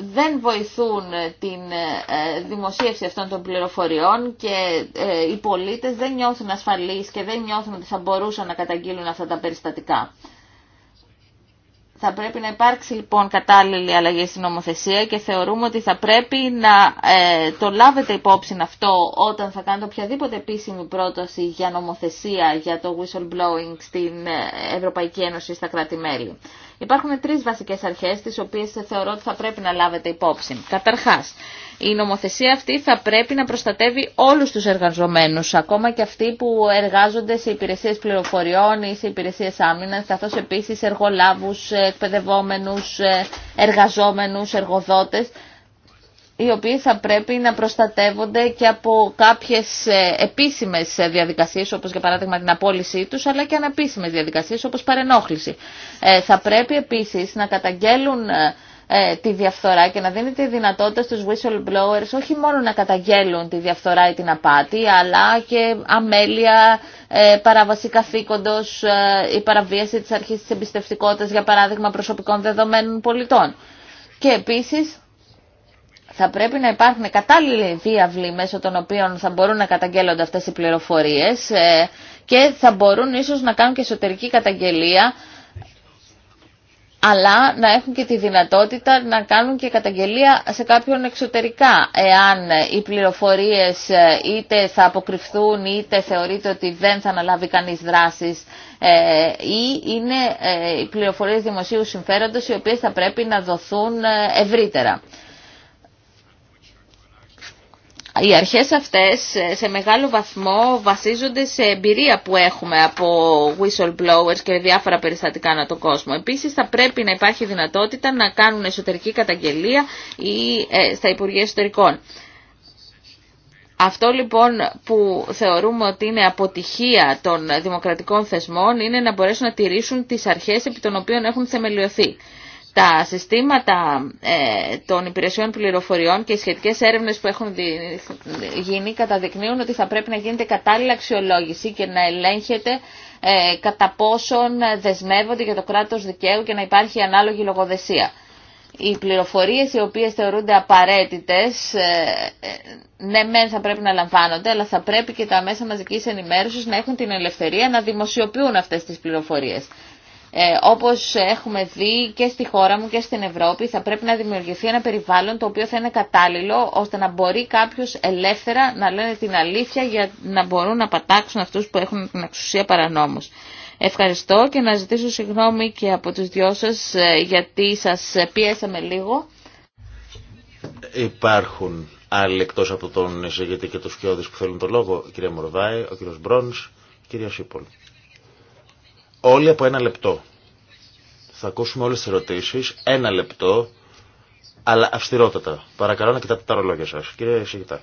δεν βοηθούν την ε, δημοσίευση αυτών των πληροφοριών και ε, οι πολίτες δεν νιώθουν ασφαλείς και δεν νιώθουν ότι θα μπορούσαν να καταγγείλουν αυτά τα περιστατικά. Θα πρέπει να υπάρξει λοιπόν κατάλληλη αλλαγή στην νομοθεσία και θεωρούμε ότι θα πρέπει να ε, το λάβετε υπόψη αυτό όταν θα κάνετε οποιαδήποτε επίσημη πρόταση για νομοθεσία για το whistleblowing στην ε, Ευρωπαϊκή Ένωση στα κράτη-μέλη. Υπάρχουν τρεις βασικές αρχές τις οποίες θεωρώ ότι θα πρέπει να λάβετε υπόψη. Καταρχάς, η νομοθεσία αυτή θα πρέπει να προστατεύει όλους τους εργαζομένους, ακόμα και αυτοί που εργάζονται σε υπηρεσίες πληροφοριών ή σε υπηρεσίες άμυνας, καθώς επίσης εργολάβους, εκπαιδευόμενους, εργαζόμενους, εργοδότες, οι οποίοι θα πρέπει να προστατεύονται και από κάποιες επίσημες διαδικασίες, όπως για παράδειγμα την απόλυσή τους, αλλά και αναπίσημες διαδικασίες, όπως παρενόχληση. Ε, θα πρέπει επίσης να καταγγέλουν ε, ε, τη διαφθορά και να δίνεται τη δυνατότητα στους whistleblowers όχι μόνο να καταγγέλουν τη διαφθορά ή την απάτη, αλλά και αμέλεια, ε, παράβαση καθήκοντος, ε, η παραβίαση της αρχής της εμπιστευτικότητας, για παράδειγμα προσωπικών δεδομένων πολιτών. Και επίσης, θα πρέπει να υπάρχουν κατάλληλοι διάβλοι μέσω των οποίων θα μπορούν να καταγγέλλονται αυτές οι πληροφορίες και θα μπορούν ίσως να κάνουν και εσωτερική καταγγελία αλλά να έχουν και τη δυνατότητα να κάνουν και καταγγελία σε κάποιον εξωτερικά. Εάν οι πληροφορίες ε, είτε θα αποκρυφθούν είτε θεωρείται ότι δεν θα αναλάβει κανείς δράσεις ε, ή είναι ε, οι πληροφορίες δημοσίου συμφέροντος οι οποίες θα πρέπει να δοθούν ευρύτερα οι αρχές αυτές ε, σε μεγάλο βαθμό βασίζονται σε εμπειρία που έχουμε από whistleblowers και διάφορα περιστατικά να τον κόσμο. Επίσης θα πρέπει να υπάρχει δυνατότητα να κάνουν εσωτερική καταγγελία ή ε, στα Υπουργεία Εσωτερικών. Αυτό λοιπόν που θεωρούμε ότι είναι αποτυχία των δημοκρατικών θεσμών είναι να μπορέσουν να τηρήσουν τις αρχές επί των οποίων έχουν θεμελιωθεί τα συστήματα ε, των υπηρεσιών πληροφοριών και οι σχετικές έρευνες που έχουν γίνει καταδεικνύουν ότι θα πρέπει να γίνεται κατάλληλη αξιολόγηση και να ελέγχεται ε, κατά πόσον δεσμεύονται για το κράτος δικαίου και να υπάρχει ανάλογη λογοδεσία. Οι πληροφορίες οι οποίες θεωρούνται απαραίτητες, ε, ναι μεν θα πρέπει να λαμβάνονται, αλλά θα πρέπει και τα μέσα μαζικής ενημέρωσης να έχουν την ελευθερία να δημοσιοποιούν αυτές τις πληροφορίες. Ε, όπως έχουμε δει και στη χώρα μου και στην Ευρώπη θα πρέπει να δημιουργηθεί ένα περιβάλλον το οποίο θα είναι κατάλληλο ώστε να μπορεί κάποιος ελεύθερα να λένε την αλήθεια για να μπορούν να πατάξουν αυτούς που έχουν την εξουσία παρανόμω. Ευχαριστώ και να ζητήσω συγγνώμη και από τους δυο σας ε, γιατί σας ε, πιέσαμε λίγο. Υπάρχουν άλλοι εκτός από τον εισηγητή και τους κοιόδης που θέλουν το λόγο, κυρία Μορβάη, ο κύριος Μπρόνς, κυρία Σίπολ. Όλοι από ένα λεπτό. Θα ακούσουμε όλες τις ερωτήσεις. Ένα λεπτό, αλλά αυστηρότατα. Παρακαλώ να κοιτάτε τα ρολόγια σας. Κύριε Σιγητά.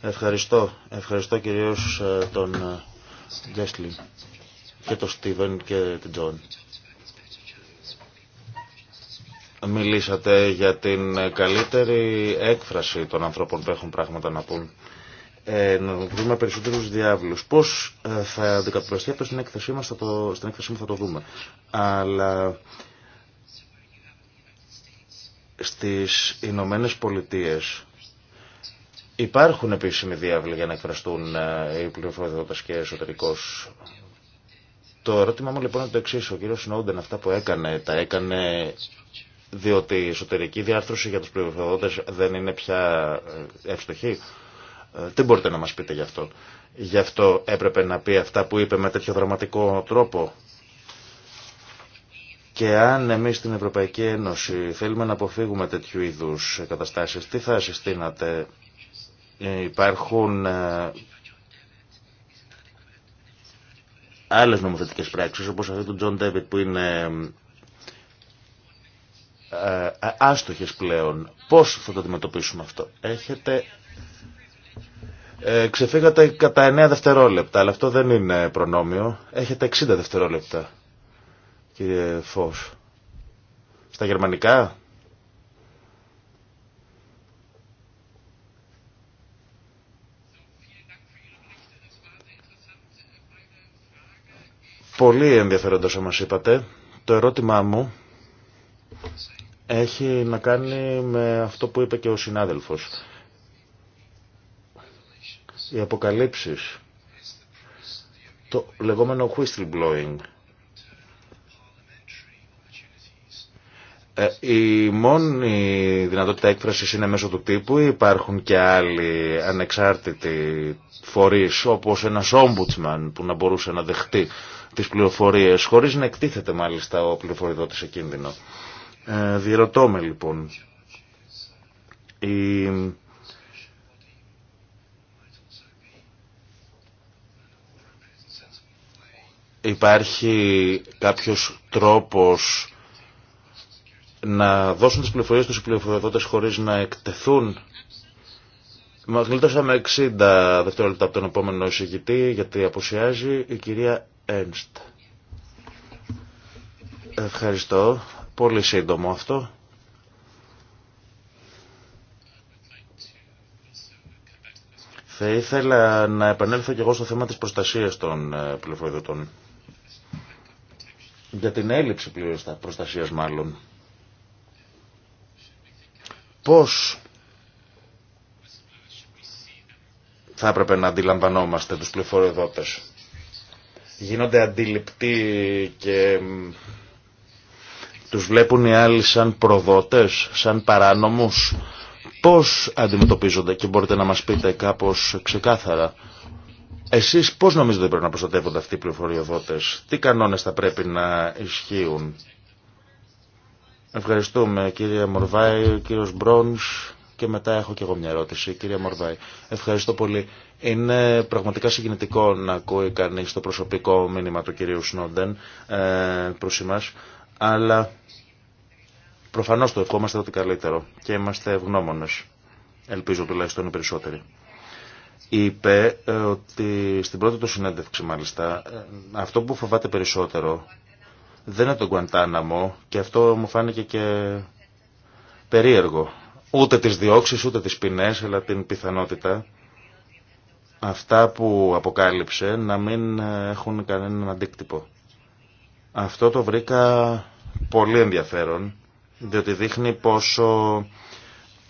Ευχαριστώ. Ευχαριστώ κυρίως ε, τον Γκέσλι ε, και τον Στίβεν και τον Τζον. Μιλήσατε για την ε, καλύτερη έκφραση των ανθρώπων που έχουν πράγματα να πούν ε, να δούμε περισσότερους διάβλους. Πώς ε, θα αντικατοπτριστεί αυτό στην έκθεσή μας, θα το, έκθεσή μου θα το δούμε. Αλλά στις Ηνωμένε Πολιτείε υπάρχουν επίσημοι διάβλοι για να εκφραστούν ε, οι πληροφοριοδότες και εσωτερικώς. Το ερώτημά μου λοιπόν είναι το εξή. Ο κύριο Σνόντεν αυτά που έκανε, τα έκανε διότι η εσωτερική διάρθρωση για τους πληροφοριοδότες δεν είναι πια ευστοχή τι ε, μπορείτε να μας πείτε γι' αυτό. Γι' αυτό έπρεπε να πει αυτά που είπε με τέτοιο δραματικό τρόπο. Και αν εμείς στην Ευρωπαϊκή Ένωση θέλουμε να αποφύγουμε τέτοιου είδους καταστάσεις, τι θα συστήνατε. Ε, υπάρχουν ε, άλλες νομοθετικές πράξεις, όπως αυτή του Τζον Ντέβιτ που είναι άστοχες πλέον. Πώς θα το αντιμετωπίσουμε αυτό. Έχετε ε, ξεφύγατε κατά 9 δευτερόλεπτα, αλλά αυτό δεν είναι προνόμιο. Έχετε 60 δευτερόλεπτα, κύριε Φως. Στα γερμανικά. Πολύ ενδιαφέροντα μας είπατε. Το ερώτημά μου έχει να κάνει με αυτό που είπε και ο συνάδελφος οι αποκαλύψεις, το λεγόμενο whistleblowing, ε, Η μόνη δυνατότητα έκφρασης είναι μέσω του τύπου ή υπάρχουν και άλλοι ανεξάρτητοι φορείς όπως ένας ombudsman που να μπορούσε να δεχτεί τις πληροφορίες χωρίς να εκτίθεται μάλιστα ο πληροφοριδότης σε κίνδυνο. Ε, διερωτώ με λοιπόν. Η Υπάρχει κάποιος τρόπος να δώσουν τις πληροφορίες στους πληροφοριοδότες χωρίς να εκτεθούν. Μας γλιτώσαμε 60 δευτερόλεπτα από τον επόμενο εισηγητή γιατί αποσιάζει η κυρία Ένστ. Ευχαριστώ. Πολύ σύντομο αυτό. Θα ήθελα να επανέλθω και εγώ στο θέμα της προστασίας των ε, πληροφοριοδοτών για την έλλειψη πλήρως προστασίας μάλλον. Πώς θα έπρεπε να αντιλαμβανόμαστε τους πληροφοριοδότες. Γίνονται αντιληπτοί και τους βλέπουν οι άλλοι σαν προδότες, σαν παράνομους. Πώς αντιμετωπίζονται και μπορείτε να μας πείτε κάπως ξεκάθαρα εσείς πώς νομίζετε πρέπει να προστατεύονται αυτοί οι πληροφοριοδότες, τι κανόνες θα πρέπει να ισχύουν. Ευχαριστούμε κύριε Μορβάη, κύριος Μπρόνς και μετά έχω και εγώ μια ερώτηση. Κύριε Μορβάη, ευχαριστώ πολύ. Είναι πραγματικά συγκινητικό να ακούει κανείς το προσωπικό μήνυμα του κυρίου Σνόντεν ε, προς εμάς, αλλά προφανώς το ευχόμαστε ότι καλύτερο και είμαστε ευγνώμονες. Ελπίζω τουλάχιστον οι περισσότεροι είπε ε, ότι στην πρώτη του συνέντευξη μάλιστα ε, αυτό που φοβάται περισσότερο δεν είναι το Γκουαντάναμο και αυτό μου φάνηκε και περίεργο. Ούτε τις διώξεις, ούτε τις ποινές, αλλά την πιθανότητα αυτά που αποκάλυψε να μην ε, έχουν κανέναν αντίκτυπο. Αυτό το βρήκα πολύ ενδιαφέρον, διότι δείχνει πόσο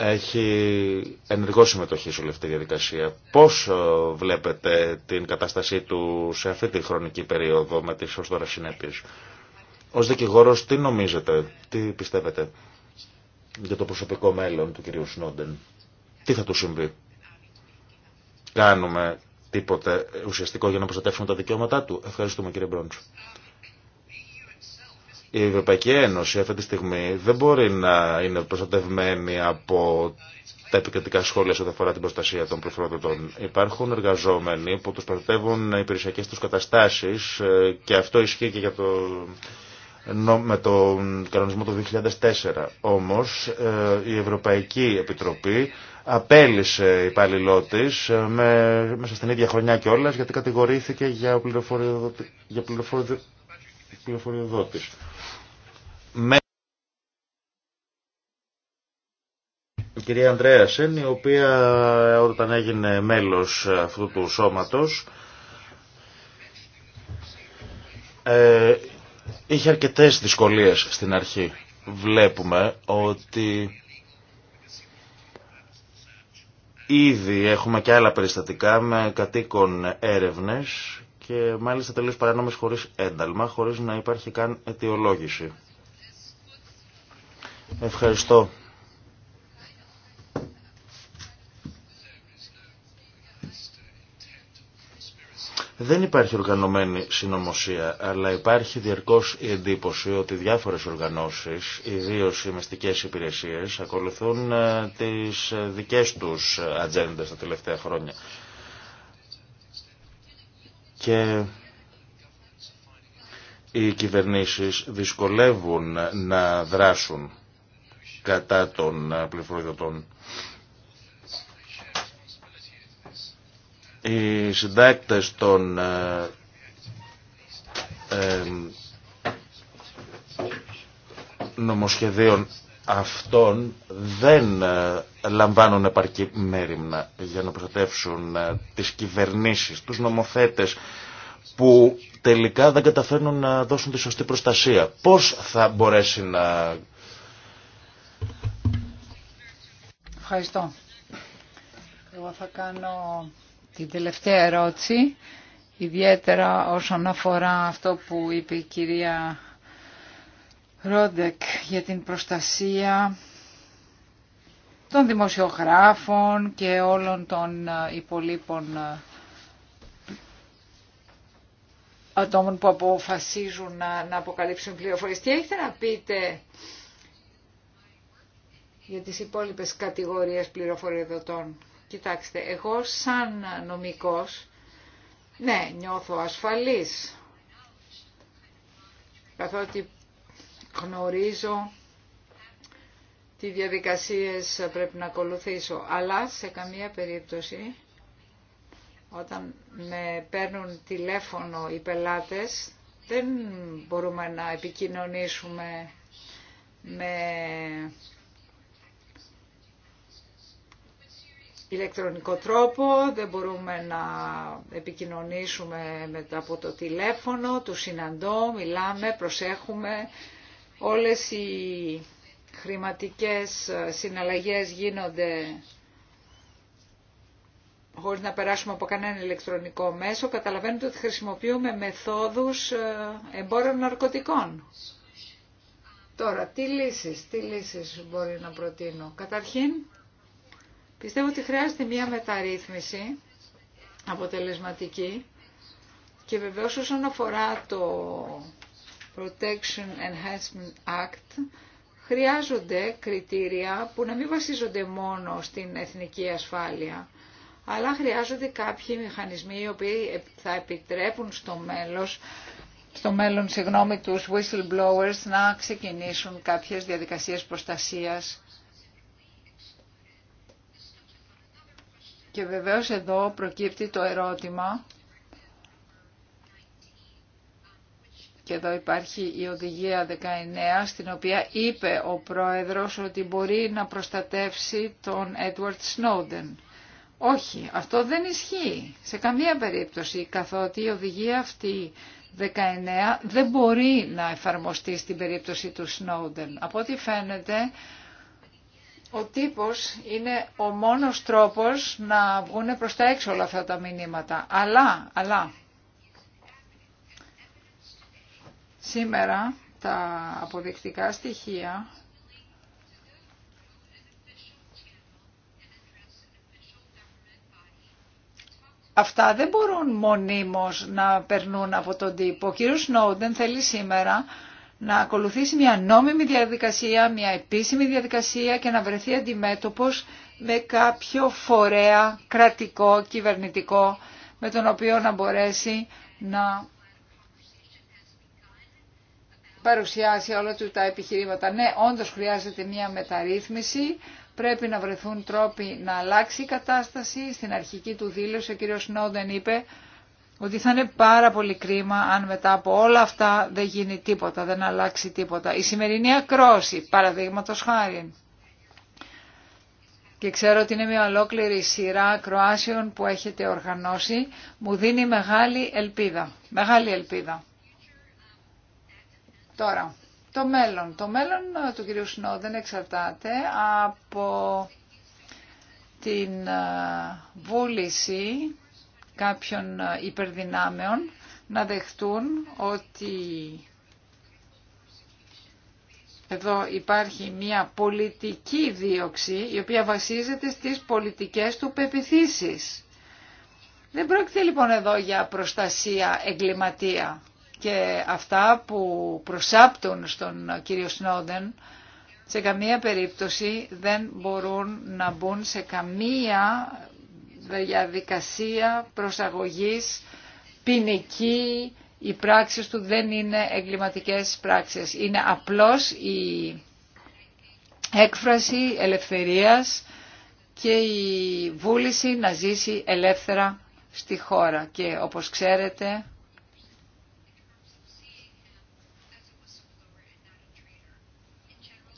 έχει ενεργό συμμετοχή σε όλη αυτή τη διαδικασία. Πώς ε, βλέπετε την κατάστασή του σε αυτή τη χρονική περίοδο με τις ως τώρα συνέπειες. Ως δικηγόρος τι νομίζετε, τι πιστεύετε για το προσωπικό μέλλον του κυρίου Σνόντεν. Τι θα του συμβεί. Κάνουμε τίποτε ουσιαστικό για να προστατεύσουμε τα δικαιώματά του. Ευχαριστούμε κύριε Μπρόντσο. Η Ευρωπαϊκή Ένωση αυτή τη στιγμή δεν μπορεί να είναι προστατευμένη από τα επικριτικά σχόλια σε ό,τι αφορά την προστασία των πληροφοριοδοτών. Υπάρχουν εργαζόμενοι που τους προστατεύουν υπηρεσιακές τους καταστάσεις ε, και αυτό ισχύει και για το με τον κανονισμό του 2004. Όμως ε, η Ευρωπαϊκή Επιτροπή απέλησε υπάλληλό τη ε, μέσα στην ίδια χρονιά κιόλας γιατί κατηγορήθηκε για, πληροφοριοδο πληροφοριοδότης. Με η κυρία Ανδρέα Σεν, η οποία όταν έγινε μέλος αυτού του σώματος, ε, είχε αρκετές δυσκολίες στην αρχή. Βλέπουμε ότι ήδη έχουμε και άλλα περιστατικά με κατοίκον έρευνες και μάλιστα τελείως παρανόμες χωρίς ένταλμα, χωρίς να υπάρχει καν αιτιολόγηση. Ευχαριστώ. Δεν υπάρχει οργανωμένη συνωμοσία, αλλά υπάρχει διαρκώς η εντύπωση ότι διάφορες οργανώσεις, ιδίως οι μεστικές υπηρεσίες, ακολουθούν ε, τις ε, δικές τους ε, ατζέντες τα τελευταία χρόνια και οι κυβερνήσεις δυσκολεύουν να δράσουν κατά των πληροφοριωτών. Οι συντάκτες των ε, ε, νομοσχεδίων αυτών δεν ε, λαμβάνουν επαρκή μέρημνα για να προστατεύσουν ε, τις κυβερνήσεις, τους νομοθέτες που τελικά δεν καταφέρνουν να δώσουν τη σωστή προστασία. Πώς θα μπορέσει να... Ευχαριστώ. Εγώ θα κάνω την τελευταία ερώτηση, ιδιαίτερα όσον αφορά αυτό που είπε η κυρία Ρόντεκ για την προστασία των δημοσιογράφων και όλων των ε, υπολείπων ε, ατόμων που αποφασίζουν να, να αποκαλύψουν πληροφορίες. Τι έχετε να πείτε για τις υπόλοιπες κατηγορίες πληροφοριοδοτών. Κοιτάξτε, εγώ σαν νομικός, ναι, νιώθω ασφαλής, καθότι γνωρίζω τι διαδικασίες πρέπει να ακολουθήσω. Αλλά σε καμία περίπτωση όταν με παίρνουν τηλέφωνο οι πελάτες δεν μπορούμε να επικοινωνήσουμε με ηλεκτρονικό τρόπο, δεν μπορούμε να επικοινωνήσουμε μετά από το τηλέφωνο, του συναντώ, μιλάμε, προσέχουμε, Όλες οι χρηματικές ε, συναλλαγές γίνονται χωρίς να περάσουμε από κανένα ηλεκτρονικό μέσο. Καταλαβαίνετε ότι χρησιμοποιούμε μεθόδους ε, εμπόρων ναρκωτικών. Τώρα, τι λύσεις, τι λύσεις μπορεί να προτείνω. Καταρχήν, πιστεύω ότι χρειάζεται μια μεταρρύθμιση αποτελεσματική και βεβαίως όσον αφορά το Protection Enhancement Act χρειάζονται κριτήρια που να μην βασίζονται μόνο στην εθνική ασφάλεια, αλλά χρειάζονται κάποιοι μηχανισμοί οι οποίοι θα επιτρέπουν στο μέλος στο μέλλον, συγγνώμη, τους whistleblowers να ξεκινήσουν κάποιες διαδικασίες προστασίας. Και βεβαίως εδώ προκύπτει το ερώτημα και εδώ υπάρχει η οδηγία 19 στην οποία είπε ο πρόεδρος ότι μπορεί να προστατεύσει τον Edward Snowden. Όχι, αυτό δεν ισχύει σε καμία περίπτωση, καθότι η οδηγία αυτή 19 δεν μπορεί να εφαρμοστεί στην περίπτωση του Snowden. Από ό,τι φαίνεται, ο τύπος είναι ο μόνος τρόπος να βγουν προς τα έξω όλα αυτά τα μηνύματα. Αλλά, αλλά, Σήμερα τα αποδεικτικά στοιχεία αυτά δεν μπορούν μονίμως να περνούν από τον τύπο. Ο κύριος Σνόντεν θέλει σήμερα να ακολουθήσει μια νόμιμη διαδικασία, μια επίσημη διαδικασία και να βρεθεί αντιμέτωπος με κάποιο φορέα κρατικό, κυβερνητικό, με τον οποίο να μπορέσει να παρουσιάσει όλα του τα επιχειρήματα. Ναι, όντως χρειάζεται μια μεταρρύθμιση, πρέπει να βρεθούν τρόποι να αλλάξει η κατάσταση. Στην αρχική του δήλωση ο κύριος Νόντεν είπε ότι θα είναι πάρα πολύ κρίμα αν μετά από όλα αυτά δεν γίνει τίποτα, δεν αλλάξει τίποτα. Η σημερινή ακρόση, παραδείγματο χάρη. Και ξέρω ότι είναι μια ολόκληρη σειρά ακροάσεων που έχετε οργανώσει, μου δίνει μεγάλη ελπίδα. Μεγάλη ελπίδα. Τώρα, το μέλλον. Το μέλλον ε, του κυρίου Σνό δεν εξαρτάται από την ε, βούληση κάποιων ε, υπερδυνάμεων να δεχτούν ότι εδώ υπάρχει μια πολιτική δίωξη η οποία βασίζεται στις πολιτικές του πεπιθήσεις. Δεν πρόκειται λοιπόν εδώ για προστασία εγκληματία και αυτά που προσάπτουν στον κύριο Σνόδεν σε καμία περίπτωση δεν μπορούν να μπουν σε καμία διαδικασία προσαγωγής ποινική. Οι πράξεις του δεν είναι εγκληματικές πράξεις. Είναι απλώς η έκφραση ελευθερίας και η βούληση να ζήσει ελεύθερα στη χώρα. Και όπως ξέρετε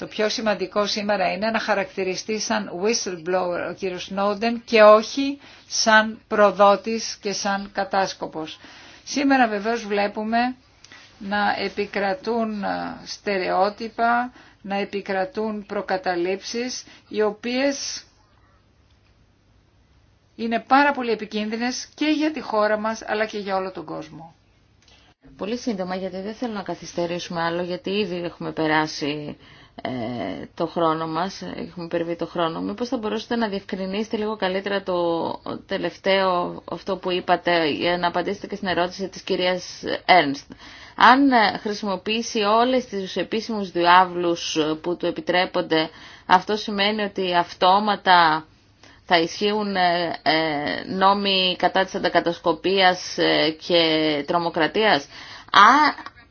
Το πιο σημαντικό σήμερα είναι να χαρακτηριστεί σαν whistleblower ο κύριος Σνόντεν και όχι σαν προδότης και σαν κατάσκοπος. Σήμερα βεβαίως βλέπουμε να επικρατούν ε, στερεότυπα, να επικρατούν προκαταλήψεις, οι οποίες είναι πάρα πολύ επικίνδυνες και για τη χώρα μας, αλλά και για όλο τον κόσμο. Πολύ σύντομα, γιατί δεν θέλω να καθυστερήσουμε άλλο, γιατί ήδη έχουμε περάσει ε, το χρόνο μας, έχουμε υπερβεί το χρόνο. Μήπως θα μπορούσατε να διευκρινίσετε λίγο καλύτερα το τελευταίο αυτό που είπατε για να απαντήσετε και στην ερώτηση της κυρίας Έρνστ. Αν ε, χρησιμοποιήσει όλες τις επίσημους διάβλους ε, που του επιτρέπονται, αυτό σημαίνει ότι αυτόματα θα ισχύουν νόμοι κατά της αντακατασκοπίας και τρομοκρατίας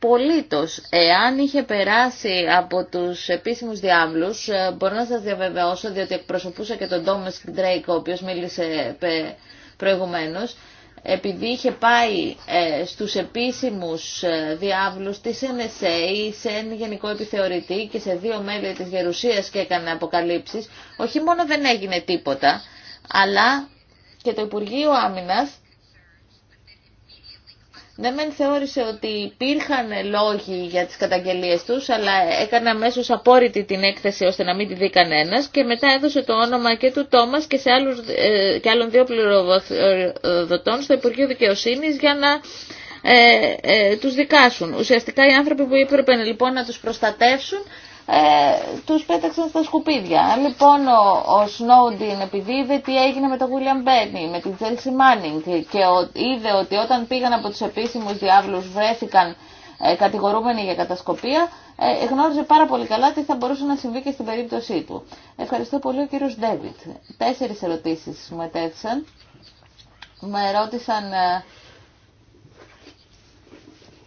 απολύτως. Εάν είχε περάσει από τους επίσημους διάβλους, ε, μπορώ να σας διαβεβαιώσω, διότι εκπροσωπούσα και τον Τόμες Ντρέικ, ο οποίος μίλησε προηγουμένως, επειδή είχε πάει ε, στους επίσημους ε, διάβλους της NSA, σε ένα γενικό επιθεωρητή και σε δύο μέλη της Γερουσίας και έκανε αποκαλύψεις, όχι μόνο δεν έγινε τίποτα, αλλά και το Υπουργείο Άμυνας δεν ναι, μεν θεώρησε ότι υπήρχαν λόγοι για τις καταγγελίες τους, αλλά έκανε αμέσως απόρριτη την έκθεση ώστε να μην τη δει κανένα και μετά έδωσε το όνομα και του Τόμας και, σε άλλους, ε, και άλλων δύο πληροδοτών στο Υπουργείο Δικαιοσύνης για να ε, ε, τους δικάσουν. Ουσιαστικά οι άνθρωποι που έπρεπε λοιπόν να τους προστατεύσουν ε, τους πέταξαν στα σκουπίδια. Λοιπόν, ο, ο Σνόντιν επειδή είδε τι έγινε με τον William Μπένι, με την Τζέλσι Μάνινγκ και είδε ότι όταν πήγαν από τους επίσημους διάβλους βρέθηκαν ε, κατηγορούμενοι για κατασκοπία, ε, γνώριζε πάρα πολύ καλά τι θα μπορούσε να συμβεί και στην περίπτωσή του. Ευχαριστώ πολύ ο κύριος Ντέβιτ. Τέσσερις ερωτήσεις μου ετέθησαν. Με ρώτησαν ε,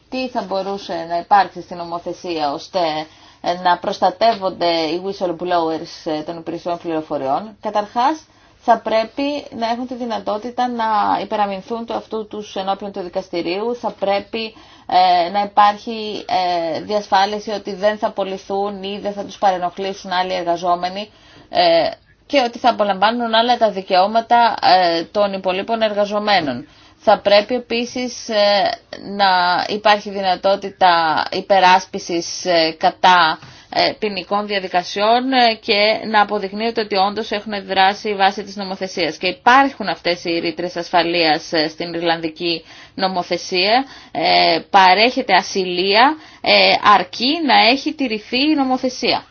τι θα μπορούσε να υπάρξει στην ομοθεσία ώστε ε, να προστατεύονται οι whistleblowers ε, των υπηρεσιών πληροφοριών. Καταρχάς, θα πρέπει να έχουν τη δυνατότητα να υπεραμεινθούν του αυτού τους ενώπιον του δικαστηρίου, θα πρέπει ε, να υπάρχει διασφάλιση ότι δεν θα απολυθούν ή δεν θα τους παρενοχλήσουν άλλοι εργαζόμενοι και ότι θα απολαμβάνουν άλλα τα δικαιώματα των υπολείπων εργαζομένων. Θα πρέπει επίσης ε, να υπάρχει δυνατότητα υπεράσπισης ε, κατά ε, ποινικών διαδικασιών και να αποδεικνύεται ότι όντως έχουν δράσει βάσει της νομοθεσίας. Και υπάρχουν αυτές οι ρήτρες ασφαλείας στην Ιρλανδική νομοθεσία. Παρέχεται ασυλία αρκεί να έχει τηρηθεί η νομοθεσία.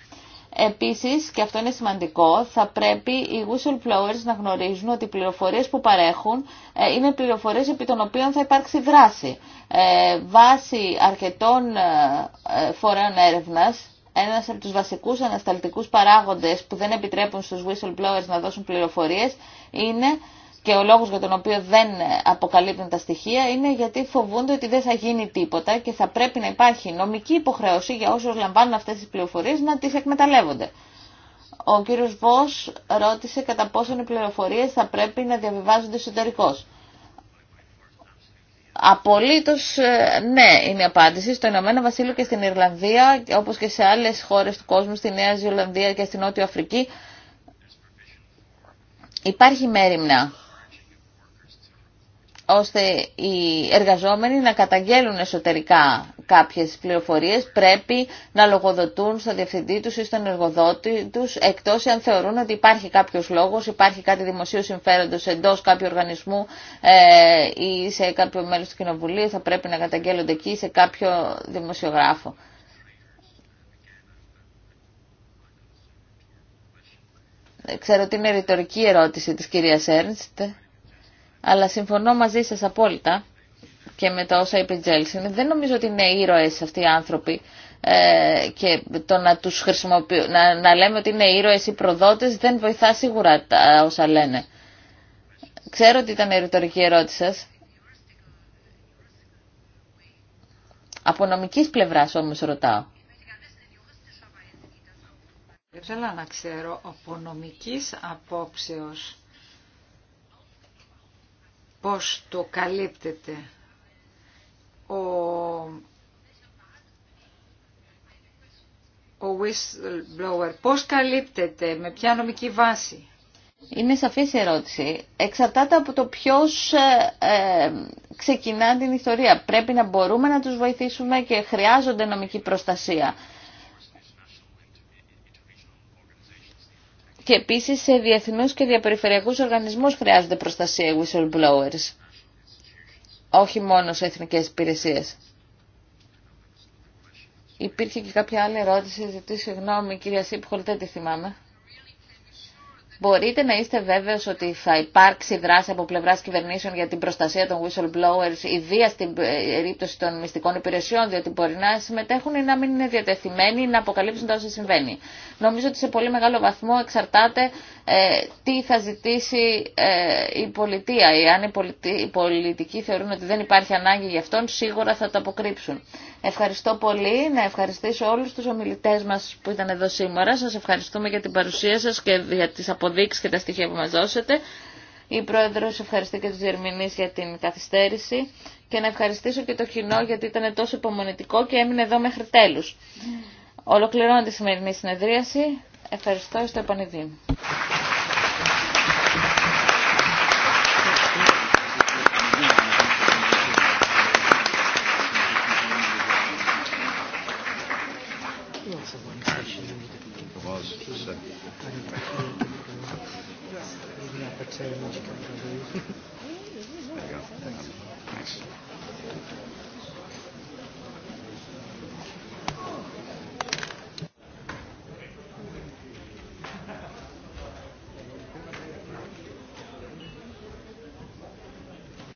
Επίσης, και αυτό είναι σημαντικό, θα πρέπει οι whistleblowers να γνωρίζουν ότι οι πληροφορίες που παρέχουν ε, είναι πληροφορίες επί των οποίων θα υπάρξει δράση. Ε, βάσει αρκετών ε, φορέων έρευνας, ένας από τους βασικούς ανασταλτικούς παράγοντες που δεν επιτρέπουν στους whistleblowers να δώσουν πληροφορίες είναι και ο λόγος για τον οποίο δεν αποκαλύπτουν τα στοιχεία είναι γιατί φοβούνται ότι δεν θα γίνει τίποτα και θα πρέπει να υπάρχει νομική υποχρέωση για όσους λαμβάνουν αυτές τις πληροφορίες να τις εκμεταλλεύονται. Ο κύριος Βος ρώτησε κατά πόσον οι πληροφορίες θα πρέπει να διαβιβάζονται εσωτερικώς. Απολύτως ε, ναι είναι η απάντηση στο Ηνωμένο Βασίλειο και στην Ιρλανδία όπως και σε άλλες χώρες του κόσμου, στη Νέα Ζηλανδία και στην Νότια Αφρική υπάρχει μέρημνα ώστε οι εργαζόμενοι να καταγγέλουν εσωτερικά κάποιες πληροφορίες πρέπει να λογοδοτούν στο διευθυντή τους ή στον εργοδότη τους εκτός αν θεωρούν ότι υπάρχει κάποιος λόγος, υπάρχει κάτι δημοσίου συμφέροντος εντός κάποιου οργανισμού ε, ή σε κάποιο μέλος του κοινοβουλίου θα πρέπει να καταγγέλλονται εκεί ή σε κάποιο δημοσιογράφο. Ξέρω ότι είναι ρητορική ερώτηση της κυρίας Έρνστ αλλά συμφωνώ μαζί σας απόλυτα και με τα όσα είπε Τζέλσιν. Δεν νομίζω ότι είναι ήρωες αυτοί οι άνθρωποι ε, και το να τους να, να λέμε ότι είναι ήρωες ή προδότες δεν βοηθά σίγουρα τα όσα λένε. Ξέρω ότι ήταν η ρητορική ερώτηση σας. Από νομικής πλευράς όμως ρωτάω. Δεν βοηθα σιγουρα οσα λενε ξερω οτι ηταν η ρητορικη ερωτηση σας απο νομικης πλευρας ομως ρωταω δεν να ξέρω από νομικής απόψεως πώς το καλύπτεται. Ο, ο whistleblower πώς καλύπτεται, με ποια νομική βάση. Είναι σαφής η ερώτηση. Εξαρτάται από το ποιος ε, ε ξεκινά την ιστορία. Πρέπει να μπορούμε να τους βοηθήσουμε και χρειάζονται νομική προστασία. και επίσης σε διεθνούς και διαπεριφερειακούς οργανισμούς χρειάζονται προστασία whistleblowers, όχι μόνο σε εθνικές υπηρεσίες. Υπήρχε και κάποια άλλη ερώτηση, ζητή, συγγνώμη κυρία Σίπχολ, δεν τη θυμάμαι μπορείτε να είστε βέβαιος ότι θα υπάρξει δράση από πλευρά κυβερνήσεων για την προστασία των whistleblowers, ιδία στην ε, περίπτωση των μυστικών υπηρεσιών, διότι μπορεί να συμμετέχουν ή να μην είναι διατεθειμένοι να αποκαλύψουν τα όσα συμβαίνει. Νομίζω ότι σε πολύ μεγάλο βαθμό εξαρτάται ε, τι θα ζητήσει ε, η πολιτεία. αν οι πολιτικοί θεωρούν ότι δεν υπάρχει ανάγκη για αυτόν, σίγουρα θα το αποκρύψουν. Ευχαριστώ πολύ. Να ευχαριστήσω όλους τους ομιλητές μας που ήταν εδώ σήμερα. Σας ευχαριστούμε για την παρουσία σας και για τις αποδείξεις και τα στοιχεία που μας δώσετε. Η Πρόεδρος ευχαριστεί και τους Διερμηνείς για την καθυστέρηση και να ευχαριστήσω και το κοινό γιατί ήταν τόσο υπομονητικό και έμεινε εδώ μέχρι τέλους. Ολοκληρώνω τη σημερινή συνεδρίαση. Ευχαριστώ στο επανειδή.